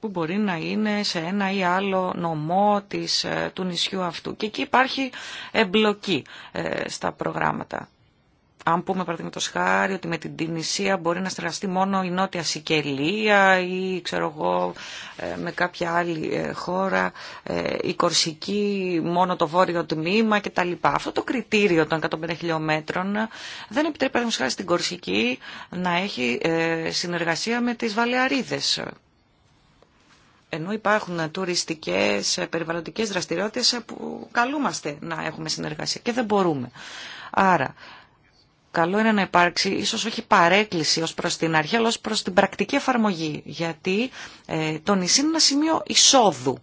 που μπορεί να είναι σε ένα ή άλλο νομό της, ε, του νησιού αυτού. Και εκεί υπάρχει εμπλοκή ε, στα προγράμματα. Αν πούμε παραδείγματο χάρη ότι με την Τινησία μπορεί να συνεργαστεί μόνο η Νότια Σικελία ή ξέρω εγώ ε, με κάποια άλλη χώρα, η Κορσική μόνο το βόρειο τμήμα κτλ. Αυτό το κριτήριο των 150 χιλιόμετρων δεν επιτρέπει παραδείγματο χάρη στην Κορσική να έχει συνεργασία με τις Βαλεαρίδες ενώ υπάρχουν τουριστικές, περιβαλλοντικές δραστηριότητες που καλούμαστε να έχουμε συνεργασία και δεν μπορούμε. Άρα, καλό είναι να υπάρξει ίσως όχι παρέκκληση ως προς την αρχή, αλλά ως προς την πρακτική εφαρμογή, γιατί ε, το νησί είναι ένα σημείο εισόδου.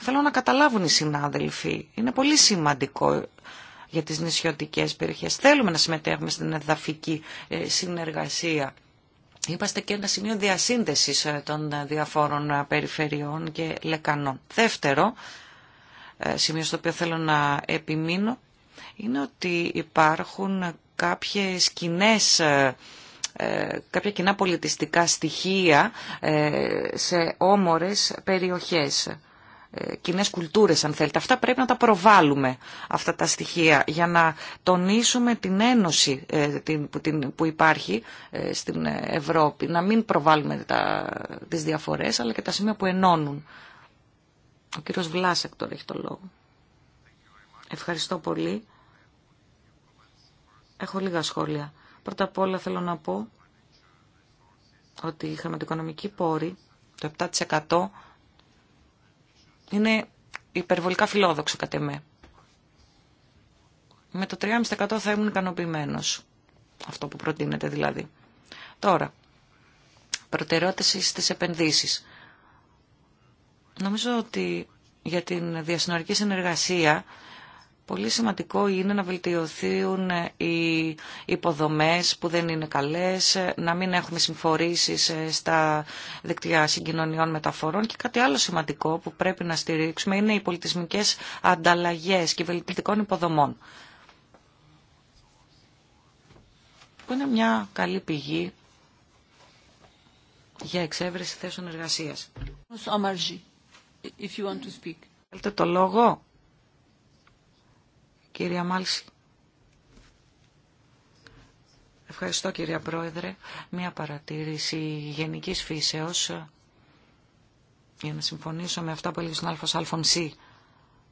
Θέλω να καταλάβουν οι συνάδελφοι. Είναι πολύ σημαντικό για τις νησιωτικές περιοχές. Θέλουμε να συμμετέχουμε στην εδαφική ε, συνεργασία Είμαστε και ένα σημείο διασύνδεσης ε, των ε, διαφόρων ε, περιφερειών και λεκανών. Δεύτερο σημείο στο οποίο θέλω να επιμείνω είναι ότι υπάρχουν κάποιες κοινές κάποια κοινά πολιτιστικά στοιχεία σε όμορες περιοχές. Ε, κοινέ κουλτούρε αν θέλετε. Αυτά πρέπει να τα προβάλλουμε αυτά τα στοιχεία για να τονίσουμε την ένωση ε, που υπάρχει ε, στην Ευρώπη. Να μην προβάλλουμε τι διαφορέ διαφορές αλλά και τα σημεία που ενώνουν. Ο κύριο Βλάσεκ τώρα έχει το λόγο. Ευχαριστώ πολύ. Έχω λίγα σχόλια. Πρώτα απ' όλα θέλω να πω ότι η χρηματοοικονομική πόρη, το 7% είναι υπερβολικά φιλόδοξο κατ' εμέ. Με το 3,5% θα ήμουν ικανοποιημένο. Αυτό που προτείνεται δηλαδή. Τώρα, προτεραιότητες στις επενδύσεις. Νομίζω ότι για την διασυνορική συνεργασία Πολύ σημαντικό είναι να βελτιωθούν ε, οι υποδομές που δεν είναι καλές, ε, να μην έχουμε συμφορήσεις ε, στα δικτυά συγκοινωνιών μεταφορών και κάτι άλλο σημαντικό που πρέπει να στηρίξουμε είναι οι πολιτισμικές ανταλλαγές και βελτιωτικών υποδομών. Που είναι μια καλή πηγή για εξέβρεση θέσεων εργασίας. Θέλετε το λόγο. Κυρία Μάλση. Ευχαριστώ κυρία Πρόεδρε. Μία παρατήρηση γενικής φύσεως για να συμφωνήσω με αυτά που έλεγε στον Αλφος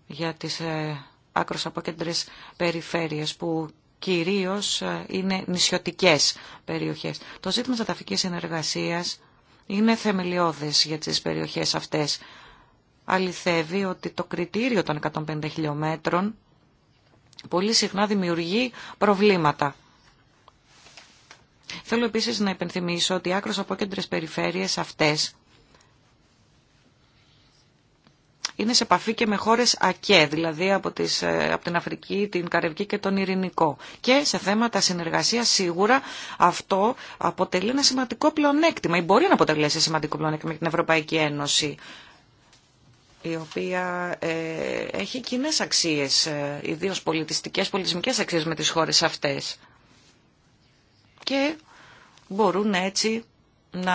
για τις ε, άκρως κέντρες περιφέρειες που κυρίως ε, είναι νησιωτικές περιοχές. Το ζήτημα της αταφικής συνεργασίας είναι θεμελιώδες για τις περιοχές αυτές. Αληθεύει ότι το κριτήριο των 150 χιλιόμετρων πολύ συχνά δημιουργεί προβλήματα. Θέλω επίσης να υπενθυμίσω ότι οι από απόκεντρες περιφέρειες αυτές είναι σε επαφή και με χώρες ΑΚΕ, δηλαδή από, τις, ε, από την Αφρική, την Καρευκή και τον Ειρηνικό. Και σε θέματα συνεργασίας σίγουρα αυτό αποτελεί ένα σημαντικό πλεονέκτημα ή μπορεί να αποτελέσει σημαντικό πλεονέκτημα για την Ευρωπαϊκή Ένωση η οποία ε, έχει κοινέ αξίες, ε, ιδίως πολιτιστικές, πολιτισμικές αξίες με τις χώρες αυτές. Και μπορούν έτσι να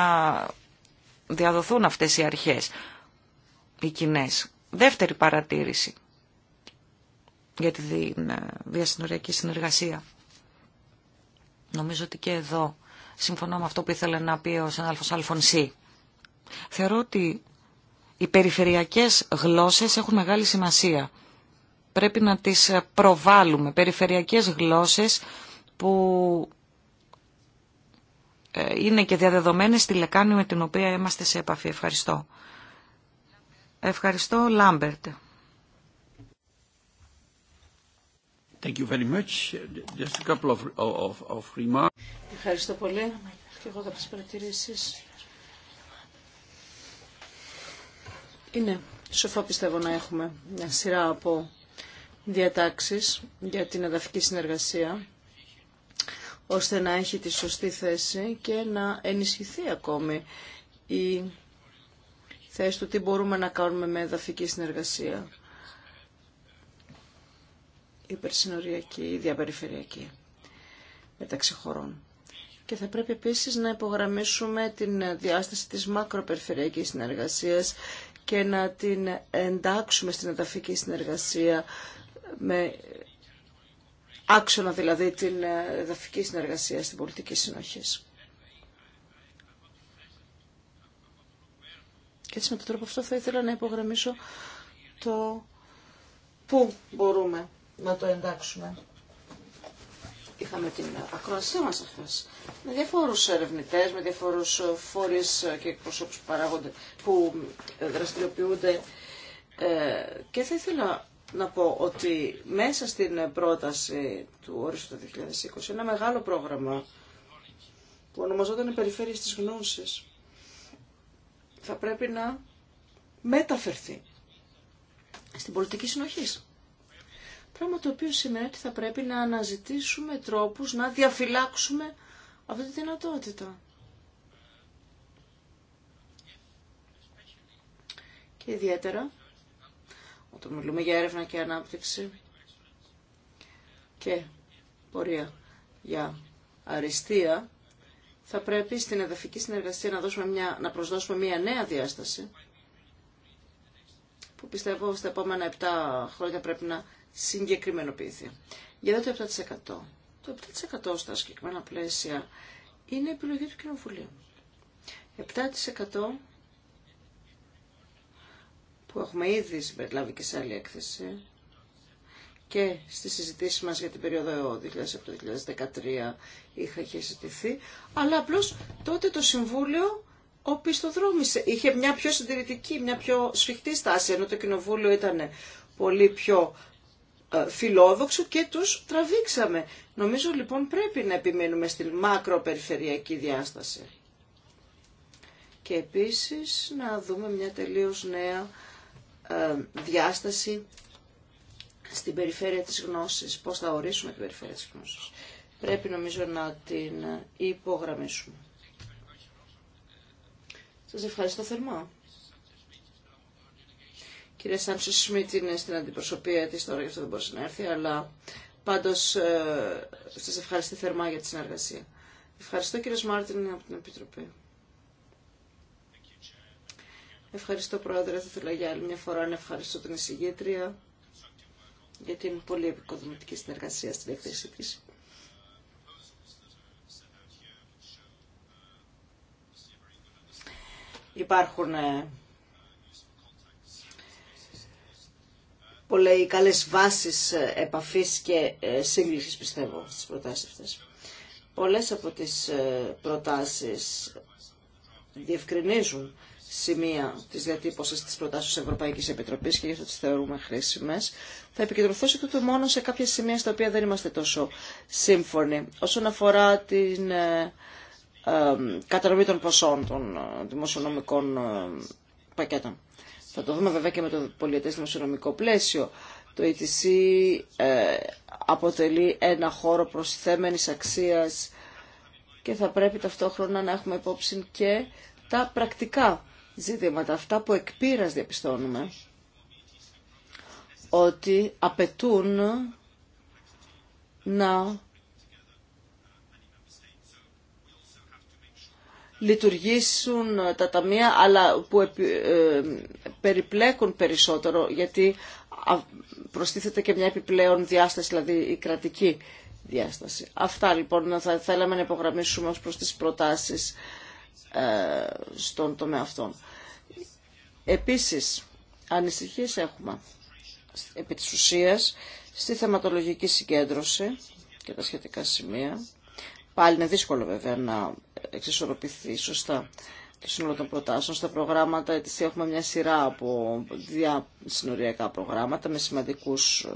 διαδοθούν αυτές οι αρχές, οι κοινέ. Δεύτερη παρατήρηση για τη ε, διασυνοριακή συνεργασία. Νομίζω ότι και εδώ συμφωνώ με αυτό που ήθελε να πει ο Σεναλφος Αλφονσί. Θεωρώ ότι οι περιφερειακές γλώσσες έχουν μεγάλη σημασία. Πρέπει να τις προβάλλουμε. Περιφερειακές γλώσσες που ε, είναι και διαδεδομένες στη λεκάνη με την οποία είμαστε σε επαφή. Ευχαριστώ. Ευχαριστώ, Λάμπερτ. Thank you very much. Just a couple of, of, of remarks. Ευχαριστώ πολύ. Και εγώ τις παρατηρήσεις. Είναι σοφό πιστεύω να έχουμε μια σειρά από διατάξεις για την εδαφική συνεργασία ώστε να έχει τη σωστή θέση και να ενισχυθεί ακόμη η θέση του τι μπορούμε να κάνουμε με εδαφική συνεργασία υπερσυνοριακή, διαπεριφερειακή μεταξύ χωρών. Και θα πρέπει επίσης να υπογραμμίσουμε την διάσταση της μακροπεριφερειακής συνεργασίας και να την εντάξουμε στην εδαφική συνεργασία με άξονα δηλαδή την εδαφική συνεργασία στην πολιτική συνοχή. Και έτσι με τον τρόπο αυτό θα ήθελα να υπογραμμίσω το πού μπορούμε να το εντάξουμε είχαμε την ακρόασή μας αυτές με διαφόρους ερευνητές, με διαφόρους φορείς και εκπροσώπους που, που ε, δραστηριοποιούνται ε, και θα ήθελα να πω ότι μέσα στην πρόταση του ορίστου του 2020 ένα μεγάλο πρόγραμμα που ονομαζόταν Περιφέρειες της Γνώσης θα πρέπει να μεταφερθεί στην πολιτική συνοχής. Πράγμα το οποίο σημαίνει ότι θα πρέπει να αναζητήσουμε τρόπους να διαφυλάξουμε αυτή τη δυνατότητα. Και ιδιαίτερα, όταν μιλούμε για έρευνα και ανάπτυξη και πορεία για αριστεία, θα πρέπει στην εδαφική συνεργασία να, δώσουμε μια, να προσδώσουμε μια νέα διάσταση, που πιστεύω στα επόμενα 7 χρόνια πρέπει να συγκεκριμενοποιηθεί. Για το 7%. Το 7% στα συγκεκριμένα πλαίσια είναι επιλογή του Κοινοβουλίου. 7% που έχουμε ήδη συμπεριλάβει και σε άλλη έκθεση και στις συζητήσει μας για την περίοδο 2007-2013 είχα και συζητηθεί, αλλά απλώς τότε το Συμβούλιο οπισθοδρόμησε. Είχε μια πιο συντηρητική, μια πιο σφιχτή στάση, ενώ το Κοινοβούλιο ήταν πολύ πιο ε, φιλόδοξο και τους τραβήξαμε. Νομίζω λοιπόν πρέπει να επιμένουμε στην μακροπεριφερειακή διάσταση. Και επίσης να δούμε μια τελείως νέα ε, διάσταση στην περιφέρεια της γνώσης. Πώς θα ορίσουμε την περιφέρεια της γνώσης. Πρέπει νομίζω να την ε, υπογραμμίσουμε. Σας ευχαριστώ θερμά κυρία Σάμψη Σμιτ είναι στην αντιπροσωπεία της τώρα, γι' αυτό δεν μπορούσε να έρθει, αλλά πάντως ε, σας ευχαριστώ θερμά για τη συνεργασία. Ευχαριστώ κύριε Μάρτιν από την Επιτροπή. Ευχαριστώ Πρόεδρε, θα ήθελα για άλλη μια φορά να ευχαριστώ την εισηγήτρια για την πολύ επικοδομητική συνεργασία στην έκθεση της. Υπάρχουν ε, πολλές καλές βάσεις ε, επαφής και ε, σύγκλησης πιστεύω στις προτάσεις αυτές. Πολλές από τις ε, προτάσεις διευκρινίζουν σημεία της διατύπωσης της προτάσεις της Ευρωπαϊκής Επιτροπής και γι' αυτό τις θεωρούμε χρήσιμες. Θα επικεντρωθώ σε τούτο μόνο σε κάποια σημεία στα οποία δεν είμαστε τόσο σύμφωνοι. Όσον αφορά την ε, κατανομή των ποσών των δημοσιονομικών πακέτων. Θα το δούμε βέβαια και με το πολιετές δημοσιονομικό πλαίσιο. Το ETC ε ε, αποτελεί ένα χώρο προσθέμενης αξίας και θα πρέπει ταυτόχρονα να έχουμε υπόψη και τα πρακτικά ζήτηματα, αυτά που εκπείρας διαπιστώνουμε, ότι απαιτούν να λειτουργήσουν ε, τα ταμεία αλλά που ε, περιπλέκουν περισσότερο γιατί προστίθεται και μια επιπλέον διάσταση, δηλαδή η κρατική διάσταση. Αυτά λοιπόν θα θέλαμε να υπογραμμίσουμε ως προς τις προτάσεις ε, στον τομέα αυτών. Επίσης, ανησυχίες έχουμε επί της ουσίας στη θεματολογική συγκέντρωση και τα σχετικά σημεία. Πάλι είναι δύσκολο βέβαια να εξισορροπηθεί σωστά το σύνολο των προτάσεων. Στα προγράμματα έτσι έχουμε μια σειρά από διασυνοριακά προγράμματα με σημαντικούς,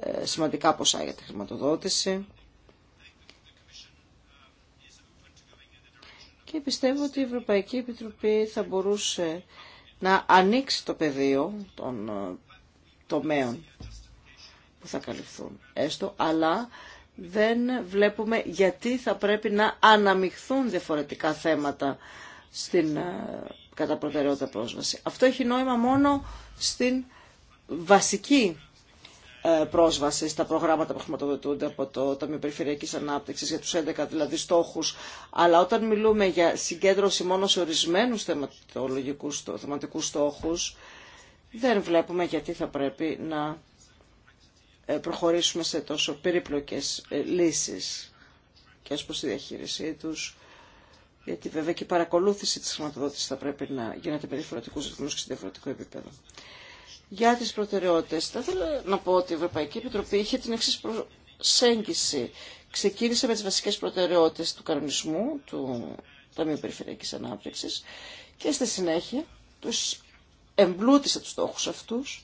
ε, σημαντικά ποσά για τη χρηματοδότηση. Και πιστεύω ότι η Ευρωπαϊκή Επιτροπή θα μπορούσε να ανοίξει το πεδίο των ε, τομέων που θα καλυφθούν έστω, αλλά δεν βλέπουμε γιατί θα πρέπει να αναμειχθούν διαφορετικά θέματα στην ε, κατά πρόσβαση. Αυτό έχει νόημα μόνο στην βασική ε, πρόσβαση στα προγράμματα που χρηματοδοτούνται από το Ταμείο Περιφερειακή Ανάπτυξη για του 11 δηλαδή στόχου. Αλλά όταν μιλούμε για συγκέντρωση μόνο σε ορισμένου θεματολογικού θεματικούς στόχου, δεν βλέπουμε γιατί θα πρέπει να ε, προχωρήσουμε σε τόσο περίπλοκες ε, λύσεις και ως προς τη διαχείρισή τους. Γιατί βέβαια και η παρακολούθηση της χρηματοδότησης θα πρέπει να γίνεται με διαφορετικούς ρυθμούς και σε διαφορετικό επίπεδο. Για τις προτεραιότητες, θα ήθελα να πω ότι η Ευρωπαϊκή Επιτροπή είχε την εξή προσέγγιση. Ξεκίνησε με τις βασικές προτεραιότητες του κανονισμού, του Ταμείου Περιφερειακής Ανάπτυξης και στη συνέχεια τους εμπλούτησε τους στόχους αυτούς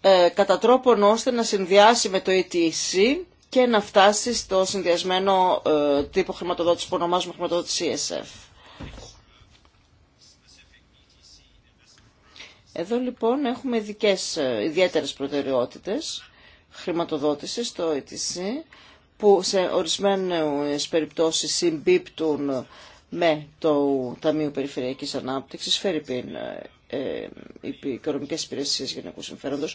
Ε, κατά τρόπον ώστε να συνδυάσει με το ETC ε και να φτάσει στο συνδυασμένο ε, τύπο χρηματοδότηση που ονομάζουμε χρηματοδότηση ESF. Εδώ λοιπόν έχουμε ειδικές, ε, ιδιαίτερες προτεραιότητες χρηματοδότησης στο ETC που σε ορισμένες περιπτώσεις συμπίπτουν με το Ταμείο Περιφερειακής Ανάπτυξης, φέρει ε, οικονομικές υπηρεσίε γενικού συμφέροντο.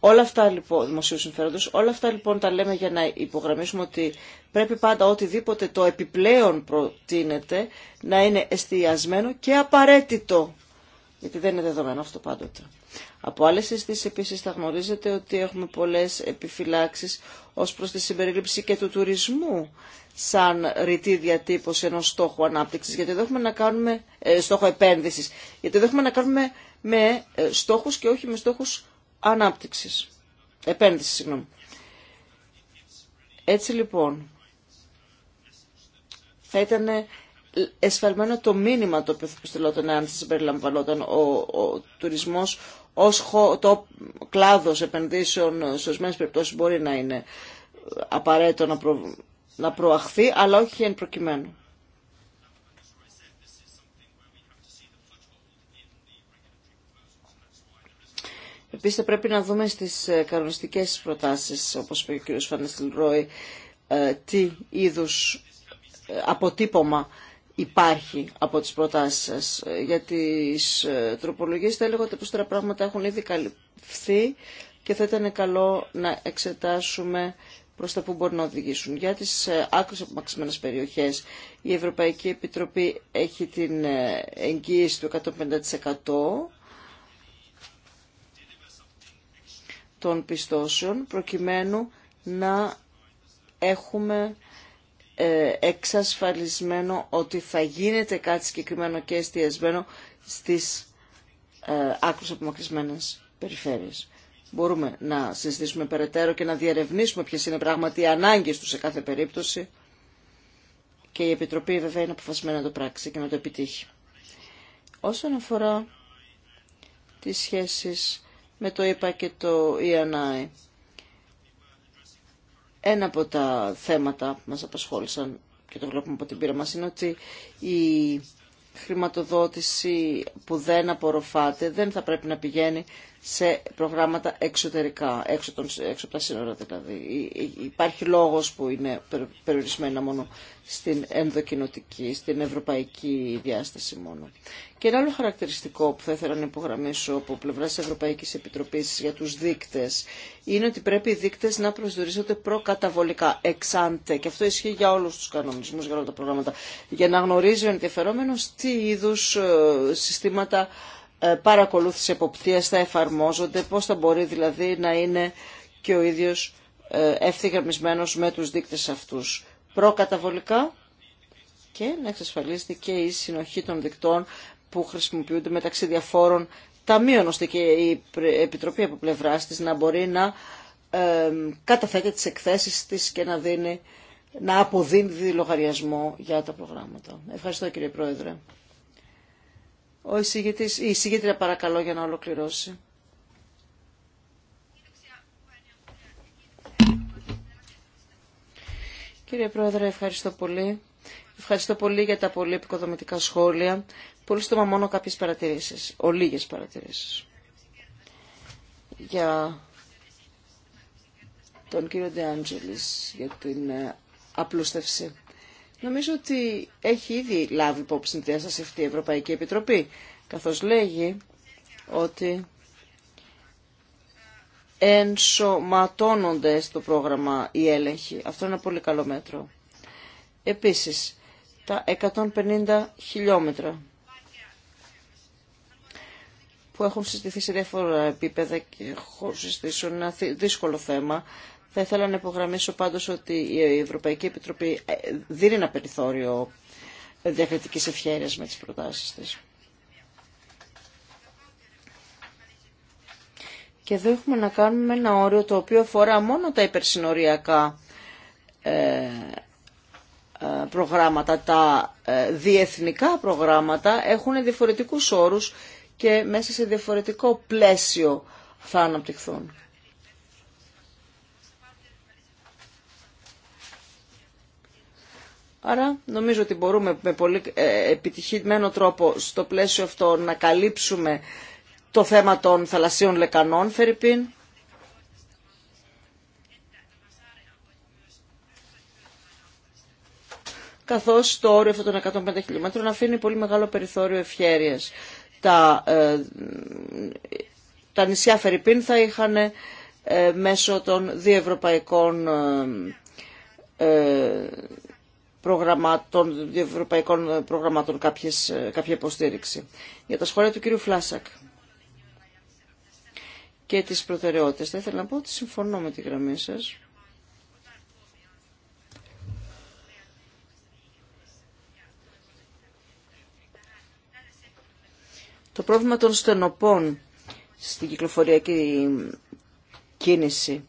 Όλα αυτά λοιπόν, δημοσίου συμφέροντος, όλα αυτά λοιπόν τα λέμε για να υπογραμμίσουμε ότι πρέπει πάντα οτιδήποτε το επιπλέον προτείνεται να είναι εστιασμένο και απαραίτητο. Γιατί δεν είναι δεδομένο αυτό πάντοτε. Από άλλες συστήσεις επίσης θα γνωρίζετε ότι έχουμε πολλές επιφυλάξεις ως προς τη συμπερίληψη και του τουρισμού σαν ρητή διατύπωση ενός στόχου ανάπτυξης, γιατί δεν έχουμε να κάνουμε ε, στόχο επένδυσης, γιατί δεν έχουμε να κάνουμε με ε, στόχους και όχι με στόχους ανάπτυξης, Επένδυση, συγγνώμη. Έτσι λοιπόν, θα ήταν ε, εσφαλμένο το μήνυμα το οποίο θα προστελόταν αν συμπεριλαμβανόταν ο, ο τουρισμός ως το κλάδος επενδύσεων σε ορισμένε περιπτώσεις μπορεί να είναι απαραίτητο να, προ... να προαχθεί, αλλά όχι εν προκειμένου. Επίσης θα πρέπει να δούμε στις ε, κανονιστικές προτάσεις, όπως είπε ο κ. Ρόι, ε, τι είδους ε, αποτύπωμα υπάρχει από τις προτάσεις σας. Για τις ε, τροπολογίες θα έλεγα ότι τα πράγματα έχουν ήδη καλυφθεί και θα ήταν καλό να εξετάσουμε προς τα που μπορούν να οδηγήσουν. Για τις ε, άκρες απομαξιμένες περιοχές η Ευρωπαϊκή Επιτροπή έχει την ε, εγγύηση του 150% των πιστώσεων προκειμένου να έχουμε ε, εξασφαλισμένο ότι θα γίνεται κάτι συγκεκριμένο και εστιασμένο στις ε, άκρους απομακρυσμένες περιφέρειες. Μπορούμε να συζητήσουμε περαιτέρω και να διερευνήσουμε ποιες είναι πράγματι οι ανάγκες του σε κάθε περίπτωση και η Επιτροπή βέβαια είναι αποφασισμένη να το πράξει και να το επιτύχει. Όσον αφορά τις σχέσεις με το ΕΠΑ και το ΕΑΝΑΕ, ένα από τα θέματα που μας απασχόλησαν και το βλέπουμε από την πείρα μας είναι ότι η χρηματοδότηση που δεν απορροφάται δεν θα πρέπει να πηγαίνει σε προγράμματα εξωτερικά, έξω, των, έξω από τα σύνορα δηλαδή. Υπάρχει λόγος που είναι περιορισμένα μόνο στην ενδοκινοτική, στην ευρωπαϊκή διάσταση μόνο. Και ένα άλλο χαρακτηριστικό που θα ήθελα να υπογραμμίσω από πλευρά τη Ευρωπαϊκή Επιτροπή για του δείκτε είναι ότι πρέπει οι δείκτε να προσδιορίζονται προκαταβολικά, εξάντε. Και αυτό ισχύει για όλου του κανονισμού, για όλα τα προγράμματα. Για να γνωρίζει ο ενδιαφερόμενο τι είδου ε, συστήματα ε, παρακολούθηση εποπτείας θα εφαρμόζονται, πώς θα μπορεί δηλαδή να είναι και ο ίδιος ε, ευθυγραμμισμένος με τους δείκτες αυτούς. Προκαταβολικά και να εξασφαλίζεται και η συνοχή των δικτών που χρησιμοποιούνται μεταξύ διαφόρων ταμείων, ώστε και η Επιτροπή από πλευρά της να μπορεί να ε, καταθέτει τις εκθέσεις της και να δίνει να αποδίδει λογαριασμό για τα προγράμματα. Ευχαριστώ κύριε Πρόεδρε. Ο η εισηγήτρια παρακαλώ για να ολοκληρώσει. Κύριε Πρόεδρε, ευχαριστώ πολύ. Ευχαριστώ πολύ για τα πολύ επικοδομητικά σχόλια. Πολύ στόμα μόνο κάποιες παρατηρήσεις, ολίγες παρατηρήσεις. Για τον κύριο Ντεάντζελης, για την ε, απλούστευση. Νομίζω ότι έχει ήδη λάβει υπόψη τη διάσταση αυτή η Ευρωπαϊκή Επιτροπή, καθώς λέγει ότι ενσωματώνονται στο πρόγραμμα οι έλεγχοι. Αυτό είναι ένα πολύ καλό μέτρο. Επίσης, τα 150 χιλιόμετρα που έχουν συζητηθεί σε διάφορα επίπεδα και συστηθεί σε ένα δύσκολο θέμα θα ήθελα να υπογραμμίσω πάντως ότι η Ευρωπαϊκή Επιτροπή ε, δίνει ένα περιθώριο διακριτικής ευχαίρειας με τις προτάσεις της. Και εδώ έχουμε να κάνουμε ένα όριο το οποίο αφορά μόνο τα υπερσυνοριακά ε, ε, προγράμματα. Τα διεθνικά προγράμματα έχουν διαφορετικούς όρους και μέσα σε διαφορετικό πλαίσιο θα αναπτυχθούν. Άρα νομίζω ότι μπορούμε με πολύ ε, επιτυχημένο τρόπο στο πλαίσιο αυτό να καλύψουμε το θέμα των θαλασσίων λεκανών, Φερρυπίν. καθώς το όριο αυτό των 150 χιλιόμετρων αφήνει πολύ μεγάλο περιθώριο ευχέρειας. Τα, ε, τα νησιά Φερρυπίν θα είχαν ε, μέσω των διευρωπαϊκών προγραμμάτων, ευρωπαϊκών προγραμμάτων κάποιες, ε, κάποια υποστήριξη. Για τα σχόλια του κύριου Φλάσακ και τις προτεραιότητες. Θα ήθελα να πω ότι συμφωνώ με τη γραμμή σας. Το πρόβλημα των στενοπών στην κυκλοφοριακή κίνηση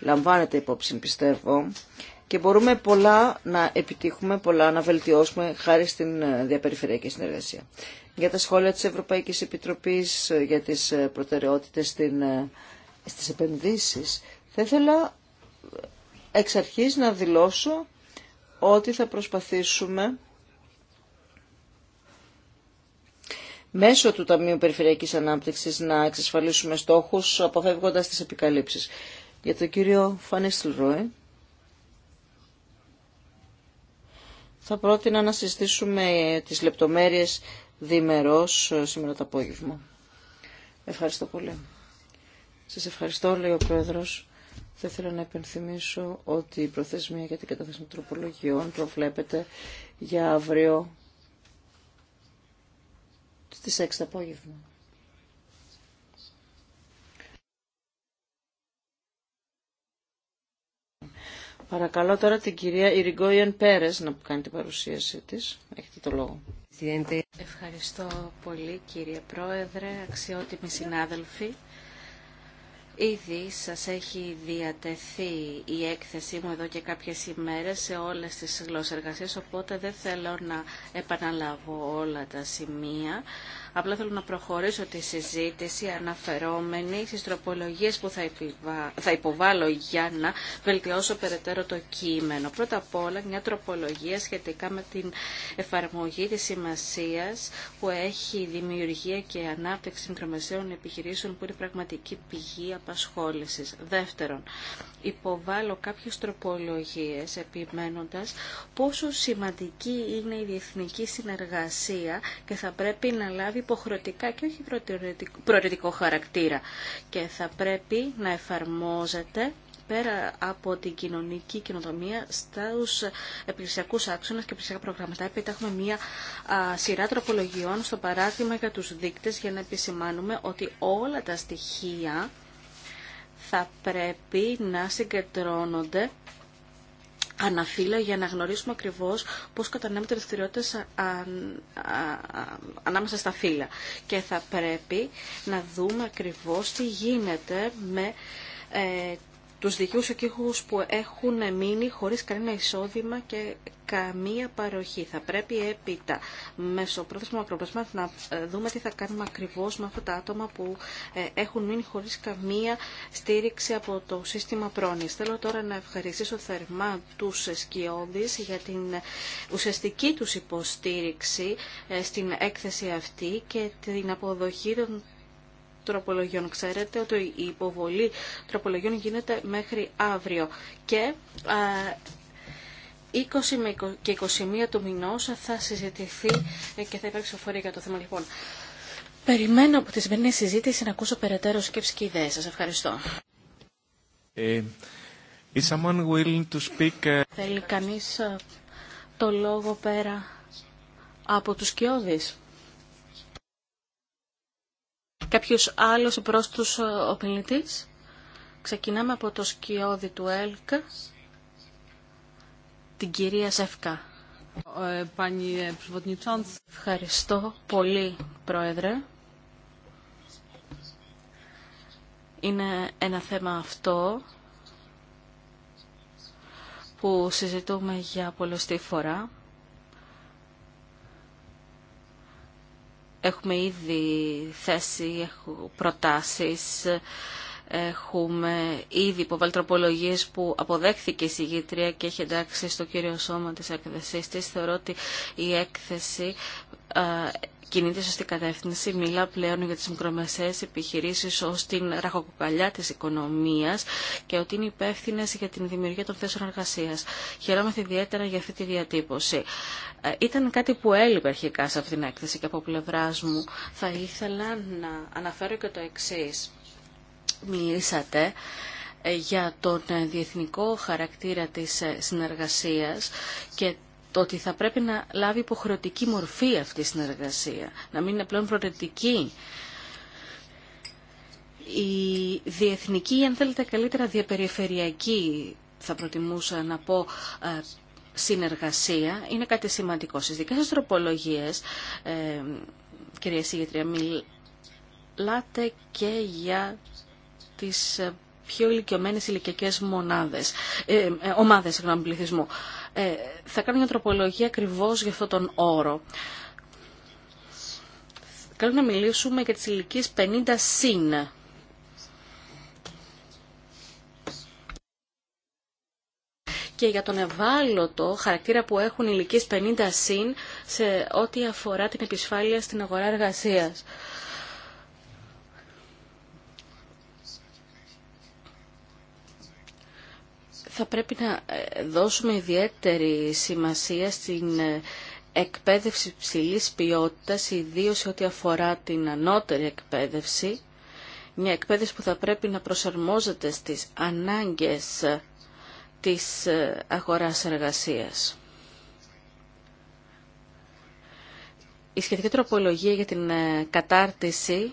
λαμβάνεται υπόψη, πιστεύω και μπορούμε πολλά να επιτύχουμε, πολλά να βελτιώσουμε χάρη στην ε, διαπεριφερειακή συνεργασία. Για τα σχόλια της Ευρωπαϊκής Επιτροπής, ε, για τις ε, προτεραιότητες στην, στις επενδύσεις, θα ήθελα εξ αρχής να δηλώσω ότι θα προσπαθήσουμε μέσω του Ταμείου Περιφερειακής Ανάπτυξης να εξασφαλίσουμε στόχους αποφεύγοντας τις επικαλύψεις. Για τον κύριο Φανίστηλ θα πρότεινα να συζητήσουμε ε, τις λεπτομέρειες διμερός ε, σήμερα το απόγευμα. Ευχαριστώ πολύ. Σας ευχαριστώ, λέει ο Πρόεδρος. Θα ήθελα να επενθυμίσω ότι η προθεσμία για την κατάθεση τροπολογιών προβλέπεται για αύριο στις 6 το απόγευμα. Παρακαλώ τώρα την κυρία Ιριγκόιεν Πέρες να κάνει την παρουσίαση της. Έχετε το λόγο. Ευχαριστώ πολύ κύριε Πρόεδρε, αξιότιμοι συνάδελφοι. Ήδη σας έχει διατεθεί η έκθεσή μου εδώ και κάποιες ημέρες σε όλες τις γλώσσες εργασίες, οπότε δεν θέλω να επαναλάβω όλα τα σημεία. Απλά θέλω να προχωρήσω τη συζήτηση αναφερόμενη στις τροπολογίες που θα υποβάλω για να βελτιώσω περαιτέρω το κείμενο. Πρώτα απ' όλα μια τροπολογία σχετικά με την εφαρμογή της σημασίας που έχει η δημιουργία και η ανάπτυξη μικρομεσαίων επιχειρήσεων που είναι πραγματική πηγή απασχόλησης. Δεύτερον, υποβάλλω κάποιες τροπολογίες επιμένοντας πόσο σημαντική είναι η διεθνική συνεργασία και θα πρέπει να λάβει υποχρεωτικά και όχι προαιρετικό χαρακτήρα και θα πρέπει να εφαρμόζεται πέρα από την κοινωνική κοινοτομία στους επιχειρησιακούς άξονες και επιχειρησιακά προγράμματα. Έπειτα έχουμε μία σειρά τροπολογιών στο παράδειγμα για τους δείκτες για να επισημάνουμε ότι όλα τα στοιχεία θα πρέπει να συγκεντρώνονται Αναφύλα για να γνωρίσουμε ακριβώς πώς κατανέμεται οι αν ανάμεσα στα φύλλα. Και θα πρέπει να δούμε ακριβώς τι γίνεται με ε, τους δικιούς οικείχους που έχουν μείνει χωρίς κανένα εισόδημα και καμία παροχή. Θα πρέπει έπειτα μεσοπρόθεσμα ακροπλασμά να ε, δούμε τι θα κάνουμε ακριβώς με αυτά τα άτομα που ε, έχουν μείνει χωρίς καμία στήριξη από το σύστημα πρόνοιας. Θέλω τώρα να ευχαριστήσω θερμά τους σκιώδεις για την ουσιαστική τους υποστήριξη ε, στην έκθεση αυτή και την αποδοχή των τροπολογιών. Ξέρετε ότι η υποβολή τροπολογιών γίνεται μέχρι αύριο και 20 και 21 του μηνός θα συζητηθεί ε, και θα υπάρξει οφορία για το θέμα. Λοιπόν, περιμένω από τη σημερινή συζήτηση να ακούσω περαιτέρω σκέψη και ιδέες. Σας ευχαριστώ. Ε, ε? Θέλει κανείς το λόγο πέρα από τους κοιόδης. Κάποιος άλλος προς τους ε, Ξεκινάμε από το σκιώδη του ΕΛΚΑ, την κυρία Ζεύκα. Ε, ε, Ευχαριστώ πολύ, Πρόεδρε. Είναι ένα θέμα αυτό που συζητούμε για πολλωστή φορά. Έχουμε ήδη θέσει προτάσεις Έχουμε ήδη υποβάλει που αποδέχθηκε η συγγήτρια και έχει εντάξει στο κύριο σώμα τη εκθεσή τη. Θεωρώ ότι η έκθεση ε, κινείται σωστή κατεύθυνση. Μιλά πλέον για τι μικρομεσαίες επιχειρήσει ω την ραχοκοκαλιά τη οικονομία και ότι είναι υπεύθυνε για την δημιουργία των θέσεων εργασία. Χαιρόμαστε ιδιαίτερα για αυτή τη διατύπωση. Ε, ήταν κάτι που έλειπε αρχικά σε αυτή την έκθεση και από πλευρά μου θα ήθελα να αναφέρω και το εξή μιλήσατε ε, για τον ε, διεθνικό χαρακτήρα της ε, συνεργασίας και το ότι θα πρέπει να λάβει υποχρεωτική μορφή αυτή η συνεργασία, να μην είναι πλέον προαιρετική. Η διεθνική, αν θέλετε καλύτερα διαπεριφερειακή, θα προτιμούσα να πω, συνεργασία είναι κάτι σημαντικό. Στις δικές σας τροπολογίες, κυρία Σύγετρια μιλάτε και για τις ε, πιο ηλικιωμένες ηλικιακές μονάδες, ε, ε ομάδες συγγνώμη, πληθυσμού. Ε, θα κάνω μια τροπολογία ακριβώς για αυτόν τον όρο. Καλό να μιλήσουμε για τις ηλικίες 50 συν. και για τον ευάλωτο χαρακτήρα που έχουν ηλικίες 50 συν σε ό,τι αφορά την επισφάλεια στην αγορά εργασίας. θα πρέπει να ε, δώσουμε ιδιαίτερη σημασία στην ε, εκπαίδευση ψηλής ποιότητας, ιδίως σε ό,τι αφορά την ανώτερη εκπαίδευση, μια εκπαίδευση που θα πρέπει να προσαρμόζεται στις ανάγκες της ε, αγοράς εργασίας. Η σχετική τροπολογία για την κατάρτιση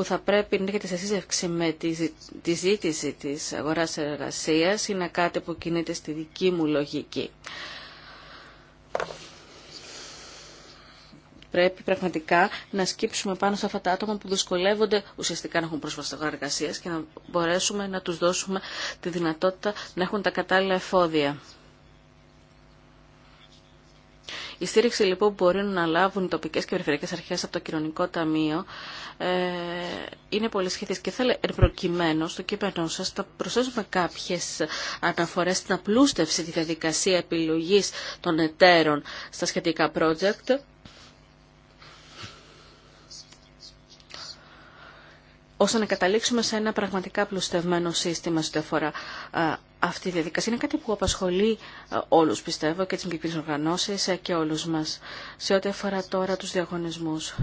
που θα πρέπει να έχετε σε σύζευξη με τη, ζήτηση της αγοράς εργασίας είναι κάτι που κινείται στη δική μου λογική. Πρέπει πραγματικά να σκύψουμε πάνω σε αυτά τα άτομα που δυσκολεύονται ουσιαστικά να έχουν πρόσβαση στην αγορά και να μπορέσουμε να τους δώσουμε τη δυνατότητα να έχουν τα κατάλληλα εφόδια. Η στήριξη λοιπόν που μπορεί να λάβουν οι τοπικές και περιφερειακές αρχές από το κοινωνικό ταμείο ε, είναι πολύ σχετική. και θέλω εν στο κείμενό σας να προσθέσουμε κάποιες αναφορές στην απλούστευση τη διαδικασία επιλογής των εταίρων στα σχετικά project ώστε να καταλήξουμε σε ένα πραγματικά πλουστευμένο σύστημα στο αφορά αυτή η διαδικασία. Είναι κάτι που απασχολεί όλους, πιστεύω, και τις μικρές οργανώσεις ε, και όλους μας, σε ό,τι αφορά τώρα τους διαγωνισμούς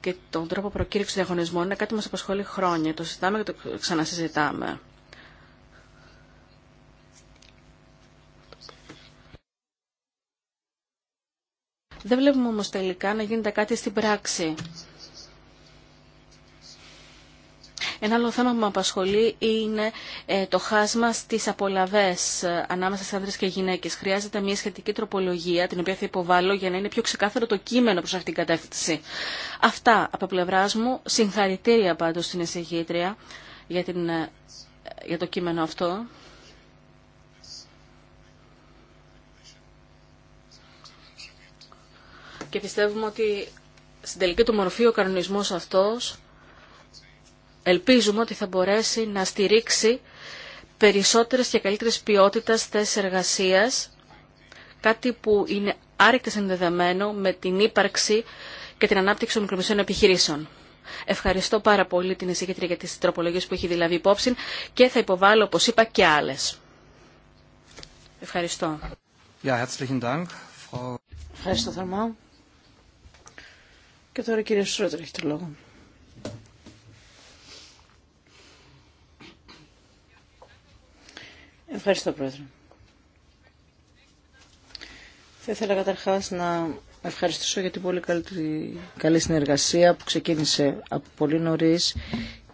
και τον τρόπο προκήρυξης διαγωνισμών είναι κάτι που μας απασχολεί χρόνια. Το συζητάμε και το ξανασυζητάμε. Δεν βλέπουμε όμως τελικά να γίνεται κάτι στην πράξη. Ένα άλλο θέμα που με απασχολεί είναι ε, το χάσμα στις απολαβές ε, ανάμεσα σε άνδρες και γυναίκες. Χρειάζεται μια σχετική τροπολογία, την οποία θα υποβάλω για να είναι πιο ξεκάθαρο το κείμενο προς αυτήν την κατεύθυνση. Αυτά από πλευρά μου. Συγχαρητήρια πάντως στην εισηγήτρια για, την, ε, για το κείμενο αυτό. και πιστεύουμε ότι στην τελική του μορφή ο κανονισμός αυτός ελπίζουμε ότι θα μπορέσει να στηρίξει περισσότερες και καλύτερες ποιότητας θέσεις εργασίας, κάτι που είναι άρρηκτα συνδεδεμένο με την ύπαρξη και την ανάπτυξη των μικρομεσαίων επιχειρήσεων. Ευχαριστώ πάρα πολύ την εισηγήτρια για τις τροπολογίες που έχει δηλαδή υπόψη και θα υποβάλω, όπως είπα, και άλλες. Ευχαριστώ. Ευχαριστώ θερμά. Και τώρα κύριε Σρότερ έχει το λόγο. Ευχαριστώ, Πρόεδρε. Θα ήθελα καταρχάς να ευχαριστήσω για την πολύ καλή συνεργασία που ξεκίνησε από πολύ νωρίς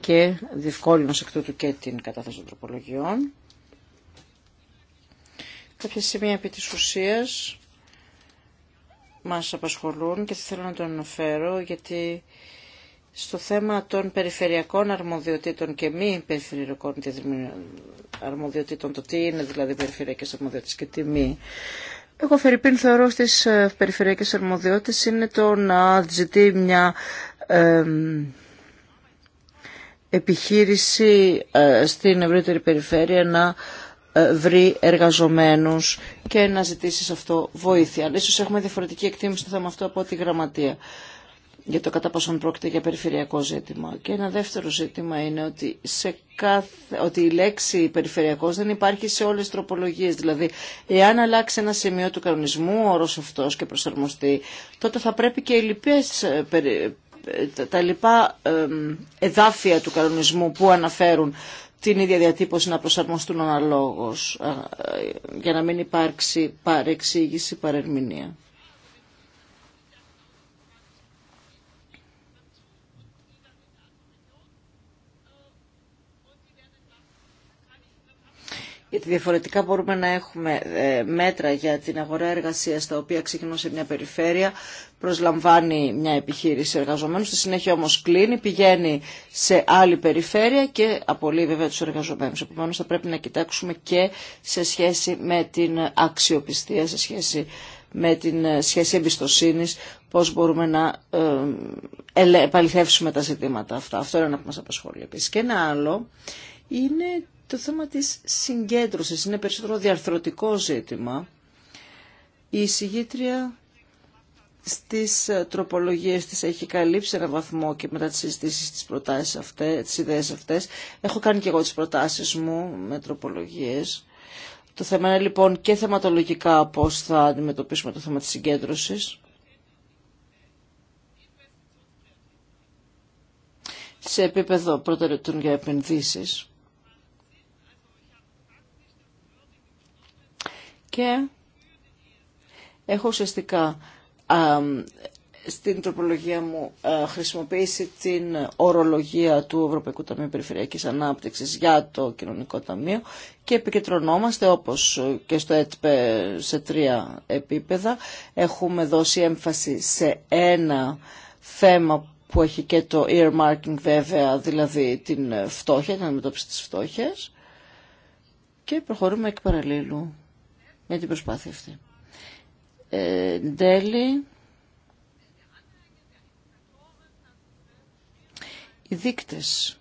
και διευκόλυνος εκ τούτου και την κατάθεση των τροπολογιών. Κάποια σημεία επί της ουσίας μας απασχολούν και θα θέλω να το αναφέρω γιατί στο θέμα των περιφερειακών αρμοδιοτήτων και μη περιφερειακών αρμοδιοτήτων, το τι είναι δηλαδή περιφερειακές αρμοδιότητες και τι μη. Εγώ Φερρυπίν θεωρώ στις ε, περιφερειακές αρμοδιότητες είναι το να ζητεί μια επιχείρηση ε, στην ευρύτερη περιφέρεια να ε, βρει εργαζομένους και να ζητήσει σε αυτό βοήθεια. Ίσως έχουμε διαφορετική εκτίμηση στο θέμα αυτό από τη γραμματεία για το κατά πόσον πρόκειται για περιφερειακό ζήτημα. Και ένα δεύτερο ζήτημα είναι ότι, σε κάθε, ότι η λέξη περιφερειακός δεν υπάρχει σε όλες τις τροπολογίες. Δηλαδή, εάν αλλάξει ένα σημείο του κανονισμού ο όρος αυτός και προσαρμοστεί, τότε θα πρέπει και οι λοιπές ε, ε, τα λοιπά εδάφια του κανονισμού που αναφέρουν την ίδια διατύπωση να προσαρμοστούν αναλόγως ε, για να μην υπάρξει παρεξήγηση, παρερμηνία. Γιατί διαφορετικά μπορούμε να έχουμε ε, μέτρα για την αγορά εργασίας τα οποία ξεκινούν σε μια περιφέρεια, προσλαμβάνει μια επιχείρηση εργαζομένους, στη συνέχεια όμω κλείνει, πηγαίνει σε άλλη περιφέρεια και απολύει βέβαια τους εργαζομένους. Επομένω θα πρέπει να κοιτάξουμε και σε σχέση με την αξιοπιστία, σε σχέση με την ε, σχέση εμπιστοσύνη, πώς μπορούμε να ε, επαληθεύσουμε τα ζητήματα αυτά. Αυτό είναι ένα που μα απασχολεί επίση. Και ένα άλλο είναι το θέμα της συγκέντρωσης είναι περισσότερο διαρθρωτικό ζήτημα. Η εισηγήτρια στις ε, τροπολογίες της έχει καλύψει ένα βαθμό και μετά τις συζητήσεις τις προτάσεις αυτές, τις ιδέες αυτές. Έχω κάνει και εγώ τις προτάσεις μου με τροπολογίες. Το θέμα είναι λοιπόν και θεματολογικά πώς θα αντιμετωπίσουμε το θέμα της συγκέντρωσης. Σε επίπεδο προτεραιοτήτων για επενδύσεις. Και έχω ουσιαστικά στην τροπολογία μου ε, χρησιμοποιήσει την ορολογία του Ευρωπαϊκού Ταμείου Περιφερειακής Ανάπτυξης για το Κοινωνικό Ταμείο και επικεντρωνόμαστε όπως και στο ΕΤΠΕ σε τρία επίπεδα. Έχουμε δώσει έμφαση σε ένα θέμα που έχει και το earmarking βέβαια, δηλαδή την φτώχεια, την αντιμετώπιση της φτώχειας και προχωρούμε εκ παραλλήλου με την προσπάθεια αυτή. Ε, οι δείκτες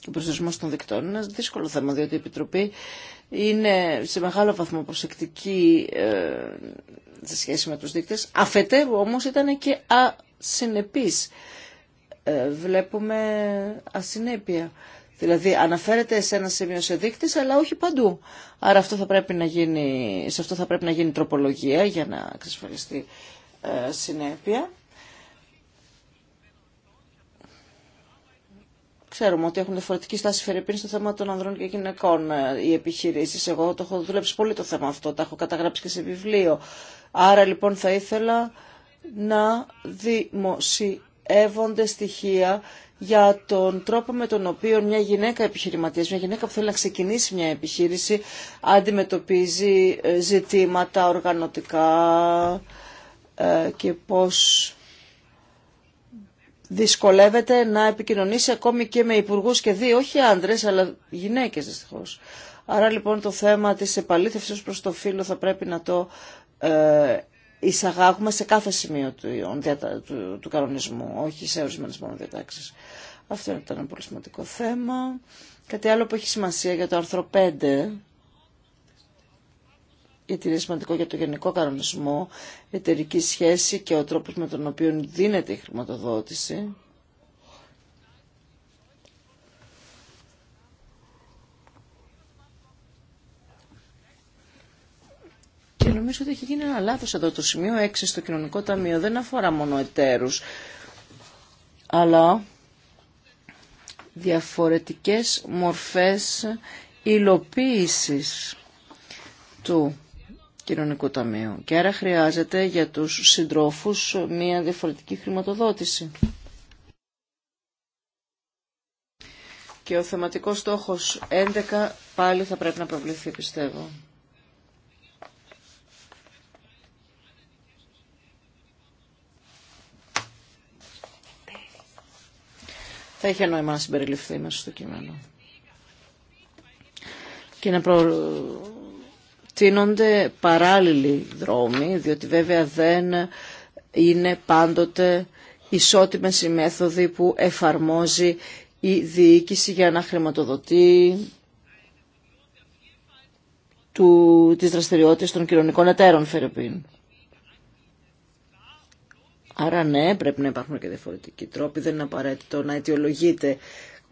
και ο προσδιορισμός των δικτών είναι ένα δύσκολο θέμα, διότι η Επιτροπή είναι σε μεγάλο βαθμό προσεκτική ε, σε σχέση με τους δείκτες. Αφετέρου όμως ήταν και ασυνεπής. Ε, βλέπουμε ασυνέπεια Δηλαδή αναφέρεται σε ένα σημείο σε δείκτης, αλλά όχι παντού. Άρα αυτό θα πρέπει να γίνει, σε αυτό θα πρέπει να γίνει τροπολογία για να εξασφαλιστεί ε, συνέπεια. Ξέρουμε ότι έχουν διαφορετική στάση φερειπίνη στο θέμα των ανδρών και γυναικών ε, οι επιχειρήσει. Εγώ το έχω δουλέψει πολύ το θέμα αυτό, τα έχω καταγράψει και σε βιβλίο. Άρα λοιπόν θα ήθελα να δημοσιεύονται στοιχεία για τον τρόπο με τον οποίο μια γυναίκα επιχειρηματίας, μια γυναίκα που θέλει να ξεκινήσει μια επιχείρηση, αντιμετωπίζει ε, ζητήματα οργανωτικά ε, και πώς δυσκολεύεται να επικοινωνήσει ακόμη και με υπουργούς και δύο, όχι άντρες, αλλά γυναίκες δυστυχώς. Άρα λοιπόν το θέμα της επαλήθευσης προς το φύλλο θα πρέπει να το ε, εισαγάγουμε σε κάθε σημείο του, του, του κανονισμού, όχι σε ορισμένε μόνο διατάξει. Αυτό ήταν ένα πολύ σημαντικό θέμα. Κάτι άλλο που έχει σημασία για το άρθρο 5, γιατί είναι σημαντικό για το γενικό κανονισμό, εταιρική σχέση και ο τρόπος με τον οποίο δίνεται η χρηματοδότηση. νομίζω ότι έχει γίνει ένα λάθος εδώ. Το σημείο 6 στο κοινωνικό ταμείο δεν αφορά μόνο εταίρους, αλλά διαφορετικές μορφές υλοποίησης του κοινωνικού ταμείου. Και άρα χρειάζεται για τους συντρόφους μια διαφορετική χρηματοδότηση. Και ο θεματικός στόχος 11 πάλι θα πρέπει να προβληθεί πιστεύω. θα είχε νόημα να συμπεριληφθεί μέσα στο κείμενο. Και να προτείνονται παράλληλοι δρόμοι, διότι βέβαια δεν είναι πάντοτε ισότιμες οι μέθοδοι που εφαρμόζει η διοίκηση για να χρηματοδοτεί του, τις δραστηριότητες των κοινωνικών εταίρων Φερρυπίν. Άρα ναι, πρέπει να υπάρχουν και διαφορετικοί τρόποι. Δεν είναι απαραίτητο να αιτιολογείται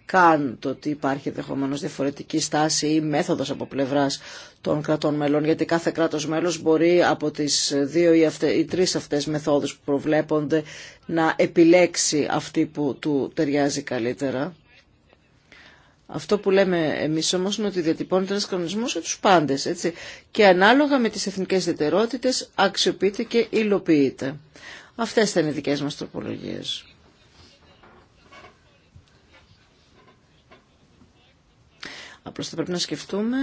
καν το ότι υπάρχει ενδεχομένω διαφορετική στάση ή μέθοδος από πλευράς των κρατών μελών, γιατί κάθε κράτος μέλος μπορεί από τις δύο ή, αυτε, ή τρεις αυτές μεθόδους που προβλέπονται να επιλέξει αυτή που του ταιριάζει καλύτερα. Αυτό που λέμε εμείς όμως είναι ότι διατυπώνεται ένας κανονισμός για τους πάντες, έτσι. Και ανάλογα με τις εθνικές ιδιαιτερότητες αξιοποιείται και υλοποιείται. Αυτές θα είναι οι δικές μας τροπολογίες. Απλώς θα πρέπει να σκεφτούμε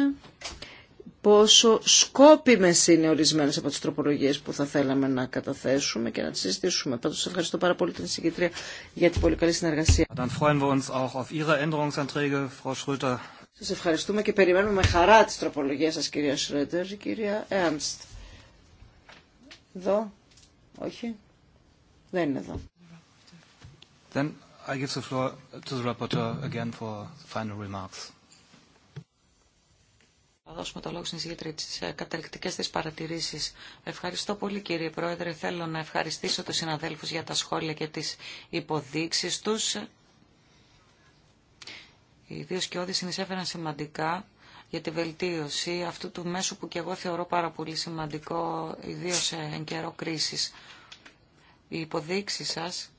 πόσο σκόπιμες είναι ορισμένες από τις τροπολογίες που θα θέλαμε να καταθέσουμε και να τις συζητήσουμε. Πάντως ευχαριστώ πάρα πολύ την συγκεκριά για την πολύ καλή συνεργασία. Σας ευχαριστούμε και περιμένουμε με χαρά τις τροπολογίες σας κυρία Σρέντερ και κυρία Ernst. Εδώ, όχι. Δεν είναι εδώ. to the rapporteur again for final remarks. Θα δώσουμε το λόγο στην εισηγήτρια τις ε, καταληκτικές της παρατηρήσεις. Ευχαριστώ πολύ κύριε Πρόεδρε. Θέλω να ευχαριστήσω τους συναδέλφους για τα σχόλια και τις υποδείξεις τους. Οι δύο σκιώδεις συνεισέφεραν σημαντικά για τη βελτίωση αυτού του μέσου που και εγώ θεωρώ πάρα πολύ σημαντικό, ιδίως εν καιρό κρίσης οι υποδείξεις σας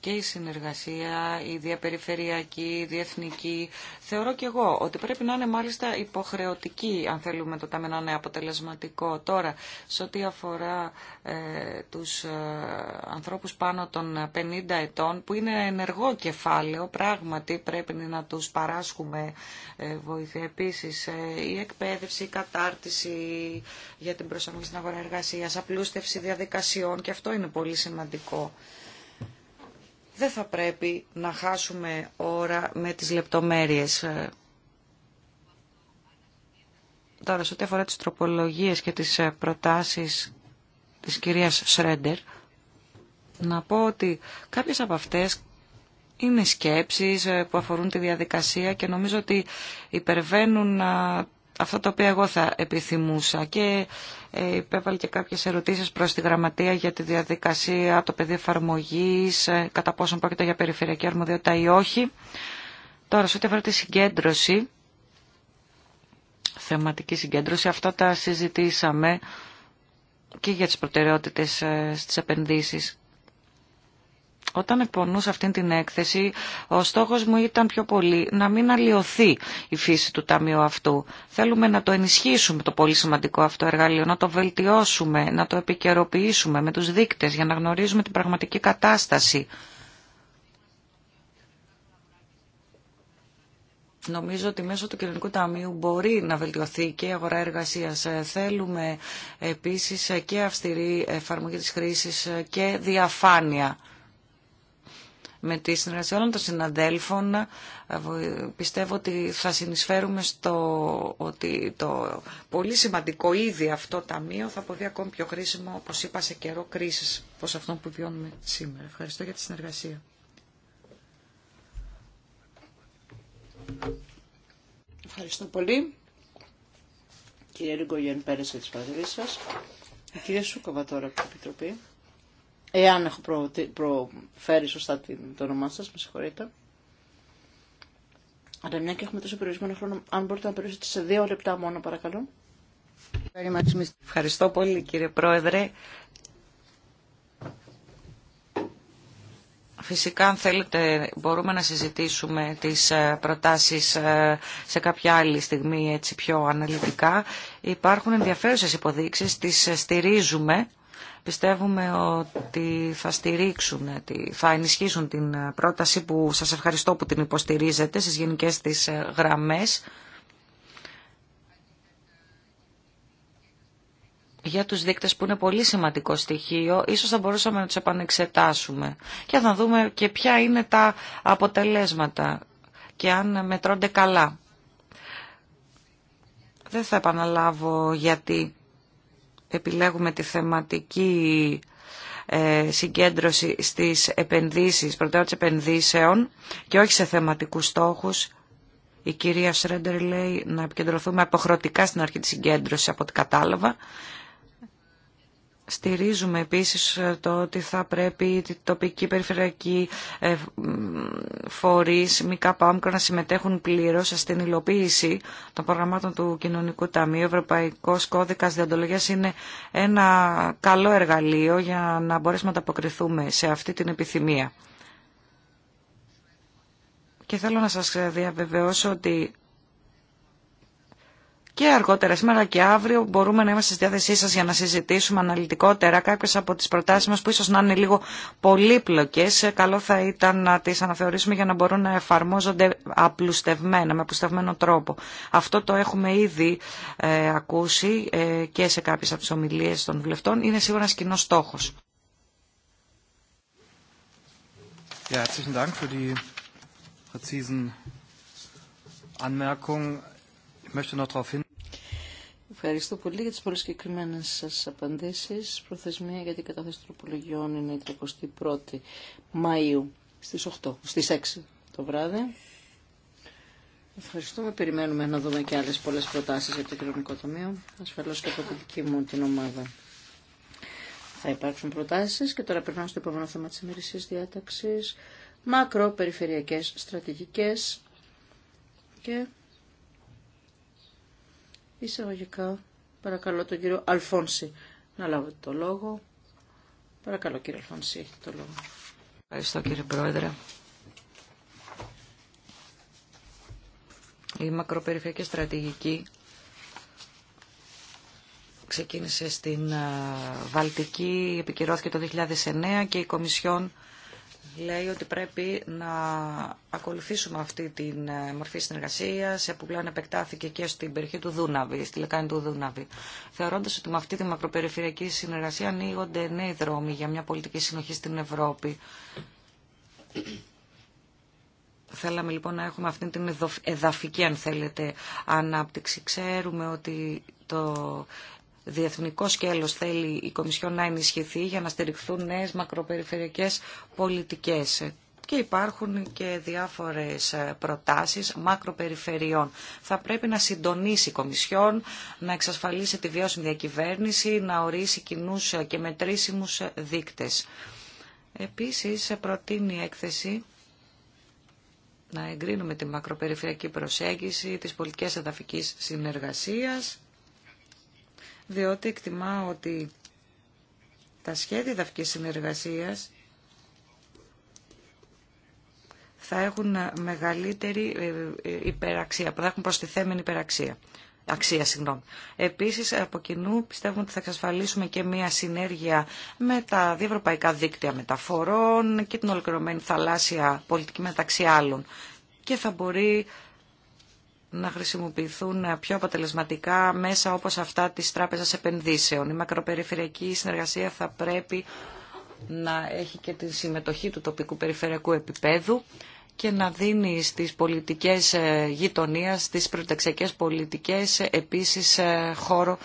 και η συνεργασία, η διαπεριφερειακή, η διεθνική. Θεωρώ και εγώ ότι πρέπει να είναι μάλιστα υποχρεωτική, αν θέλουμε το τάμενο να είναι αποτελεσματικό. Τώρα, σε ό,τι αφορά ε, τους ε, ανθρώπους πάνω των 50 ετών, που είναι ενεργό κεφάλαιο, πράγματι πρέπει να τους παράσχουμε ε, βοήθεια. Επίσης, ε, η εκπαίδευση, η κατάρτιση για την προσαρμογή στην αγορά εργασίας, απλούστευση διαδικασιών και αυτό είναι πολύ σημαντικό δεν θα πρέπει να χάσουμε ώρα με τις λεπτομέρειες. Ε, τώρα, σε ό,τι αφορά τις τροπολογίες και τις ε, προτάσεις της κυρίας Σρέντερ, να πω ότι κάποιες από αυτές είναι σκέψεις ε, που αφορούν τη διαδικασία και νομίζω ότι υπερβαίνουν αυτό το οποίο εγώ θα επιθυμούσα και ε, υπέβαλε και κάποιες ερωτήσεις προς τη γραμματεία για τη διαδικασία, το πεδίο εφαρμογή, ε, κατά πόσον πρόκειται για περιφερειακή αρμοδιότητα ή όχι. Τώρα, σε ό,τι αφορά τη συγκέντρωση, θεματική συγκέντρωση, αυτά τα συζητήσαμε και για τις προτεραιότητες ε, στις επενδύσεις. Όταν εκπονούσα αυτήν την έκθεση, ο στόχος μου ήταν πιο πολύ να μην αλλοιωθεί η φύση του Ταμείου αυτού. Θέλουμε να το ενισχύσουμε το πολύ σημαντικό αυτό εργαλείο, να το βελτιώσουμε, να το επικαιροποιήσουμε με τους δείκτες για να γνωρίζουμε την πραγματική κατάσταση. Νομίζω ότι μέσω του Κοινωνικού Ταμείου μπορεί να βελτιωθεί και η αγορά εργασία. Θέλουμε επίσης και αυστηρή εφαρμογή της χρήση και διαφάνεια με τη συνεργασία όλων των συναδέλφων πιστεύω ότι θα συνεισφέρουμε στο ότι το πολύ σημαντικό ήδη αυτό ταμείο θα αποδεί ακόμη πιο χρήσιμο, όπως είπα, σε καιρό κρίσης, όπως αυτό που βιώνουμε σήμερα. Ευχαριστώ για τη συνεργασία. Ευχαριστώ πολύ. Κύριε Ρίγκο Γιάννη Πέρες για τις παρατηρήσεις σας. Κύριε Σούκοβα τώρα από την Επιτροπή εάν έχω προφέρει σωστά το όνομά σα με συγχωρείτε. Αλλά μια και έχουμε τόσο περιορισμένο χρόνο, αν μπορείτε να περιορίσετε σε δύο λεπτά μόνο, παρακαλώ. Ευχαριστώ πολύ, κύριε Πρόεδρε. Φυσικά, αν θέλετε, μπορούμε να συζητήσουμε τις ε, προτάσεις ε, σε κάποια άλλη στιγμή, έτσι πιο αναλυτικά. Υπάρχουν ενδιαφέρουσες υποδείξεις, τις ε, στηρίζουμε πιστεύουμε ότι θα στηρίξουν, θα ενισχύσουν την πρόταση που σας ευχαριστώ που την υποστηρίζετε στις γενικές της γραμμές. για τους δείκτες που είναι πολύ σημαντικό στοιχείο, ίσως θα μπορούσαμε να τους επανεξετάσουμε και θα δούμε και ποια είναι τα αποτελέσματα και αν μετρώνται καλά. Δεν θα επαναλάβω γιατί επιλέγουμε τη θεματική ε, συγκέντρωση στις επενδύσεις, προτεραιότητες επενδύσεων και όχι σε θεματικούς στόχους. Η κυρία Σρέντερ λέει να επικεντρωθούμε αποχρωτικά στην αρχή της συγκέντρωσης από ό,τι κατάλαβα Στηρίζουμε επίσης ε, το ότι θα πρέπει οι τοπικοί περιφερειακοί ε, φορείς, μη καπάμικρο, να συμμετέχουν πλήρως στην υλοποίηση των προγραμμάτων του Κοινωνικού Ταμείου. Ο Ευρωπαϊκός Κώδικας Διοντολογίας είναι ένα καλό εργαλείο για να μπορέσουμε να αποκριθούμε σε αυτή την επιθυμία. Και θέλω να σας διαβεβαιώσω ότι και αργότερα σήμερα και αύριο μπορούμε να είμαστε στη διάθεσή σας για να συζητήσουμε αναλυτικότερα κάποιες από τις προτάσεις μας που ίσως να είναι λίγο πολύπλοκες. Καλό θα ήταν να τις αναθεωρήσουμε για να μπορούν να εφαρμόζονται απλουστευμένα, με απλουστευμένο τρόπο. Αυτό το έχουμε ήδη ε, ακούσει ε, και σε κάποιες από τις ομιλίες των βουλευτών. Είναι σίγουρα ένας κοινός στόχος. Ja, herzlichen Dank für die präzisen Anmerkungen. Ich möchte Ευχαριστώ πολύ για τις πολύ συγκεκριμένε σας απαντήσεις. Προθεσμία για την κατάθεση τροπολογιών είναι η 31η Μαΐου στις 8, στις 6 το βράδυ. Ευχαριστούμε. Περιμένουμε να δούμε και άλλες πολλές προτάσεις για το κοινωνικό τομείο. Ασφαλώς και από τη δική μου την ομάδα. Θα υπάρξουν προτάσεις και τώρα περνάω στο επόμενο θέμα της ημερησίας διάταξης. Μακροπεριφερειακές στρατηγικές και Εισαγωγικά παρακαλώ τον κύριο Αλφόνση να λάβετε το λόγο. Παρακαλώ κύριε Αλφόνση, έχετε το λόγο. Ευχαριστώ κύριε Πρόεδρε. Η μακροπεριφερειακή στρατηγική ξεκίνησε στην ε, Βαλτική, επικυρώθηκε το 2009 και η Κομισιόν λέει ότι πρέπει να ακολουθήσουμε αυτή τη ε, μορφή συνεργασία ε, που πλέον επεκτάθηκε και στην περιοχή του Δούναβη, στη λεκάνη του Δούναβη. Θεωρώντα ότι με αυτή τη μακροπεριφερειακή συνεργασία ανοίγονται νέοι δρόμοι για μια πολιτική συνοχή στην Ευρώπη. Θέλαμε λοιπόν να έχουμε αυτή την εδαφική, αν θέλετε, ανάπτυξη. Ξέρουμε ότι το διεθνικό σκέλο θέλει η Κομισιόν να ενισχυθεί για να στηριχθούν νέε μακροπεριφερειακές πολιτικές και υπάρχουν και διάφορες προτάσεις μακροπεριφερειών. Θα πρέπει να συντονίσει η Κομισιόν, να εξασφαλίσει τη βιώσιμη διακυβέρνηση, να ορίσει κοινού και μετρήσιμους δείκτες. Επίσης, προτείνει η έκθεση να εγκρίνουμε τη μακροπεριφερειακή προσέγγιση της πολιτικής εδαφικής συνεργασίας διότι εκτιμά ότι τα σχέδια δαυκής συνεργασίας θα έχουν μεγαλύτερη ε, ε, υπεραξία, θα έχουν προστιθέμενη υπεραξία. Αξία, συγγνώμη. Επίσης, από κοινού πιστεύουμε ότι θα εξασφαλίσουμε και μια συνέργεια με τα διευρωπαϊκά δίκτυα μεταφορών και την ολοκληρωμένη θαλάσσια πολιτική μεταξύ άλλων. Και θα μπορεί να χρησιμοποιηθούν πιο αποτελεσματικά μέσα όπως αυτά της Τράπεζας Επενδύσεων. Η μακροπεριφερειακή συνεργασία θα πρέπει να έχει και τη συμμετοχή του τοπικού περιφερειακού επίπεδου και να δίνει στις πολιτικές ε, γειτονίας, στις προτεξιακές πολιτικές ε, επίσης ε, χώρο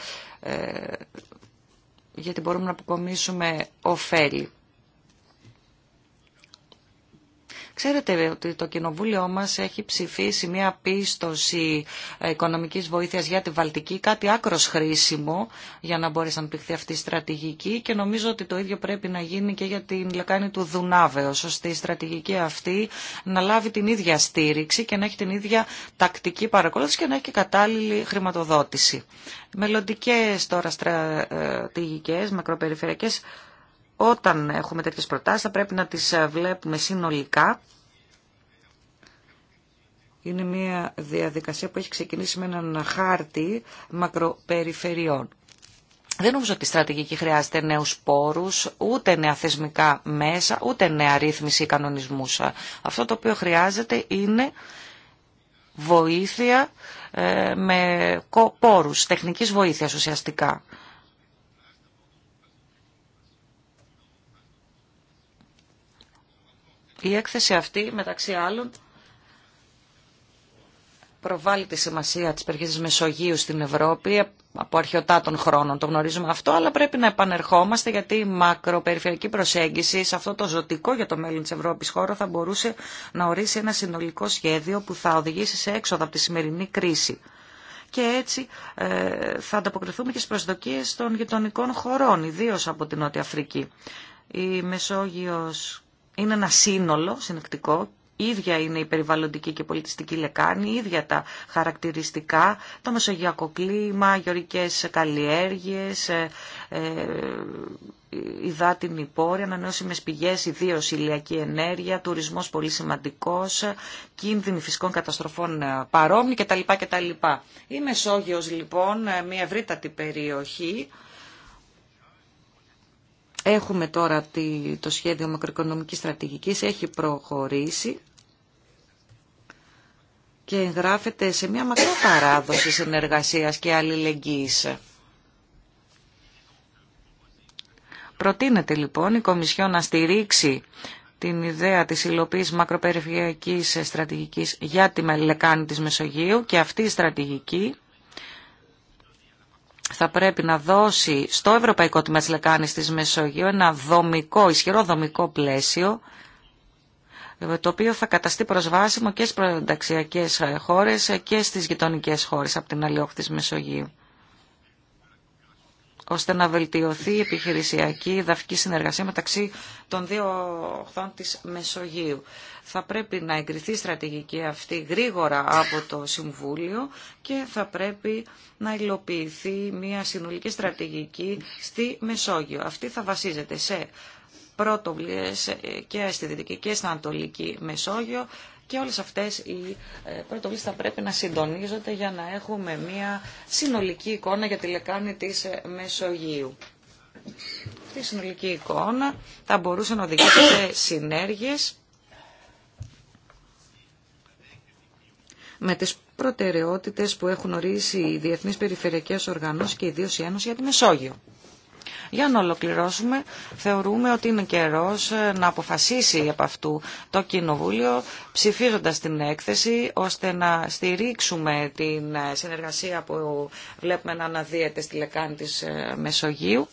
γιατί μπορούμε να αποκομίσουμε ωφέλη. Ξέρετε ότι το Κοινοβούλιο μας έχει ψηφίσει μια πίστοση οικονομικής βοήθειας για τη Βαλτική, κάτι άκρος χρήσιμο για να μπορέσει να πηχθεί αυτή η στρατηγική και νομίζω ότι το ίδιο πρέπει να γίνει και για την λεκάνη του Δουνάβεως, ώστε η στρατηγική αυτή να λάβει την ίδια στήριξη και να έχει την ίδια τακτική παρακολούθηση και να έχει και κατάλληλη χρηματοδότηση. Μελλοντικές τώρα ε, ε, στρατηγικές, μακροπεριφερειακές όταν έχουμε τέτοιες προτάσεις θα πρέπει να τις ε, βλέπουμε συνολικά. Είναι μια διαδικασία που έχει ξεκινήσει με έναν χάρτη μακροπεριφερειών. Δεν νομίζω ότι η στρατηγική χρειάζεται νέου πόρους, ούτε νέα θεσμικά μέσα, ούτε νέα ρύθμιση κανονισμού. Αυτό το οποίο χρειάζεται είναι βοήθεια ε, με πόρους, τεχνικής βοήθεια ουσιαστικά. Η έκθεση αυτή, μεταξύ άλλων, προβάλλει τη σημασία της περιοχής της Μεσογείου στην Ευρώπη από αρχαιοτά των χρόνων, το γνωρίζουμε αυτό, αλλά πρέπει να επανερχόμαστε γιατί η μακροπεριφερειακή προσέγγιση σε αυτό το ζωτικό για το μέλλον της Ευρώπης χώρο θα μπορούσε να ορίσει ένα συνολικό σχέδιο που θα οδηγήσει σε έξοδο από τη σημερινή κρίση. Και έτσι ε, θα ανταποκριθούμε και στις προσδοκίες των γειτονικών χωρών, ιδίως από την Νότια Αφρική. Η Μεσόγειος είναι ένα σύνολο συνεκτικό. Ίδια είναι η περιβαλλοντική και πολιτιστική λεκάνη, ίδια τα χαρακτηριστικά, το μεσογειακό κλίμα, γεωρικές καλλιέργειες, ε, υδάτινη ε, πόρη, ανανεώσιμες πηγές, ιδίως ηλιακή ενέργεια, τουρισμός πολύ σημαντικός, κίνδυνοι φυσικών καταστροφών ε, παρόμοιοι κτλ. κτλ. Η Μεσόγειος λοιπόν, ε, μια ευρύτατη περιοχή, Έχουμε τώρα το σχέδιο μακροοικονομικής στρατηγικής, έχει προχωρήσει και εγγράφεται σε μια μακρά παράδοση συνεργασίας και αλληλεγγύης. Προτείνεται λοιπόν η Κομισιό να στηρίξει την ιδέα της υλοποίησης μακροπεριφερειακής στρατηγικής για τη Μελεκάνη της Μεσογείου και αυτή η στρατηγική θα πρέπει να δώσει στο Ευρωπαϊκό Τμήμα της Λεκάνης της Μεσογείου ένα δομικό, ισχυρό δομικό πλαίσιο το οποίο θα καταστεί προσβάσιμο και στις προενταξιακές χώρες και στις γειτονικές χώρες από την αλλιόχθη της Μεσογείου ώστε να βελτιωθεί η επιχειρησιακή δαφική συνεργασία μεταξύ των δύο οχθών της Μεσογείου. Θα πρέπει να εγκριθεί η στρατηγική αυτή γρήγορα από το Συμβούλιο και θα πρέπει να υλοποιηθεί μια συνολική στρατηγική στη Μεσόγειο. Αυτή θα βασίζεται σε πρώτο και στη Δυτική και στην Ανατολική Μεσόγειο και όλες αυτές οι ε, πρωτοβουλίες θα πρέπει να συντονίζονται για να έχουμε μια συνολική εικόνα για τη λεκάνη της ε, Μεσογείου. Αυτή η συνολική εικόνα θα μπορούσε να οδηγήσει σε συνέργειες με τις προτεραιότητες που έχουν ορίσει οι διεθνείς περιφερειακές οργανώσεις και ιδίως η Ένωση για τη Μεσόγειο. Για να ολοκληρώσουμε, θεωρούμε ότι είναι καιρός ε, να αποφασίσει από αυτού το Κοινοβούλιο, ψηφίζοντας την έκθεση, ώστε να στηρίξουμε την ε, συνεργασία που βλέπουμε να αναδύεται στη λεκάνη της ε, Μεσογείου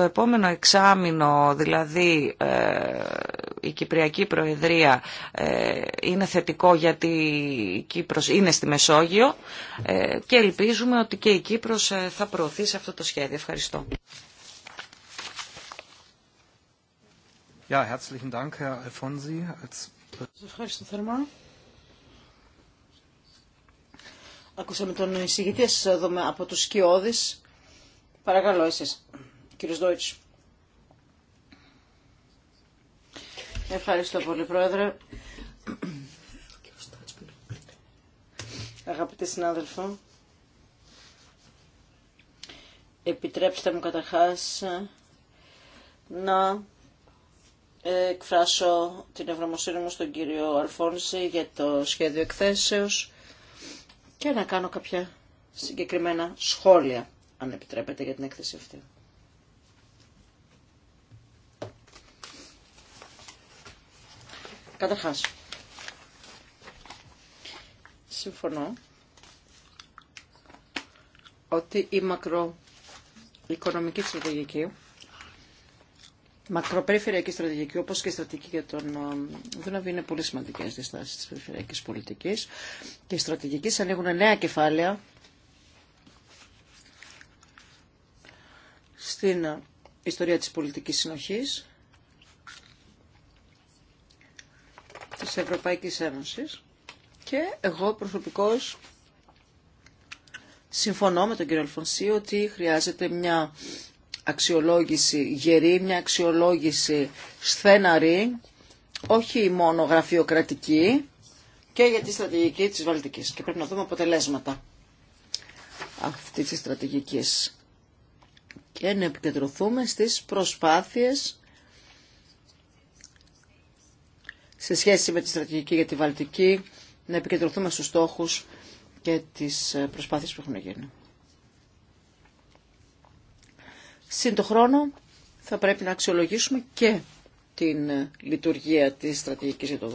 το επόμενο εξάμεινο, δηλαδή ε, η Κυπριακή Προεδρία ε, είναι θετικό γιατί η Κύπρος είναι στη Μεσόγειο ε, και ελπίζουμε ότι και η Κύπρος θα προωθήσει αυτό το σχέδιο. Ευχαριστώ. Ευχαριστώ θερμά. Ακούσαμε τον εισηγητή, σας από τους Σκιώδης. Παρακαλώ εσείς. Κύριος Δόιτς. Ευχαριστώ πολύ, Πρόεδρε. Αγαπητοί συνάδελφοι, επιτρέψτε μου καταρχάς να εκφράσω την ευγνωμοσύνη μου στον κύριο Αλφόνση για το σχέδιο εκθέσεως και να κάνω κάποια συγκεκριμένα σχόλια, αν επιτρέπετε, για την έκθεση αυτή. Καταρχάς, συμφωνώ ότι η μακροοικονομική στρατηγική, μακροπεριφερειακή στρατηγική, όπως και η στρατηγική για τον ε, Δούναβη, είναι πολύ σημαντικές διστάσεις της περιφερειακής πολιτικής και οι στρατηγικές ανοίγουν νέα κεφάλαια στην ε, ιστορία της πολιτικής συνοχής της Ευρωπαϊκής Ένωσης και εγώ προσωπικώς συμφωνώ με τον κύριο Αλφονσί ότι χρειάζεται μια αξιολόγηση γερή, μια αξιολόγηση σθέναρη, όχι μόνο γραφειοκρατική και για τη στρατηγική της Βαλτικής. Και πρέπει να δούμε αποτελέσματα αυτής της στρατηγικής και να επικεντρωθούμε στις προσπάθειες σε σχέση με τη στρατηγική για τη Βαλτική, να επικεντρωθούμε στους στόχους και τις ε, προσπάθειες που έχουν γίνει. Συν το χρόνο θα πρέπει να αξιολογήσουμε και την ε, λειτουργία της στρατηγικής για το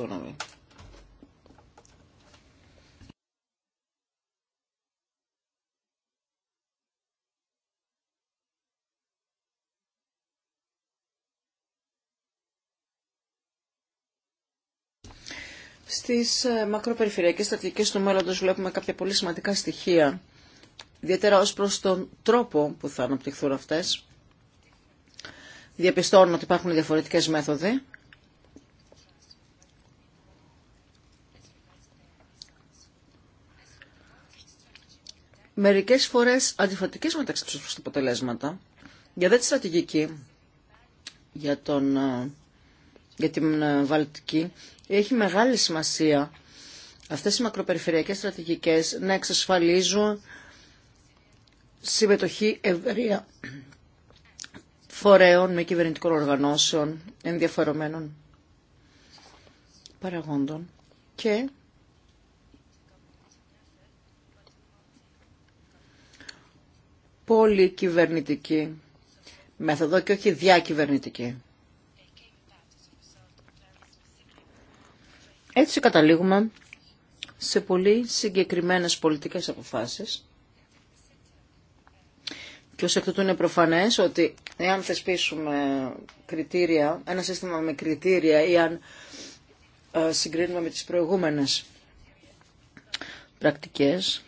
στις ε, μακροπεριφερειακές στρατηγικές του μέλλοντος βλέπουμε κάποια πολύ σημαντικά στοιχεία, ιδιαίτερα ως προς τον τρόπο που θα αναπτυχθούν αυτές. Διαπιστώνουμε ότι υπάρχουν διαφορετικές μέθοδοι. Μερικές φορές αντιφατικές μεταξύ τους αποτελέσματα. Για δε τη στρατηγική, για τον ε, για την ε, Βαλτική, έχει μεγάλη σημασία αυτές οι μακροπεριφερειακές στρατηγικές να εξασφαλίζουν συμμετοχή ευρεία φορέων με κυβερνητικών οργανώσεων, ενδιαφερομένων παραγόντων και πολυκυβερνητική μέθοδο και όχι διακυβερνητική. Έτσι καταλήγουμε σε πολύ συγκεκριμένες πολιτικές αποφάσεις και ως εκ τούτου είναι προφανές ότι εάν θεσπίσουμε κριτήρια, ένα σύστημα με κριτήρια ή αν ε, συγκρίνουμε με τις προηγούμενες πρακτικές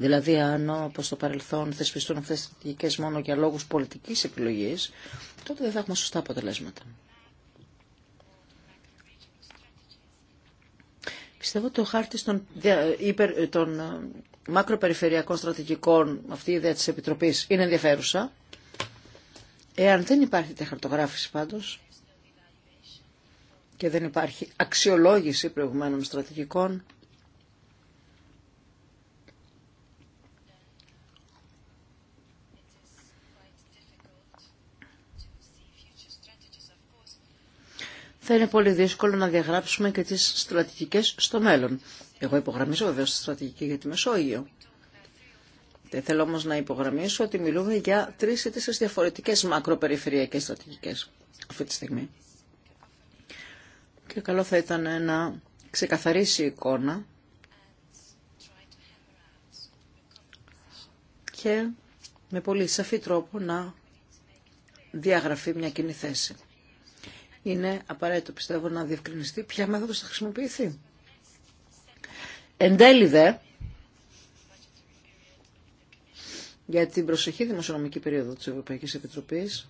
Δηλαδή, αν όπως στο παρελθόν θεσπιστούν αυτέ τι στρατηγικέ μόνο για λόγου πολιτική επιλογής, τότε δεν θα έχουμε σωστά αποτελέσματα. Πιστεύω ότι ο χάρτη των, υπερ, των ε, μακροπεριφερειακών στρατηγικών, αυτή η ιδέα τη Επιτροπής, είναι ενδιαφέρουσα. Εάν δεν υπάρχει χαρτογράφηση πάντω και δεν υπάρχει αξιολόγηση προηγουμένων στρατηγικών, θα είναι πολύ δύσκολο να διαγράψουμε και τις στρατηγικές στο μέλλον. Εγώ υπογραμμίζω βέβαια τη στρατηγική για τη Μεσόγειο. Δεν θέλω όμως να υπογραμμίσω ότι μιλούμε για τρεις ή τέσσερις διαφορετικές μακροπεριφερειακές στρατηγικές αυτή τη στιγμή. Και καλό θα ήταν να ξεκαθαρίσει η εικόνα και με πολύ σαφή τρόπο να διαγραφεί μια κοινή θέση είναι απαραίτητο πιστεύω να διευκρινιστεί ποια μέθοδος θα χρησιμοποιηθεί. Εν τέλει δε, για την προσεχή δημοσιονομική περίοδο της Ευρωπαϊκής Επιτροπής,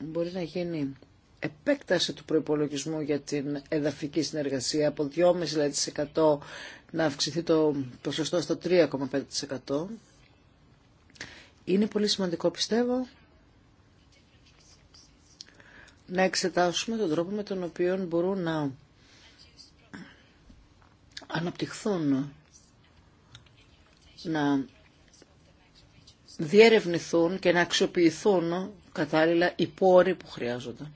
μπορεί να γίνει επέκταση του προϋπολογισμού για την εδαφική συνεργασία από 2,5% δηλαδή, να αυξηθεί το ποσοστό στο 3,5% είναι πολύ σημαντικό πιστεύω να εξετάσουμε τον τρόπο με τον οποίο μπορούν να αναπτυχθούν, να διερευνηθούν και να αξιοποιηθούν κατάλληλα οι πόροι που χρειάζονται.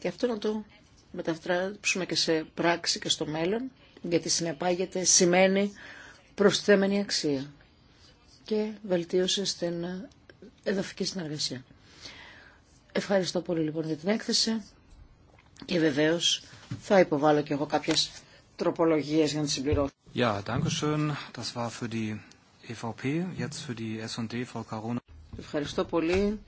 Και αυτό να το μεταφράσουμε και σε πράξη και στο μέλλον, γιατί συνεπάγεται, σημαίνει προσθέμενη αξία και βελτίωση στην εδαφική συνεργασία. Ευχαριστώ πολύ λοιπόν για την έκθεση και βεβαίως θα υποβάλω και εγώ κάποιες τροπολογίες για να τις συμπληρώσω. Ευχαριστώ πολύ.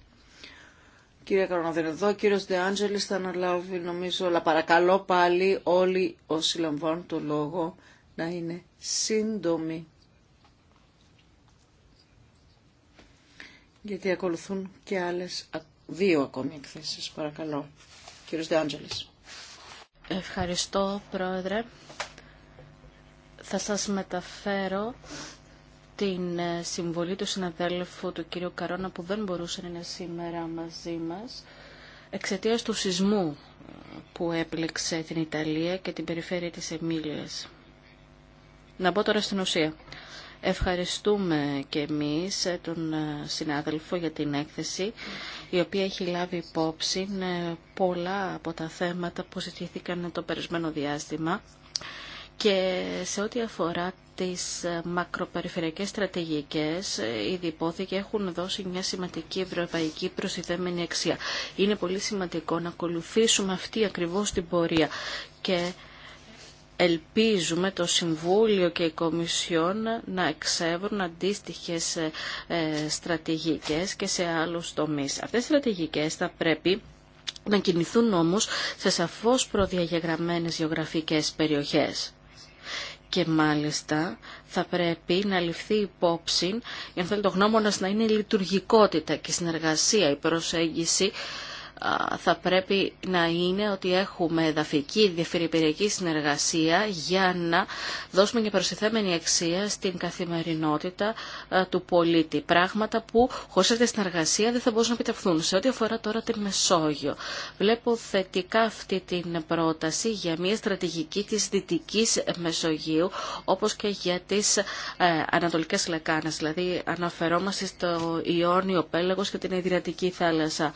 Κύριε Καρόνα εδώ. Κύριος Δε Άντζελης θα αναλάβει νομίζω, αλλά παρακαλώ πάλι όλοι όσοι λαμβάνουν το λόγο να είναι σύντομοι. γιατί ακολουθούν και άλλες δύο ακόμη εκθέσεις. Παρακαλώ. Κύριος Δεάντζελης. Ευχαριστώ, Πρόεδρε. Θα σας μεταφέρω την ε, συμβολή του συναδέλφου του κύριου Καρόνα που δεν μπορούσε να είναι σήμερα μαζί μας εξαιτίας του σεισμού ε, που έπλεξε την Ιταλία και την περιφέρεια της Εμίλιας. Να πω τώρα στην ουσία. Ευχαριστούμε και εμείς τον ε, συνάδελφο για την έκθεση, η οποία έχει λάβει υπόψη ε, πολλά από τα θέματα που συζητήθηκαν το περισμένο διάστημα και σε ό,τι αφορά τις ε, μακροπεριφερειακές στρατηγικές, οι υπόθηκε, έχουν δώσει μια σημαντική ευρωπαϊκή προσιδέμενη αξία. Είναι πολύ σημαντικό να ακολουθήσουμε αυτή ακριβώς την πορεία ελπίζουμε το Συμβούλιο και η Κομισιόν να εξεύρουν αντίστοιχες ε, στρατηγικές και σε άλλους τομείς. Αυτές οι στρατηγικές θα πρέπει να κινηθούν όμως σε σαφώς προδιαγεγραμμένες γεωγραφικές περιοχές. Και μάλιστα θα πρέπει να ληφθεί υπόψη, για να θέλει το να είναι η λειτουργικότητα και η συνεργασία, η προσέγγιση θα πρέπει να είναι ότι έχουμε εδαφική διαφυριπηριακή συνεργασία για να δώσουμε και προστιθέμενη αξία στην καθημερινότητα του πολίτη. Πράγματα που χωρίς αυτή τη συνεργασία δεν θα μπορούσαν να επιτευχθούν. Σε ό,τι αφορά τώρα τη Μεσόγειο, βλέπω θετικά αυτή την πρόταση για μια στρατηγική της δυτική Μεσογείου, όπως και για τις ε, Ανατολικές Λεκάνες. Δηλαδή αναφερόμαστε στο Ιόνιο Πέλαγος και την Ιδρυατική Θάλασσα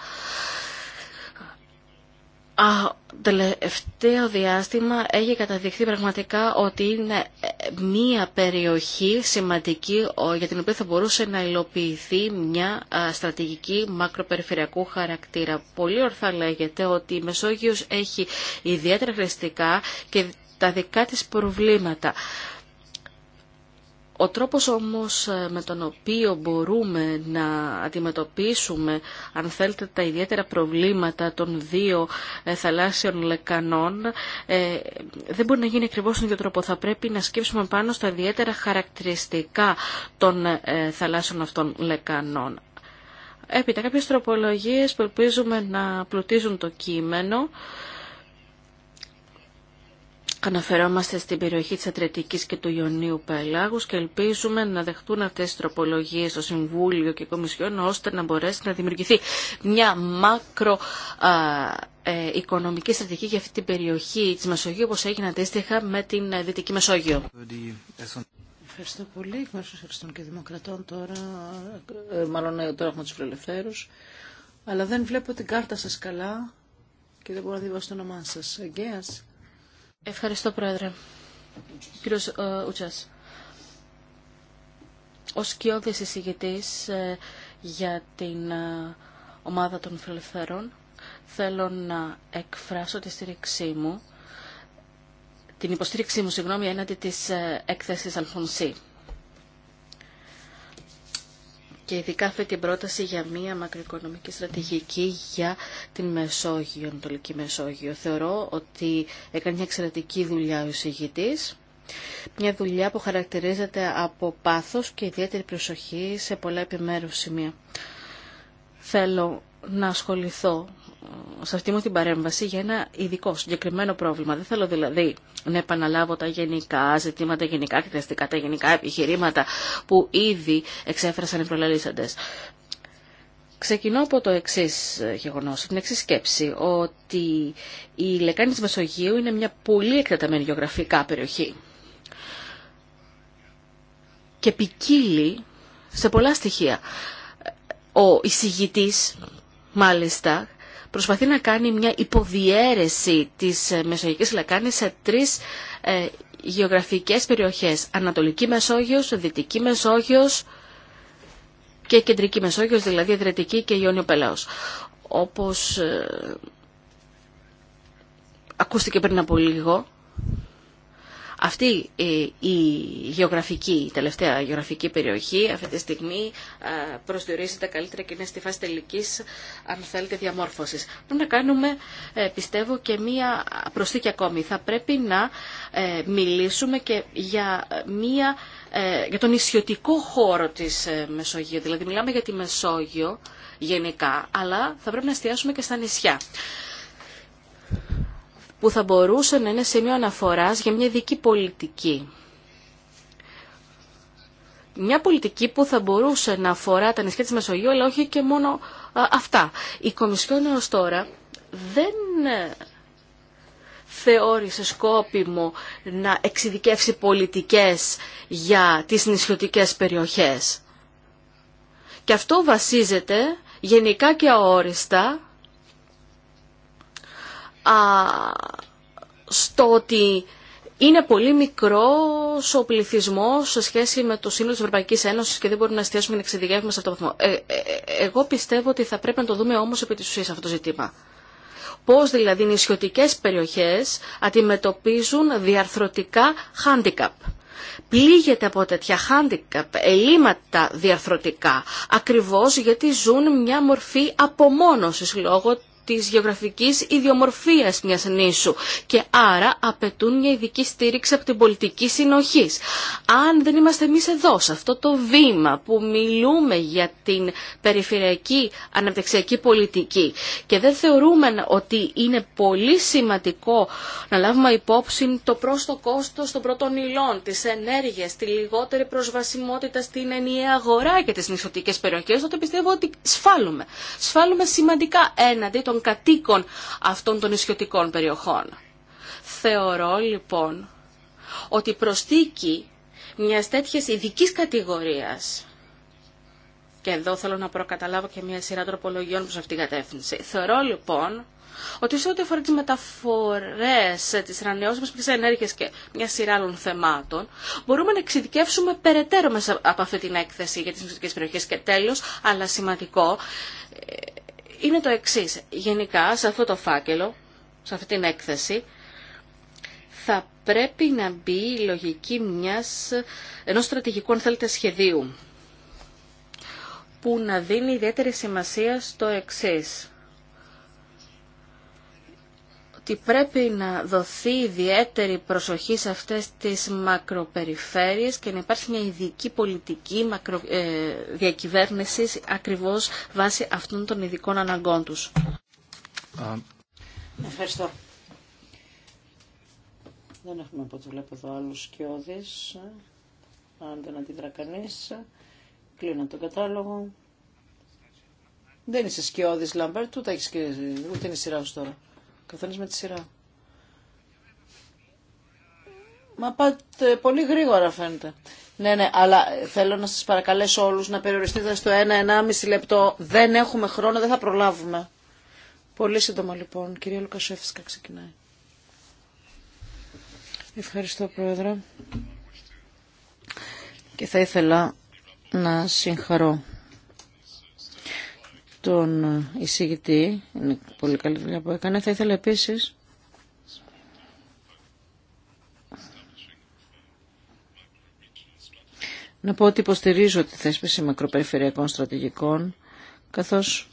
α, τελευταίο διάστημα έχει καταδειχθεί πραγματικά ότι είναι ε, μία περιοχή σημαντική για την οποία θα μπορούσε να υλοποιηθεί μια στρατηγική μακροπεριφερειακού χαρακτήρα. Πολύ ορθά λέγεται ότι η Μεσόγειος έχει ιδιαίτερα χρηστικά και τα δικά της προβλήματα. Ο τρόπος όμως ε, με τον οποίο μπορούμε να αντιμετωπίσουμε, αν θέλετε, τα ιδιαίτερα προβλήματα των δύο ε, θαλάσσιων λεκανών ε, δεν μπορεί να γίνει ακριβώς τον ίδιο τρόπο. Θα πρέπει να σκύψουμε πάνω στα ιδιαίτερα χαρακτηριστικά των θαλάσσιων αυτών λεκανών. Έπειτα κάποιες τροπολογίες που ελπίζουμε να πλουτίζουν το κείμενο. Αναφερόμαστε στην περιοχή της Ατρετικής και του Ιωνίου Πελάγους και ελπίζουμε να δεχτούν αυτές τις τροπολογίες στο Συμβούλιο και Κομισιόν ώστε να μπορέσει να δημιουργηθεί μια μακρο ε, οικονομική στρατηγική για αυτή την περιοχή της Μεσογείου όπως έγινε αντίστοιχα με την ε, Δυτική Μεσόγειο. Ευχαριστώ πολύ. Ευχαριστώ ευχαριστώ και Δημοκρατών τώρα, ε, μάλλον ε, τώρα έχουμε τους φιλελευθέρους, αλλά δεν βλέπω την κάρτα σας καλά και δεν μπορώ να διαβάσω το όνομά σας. Αγκαίας. Ευχαριστώ, Πρόεδρε. Κύριος ε, Ούτσας, ως κοιόδης εισηγητής ε, για την ε, ομάδα των φιλελευθέρων, θέλω να εκφράσω τη στήριξή μου, την υποστήριξή μου, συγγνώμη, έναντι της έκθεσης Αλφονσή και ειδικά αυτή την πρόταση για μία μακροοικονομική στρατηγική για την Μεσόγειο, Ανατολική Μεσόγειο. Θεωρώ ότι έκανε μια εξαιρετική δουλειά ο εισηγητής. Μια δουλειά που χαρακτηρίζεται από πάθος και ιδιαίτερη προσοχή σε πολλά επιμέρους σημεία. Θέλω να ασχοληθώ σε αυτή μου την παρέμβαση για ένα ειδικό συγκεκριμένο πρόβλημα. Δεν θέλω δηλαδή να επαναλάβω τα γενικά ζητήματα, γενικά εκτεστικά, τα γενικά επιχειρήματα που ήδη εξέφρασαν οι προλαλήσαντες. Ξεκινώ από το εξή γεγονό, την εξή σκέψη, ότι η λεκάνη τη Μεσογείου είναι μια πολύ εκτεταμένη γεωγραφικά περιοχή και ποικίλει σε πολλά στοιχεία. Ο εισηγητή, μάλιστα, προσπαθεί να κάνει μια υποδιέρεση της Μεσογειακής Λακάνης σε τρεις ε, γεωγραφικές περιοχές. Ανατολική Μεσόγειος, Δυτική Μεσόγειος και Κεντρική Μεσόγειος, δηλαδή Εδρετική και Ιόνιο Πελαός. Όπως ε, ακούστηκε πριν από λίγο, αυτή ε, η γεωγραφική, τελευταία γεωγραφική περιοχή αυτή τη στιγμή ε, προσδιορίζει τα καλύτερα και είναι στη φάση τελικής, αν θέλετε, διαμόρφωσης. Πρέπει να κάνουμε, ε, πιστεύω, και μία προσθήκη ακόμη. Θα πρέπει να μιλήσουμε και για μία για τον ισιωτικό χώρο της Μεσογείου. Δηλαδή μιλάμε για τη Μεσόγειο γενικά, αλλά θα πρέπει να εστιάσουμε και στα νησιά που θα μπορούσε να είναι σημείο αναφοράς για μια ειδική πολιτική. Μια πολιτική που θα μπορούσε να αφορά τα νησιά της Μεσογείου, αλλά όχι και μόνο αυτά. Η Κομισιόν έως τώρα δεν ε, θεώρησε σκόπιμο να εξειδικεύσει πολιτικές για τις νησιωτικές περιοχές. Και αυτό βασίζεται γενικά και αόριστα στο ότι είναι πολύ μικρό ο πληθυσμό σε σχέση με το σύνολο τη Ευρωπαϊκή Ένωση και δεν μπορούμε να εστιάσουμε να εξειδικεύουμε σε αυτό το βαθμό. Ε, ε, ε, εγώ πιστεύω ότι θα πρέπει να το δούμε όμω επί τη ουσία αυτό το ζήτημα. Πώ δηλαδή οι νησιωτικέ περιοχέ αντιμετωπίζουν διαρθρωτικά handicap. Πλήγεται από τέτοια handicap, ελλείμματα διαρθρωτικά, Ακριβώ γιατί ζουν μια μορφή απομόνωση λόγω της γεωγραφικής ιδιομορφίας μιας νήσου και άρα απαιτούν μια ειδική στήριξη από την πολιτική συνοχή. Αν δεν είμαστε εμείς εδώ, σε αυτό το βήμα που μιλούμε για την περιφερειακή αναπτυξιακή πολιτική και δεν θεωρούμε ότι είναι πολύ σημαντικό να λάβουμε υπόψη το πρόστο κόστος των πρώτων υλών, της ενέργειας, τη λιγότερη προσβασιμότητα στην ενιαία αγορά και τις νησιωτικές περιοχές, τότε πιστεύω ότι σφάλουμε. Σφάλουμε σημαντικά έναντι των των κατοίκων αυτών των ισιωτικών περιοχών. Θεωρώ λοιπόν ότι η προστίκη μιας τέτοιας ειδικής κατηγορίας και εδώ θέλω να προκαταλάβω και μια σειρά τροπολογιών προς αυτήν την κατεύθυνση. Θεωρώ λοιπόν ότι σε ό,τι αφορά τι μεταφορέ, τι ανανεώσιμε πηγέ ενέργειας και μια σειρά άλλων θεμάτων, μπορούμε να εξειδικεύσουμε περαιτέρω μέσα από αυτή την έκθεση για τις μυστικέ περιοχές Και τέλος αλλά σημαντικό, είναι το εξή. Γενικά, σε αυτό το φάκελο, σε αυτή την έκθεση, θα πρέπει να μπει η λογική μιας, ενός στρατηγικού, αν θέλετε, σχεδίου, που να δίνει ιδιαίτερη σημασία στο εξής ότι πρέπει να δοθεί ιδιαίτερη προσοχή σε αυτές τις μακροπεριφέρειες και να υπάρχει μια ειδική πολιτική μακρο, ε, διακυβέρνησης ακριβώς βάσει αυτών των ειδικών αναγκών τους. Ευχαριστώ. Δεν έχουμε από το βλέπω εδώ άλλους σκιώδεις. Αν δεν αντιδρά κανείς, κλείνω τον κατάλογο. Δεν είσαι σκιώδης Λαμπέρτ, ούτε, έχεις, ούτε είναι σειρά τώρα καθένας με τη σειρά. Μα πάτε πολύ γρήγορα φαίνεται. Ναι, ναι, αλλά θέλω να σας παρακαλέσω όλους να περιοριστείτε στο ένα 15 λεπτό. Δεν έχουμε χρόνο, δεν θα προλάβουμε. Πολύ σύντομα λοιπόν. Κυρία Λουκασέφισκα ξεκινάει. Ευχαριστώ Πρόεδρε. Και θα ήθελα να συγχαρώ τον εισηγητή. Είναι πολύ καλή δουλειά που έκανε. Θα ήθελα επίσης να πω ότι υποστηρίζω τη θέσπιση μακροπεριφερειακών στρατηγικών, καθώς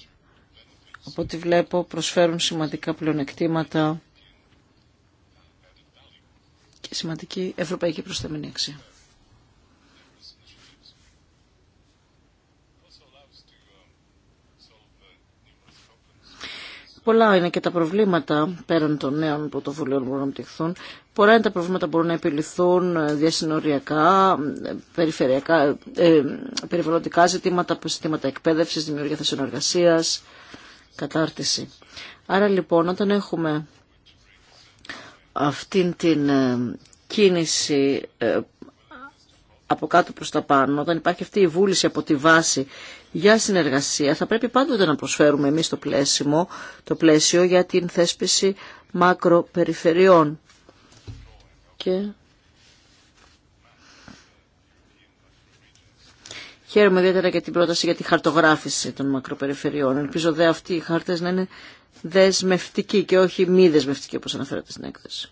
από ό,τι βλέπω προσφέρουν σημαντικά πλεονεκτήματα και σημαντική ευρωπαϊκή προσταμινή αξία. Πολλά είναι και τα προβλήματα πέραν των νέων πρωτοβουλίων που μπορούν να αναπτυχθούν. Πολλά είναι τα προβλήματα που μπορούν να επιληθούν ε, διασυνοριακά, ε, περιφερειακά, ε, περιβαλλοντικά ζητήματα, ζητήματα εκπαίδευση, δημιουργία θέσεων κατάρτιση. Άρα λοιπόν όταν έχουμε αυτήν την ε, κίνηση από κάτω προς τα πάνω, όταν υπάρχει αυτή η βούληση από τη βάση για συνεργασία, θα πρέπει πάντοτε να προσφέρουμε εμείς το πλαίσιο, το πλαίσιο για την θέσπιση μακροπεριφερειών. Και... Χαίρομαι ιδιαίτερα για την πρόταση για τη χαρτογράφηση των μακροπεριφερειών. Ελπίζω δε αυτοί οι χάρτες να είναι δεσμευτικοί και όχι μη δεσμευτικοί όπως αναφέρατε στην έκθεση.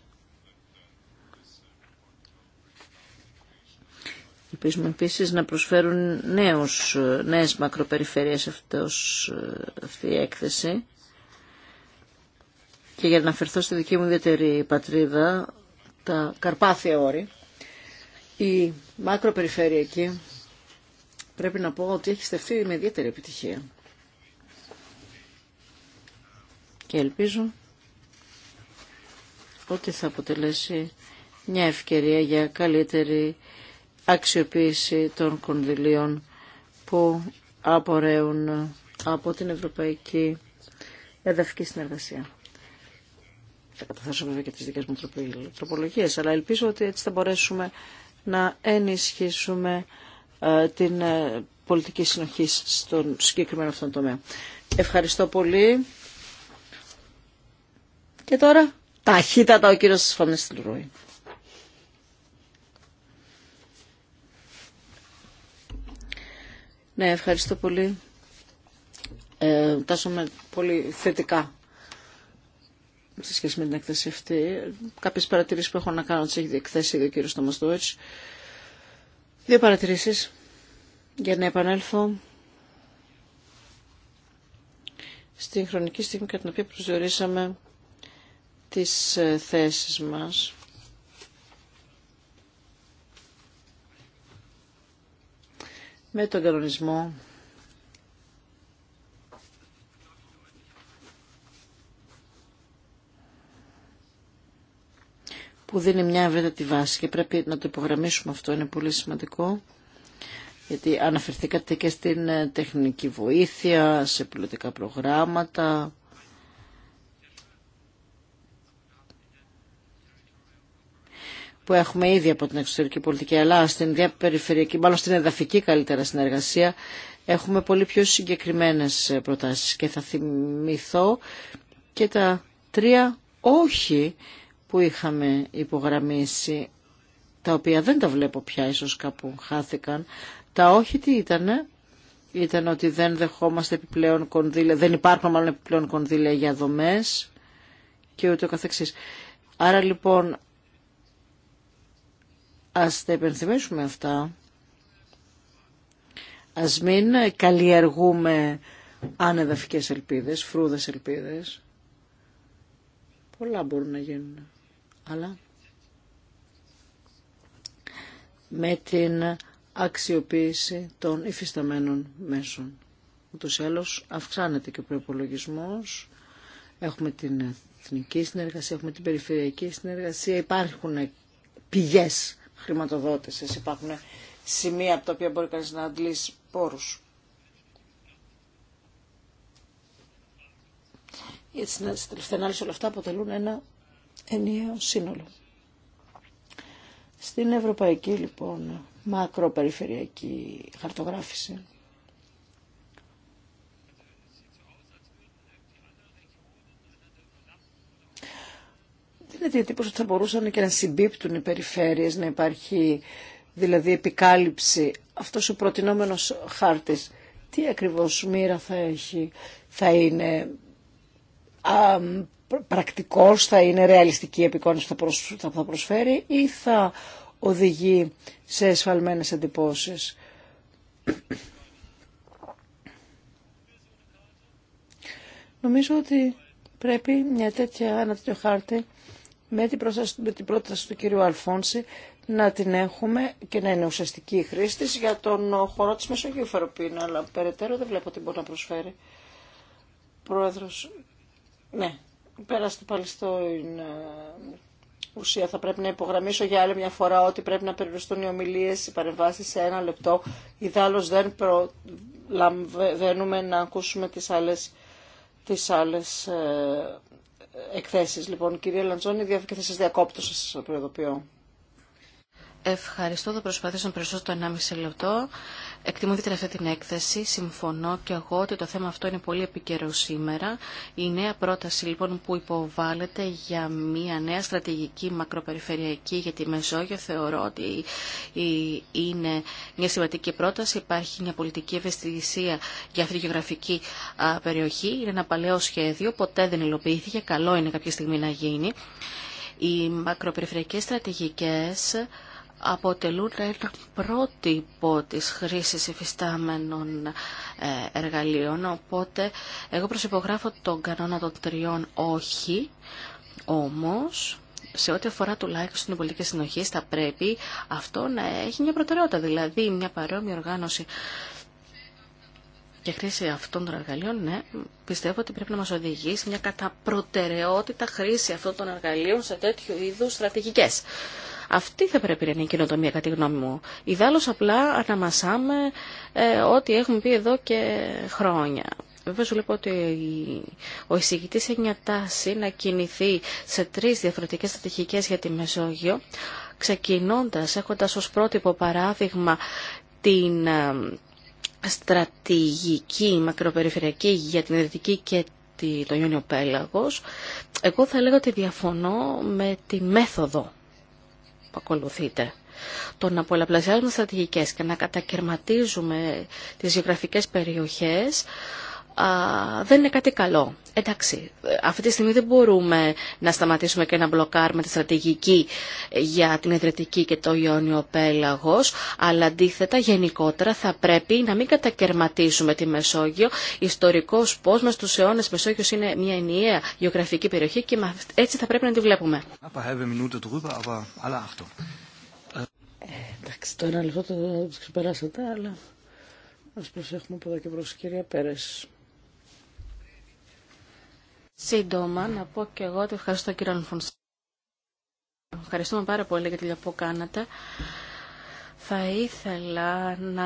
Ελπίζουμε επίση να προσφέρουν νέους, νέες μακροπεριφέρειες αυτός, αυτή η έκθεση. Και για να αφαιρθώ στη δική μου ιδιαίτερη πατρίδα, τα Καρπάθια όρη, η μακροπεριφέρεια πρέπει να πω ότι έχει στεφθεί με ιδιαίτερη επιτυχία. Και ελπίζω ότι θα αποτελέσει μια ευκαιρία για καλύτερη αξιοποίηση των κονδυλίων που απορρέουν από την Ευρωπαϊκή Εδαφική Συνεργασία. Θα καταθέσω βέβαια και τις δικές μου τροπολογίες, αλλά ελπίζω ότι έτσι θα μπορέσουμε να ενισχύσουμε ε, την ε, πολιτική συνοχή στον συγκεκριμένο αυτόν τομέα. Ευχαριστώ πολύ. Και τώρα ταχύτατα ο κύριος Σφανής Ρούι. Ναι, ευχαριστώ πολύ. Ε, τάσομαι πολύ θετικά σε σχέση με την εκθέση αυτή. Κάποιες παρατηρήσεις που έχω να κάνω τις έχει εκθέσει ήδη ο κύριος Τόμας Δόιτς. Δύο παρατηρήσεις για να επανέλθω στην χρονική στιγμή κατά την οποία προσδιορίσαμε τις ε, θέσεις μας. με τον κανονισμό που δίνει μια ευρύτατη βάση και πρέπει να το υπογραμμίσουμε αυτό, είναι πολύ σημαντικό γιατί αναφερθήκατε και στην τεχνική βοήθεια, σε πολιτικά προγράμματα, που έχουμε ήδη από την εξωτερική πολιτική, αλλά στην διαπεριφερειακή, μάλλον στην εδαφική καλύτερα συνεργασία, έχουμε πολύ πιο συγκεκριμένες προτάσεις. Και θα θυμηθώ και τα τρία όχι που είχαμε υπογραμμίσει, τα οποία δεν τα βλέπω πια, ίσως κάπου χάθηκαν. Τα όχι τι ήτανε, ήταν ότι δεν δεχόμαστε επιπλέον κονδύλια, δεν υπάρχουν μάλλον επιπλέον κονδύλια για δομές και ούτω καθεξής. Άρα λοιπόν Ας τα υπενθυμίσουμε αυτά. Ας μην καλλιεργούμε ανεδαφικές ελπίδες, φρούδες ελπίδες. Πολλά μπορούν να γίνουν. Αλλά με την αξιοποίηση των υφισταμένων μέσων. Ούτως ή άλλως αυξάνεται και ο προπολογισμό. Έχουμε την εθνική συνεργασία, έχουμε την περιφερειακή συνεργασία. Υπάρχουν πηγές χρηματοδότησης. Υπάρχουν σημεία από τα οποία μπορεί κανείς να αντλήσει πόρους. Έτσι, να τελευταία όλα αυτά αποτελούν ένα ενιαίο σύνολο. Στην ευρωπαϊκή, λοιπόν, μακροπεριφερειακή χαρτογράφηση είναι η εντύπωση ότι θα μπορούσαν και να συμπίπτουν οι περιφέρειες, να υπάρχει δηλαδή επικάλυψη. Αυτός ο προτινόμενος χάρτης, τι ακριβώς μοίρα θα έχει, θα είναι α, πρακτικός, θα είναι ρεαλιστική επικόνηση που θα προσφέρει ή θα οδηγεί σε εσφαλμένες εντυπώσεις. Νομίζω ότι πρέπει μια τέτοια, ένα τέτοιο χάρτη με την, με την πρόταση του κύριου Αλφόνση να την έχουμε και να είναι ουσιαστική η για τον ε, χώρο της Μεσογείου Φεροπίνα, αλλά περαιτέρω δεν βλέπω τι μπορεί να προσφέρει. Πρόεδρος, ναι, πέραστε πάλι στο ε, ουσία θα πρέπει να υπογραμμίσω για άλλη μια φορά ότι πρέπει να περιοριστούν οι ομιλίες, οι παρεμβάσει σε ένα λεπτό. Ιδάλω δεν προλαμβαίνουμε να ακούσουμε τι άλλε τις τις ε, εκθέσεις. Λοιπόν, κυρία Λαντζόνη, και θα σας διακόπτω, σας Ευχαριστώ. Θα προσπαθήσω να περισσότερο το 1,5 λεπτό. Εκτιμώ ιδιαίτερα αυτή την έκθεση. Συμφωνώ και εγώ ότι το θέμα αυτό είναι πολύ επικαιρό σήμερα. Η νέα πρόταση λοιπόν που υποβάλλεται για μια νέα στρατηγική μακροπεριφερειακή για τη Μεσόγειο θεωρώ ότι είναι μια σημαντική πρόταση. Υπάρχει μια πολιτική ευαισθησία για αυτή τη γεωγραφική περιοχή. Είναι ένα παλαιό σχέδιο, ποτέ δεν υλοποιήθηκε. Καλό είναι κάποια στιγμή να γίνει. Οι μακροπεριφερειακές στρατηγικές αποτελούν ένα πρότυπο της χρήσης εφιστάμενων ε, εργαλείων, οπότε εγώ προσυπογράφω τον κανόνα των τριών όχι, όμως σε ό,τι αφορά τουλάχιστον την πολιτική συνοχή θα πρέπει αυτό να έχει μια προτεραιότητα, δηλαδή μια παρόμοια οργάνωση και χρήση αυτών των εργαλείων, ναι, πιστεύω ότι πρέπει να μας οδηγήσει μια κατά προτεραιότητα χρήση αυτών των εργαλείων σε τέτοιου είδους στρατηγικές. Αυτή θα πρέπει να είναι η κοινοτομία, κατά τη γνώμη μου. Ιδάλω απλά αναμασάμε ε, ό,τι έχουμε πει εδώ και χρόνια. Βέβαια σου λέω ότι ο εισηγητής έχει μια τάση να κινηθεί σε τρεις διαφορετικές στρατηγικές για τη Μεσόγειο, ξεκινώντας, έχοντας ως πρότυπο παράδειγμα την ε, στρατηγική μακροπεριφερειακή για την Ιδρυτική και το Ιούνιο Πέλαγος, εγώ θα λέγω ότι διαφωνώ με τη μέθοδο που ακολουθείτε. Το να πολλαπλασιάζουμε στρατηγικές και να κατακαιρματίζουμε τις γεωγραφικές περιοχές δεν είναι κάτι καλό. Εντάξει, αυτή τη στιγμή δεν μπορούμε να σταματήσουμε και να μπλοκάρουμε τη στρατηγική για την Εδρετική και το Ιόνιο Πέλαγος, αλλά αντίθετα γενικότερα θα πρέπει να μην κατακαιρματίσουμε τη Μεσόγειο. Ιστορικός πώς μας στους αιώνες Μεσόγειος είναι μια ενιαία γεωγραφική περιοχή και έτσι θα πρέπει να τη βλέπουμε. Εντάξει, το ένα λεπτό το ξεπεράσατε, αλλά ας προσέχουμε από εδώ και προς κυρία Πέρες. Σύντομα, να πω και εγώ ότι ευχαριστώ κύριο Αλφονσέ. Ευχαριστούμε πάρα πολύ για τη δουλειά που κάνατε. Θα ήθελα να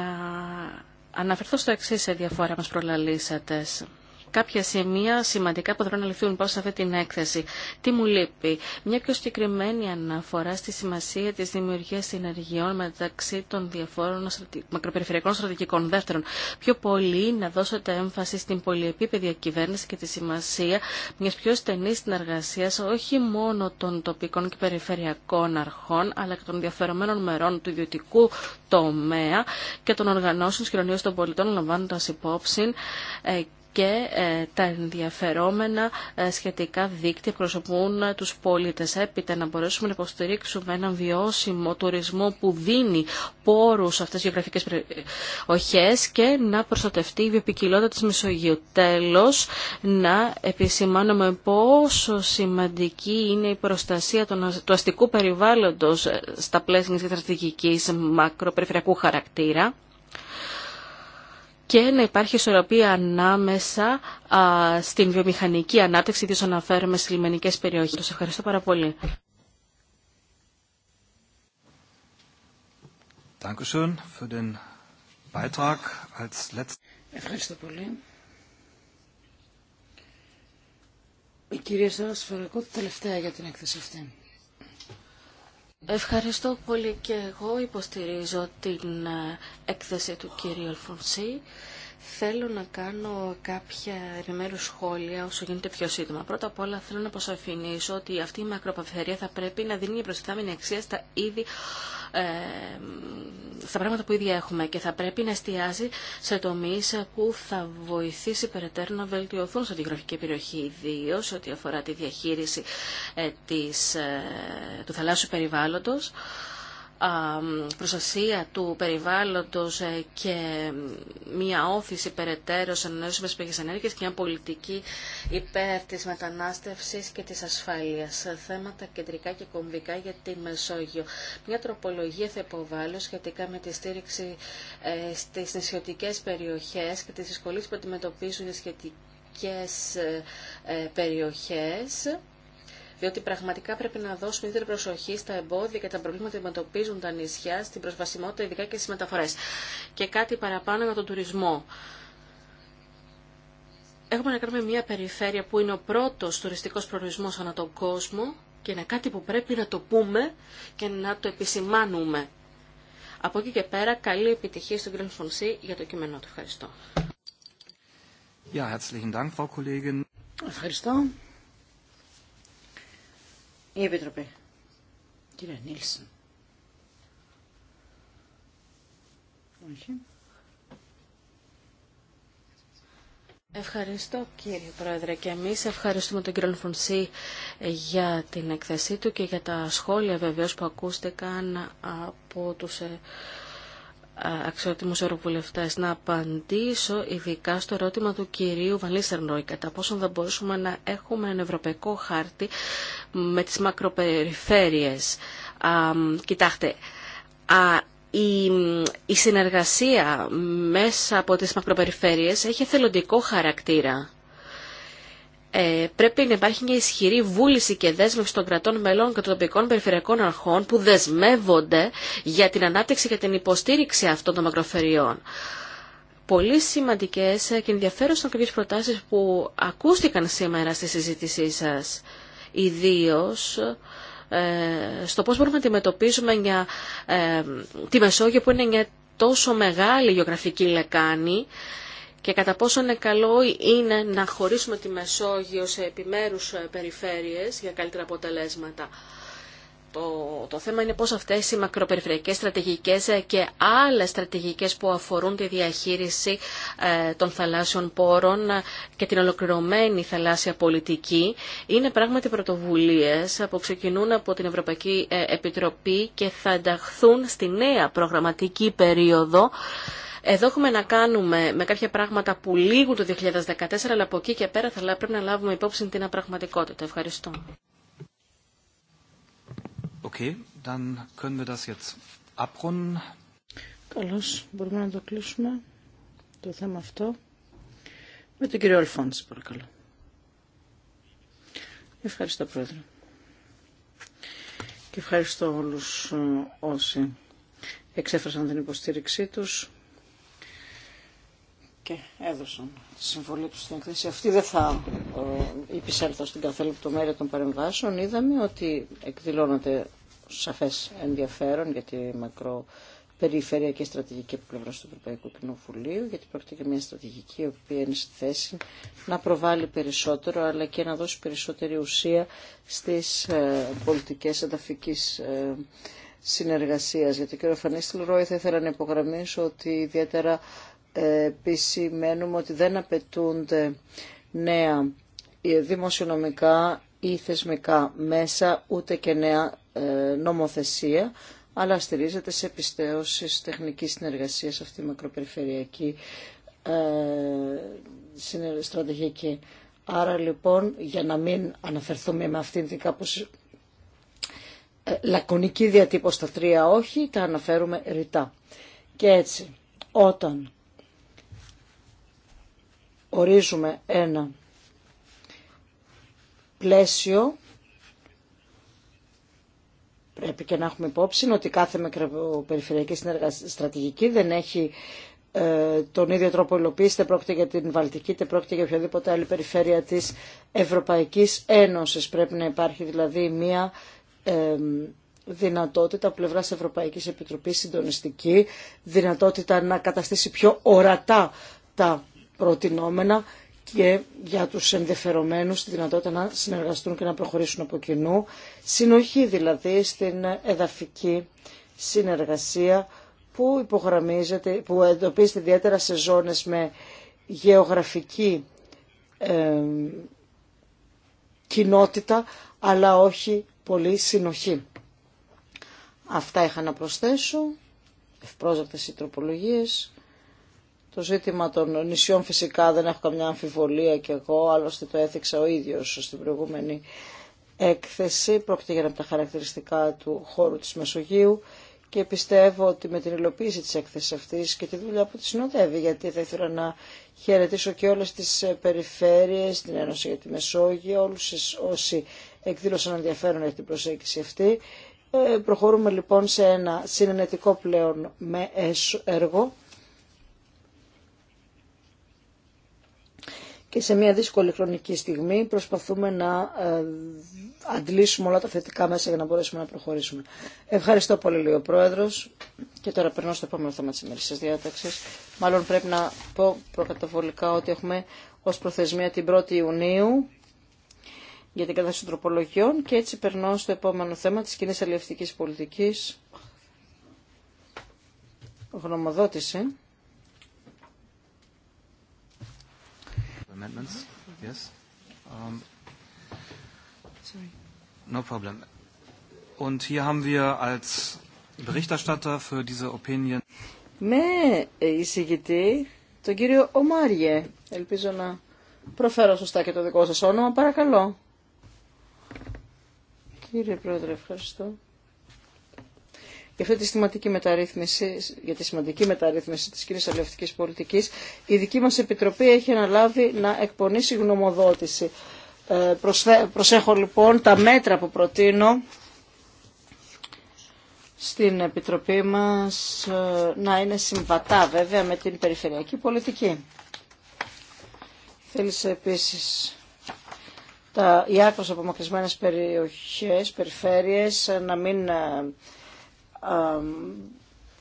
αναφερθώ στο εξή σε διαφορά μας προλαλήσατες κάποια σημεία σημαντικά που θα πρέπει να λυθούν πάνω σε αυτή την έκθεση. Τι μου λείπει. Μια πιο συγκεκριμένη αναφορά στη σημασία της δημιουργίας συνεργειών μεταξύ των διαφόρων μακροπεριφερειακών στρατηγικών. Δεύτερον, πιο πολύ να δώσετε έμφαση στην πολυεπίπεδη κυβέρνηση και τη σημασία μιας πιο στενής συνεργασία, όχι μόνο των τοπικών και περιφερειακών αρχών αλλά και των διαφερομένων μερών του ιδιωτικού τομέα και των οργανώσεων κοινωνίας των πολιτών λαμβάνοντας υπόψη ε, και ε, τα ενδιαφερόμενα ε, σχετικά δίκτυα προσωπούν ε, τους πολίτες. Έπειτα να μπορέσουμε να υποστηρίξουμε έναν βιώσιμο τουρισμό που δίνει πόρους σε αυτές τις γεωγραφικές οχές και να προστατευτεί η βιοπικιλότητα της Μεσογείου. Τέλος, να επισημάνουμε πόσο σημαντική είναι η προστασία του αστικού περιβάλλοντος στα πλαίσια της στρατηγικής μακροπεριφερειακού χαρακτήρα και να υπάρχει ισορροπία ανάμεσα στην βιομηχανική ανάπτυξη, ιδίως αναφέρομαι στις λιμενικές περιοχές. Σας ευχαριστώ πάρα πολύ. Ευχαριστώ πολύ. Η κυρία Σάρα τελευταία για την έκθεση αυτή. Ευχαριστώ πολύ και εγώ υποστηρίζω την ε, έκθεση του κύριου Αλφονσί Θέλω να κάνω κάποια επιμέρου σχόλια όσο γίνεται πιο σύντομα. Πρώτα απ' όλα θέλω να αποσαφηνίσω ότι αυτή η μακροπαυθερία θα πρέπει να δίνει προστιθάμενη αξία στα ήδη στα πράγματα που ήδη έχουμε και θα πρέπει να εστιάζει σε τομεί που θα βοηθήσει περαιτέρω να βελτιωθούν στην γεωγραφική περιοχή, ιδίω ό,τι αφορά τη διαχείριση ε, της, ε, του θαλάσσιου περιβάλλοντος προστασία του περιβάλλοντος ε, και μια όθηση περαιτέρω σε ανανεώσιμες πηγές και μια πολιτική υπέρ της μετανάστευσης και της ασφάλειας. Θέματα κεντρικά και κομβικά για τη Μεσόγειο. Μια τροπολογία θα υποβάλλω σχετικά με τη στήριξη ε, στις νησιωτικές περιοχές και τις δυσκολίε που αντιμετωπίζουν οι σχετικές ε, περιοχές διότι πραγματικά πρέπει να δώσουμε ιδιαίτερη προσοχή στα εμπόδια και τα προβλήματα που αντιμετωπίζουν τα νησιά στην προσβασιμότητα, ειδικά και στι μεταφορέ. Και κάτι παραπάνω για τον τουρισμό. Έχουμε να κάνουμε μια περιφέρεια που είναι ο πρώτο τουριστικό προορισμό ανά τον κόσμο και είναι κάτι που πρέπει να το πούμε και να το επισημάνουμε. Από εκεί και πέρα, καλή επιτυχία στον κύριο Φωνσή για το κείμενό του. Ευχαριστώ. Ja, herzlichen Dank, Frau Kollegin. Ευχαριστώ. Η Επιτροπή. Κύριε Νίλσον. Όχι. Ευχαριστώ κύριε Πρόεδρε και εμείς ευχαριστούμε τον κύριο Λφονσί για την εκθεσή του και για τα σχόλια βεβαίως που ακούστηκαν από τους ε, αξιότιμους ευρωβουλευτές να απαντήσω ειδικά στο ερώτημα του κυρίου Νόη κατά πόσον θα μπορούσαμε να έχουμε έναν ευρωπαϊκό χάρτη με τις μακροπεριφέρειες. κοιτάξτε, α, η, η συνεργασία μέσα από τις μακροπεριφέρειες έχει θελοντικό χαρακτήρα ε, πρέπει να υπάρχει μια ισχυρή βούληση και δέσμευση των κρατών μελών και των τοπικών περιφερειακών αρχών που δεσμεύονται για την ανάπτυξη και την υποστήριξη αυτών των μακροφεριών. Πολύ σημαντικές και ενδιαφέρουσαν κάποιες προτάσεις που ακούστηκαν σήμερα στη συζήτησή σας. Ιδίως ε, στο πώς μπορούμε να αντιμετωπίσουμε μια, ε, τη Μεσόγειο που είναι μια τόσο μεγάλη γεωγραφική λεκάνη και κατά πόσο είναι καλό είναι να χωρίσουμε τη Μεσόγειο σε επιμέρους ε, περιφέρειες για καλύτερα αποτελέσματα. Το, το θέμα είναι πώς αυτές οι μακροπεριφερειακές στρατηγικές ε, και άλλες στρατηγικές που αφορούν τη διαχείριση ε, των θαλάσσιων πόρων και την ολοκληρωμένη θαλάσσια πολιτική είναι πράγματι πρωτοβουλίες που ξεκινούν από την Ευρωπαϊκή Επιτροπή και θα ενταχθούν στη νέα προγραμματική περίοδο εδώ έχουμε να κάνουμε με κάποια πράγματα που λίγουν το 2014, αλλά από εκεί και πέρα θα πρέπει να λάβουμε υπόψη την απραγματικότητα. Ευχαριστώ. Okay, dann können wir das jetzt abrunden. Καλώς, μπορούμε να το κλείσουμε το θέμα αυτό με τον κύριο Αλφόντς, παρακαλώ. Ευχαριστώ, Πρόεδρε. Και ευχαριστώ όλους ε, όσοι εξέφρασαν την υποστήριξή τους και έδωσαν τη συμβολή του στην εκθέση. Αυτή δεν θα ε, υπησέλθω στην κάθε λεπτομέρεια των παρεμβάσεων. Είδαμε ότι εκδηλώνονται σαφές ενδιαφέρον για τη μακρό και στρατηγική από πλευρά του Ευρωπαϊκού Κοινοβουλίου, γιατί πρόκειται για μια στρατηγική η οποία είναι στη θέση να προβάλλει περισσότερο, αλλά και να δώσει περισσότερη ουσία στις πολιτικέ ε, πολιτικές ενταφικής ε, συνεργασίας. Για τον κύριο Φανίστηλ Ρόι θα ήθελα να υπογραμμίσω ότι ιδιαίτερα επισημαίνουμε ότι δεν απαιτούνται νέα δημοσιονομικά ή θεσμικά μέσα, ούτε και νέα ε, νομοθεσία, αλλά στηρίζεται σε επιστέωσεις τεχνικής συνεργασίας αυτή η μακροπεριφερειακή ε, στρατηγική. Άρα λοιπόν, για να μην αναφερθούμε με αυτήν την κάπως ε, λακωνική διατύπωση στα τρία όχι, τα αναφέρουμε ρητά. Και έτσι, όταν ορίζουμε ένα πλαίσιο πρέπει και να έχουμε υπόψη ότι κάθε μικροπεριφερειακή στρατηγική δεν έχει ε, τον ίδιο τρόπο υλοποίηση, δεν πρόκειται για την Βαλτική, είτε πρόκειται για οποιαδήποτε άλλη περιφέρεια της Ευρωπαϊκής Ένωσης. Πρέπει να υπάρχει δηλαδή μια ε, δυνατότητα από πλευράς Ευρωπαϊκής Επιτροπής συντονιστική, δυνατότητα να καταστήσει πιο ορατά τα προτινόμενα και για τους ενδιαφερομένους τη δυνατότητα να συνεργαστούν και να προχωρήσουν από κοινού. Συνοχή δηλαδή στην εδαφική συνεργασία που υπογραμμίζεται, που εντοπίζεται ιδιαίτερα σε ζώνες με γεωγραφική κοινότητα, αλλά όχι πολύ συνοχή. Αυτά είχα να προσθέσω, ευπρόσδεκτες οι τροπολογίες. Το ζήτημα των νησιών φυσικά δεν έχω καμιά αμφιβολία και εγώ, άλλωστε το έθιξα ο ίδιος στην προηγούμενη έκθεση. Πρόκειται για ένα τα χαρακτηριστικά του χώρου της Μεσογείου και πιστεύω ότι με την υλοποίηση της έκθεσης αυτής και τη δουλειά που τη συνοδεύει, γιατί θα ήθελα να χαιρετήσω και όλες τις περιφέρειες, την Ένωση για τη Μεσόγειο, όλους όσοι εκδήλωσαν ενδιαφέρον για την προσέγγιση αυτή. Ε, προχωρούμε λοιπόν σε ένα συνενετικό πλέον με έργο και σε μια δύσκολη χρονική στιγμή προσπαθούμε να ε, αντλήσουμε όλα τα θετικά μέσα για να μπορέσουμε να προχωρήσουμε. Ευχαριστώ πολύ, Λίγο ο Πρόεδρο. Και τώρα περνώ στο επόμενο θέμα τη ημερήσια διάταξη. Μάλλον πρέπει να πω προκαταβολικά ότι έχουμε ω προθεσμία την 1η Ιουνίου για την κατάσταση των τροπολογιών και έτσι περνώ στο επόμενο θέμα της κοινή αλληλευτικής πολιτικής γνωμοδότηση amendments? Mm-hmm. Yes? Um, Sorry. No problem. Und hier haben wir als Berichterstatter für diese Opinion... Με ναι, εισηγητή, τον κύριο Ομάριε. Ελπίζω να προφέρω σωστά και το δικό σας όνομα. Παρακαλώ. Κύριε Πρόεδρε, ευχαριστώ. Για αυτή τη σημαντική μεταρρύθμιση, για τη σημαντική μεταρρύθμιση της κοινής αλληλευτικής πολιτικής, η δική μας Επιτροπή έχει αναλάβει να εκπονήσει γνωμοδότηση. Ε, προσέχω λοιπόν τα μέτρα που προτείνω στην Επιτροπή μας ε, να είναι συμβατά βέβαια με την περιφερειακή πολιτική. Θέλησε επίσης τα, οι άκρως απομακρυσμένες περιοχές, περιφέρειες να μην ε,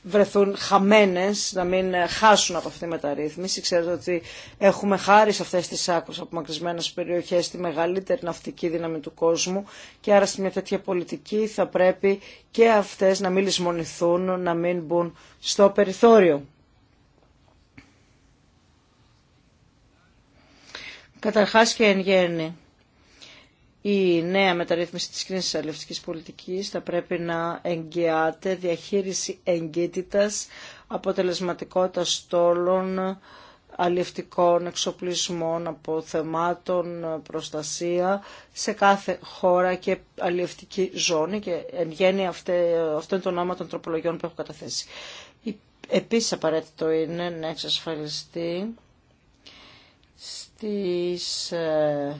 βρεθούν χαμένες, να μην ε, χάσουν από αυτή τη μεταρρύθμιση. Ξέρετε ότι έχουμε χάρη σε αυτές τις άκρες απομακρυσμένες περιοχές τη μεγαλύτερη ναυτική δύναμη του κόσμου και άρα σε μια τέτοια πολιτική θα πρέπει και αυτές να μην λησμονηθούν, να μην μπουν στο περιθώριο. Καταρχάς και εν γέννη η νέα μεταρρύθμιση της κρίσης αλληλευτικής πολιτικής θα πρέπει να εγγυάται διαχείριση εγκύτητας, αποτελεσματικότητα στόλων, αλληλευτικών εξοπλισμών, θεμάτων προστασία σε κάθε χώρα και αλληλευτική ζώνη και εν γέννη αυτό είναι το των τροπολογιών που έχω καταθέσει. Επίσης απαραίτητο είναι να εξασφαλιστεί στις ε,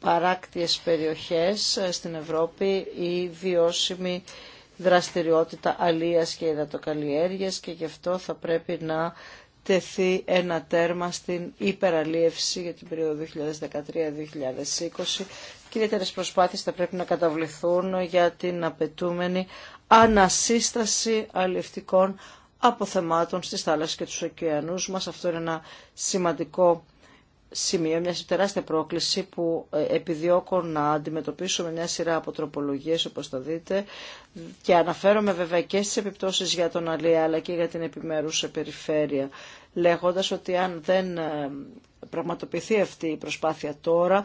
παράκτιες περιοχές ε, στην Ευρώπη η βιώσιμη δραστηριότητα αλίας και υδατοκαλλιέργειας και γι' αυτό θα πρέπει να τεθεί ένα τέρμα στην υπεραλίευση για την περίοδο 2013-2020 και προσπάθειες θα πρέπει να καταβληθούν για την απαιτούμενη ανασύσταση αλληλευτικών αποθεμάτων στις θάλασσες και τους ωκεανούς μας. Αυτό είναι ένα σημαντικό σημείο, μια τεράστια πρόκληση που ε, επιδιώκω να αντιμετωπίσω με μια σειρά από τροπολογίες όπως θα δείτε και αναφέρομαι βέβαια και στις επιπτώσεις για τον Αλία αλλά και για την επιμέρουσα περιφέρεια λέγοντας ότι αν δεν ε, πραγματοποιηθεί αυτή η προσπάθεια τώρα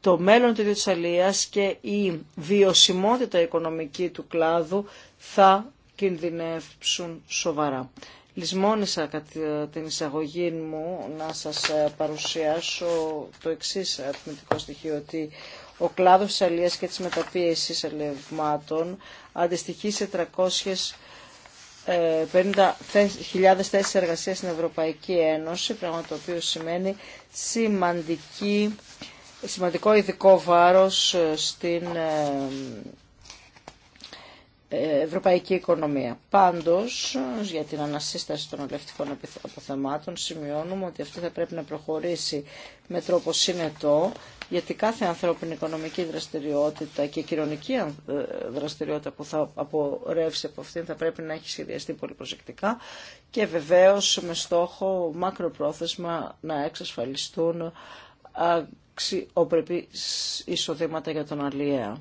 το μέλλον του ίδιου της Αλίας και η βιωσιμότητα οικονομική του κλάδου θα κινδυνεύσουν σοβαρά. Λυσμόνισα κατά την εισαγωγή μου να σας ε, παρουσιάσω το εξής αριθμητικό στοιχείο, ότι ο κλάδος της αλίας και της μεταπίεσης ελευμάτων αντιστοιχεί σε 350.000 ε, θέσεις εργασίας στην Ευρωπαϊκή Ένωση, πράγμα το οποίο σημαίνει σημαντική, σημαντικό ειδικό βάρος ε, στην ευρωπαϊκή οικονομία. Πάντως, για την ανασύσταση των ολευτικών αποθεμάτων σημειώνουμε ότι αυτό θα πρέπει να προχωρήσει με τρόπο συνετό, γιατί κάθε ανθρώπινη οικονομική δραστηριότητα και κοινωνική ε, δραστηριότητα που θα απορρεύσει από αυτήν θα πρέπει να έχει σχεδιαστεί πολύ προσεκτικά και βεβαίως με στόχο μακροπρόθεσμα να εξασφαλιστούν αξιοπρεπή εισοδήματα για τον αλιέα.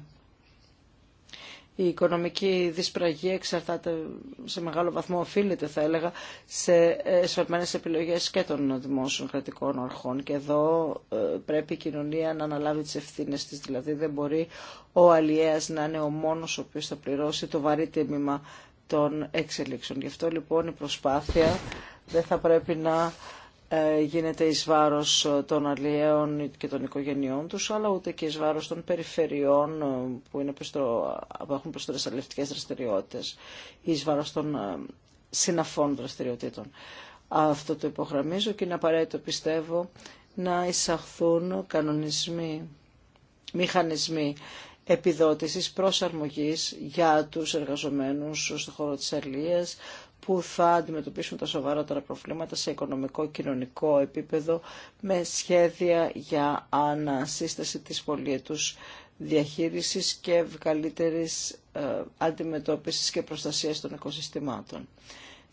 Η οικονομική δυσπραγία εξαρτάται σε μεγάλο βαθμό, οφείλεται θα έλεγα, σε εσφαλμένες επιλογές και των δημόσιων κρατικών αρχών. Και εδώ ε, πρέπει η κοινωνία να αναλάβει τις ευθύνες της. Δηλαδή δεν μπορεί ο αλλιέας να είναι ο μόνος ο οποίος θα πληρώσει το βαρύ τίμημα των εξελίξεων. Γι' αυτό λοιπόν η προσπάθεια δεν θα πρέπει να ε, γίνεται εις βάρος των αλλιέων και των οικογενειών τους, αλλά ούτε και εις βάρος των περιφερειών ε, που, είναι πιστρο, που έχουν τις αλληλευτικές δραστηριότητες ή εις βάρος των ε, συναφών δραστηριοτήτων. Αυτό το υπογραμμίζω και είναι απαραίτητο πιστεύω να εισαχθούν κανονισμοί, μηχανισμοί επιδότησης προσαρμογής για τους εργαζομένους στον χώρο της αλληλείας, που θα αντιμετωπίσουν τα σοβαρότερα προβλήματα σε οικονομικό, και κοινωνικό επίπεδο με σχέδια για ανασύσταση της πολιετούς διαχείρισης και καλύτερης ε, αντιμετώπισης και προστασίας των οικοσυστημάτων.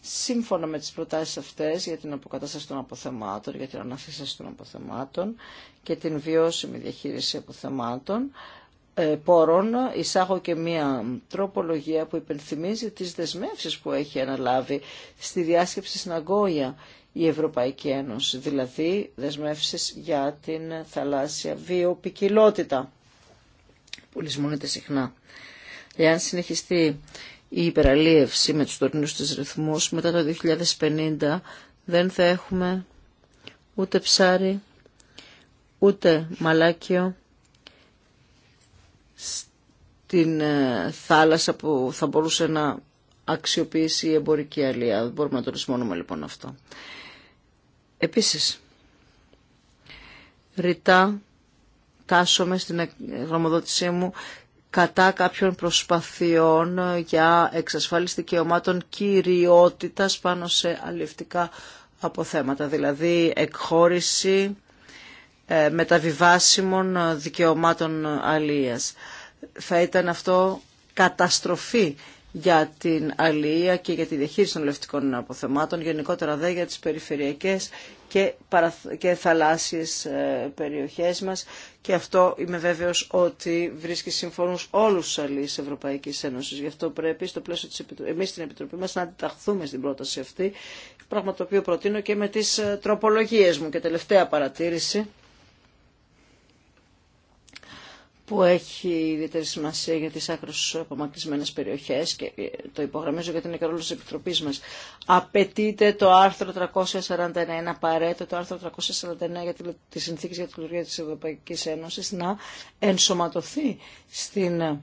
Σύμφωνα με τις προτάσεις αυτές για την αποκατάσταση των αποθεμάτων, για την αναθήσταση των αποθεμάτων και την βιώσιμη διαχείριση αποθεμάτων, ε, πόρων εισάγω και μία τροπολογία που υπενθυμίζει τις δεσμεύσεις που έχει αναλάβει στη διάσκεψη στην Αγκόια η Ευρωπαϊκή Ένωση, δηλαδή δεσμεύσεις για την θαλάσσια βιοπικιλότητα που λησμονείται συχνά. Εάν συνεχιστεί η υπεραλίευση με τους τωρινούς της ρυθμούς, μετά το 2050 δεν θα έχουμε ούτε ψάρι, ούτε μαλάκιο, στην ε, θάλασσα που θα μπορούσε να αξιοποιήσει η εμπορική αλία. Μπορούμε να το ρισμόνουμε λοιπόν αυτό. Επίσης, ρητά τάσσομαι στην γνωμοδότησή μου κατά κάποιων προσπαθειών για εξασφάλιση δικαιωμάτων κυριότητας πάνω σε αλληλευτικά αποθέματα, δηλαδή εκχώρηση ε, μεταβιβάσιμων δικαιωμάτων αλίας. Θα ήταν αυτό καταστροφή για την αλία και για τη διαχείριση των λευτικών αποθεμάτων, γενικότερα δε για τις περιφερειακές και, και θαλάσσιες ε, περιοχές μας και αυτό είμαι βέβαιος ότι βρίσκει συμφωνούς όλους τους αλείς Ευρωπαϊκής Ένωσης. Γι' αυτό πρέπει στο πλαίσιο της εμείς στην Επιτροπή μας να αντιταχθούμε στην πρόταση αυτή, πράγμα το οποίο προτείνω και με τις ε, τροπολογίες μου. Και τελευταία παρατήρηση που έχει ιδιαίτερη σημασία για τις άκρως απομακρυσμένες περιοχές και το υπογραμμίζω γιατί είναι και της Επιτροπής μας. Απαιτείται το άρθρο 341, απαραίτητο το άρθρο 341 για τη συνθήκη για τη λειτουργία της Ευρωπαϊκής Ένωσης να ενσωματωθεί στην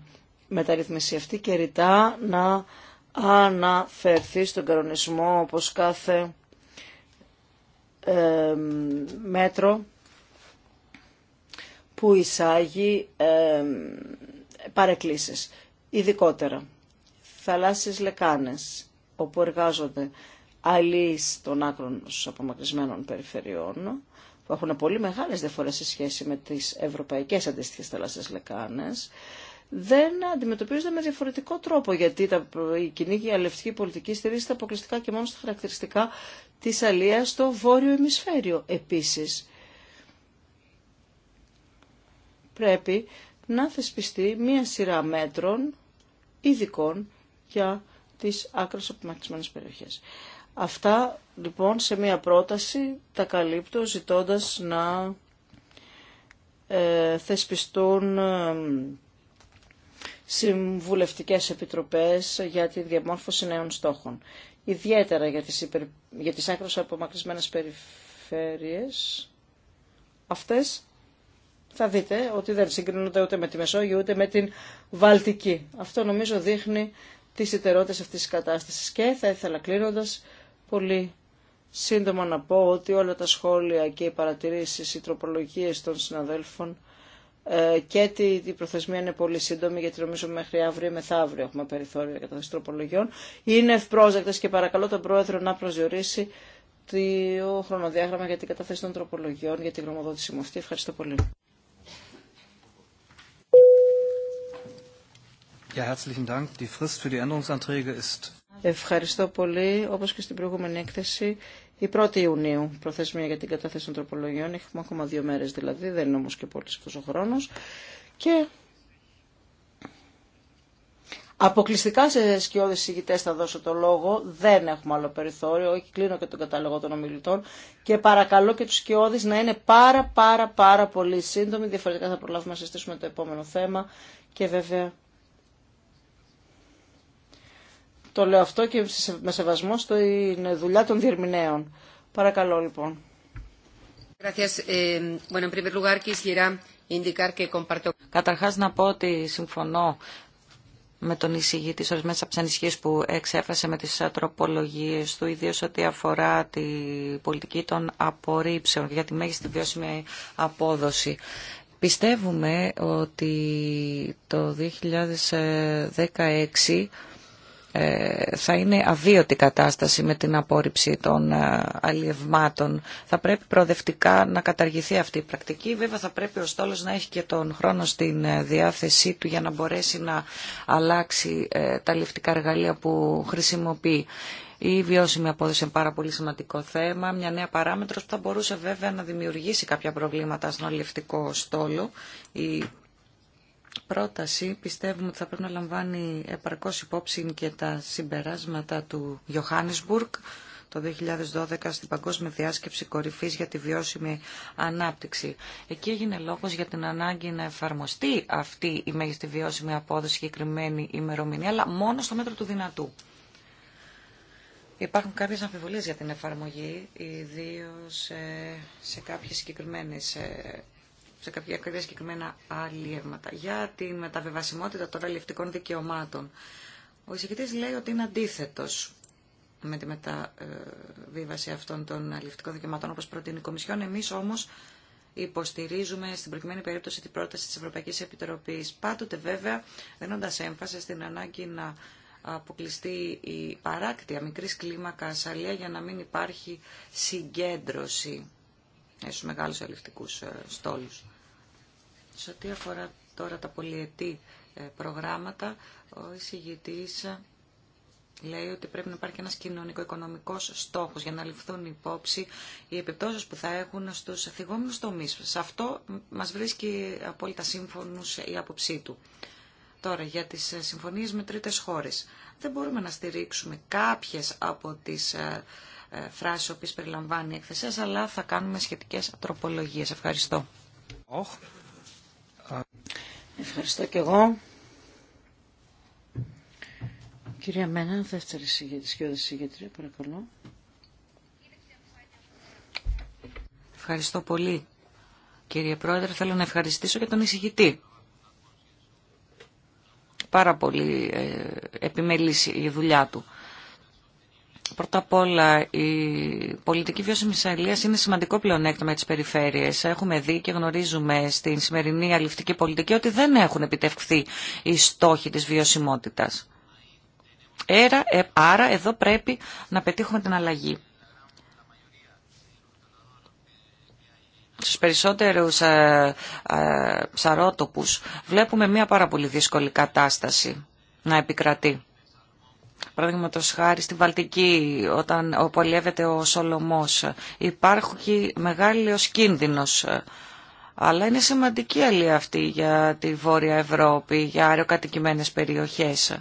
μεταρρύθμιση αυτή και ρητά να αναφερθεί στον κανονισμό όπως κάθε μέτρο που εισάγει ε, παρεκκλήσεις. Ειδικότερα, θαλάσσιες λεκάνες όπου εργάζονται αλλοί των άκρων στους απομακρυσμένων περιφερειών που έχουν πολύ μεγάλες διαφορές σε σχέση με τις ευρωπαϊκές αντίστοιχες θαλάσσιες λεκάνες δεν αντιμετωπίζονται με διαφορετικό τρόπο, γιατί τα, η κοινή αλευτική πολιτική στηρίζεται αποκλειστικά και μόνο στα χαρακτηριστικά της αλίας στο βόρειο ημισφαίριο. Επίσης, πρέπει να θεσπιστεί μία σειρά μέτρων ειδικών για τις άκρες απομακρυσμένες περιοχές. Αυτά λοιπόν σε μία πρόταση τα καλύπτω ζητώντας να ε, θεσπιστούν ε, συμβουλευτικές επιτροπές για τη διαμόρφωση νέων στόχων. Ιδιαίτερα για τις, υπερ... για τις άκρως απομακρυσμένες περιφέρειες, αυτές θα δείτε ότι δεν συγκρίνονται ούτε με τη Μεσόγειο ούτε με την Βαλτική. Αυτό νομίζω δείχνει τις ιτερότητες αυτής της κατάστασης. Και θα ήθελα κλείνοντα πολύ σύντομα να πω ότι όλα τα σχόλια και οι παρατηρήσεις, οι τροπολογίες των συναδέλφων ε, και ότι η προθεσμία είναι πολύ σύντομη γιατί νομίζω μέχρι αύριο ή μεθαύριο έχουμε περιθώριο για κατάσταση τροπολογιών. Είναι ευπρόσδεκτες και παρακαλώ τον Πρόεδρο να προσδιορίσει το χρονοδιάγραμμα για την κατάθεση των τροπολογιών για την γνωμοδότηση μου αυτή. Ευχαριστώ πολύ. Ευχαριστώ πολύ. όπω και στην προηγούμενη έκθεση, η 1η Ιουνίου προθεσμία για την κατάθεση των τροπολογιών. Έχουμε ακόμα δύο μέρε, δηλαδή, δεν είναι όμω και πολύ ο χρόνο. Και Αποκλειστικά σε σκιώδει ηγητέ θα δώσω το λόγο. Δεν έχουμε άλλο περιθώριο. Όχι, κλείνω και τον κατάλογο των ομιλητών. Και παρακαλώ και του σκιώδει να είναι πάρα πάρα πάρα πολύ σύντομοι. Διαφορετικά θα προλάβουμε να συζητήσουμε το επόμενο θέμα. Και βέβαια το λέω αυτό και με σεβασμό στην δουλειά των διερμηνέων. Παρακαλώ λοιπόν. Ε, Καταρχάς να πω ότι συμφωνώ με τον εισηγητή σε ορισμένε από τι ανησυχίε που εξέφρασε με τι τροπολογίε του, ιδίω ό,τι αφορά τη πολιτική των απορρίψεων για τη μέγιστη βιώσιμη απόδοση. Πιστεύουμε ότι το 2016 ε, θα είναι αβίωτη κατάσταση με την απόρριψη των ε, αλλιευμάτων. Θα πρέπει προοδευτικά να καταργηθεί αυτή η πρακτική. Βέβαια θα πρέπει ο στόλος να έχει και τον χρόνο στην ε, διάθεσή του για να μπορέσει να αλλάξει τα λευτικά εργαλεία που χρησιμοποιεί. Η βιώσιμη απόδοση είναι πάρα πολύ σημαντικό θέμα, μια νέα παράμετρος που θα μπορούσε βέβαια να δημιουργήσει κάποια προβλήματα στον αλληλευτικό στόλο. Η πρόταση πιστεύουμε ότι θα πρέπει να λαμβάνει επαρκώς υπόψη και τα συμπεράσματα του Johannesburg το 2012 στην Παγκόσμια Διάσκεψη Κορυφής για τη Βιώσιμη Ανάπτυξη. Εκεί έγινε λόγος για την ανάγκη να εφαρμοστεί αυτή η μέγιστη βιώσιμη απόδοση συγκεκριμένη ημερομηνία, αλλά μόνο στο μέτρο του δυνατού. Υπάρχουν κάποιες αμφιβολίες για την εφαρμογή, ιδίως ε, σε κάποιες συγκεκριμένες ε, σε κάποια ακραία συγκεκριμένα αλλιεύματα. Για τη μεταβεβασιμότητα των αλληλευτικών δικαιωμάτων. Ο εισηγητή λέει ότι είναι αντίθετο με τη μεταβίβαση αυτών των αλληλευτικών δικαιωμάτων όπω προτείνει η Κομισιόν. Εμείς όμως υποστηρίζουμε στην προκειμένη περίπτωση την πρόταση τη Ευρωπαϊκή Επιτροπή. Πάντοτε βέβαια δίνοντα έμφαση στην ανάγκη να αποκλειστεί η παράκτεια μικρή κλίμακα ασαλία για να μην υπάρχει συγκέντρωση στους μεγάλους αλληλευτικούς ε, στόλους. Σε ό,τι αφορά τώρα τα πολυετή ε, προγράμματα, ο εισηγητής ε, λέει ότι πρέπει να υπάρχει ένας κοινωνικο-οικονομικός στόχος για να ληφθούν υπόψη οι επιπτώσεις που θα έχουν στους θυγόμενους τομείς. Σε αυτό μας βρίσκει απόλυτα σύμφωνο η άποψή του. Τώρα, για τις συμφωνίες με τρίτες χώρες. Δεν μπορούμε να στηρίξουμε κάποιες από τις ε, φράσεις οποίες περιλαμβάνει η αλλά θα κάνουμε σχετικές τροπολογίες. Ευχαριστώ. Ευχαριστώ και εγώ. Κυρία Μένα, δεύτερη συγγετρία, παρακαλώ. Ευχαριστώ πολύ. Κύριε Πρόεδρε, θέλω να ευχαριστήσω και τον εισηγητή. Πάρα πολύ ε, η δουλειά του. Πρώτα απ' όλα, η πολιτική βιώσιμη αλληλεία είναι σημαντικό πλεονέκτημα τη περιφέρεια. Έχουμε δει και γνωρίζουμε στην σημερινή αληφτική πολιτική ότι δεν έχουν επιτευχθεί οι στόχοι τη βιωσιμότητα. Ε, άρα, εδώ πρέπει να πετύχουμε την αλλαγή. στους περισσότερους ε, ε, ψαρότοπου βλέπουμε μια πάρα πολύ δύσκολη κατάσταση να επικρατεί. Παραδείγματο χάρη στη Βαλτική, όταν οπολεύεται ο Σολομός, υπάρχει μεγάλο κίνδυνο, Αλλά είναι σημαντική αλία αυτή για τη Βόρεια Ευρώπη, για αεροκατοικημένες περιοχές.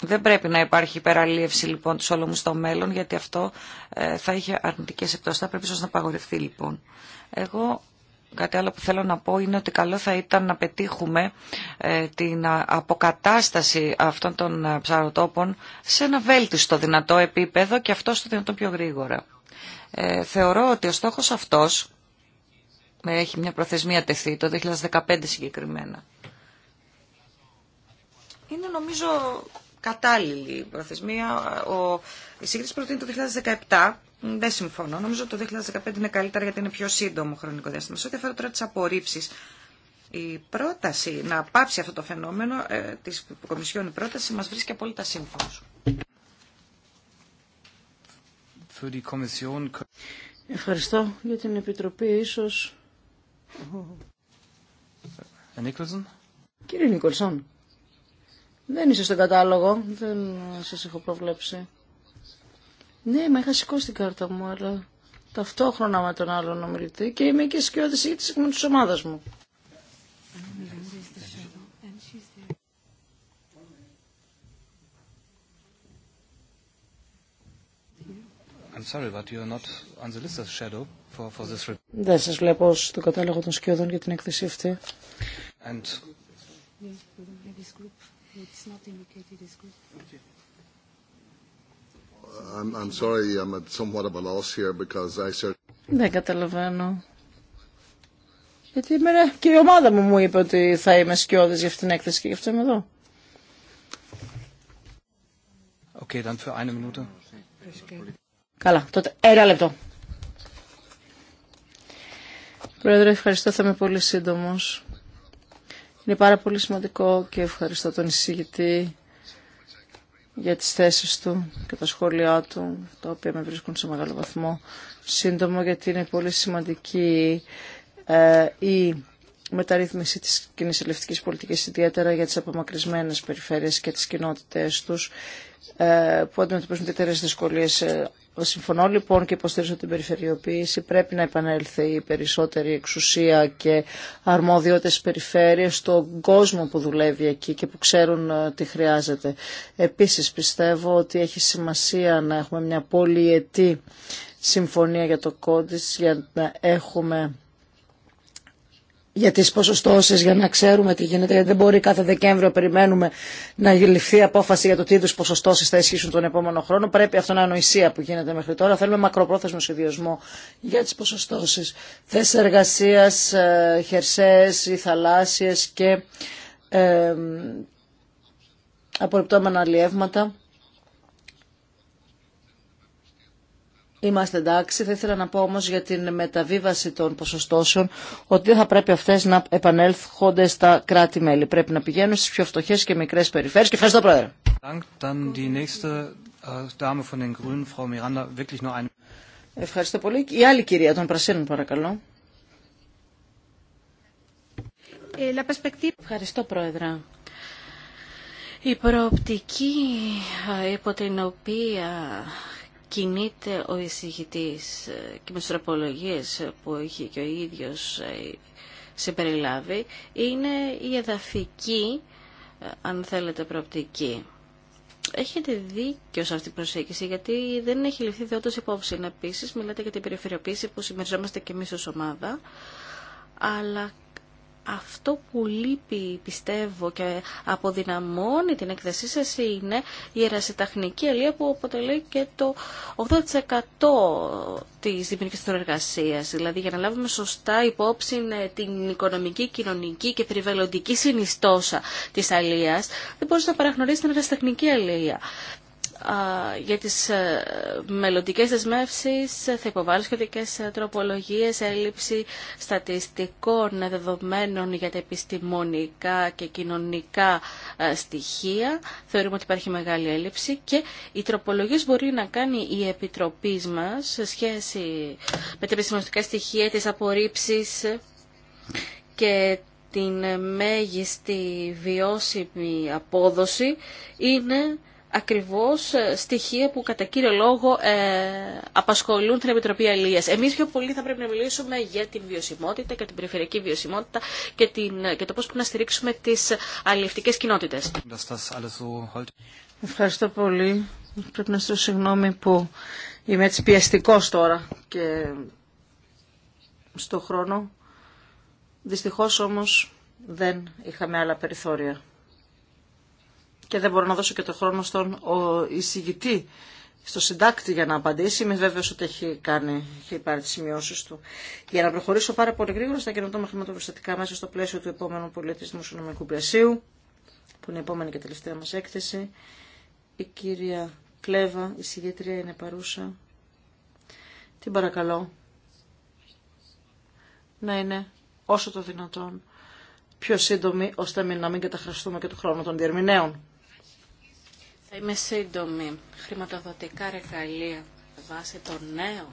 Δεν πρέπει να υπάρχει υπεραλίευση λοιπόν του Σολομού στο μέλλον, γιατί αυτό ε, θα είχε αρνητικές επιπτώσεις. Θα πρέπει ίσως να παγωρευτεί λοιπόν. Εγώ Κάτι άλλο που θέλω να πω είναι ότι καλό θα ήταν να πετύχουμε ε, την αποκατάσταση αυτών των ε, ψαροτόπων σε ένα βέλτιστο δυνατό επίπεδο και αυτό στο δυνατόν πιο γρήγορα. Ε, θεωρώ ότι ο στόχος αυτός έχει μια προθεσμία τεθεί το 2015 συγκεκριμένα. Είναι νομίζω κατάλληλη η προθεσμία. Ο σύγκριση προτείνει το 2017 δεν συμφωνώ. Νομίζω ότι το 2015 είναι καλύτερα γιατί είναι πιο σύντομο χρονικό διάστημα. Σε ό,τι αφορά τώρα τι απορρίψει, η πρόταση να πάψει αυτό το φαινόμενο ε, τη Κομισιόν, η πρόταση μα βρίσκει απόλυτα σύμφωνο. Ευχαριστώ για την Επιτροπή, ίσως. Κύριε Νίκολσον, δεν είσαι στον κατάλογο, δεν σας έχω προβλέψει. Ναι, με είχα σηκώσει την κάρτα μου, αλλά ταυτόχρονα με τον άλλον ομιλητή και είμαι και σκιώδης ηγήτης εκ της ομάδας μου. I'm sorry, but you not on the list as shadow for, for this report. Δεν σας βλέπω στον κατάλογο των σκιώδων για την έκθεση αυτή. And... Yes, we don't have this group. It's not indicated this group. Okay. Δεν καταλαβαίνω. Γιατί και η ομάδα μου μου είπε ότι θα είμαι σκιώδης για αυτήν την έκθεση και γι' αυτό είμαι εδώ. Okay, dann Καλά, τότε ένα λεπτό. Πρόεδρε, ευχαριστώ, θα είμαι πολύ σύντομος. Είναι πάρα πολύ σημαντικό και ευχαριστώ τον εισηγητή για τις θέσεις του και τα σχόλιά του, τα οποία με βρίσκουν σε μεγάλο βαθμό σύντομο, γιατί είναι πολύ σημαντική ε, η μεταρρύθμιση της κοινή ελευτικής πολιτικής, ιδιαίτερα για τις απομακρυσμένες περιφέρειες και τις κοινότητες τους, ε, που αντιμετωπίζουν ιδιαίτερες δυσκολίες ε, Συμφωνώ λοιπόν και υποστηρίζω την περιφερειοποίηση. Πρέπει να επανέλθει η περισσότερη εξουσία και αρμόδιότητες περιφέρειες στον κόσμο που δουλεύει εκεί και που ξέρουν ε, τι χρειάζεται. Επίσης πιστεύω ότι έχει σημασία να έχουμε μια πολυετή συμφωνία για το κόντι, για να έχουμε για τις ποσοστώσεις για να ξέρουμε τι γίνεται, δεν μπορεί κάθε Δεκέμβριο περιμένουμε να ληφθεί απόφαση για το τι είδους ποσοστώσεις θα ισχύσουν τον επόμενο χρόνο. Πρέπει αυτό να ανοησία που γίνεται μέχρι τώρα. Θέλουμε μακροπρόθεσμο σχεδιασμό για τις ποσοστώσεις. Θέσεις εργασίας, ε, χερσαίες ή θαλάσσιες και ε, απορριπτόμενα αλλιεύματα. Είμαστε εντάξει. Θα ήθελα να πω όμως για την μεταβίβαση των ποσοστώσεων ότι δεν θα πρέπει αυτές να επανέλθονται στα κράτη-μέλη. Πρέπει να πηγαίνουν στις πιο φτωχές και μικρές περιφέρειες. Και ευχαριστώ Πρόεδρε. Ευχαριστώ πολύ. Η άλλη κυρία των Πρασίνων παρακαλώ. Ε, ευχαριστώ Πρόεδρε. Η προοπτική ε, υπό την οποία κινείται ο εισηγητής ε, και με τις που έχει και ο ίδιος σε περιλάβει είναι η εδαφική, ε, αν θέλετε, προοπτική. Έχετε δίκιο σε αυτή την προσέγγιση, γιατί δεν έχει ληφθεί διόντως υπόψη. Επίση, μιλάτε για την περιφερειοποίηση που συμμεριζόμαστε και εμείς ως ομάδα, αλλά αυτό που λείπει πιστεύω και αποδυναμώνει την έκθεσή σα είναι η ερασιτεχνική αλεία που αποτελεί και το 80% της δημιουργικής των Δηλαδή για να λάβουμε σωστά υπόψη ε, την οικονομική, κοινωνική και περιβαλλοντική συνιστόσα της αλείας, δεν μπορείς να παραγνωρίσεις την ερασιτεχνική αλληλεία για τις ε, μελλοντικέ δεσμεύσει ε, θα υποβάλει σχετικέ ε, τροπολογίες, έλλειψη στατιστικών δεδομένων για τα επιστημονικά και κοινωνικά στοιχεία. Θεωρούμε ότι υπάρχει μεγάλη έλλειψη και οι τροπολογίες μπορεί να κάνει η Επιτροπή μας σε σχέση με τα επιστημονικά στοιχεία, τις απορρίψεις και την μέγιστη βιώσιμη απόδοση είναι ακριβώς ε, στοιχεία που κατά κύριο λόγο ε, απασχολούν την Επιτροπή Αλίας. Εμείς πιο πολύ θα πρέπει να μιλήσουμε για την βιωσιμότητα και την περιφερειακή βιωσιμότητα και, το πώς πρέπει να στηρίξουμε τις αλληλευτικές κοινότητες. Ευχαριστώ πολύ. Πρέπει να σας συγγνώμη που είμαι έτσι πιεστικός τώρα και στο χρόνο. Δυστυχώς όμως δεν είχαμε άλλα περιθώρια και δεν μπορώ να δώσω και το χρόνο στον εισηγητή, στο συντάκτη για να απαντήσει. Είμαι βέβαιο ότι έχει κάνει, πάρει τι σημειώσει του. Για να προχωρήσω πάρα πολύ γρήγορα στα καινοτόμα χρηματοπροστατικά μέσα στο πλαίσιο του επόμενου πολίτη δημοσιονομικού πλαισίου, που είναι η επόμενη και τελευταία μα έκθεση. Η κυρία Κλέβα, η συγγετρία είναι παρούσα. Την παρακαλώ να είναι όσο το δυνατόν πιο σύντομη, ώστε να μην καταχραστούμε και του χρόνου των διερμηνέων. Θα είμαι σύντομη. Χρηματοδοτικά εργαλεία βάσει το νέο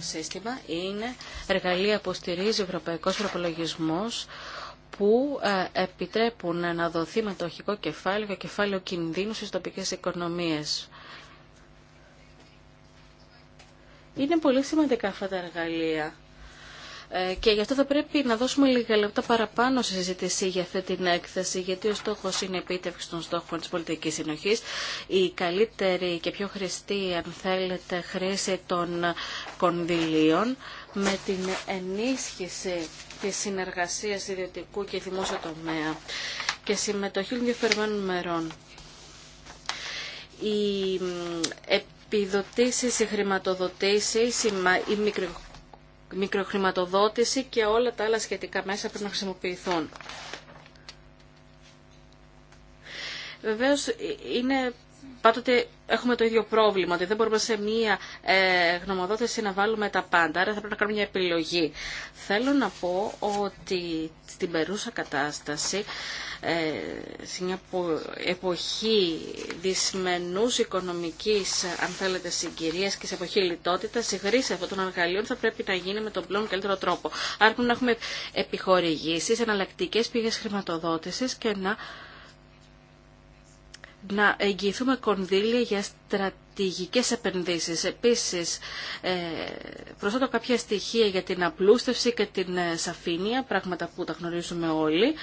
σύστημα είναι εργαλεία που στηρίζει ο Ευρωπαϊκός Προπολογισμός που ε, επιτρέπουν να δοθεί μετοχικό κεφάλαιο και κεφάλαιο κινδύνου στις τοπικές οικονομίες. Είναι πολύ σημαντικά αυτά τα εργαλεία ε, και γι' αυτό θα πρέπει να δώσουμε λίγα λεπτά παραπάνω στη συζήτηση για αυτή την έκθεση, γιατί ο στόχο είναι η επίτευξη των στόχων τη πολιτική συνοχή, η καλύτερη και πιο χρηστή, αν θέλετε, χρήση των κονδυλίων με την ενίσχυση της συνεργασίας ιδιωτικού και δημόσιου τομέα και συμμετοχή ενδιαφερμένων μερών. Οι επιδοτήσεις, οι χρηματοδοτήσεις, οι μικρο μικροχρηματοδότηση και όλα τα άλλα σχετικά μέσα που να χρησιμοποιηθούν. Βεβαίως ε, είναι πάντοτε έχουμε το ίδιο πρόβλημα, ότι δεν μπορούμε σε μία ε, γνωμοδότηση να βάλουμε τα πάντα, άρα θα πρέπει να κάνουμε μια γνωμοδοτηση να βαλουμε τα παντα αρα Θέλω να πω ότι στην περούσα κατάσταση, ε, σε μια εποχή δυσμενούς οικονομικής, αν θέλετε, συγκυρίας και σε εποχή λιτότητας, η χρήση αυτών των εργαλείων θα πρέπει να γίνει με τον πλέον καλύτερο τρόπο. Άρα να έχουμε επιχορηγήσεις, εναλλακτικέ πηγές χρηματοδότησης και να να εγγυηθούμε κονδύλια για στρατηγικές επενδύσεις. Επίσης, ε, προσθέτω κάποια στοιχεία για την απλούστευση και την ε, σαφήνεια, πράγματα που τα γνωρίζουμε όλοι.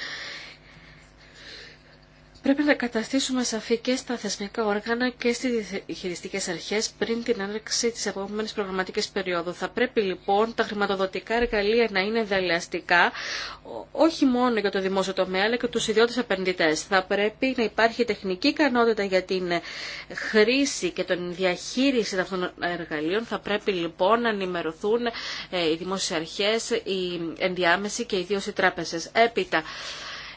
Πρέπει να καταστήσουμε σαφή και στα θεσμικά όργανα και στις χειριστικές αρχές πριν την άνοιξη της επόμενης προγραμματικής περίοδου. Θα πρέπει λοιπόν τα χρηματοδοτικά εργαλεία να είναι δελεαστικά, όχι μόνο για το δημόσιο τομέα, αλλά και τους ιδιώτες επενδυτές. Θα πρέπει να υπάρχει τεχνική ικανότητα για την χρήση και την διαχείριση αυτών των εργαλείων. Θα πρέπει λοιπόν να ενημερωθούν ε, οι δημόσιες αρχές, οι ενδιάμεση και ιδίω οι τράπεζες. Έπειτα,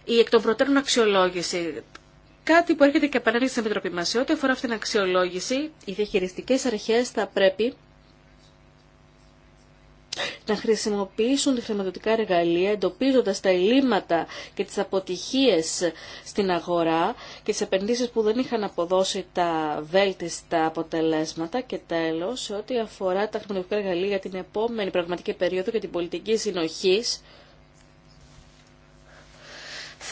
η εκ των προτέρων αξιολόγηση. Κάτι που έρχεται και επανέρχεται στην Επιτροπή μα. Σε ό,τι αφορά αυτήν την αξιολόγηση, οι διαχειριστικέ αρχέ θα πρέπει να χρησιμοποιήσουν τη χρηματοδοτικά εργαλεία εντοπίζοντα τα ελλείμματα και τι αποτυχίε στην αγορά και τι επενδύσει που δεν είχαν αποδώσει τα βέλτιστα αποτελέσματα και τέλο, σε ό,τι αφορά τα χρηματοδοτικά εργαλεία για την επόμενη πραγματική περίοδο και την πολιτική συνοχή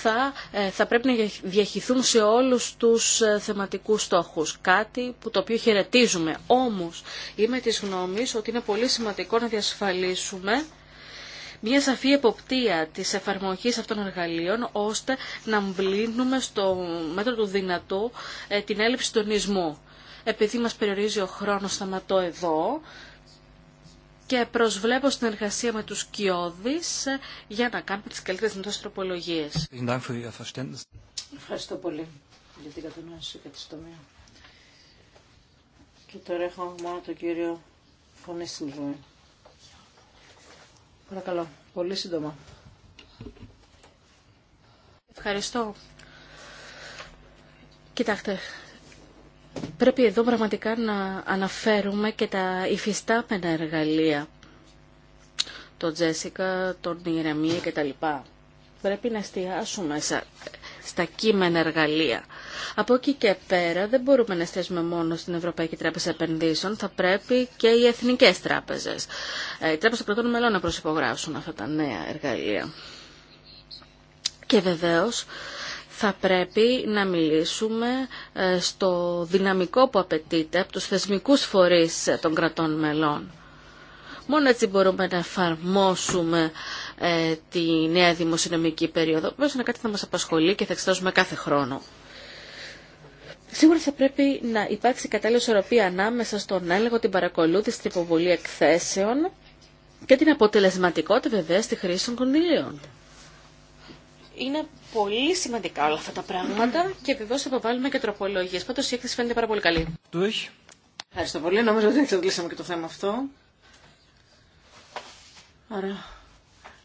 θα, ε, θα πρέπει να διαχειριστούν σε όλους τους ε, θεματικούς στόχους. Κάτι που το οποίο χαιρετίζουμε. Όμως είμαι της γνώμης ότι είναι πολύ σημαντικό να διασφαλίσουμε μια σαφή εποπτεία της εφαρμογής αυτών των εργαλείων, ώστε να μπλύνουμε στο μέτρο του δυνατού ε, την έλλειψη τονισμού. Επειδή μας περιορίζει ο χρόνος, σταματώ εδώ και προσβλέπω στην εργασία με τους Κιώδη ε, για να κάνουμε τις καλύτερε δυνατέ τροπολογίε. Ευχαριστώ πολύ για την κατανόηση και τη στομία. Και τώρα έχω μόνο τον κύριο Φωνή στην Παρακαλώ, πολύ σύντομα. Ευχαριστώ. Κοιτάξτε, Πρέπει εδώ πραγματικά να αναφέρουμε και τα υφιστάμενα εργαλεία. Το Τζέσικα, τον τα λοιπά Πρέπει να εστιάσουμε στα κείμενα εργαλεία. Από εκεί και πέρα δεν μπορούμε να εστιάσουμε μόνο στην Ευρωπαϊκή Τράπεζα Επενδύσεων, θα πρέπει και οι εθνικές τράπεζες, οι ε, τράπεζες κρατών μελών να προσυπογράψουν αυτά τα νέα εργαλεία. Και βεβαίως θα πρέπει να μιλήσουμε ε, στο δυναμικό που απαιτείται από τους θεσμικούς φορείς των κρατών μελών. Μόνο έτσι μπορούμε να εφαρμόσουμε ε, τη νέα δημοσιονομική περίοδο. Βέβαια είναι κάτι θα μας απασχολεί και θα εξετάζουμε κάθε χρόνο. Σίγουρα θα πρέπει να υπάρξει κατάλληλη ισορροπία ανάμεσα στον έλεγχο, την παρακολούθηση, την υποβολή εκθέσεων και την αποτελεσματικότητα βεβαίως, στη χρήση των κονδυλίων είναι πολύ σημαντικά όλα αυτά τα πράγματα και βεβαίω θα υποβάλουμε και τροπολογίε. Πάντω η έκθεση φαίνεται πάρα πολύ καλή. έχει. Ευχαριστώ πολύ. Νομίζω ότι εξαντλήσαμε και το θέμα αυτό. Άρα,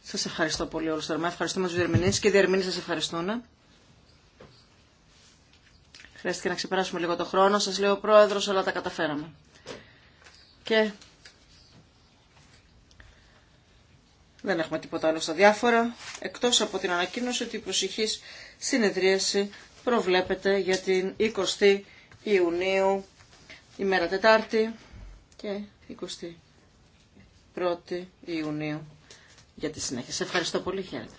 σα ευχαριστώ πολύ όλου θερμά. Ευχαριστούμε του διερμηνεί και οι διερμηνεί σα ευχαριστούν. Χρειάστηκε να ξεπεράσουμε λίγο το χρόνο. Σα λέω ο πρόεδρο, αλλά τα καταφέραμε. Και Δεν έχουμε τίποτα άλλο στα διάφορα, εκτός από την ανακοίνωση ότι η προσεχής συνεδρίαση προβλέπεται για την 20η Ιουνίου, ημέρα Τετάρτη και 21η Ιουνίου για τη συνέχεια. Σε ευχαριστώ πολύ, χαίρετε.